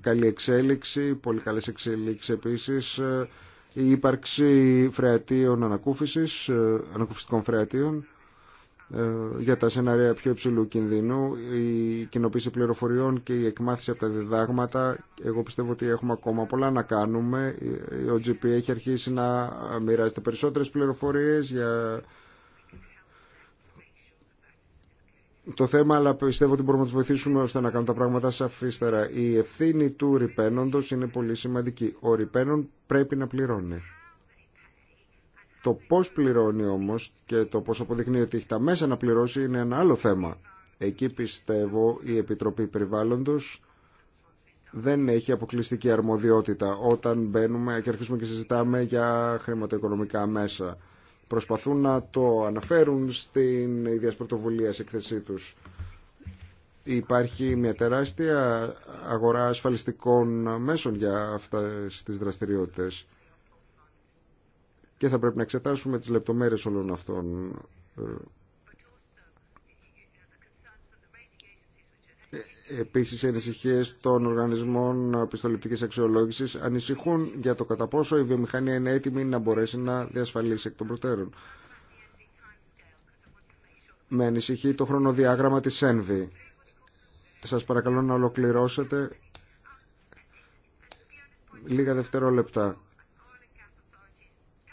καλή εξέλιξη, πολύ καλές εξέλιξεις επίσης η ύπαρξη φρεατίων ανακούφισης, ανακουφιστικών φρεατίων ε, για τα σενάρια πιο υψηλού κινδύνου, η κοινοποίηση πληροφοριών και η εκμάθηση από τα διδάγματα. Εγώ πιστεύω ότι έχουμε ακόμα πολλά να κάνουμε. Ο GP έχει αρχίσει να μοιράζεται περισσότερες πληροφορίες για το θέμα, αλλά πιστεύω ότι μπορούμε να του βοηθήσουμε ώστε να κάνουν τα πράγματα σαφίστερα. Η ευθύνη του ρηπαίνοντο είναι πολύ σημαντική. Ο ρηπαίνον πρέπει να πληρώνει. Το πώ πληρώνει όμω και το πώ αποδεικνύει ότι έχει τα μέσα να πληρώσει είναι ένα άλλο θέμα. Εκεί πιστεύω η Επιτροπή Περιβάλλοντο δεν έχει αποκλειστική αρμοδιότητα όταν μπαίνουμε και αρχίσουμε και συζητάμε για χρηματοοικονομικά μέσα προσπαθούν να το αναφέρουν στην ίδια πρωτοβουλία εκθεσή τους. Υπάρχει μια τεράστια αγορά ασφαλιστικών μέσων για αυτές τις δραστηριότητες και θα πρέπει να εξετάσουμε τις λεπτομέρειες όλων αυτών ε, Επίσης, οι των οργανισμών πιστοληπτικής αξιολόγησης ανησυχούν για το κατά πόσο η βιομηχανία είναι έτοιμη να μπορέσει να διασφαλίσει εκ των προτέρων. Με ανησυχεί το χρονοδιάγραμμα της ΕΝΒΗ. Σας παρακαλώ να ολοκληρώσετε λίγα δευτερόλεπτα.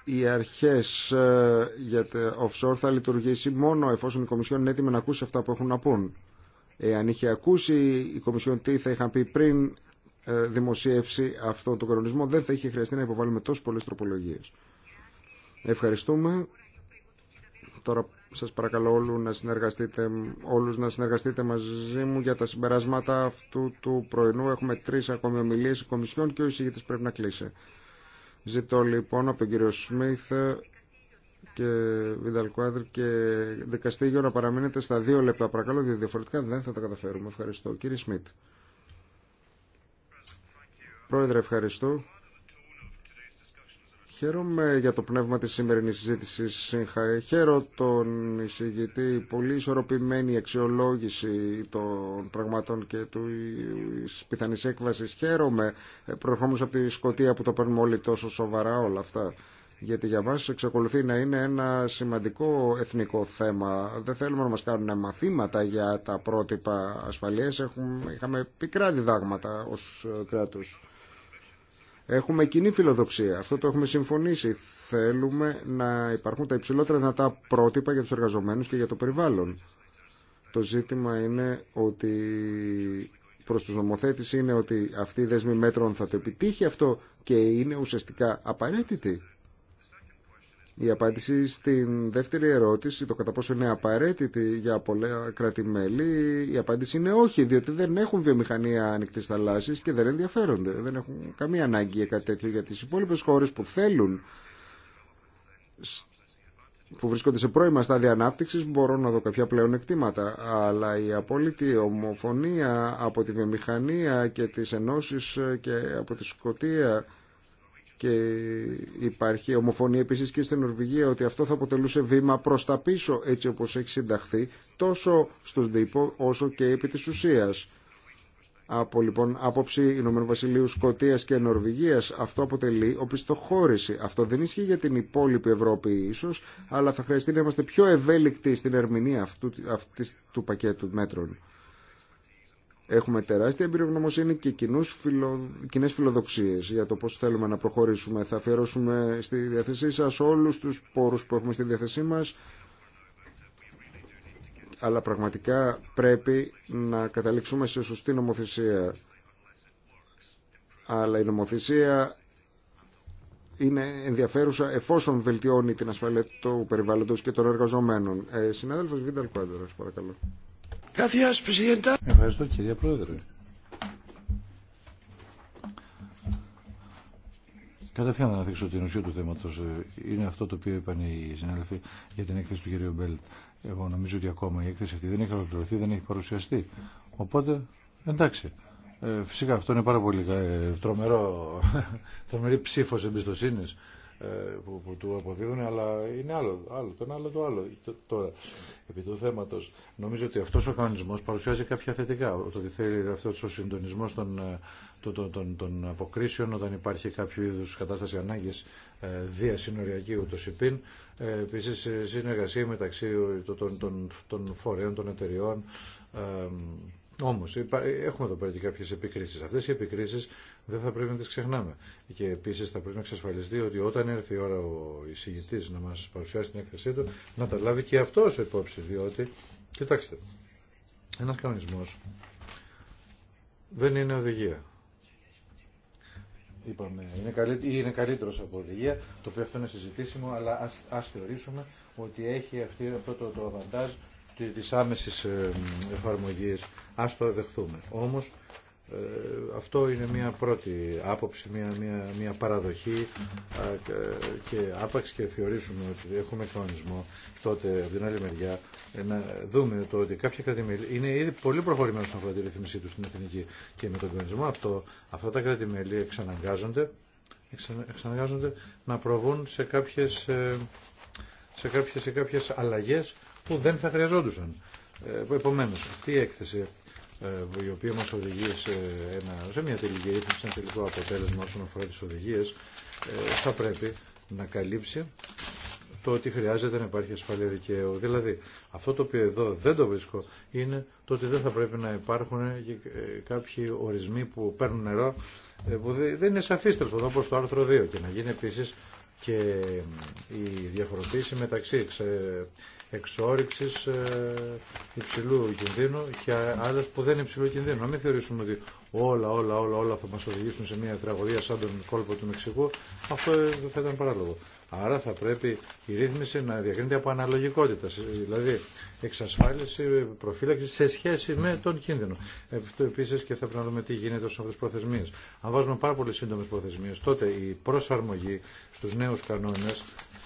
Οι αρχές ε, για το offshore θα λειτουργήσει μόνο εφόσον η Κομισιόν είναι έτοιμη να ακούσει αυτά που έχουν να πούν. Εάν είχε ακούσει η Κομισιόν τι θα είχαν πει πριν ε, δημοσίευση αυτόν τον κανονισμό, δεν θα είχε χρειαστεί να υποβάλουμε τόσε πολλέ τροπολογίε. Ευχαριστούμε. Τώρα σας παρακαλώ όλους να, συνεργαστείτε, όλους να συνεργαστείτε μαζί μου για τα συμπεράσματα αυτού του πρωινού. Έχουμε τρεις ακόμη ομιλίες Κομισιόν και ο εισηγητής πρέπει να κλείσει. Ζητώ λοιπόν από τον κύριο Σμίθ και Βινταλκουάδρ και Δεκαστήγιο να παραμείνετε στα δύο λεπτά παρακαλώ διότι διαφορετικά δεν θα τα καταφέρουμε. Ευχαριστώ. Κύριε Σμιτ. Πρόεδρε ευχαριστώ. Χαίρομαι για το πνεύμα της σημερινής συζήτησης. Χαίρο τον εισηγητή. Πολύ ισορροπημένη αξιολόγηση των πραγματών και του πιθανής έκβασης. Χαίρομαι. Ε, προερχόμενος από τη Σκοτία που το παίρνουμε όλοι τόσο σοβαρά όλα αυτά γιατί για μας εξακολουθεί να είναι ένα σημαντικό εθνικό θέμα. Δεν θέλουμε να μας κάνουν μαθήματα για τα πρότυπα ασφαλείας. Έχουμε, είχαμε πικρά διδάγματα ως ε, κράτος. Έχουμε κοινή φιλοδοξία. Αυτό το έχουμε συμφωνήσει. Θέλουμε να υπάρχουν τα υψηλότερα δυνατά πρότυπα για τους εργαζομένους και για το περιβάλλον. Το ζήτημα είναι ότι προς τους νομοθέτης είναι ότι αυτή η δέσμη μέτρων θα το επιτύχει αυτό και είναι ουσιαστικά απαραίτητη η απάντηση στην δεύτερη ερώτηση, το κατά πόσο είναι απαραίτητη για πολλά κράτη-μέλη, η απάντηση είναι όχι, διότι δεν έχουν βιομηχανία ανοιχτή θαλάσση και δεν ενδιαφέρονται. Δεν έχουν καμία ανάγκη για κάτι τέτοιο για τι υπόλοιπε χώρε που θέλουν, που βρίσκονται σε πρώιμα στάδια ανάπτυξη, μπορώ να δω κάποια πλέον εκτήματα. Αλλά η απόλυτη ομοφωνία από τη βιομηχανία και τι ενώσει και από τη Σκοτία και υπάρχει ομοφωνία επίσης και στην Νορβηγία ότι αυτό θα αποτελούσε βήμα προς τα πίσω έτσι όπως έχει συνταχθεί τόσο στους τύπο όσο και επί της ουσίας. Από λοιπόν άποψη Ηνωμένου Βασιλείου, Σκοτία και Νορβηγία, αυτό αποτελεί οπισθοχώρηση. Αυτό δεν ισχύει για την υπόλοιπη Ευρώπη, ίσω, αλλά θα χρειαστεί να είμαστε πιο ευέλικτοι στην ερμηνεία αυτού, του πακέτου μέτρων. Έχουμε τεράστια εμπειρογνωμοσύνη και φιλο... κοινέ φιλοδοξίε για το πώ θέλουμε να προχωρήσουμε. Θα αφιερώσουμε στη διάθεσή σα όλου του πόρου που έχουμε στη διάθεσή μα. Αλλά πραγματικά πρέπει να καταλήξουμε σε σωστή νομοθεσία. Αλλά η νομοθεσία είναι ενδιαφέρουσα εφόσον βελτιώνει την ασφαλεία του περιβάλλοντος και των εργαζομένων. Ε, συνάδελφος Βίνταλ παρακαλώ. Ευχαριστώ κυρία Πρόεδρε. Καταρχήν να αναδείξω την ουσία του θέματο. Είναι αυτό το οποίο είπαν οι συνάδελφοι για την έκθεση του κ. Μπέλτ. Εγώ νομίζω ότι ακόμα η έκθεση αυτή δεν έχει ολοκληρωθεί, δεν έχει παρουσιαστεί. Οπότε, εντάξει. Ε, φυσικά αυτό είναι πάρα πολύ ε, τρομερό, τρομερή ψήφο εμπιστοσύνη ε, που, που του αποδίδουν, αλλά είναι άλλο, άλλο τον άλλο το άλλο. Τώρα, επί του θέματος, νομίζω ότι αυτό ο κανονισμό παρουσιάζει κάποια θετικά, το ότι θέλει αυτός ο συντονισμό των, ε, των, των, των αποκρίσεων όταν υπάρχει κάποιο είδου κατάσταση ανάγκης ε, διασυνοριακή ή πιν. επίση συνεργασία μεταξύ των, των, των φορέων, των εταιριών, Όμω, έχουμε εδώ πέρα και κάποιε επικρίσει. Αυτέ οι επικρίσει δεν θα πρέπει να τι ξεχνάμε. Και επίση θα πρέπει να εξασφαλιστεί ότι όταν έρθει η ώρα ο εισηγητή να μα παρουσιάσει την έκθεσή του, να τα λάβει και αυτό υπόψη. Διότι, κοιτάξτε, ένα κανονισμό δεν είναι οδηγία. Είπαμε, είναι, καλύτερο, είναι καλύτερος από οδηγία, το οποίο αυτό είναι συζητήσιμο, αλλά ας, ας θεωρήσουμε ότι έχει αυτή, αυτό το, το, της άμεσης ε, εφαρμογής, ας το δεχθούμε. Όμως ε, αυτό είναι μια πρώτη άποψη, μια, μια, μια παραδοχή και άπαξ και θεωρήσουμε ότι έχουμε κανονισμό τότε από την άλλη μεριά ε, να δούμε το ότι κάποια κρατημέλη είναι ήδη πολύ προχωρημένο στον αφορά τη ρυθμισή του στην εθνική και με τον κανονισμό αυτό αυτά τα κρατημέλη εξαναγκάζονται, εξαναγκάζονται να προβούν σε κάποιες, σε κάποιες, σε κάποιες αλλαγές που δεν θα χρειαζόντουσαν. Ε, Επομένω αυτή η έκθεση ε, η οποία μας οδηγεί σε, ένα, σε μια τελική ρύθμιση, ένα τελικό αποτέλεσμα όσον αφορά τις οδηγίες, ε, θα πρέπει να καλύψει το ότι χρειάζεται να υπάρχει ασφάλεια δικαίου. Δηλαδή, αυτό το οποίο εδώ δεν το βρίσκω είναι το ότι δεν θα πρέπει να υπάρχουν κάποιοι ορισμοί που παίρνουν νερό που δεν είναι σαφείς τέλος όπως το άρθρο 2 και να γίνει επίσης και η διαφοροποίηση μεταξύ Εξόριξη ε, υψηλού κινδύνου και άλλες που δεν είναι υψηλού κινδύνου. Να μην θεωρήσουμε ότι όλα, όλα, όλα, όλα θα μας οδηγήσουν σε μια τραγωδία σαν τον κόλπο του Μεξικού. Αυτό ε, θα ήταν παράλογο. Άρα θα πρέπει η ρύθμιση να διακρίνεται από αναλογικότητα, δηλαδή εξασφάλιση, ε, προφύλαξη σε σχέση με τον κίνδυνο. Αυτό επίση και θα πρέπει να δούμε τι γίνεται όσον αυτές τι προθεσμίε. Αν βάζουμε πάρα πολύ σύντομε προθεσμίε, τότε η προσαρμογή στου νέου κανόνε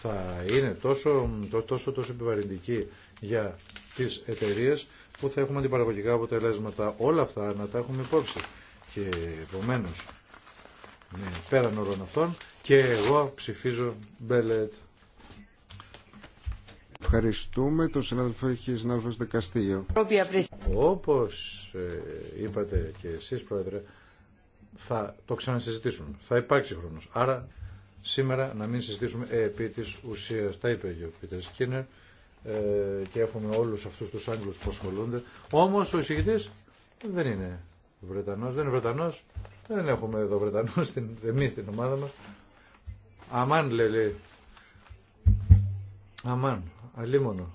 θα είναι τόσο, τόσο, τόσο επιβαρυντική για τις εταιρείε που θα έχουμε αντιπαραγωγικά αποτελέσματα όλα αυτά να τα έχουμε υπόψη. Και επομένω, πέραν όλων αυτών και εγώ ψηφίζω Μπέλετ. Ευχαριστούμε τον συνάδελφο Χιζνάλφος Δεκαστήγιο. Όπως ε, είπατε και εσείς πρόεδρε, θα το ξανασυζητήσουμε. Θα υπάρξει χρόνος. Άρα σήμερα να μην συζητήσουμε ε, επί της ουσίας. Τα είπε και ο Πίτερ Σκίνερ ε, και έχουμε όλου αυτού του Άγγλου που ασχολούνται. Όμως ο εισηγητή δεν είναι Βρετανός, δεν είναι Βρετανός. Δεν έχουμε εδώ Βρετανού στην, στην ομάδα μας. Αμάν λέει, λέει. Αμάν, αλίμονο.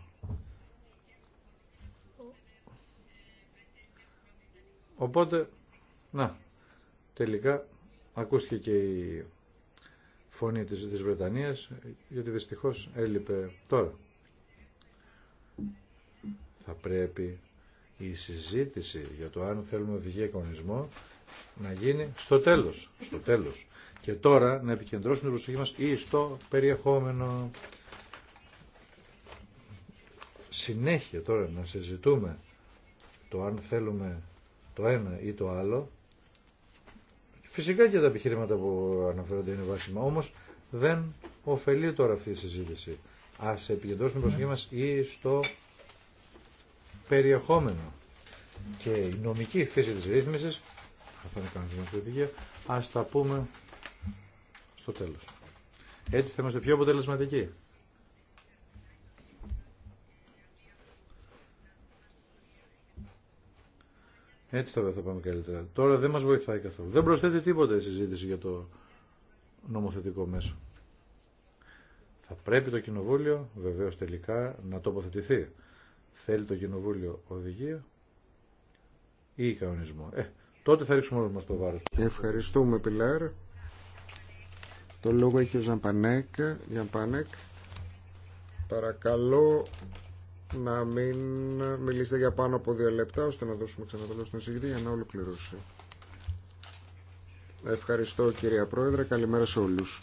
Οπότε, να, τελικά ακούστηκε και η φωνή της, της Βρετανίας, γιατί δυστυχώς έλειπε τώρα. Θα πρέπει η συζήτηση για το αν θέλουμε διεκονίσμο να γίνει στο τέλος, στο τέλος. Και τώρα να επικεντρώσουμε την προσοχή μας ή στο περιεχόμενο. Συνέχεια τώρα να συζητούμε το αν θέλουμε το ένα ή το άλλο Φυσικά και τα επιχειρήματα που αναφέρονται είναι βάσιμα, όμως δεν ωφελεί τώρα αυτή η συζήτηση. Ας επικεντρώσουμε την προσοχή μα ή στο περιεχόμενο και η νομική φύση της ρύθμιση, αυτό είναι κανένα ας τα πούμε στο τέλος. Έτσι θα είμαστε πιο αποτελεσματικοί. Έτσι τώρα θα πάμε καλύτερα. Τώρα δεν μας βοηθάει καθόλου. Δεν προσθέτει τίποτα η συζήτηση για το νομοθετικό μέσο. Θα πρέπει το Κοινοβούλιο βεβαίως τελικά να τοποθετηθεί. Θέλει το Κοινοβούλιο οδηγία ή κανονισμό. Ε, τότε θα ρίξουμε όλους μας το βάρος. Ευχαριστούμε Πιλάρ. Το λόγο έχει ο Ζαμπανέκ. Ζαμπανέκ. Παρακαλώ να μην μιλήσετε για πάνω από δύο λεπτά ώστε να δώσουμε ξανά το λόγο στην εισηγητή για να ολοκληρώσει. Ευχαριστώ κυρία Πρόεδρε, καλημέρα σε όλους.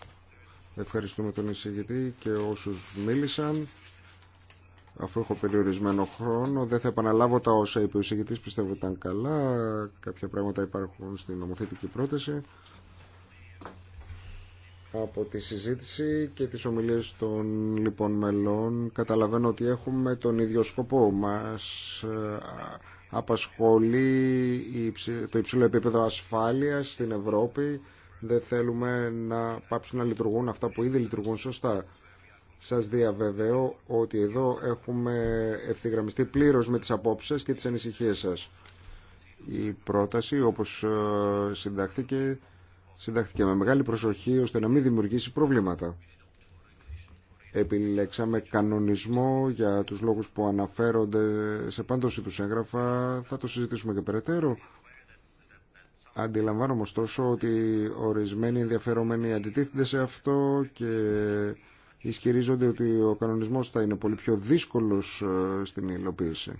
Ευχαριστούμε τον εισηγητή και όσους μίλησαν. Αφού έχω περιορισμένο χρόνο, δεν θα επαναλάβω τα όσα είπε ο εισηγητής, πιστεύω ήταν καλά. Κάποια πράγματα υπάρχουν στην νομοθετική πρόταση από τη συζήτηση και τις ομιλίες των λοιπόν μελών καταλαβαίνω ότι έχουμε τον ίδιο σκοπό μας ε, απασχολεί το υψηλό επίπεδο ασφάλειας στην Ευρώπη δεν θέλουμε να πάψουν να λειτουργούν αυτά που ήδη λειτουργούν σωστά σας διαβεβαιώ ότι εδώ έχουμε ευθυγραμμιστεί πλήρως με τις απόψεις και τις ανησυχίες σας η πρόταση όπως ε, συντάχθηκε συντάχθηκε με μεγάλη προσοχή ώστε να μην δημιουργήσει προβλήματα. Επιλέξαμε κανονισμό για τους λόγους που αναφέρονται σε πάντοση τους έγγραφα. Θα το συζητήσουμε και περαιτέρω. Αντιλαμβάνομαι ωστόσο ότι ορισμένοι ενδιαφερόμενοι αντιτίθενται σε αυτό και ισχυρίζονται ότι ο κανονισμός θα είναι πολύ πιο δύσκολος ε, στην υλοποίηση.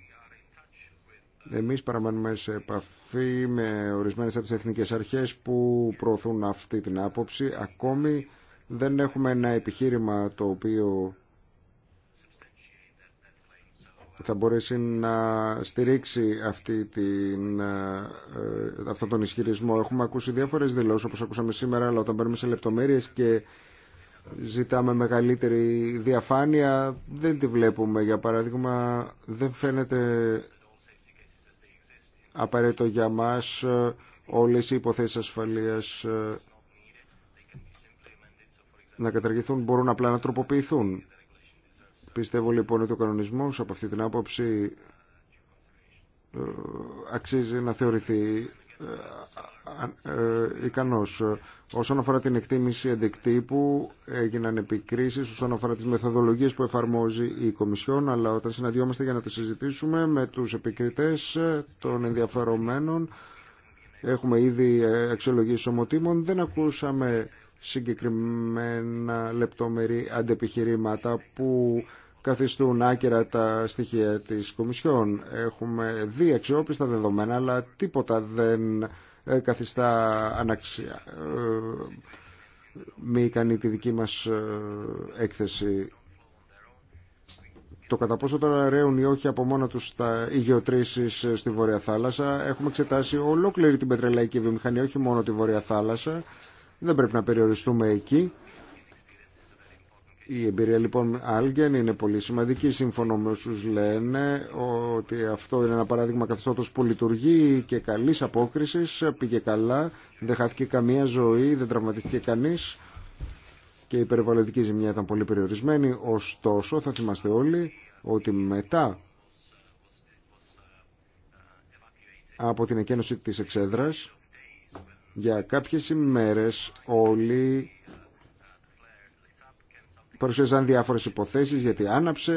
Εμείς παραμένουμε σε επαφή με ορισμένες από τις εθνικές αρχές που προωθούν αυτή την άποψη. Ακόμη δεν έχουμε ένα επιχείρημα το οποίο θα μπορέσει να στηρίξει αυτή την, ε, αυτόν τον ισχυρισμό. Έχουμε ακούσει διάφορες δηλώσεις όπως ακούσαμε σήμερα, αλλά όταν παίρνουμε σε λεπτομέρειες και ζητάμε μεγαλύτερη διαφάνεια, δεν τη βλέπουμε. Για παράδειγμα, δεν φαίνεται απαραίτητο για μας ε, όλες οι υποθέσεις ασφαλείας ε, να καταργηθούν, μπορούν απλά να τροποποιηθούν. Πιστεύω λοιπόν ότι ο κανονισμός από αυτή την άποψη ε, αξίζει να θεωρηθεί ε, ε, ε, ικανός. Όσον αφορά την εκτίμηση αντικτύπου έγιναν επικρίσεις, όσον αφορά τις μεθοδολογίες που εφαρμόζει η Κομισιόν, αλλά όταν συναντιόμαστε για να το συζητήσουμε με τους επικριτές των ενδιαφερομένων, έχουμε ήδη αξιολογήσει ομοτήμων, δεν ακούσαμε συγκεκριμένα λεπτομερή αντεπιχειρήματα που καθιστούν άκυρα τα στοιχεία της Κομισιόν. Έχουμε δει αξιόπιστα δεδομένα, αλλά τίποτα δεν ε, καθιστά αναξιά. Ε, μη ικανή τη δική μας ε, έκθεση. Το κατά πόσο τώρα ρέουν ή όχι από μόνα τους τα υγειοτρήσεις στη Βόρεια Θάλασσα. Έχουμε εξετάσει ολόκληρη την πετρελαϊκή βιομηχανία, όχι μόνο τη Βόρεια Θάλασσα. Δεν πρέπει να περιοριστούμε εκεί. Η εμπειρία λοιπόν Άλγεν είναι πολύ σημαντική. Σύμφωνο με όσου λένε ότι αυτό είναι ένα παράδειγμα καθεστώτο που λειτουργεί και καλή απόκριση. Πήγε καλά, δεν χάθηκε καμία ζωή, δεν τραυματίστηκε κανεί και η περιβαλλοντική ζημιά ήταν πολύ περιορισμένη. Ωστόσο, θα θυμάστε όλοι ότι μετά από την εκένωση της εξέδρας για κάποιες ημέρες όλοι παρουσίαζαν διάφορες υποθέσεις γιατί άναψε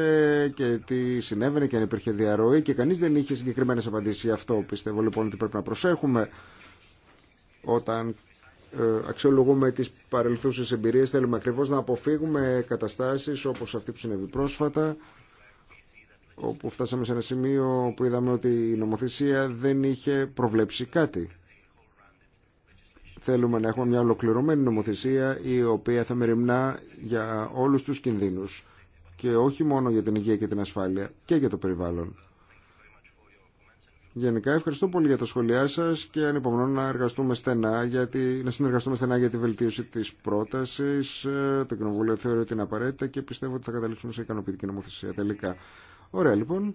και τι συνέβαινε και αν υπήρχε διαρροή και κανείς δεν είχε συγκεκριμένε απαντήσει για αυτό. Πιστεύω λοιπόν ότι πρέπει να προσέχουμε όταν ε, αξιολογούμε τις παρελθούσε εμπειρίες θέλουμε ακριβώ να αποφύγουμε καταστάσεις όπως αυτή που συνέβη πρόσφατα όπου φτάσαμε σε ένα σημείο που είδαμε ότι η νομοθεσία δεν είχε προβλέψει κάτι. Θέλουμε να έχουμε μια ολοκληρωμένη νομοθεσία η οποία θα μεριμνά για όλους τους κινδύνους και όχι μόνο για την υγεία και την ασφάλεια και για το περιβάλλον. Γενικά ευχαριστώ πολύ για τα σχόλιά σας και ανυπομονώ να, εργαστούμε στενά γιατί να συνεργαστούμε στενά για τη βελτίωση της πρότασης. Το Κοινοβούλιο θεωρεί ότι είναι απαραίτητα και πιστεύω ότι θα καταλήξουμε σε ικανοποιητική νομοθεσία τελικά. Ωραία λοιπόν.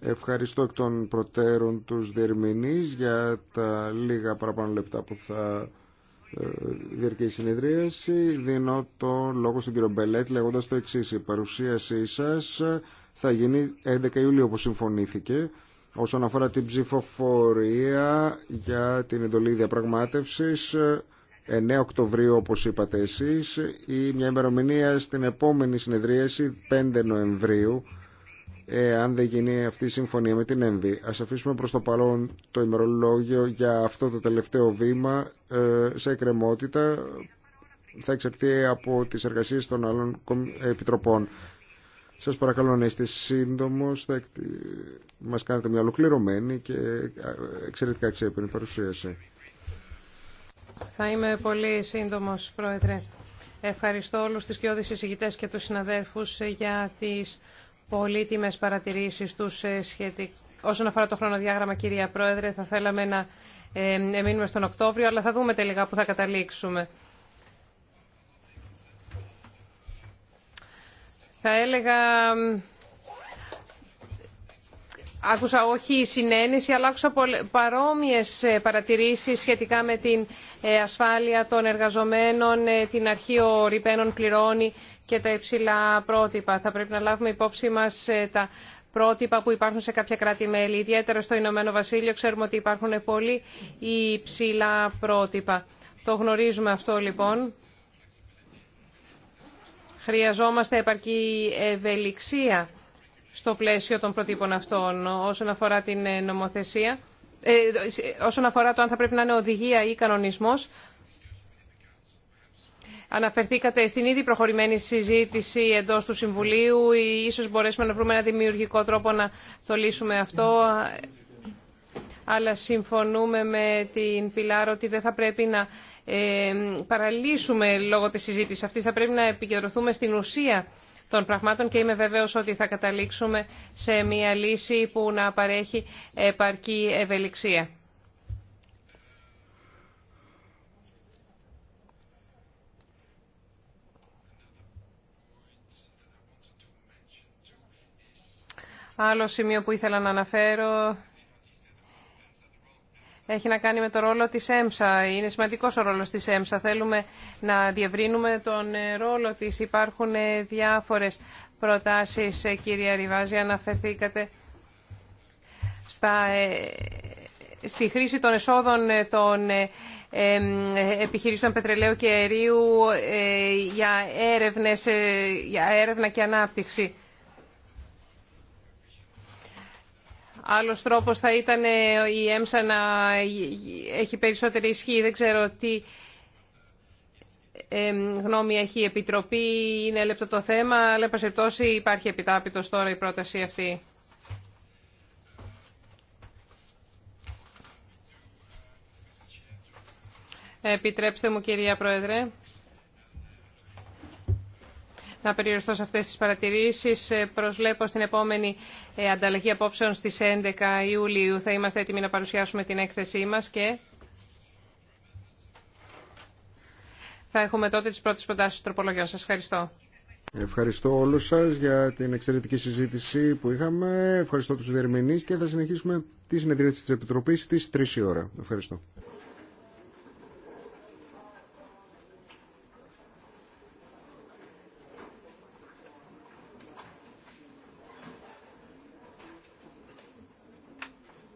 Ευχαριστώ εκ των προτέρων τους διερμηνείς για τα λίγα παραπάνω λεπτά που θα ε, διαρκεί η συνεδρίαση. Δίνω το λόγο στον κύριο Μπελέτ λέγοντας το εξή Η παρουσίασή σας θα γίνει 11 Ιουλίου όπως συμφωνήθηκε όσον αφορά την ψηφοφορία για την εντολή διαπραγμάτευσης 9 Οκτωβρίου όπως είπατε εσείς ή μια ημερομηνία στην επόμενη συνεδρίαση 5 Νοεμβρίου αν δεν γίνει αυτή η συμφωνία με την ΕΜΒΗ. Ας αφήσουμε προς το παρόν το ημερολόγιο για αυτό το τελευταίο βήμα ε, σε εκκρεμότητα θα εξαρτηθεί από τις εργασίες των άλλων επιτροπών. Σας παρακαλώ να είστε σύντομος, θα μας κάνετε μια ολοκληρωμένη και ε, εξαιρετικά εξέπαινη παρουσίαση. Θα είμαι πολύ σύντομο, Πρόεδρε. Ευχαριστώ όλους τους κοιόδης εισηγητές και τους συναδέρφους για τις πολύτιμες παρατηρήσεις τους ε, σχετικά. Όσον αφορά το χρονοδιάγραμμα, κυρία Πρόεδρε, θα θέλαμε να ε, μείνουμε στον Οκτώβριο, αλλά θα δούμε τελικά που θα καταλήξουμε. Θα έλεγα... Άκουσα όχι συνένεση, αλλά άκουσα παρόμοιες ε, παρατηρήσεις σχετικά με την ασφάλεια των εργαζομένων, την αρχή ο Ριπένων πληρώνει και τα υψηλά πρότυπα. Θα πρέπει να λάβουμε υπόψη μας ε, τα πρότυπα που υπάρχουν σε κάποια κράτη-μέλη. Ιδιαίτερα στο Ηνωμένο Βασίλειο ξέρουμε ότι υπάρχουν πολύ υψηλά πρότυπα. Το γνωρίζουμε αυτό λοιπόν. Χρειαζόμαστε επαρκή ευελιξία στο πλαίσιο των προτύπων αυτών όσον αφορά την νομοθεσία. Ε, ε, όσον αφορά το αν θα πρέπει να είναι οδηγία ή κανονισμός, Αναφερθήκατε στην ήδη προχωρημένη συζήτηση εντό του Συμβουλίου. Ίσως μπορέσουμε να βρούμε ένα δημιουργικό τρόπο να το λύσουμε αυτό. Αλλά συμφωνούμε με την Πιλάρο ότι δεν θα πρέπει να ε, παραλύσουμε λόγω της συζήτησης αυτής. Θα πρέπει να επικεντρωθούμε στην ουσία των πραγμάτων και είμαι βέβαιος ότι θα καταλήξουμε σε μια λύση που να παρέχει επαρκή ευελιξία. Άλλο σημείο που ήθελα να αναφέρω έχει να κάνει με το ρόλο της ΕΜΣΑ. Είναι σημαντικός ο ρόλος της ΕΜΣΑ. Θέλουμε να διευρύνουμε τον ρόλο της. Υπάρχουν διάφορες προτάσεις, κυρία Ριβάζη, αναφερθήκατε στα, ε, στη χρήση των εσόδων των ε, επιχειρήσεων πετρελαίου και αερίου ε, για, για έρευνα και ανάπτυξη. Άλλο τρόπο θα ήταν ε, η ΕΜΣΑ να έχει περισσότερη ισχύ. Δεν ξέρω τι ε, γνώμη έχει η Επιτροπή. Είναι λεπτό το θέμα, αλλά πάση υπάρχει επιτάπητο τώρα η πρόταση αυτή. Επιτρέψτε μου κυρία Πρόεδρε να περιοριστώ σε αυτές τις παρατηρήσεις. Ε, Προσβλέπω στην επόμενη ε, ανταλλαγή απόψεων στις 11 Ιουλίου. Θα είμαστε έτοιμοι να παρουσιάσουμε την έκθεσή μας και θα έχουμε τότε τις πρώτες προτάσεις τροπολογιών. Σας ευχαριστώ. Ευχαριστώ όλους σας για την εξαιρετική συζήτηση που είχαμε. Ευχαριστώ τους διερμηνείς και θα συνεχίσουμε τη συνεδρίαση της Επιτροπής στις 3 η ώρα. Ευχαριστώ.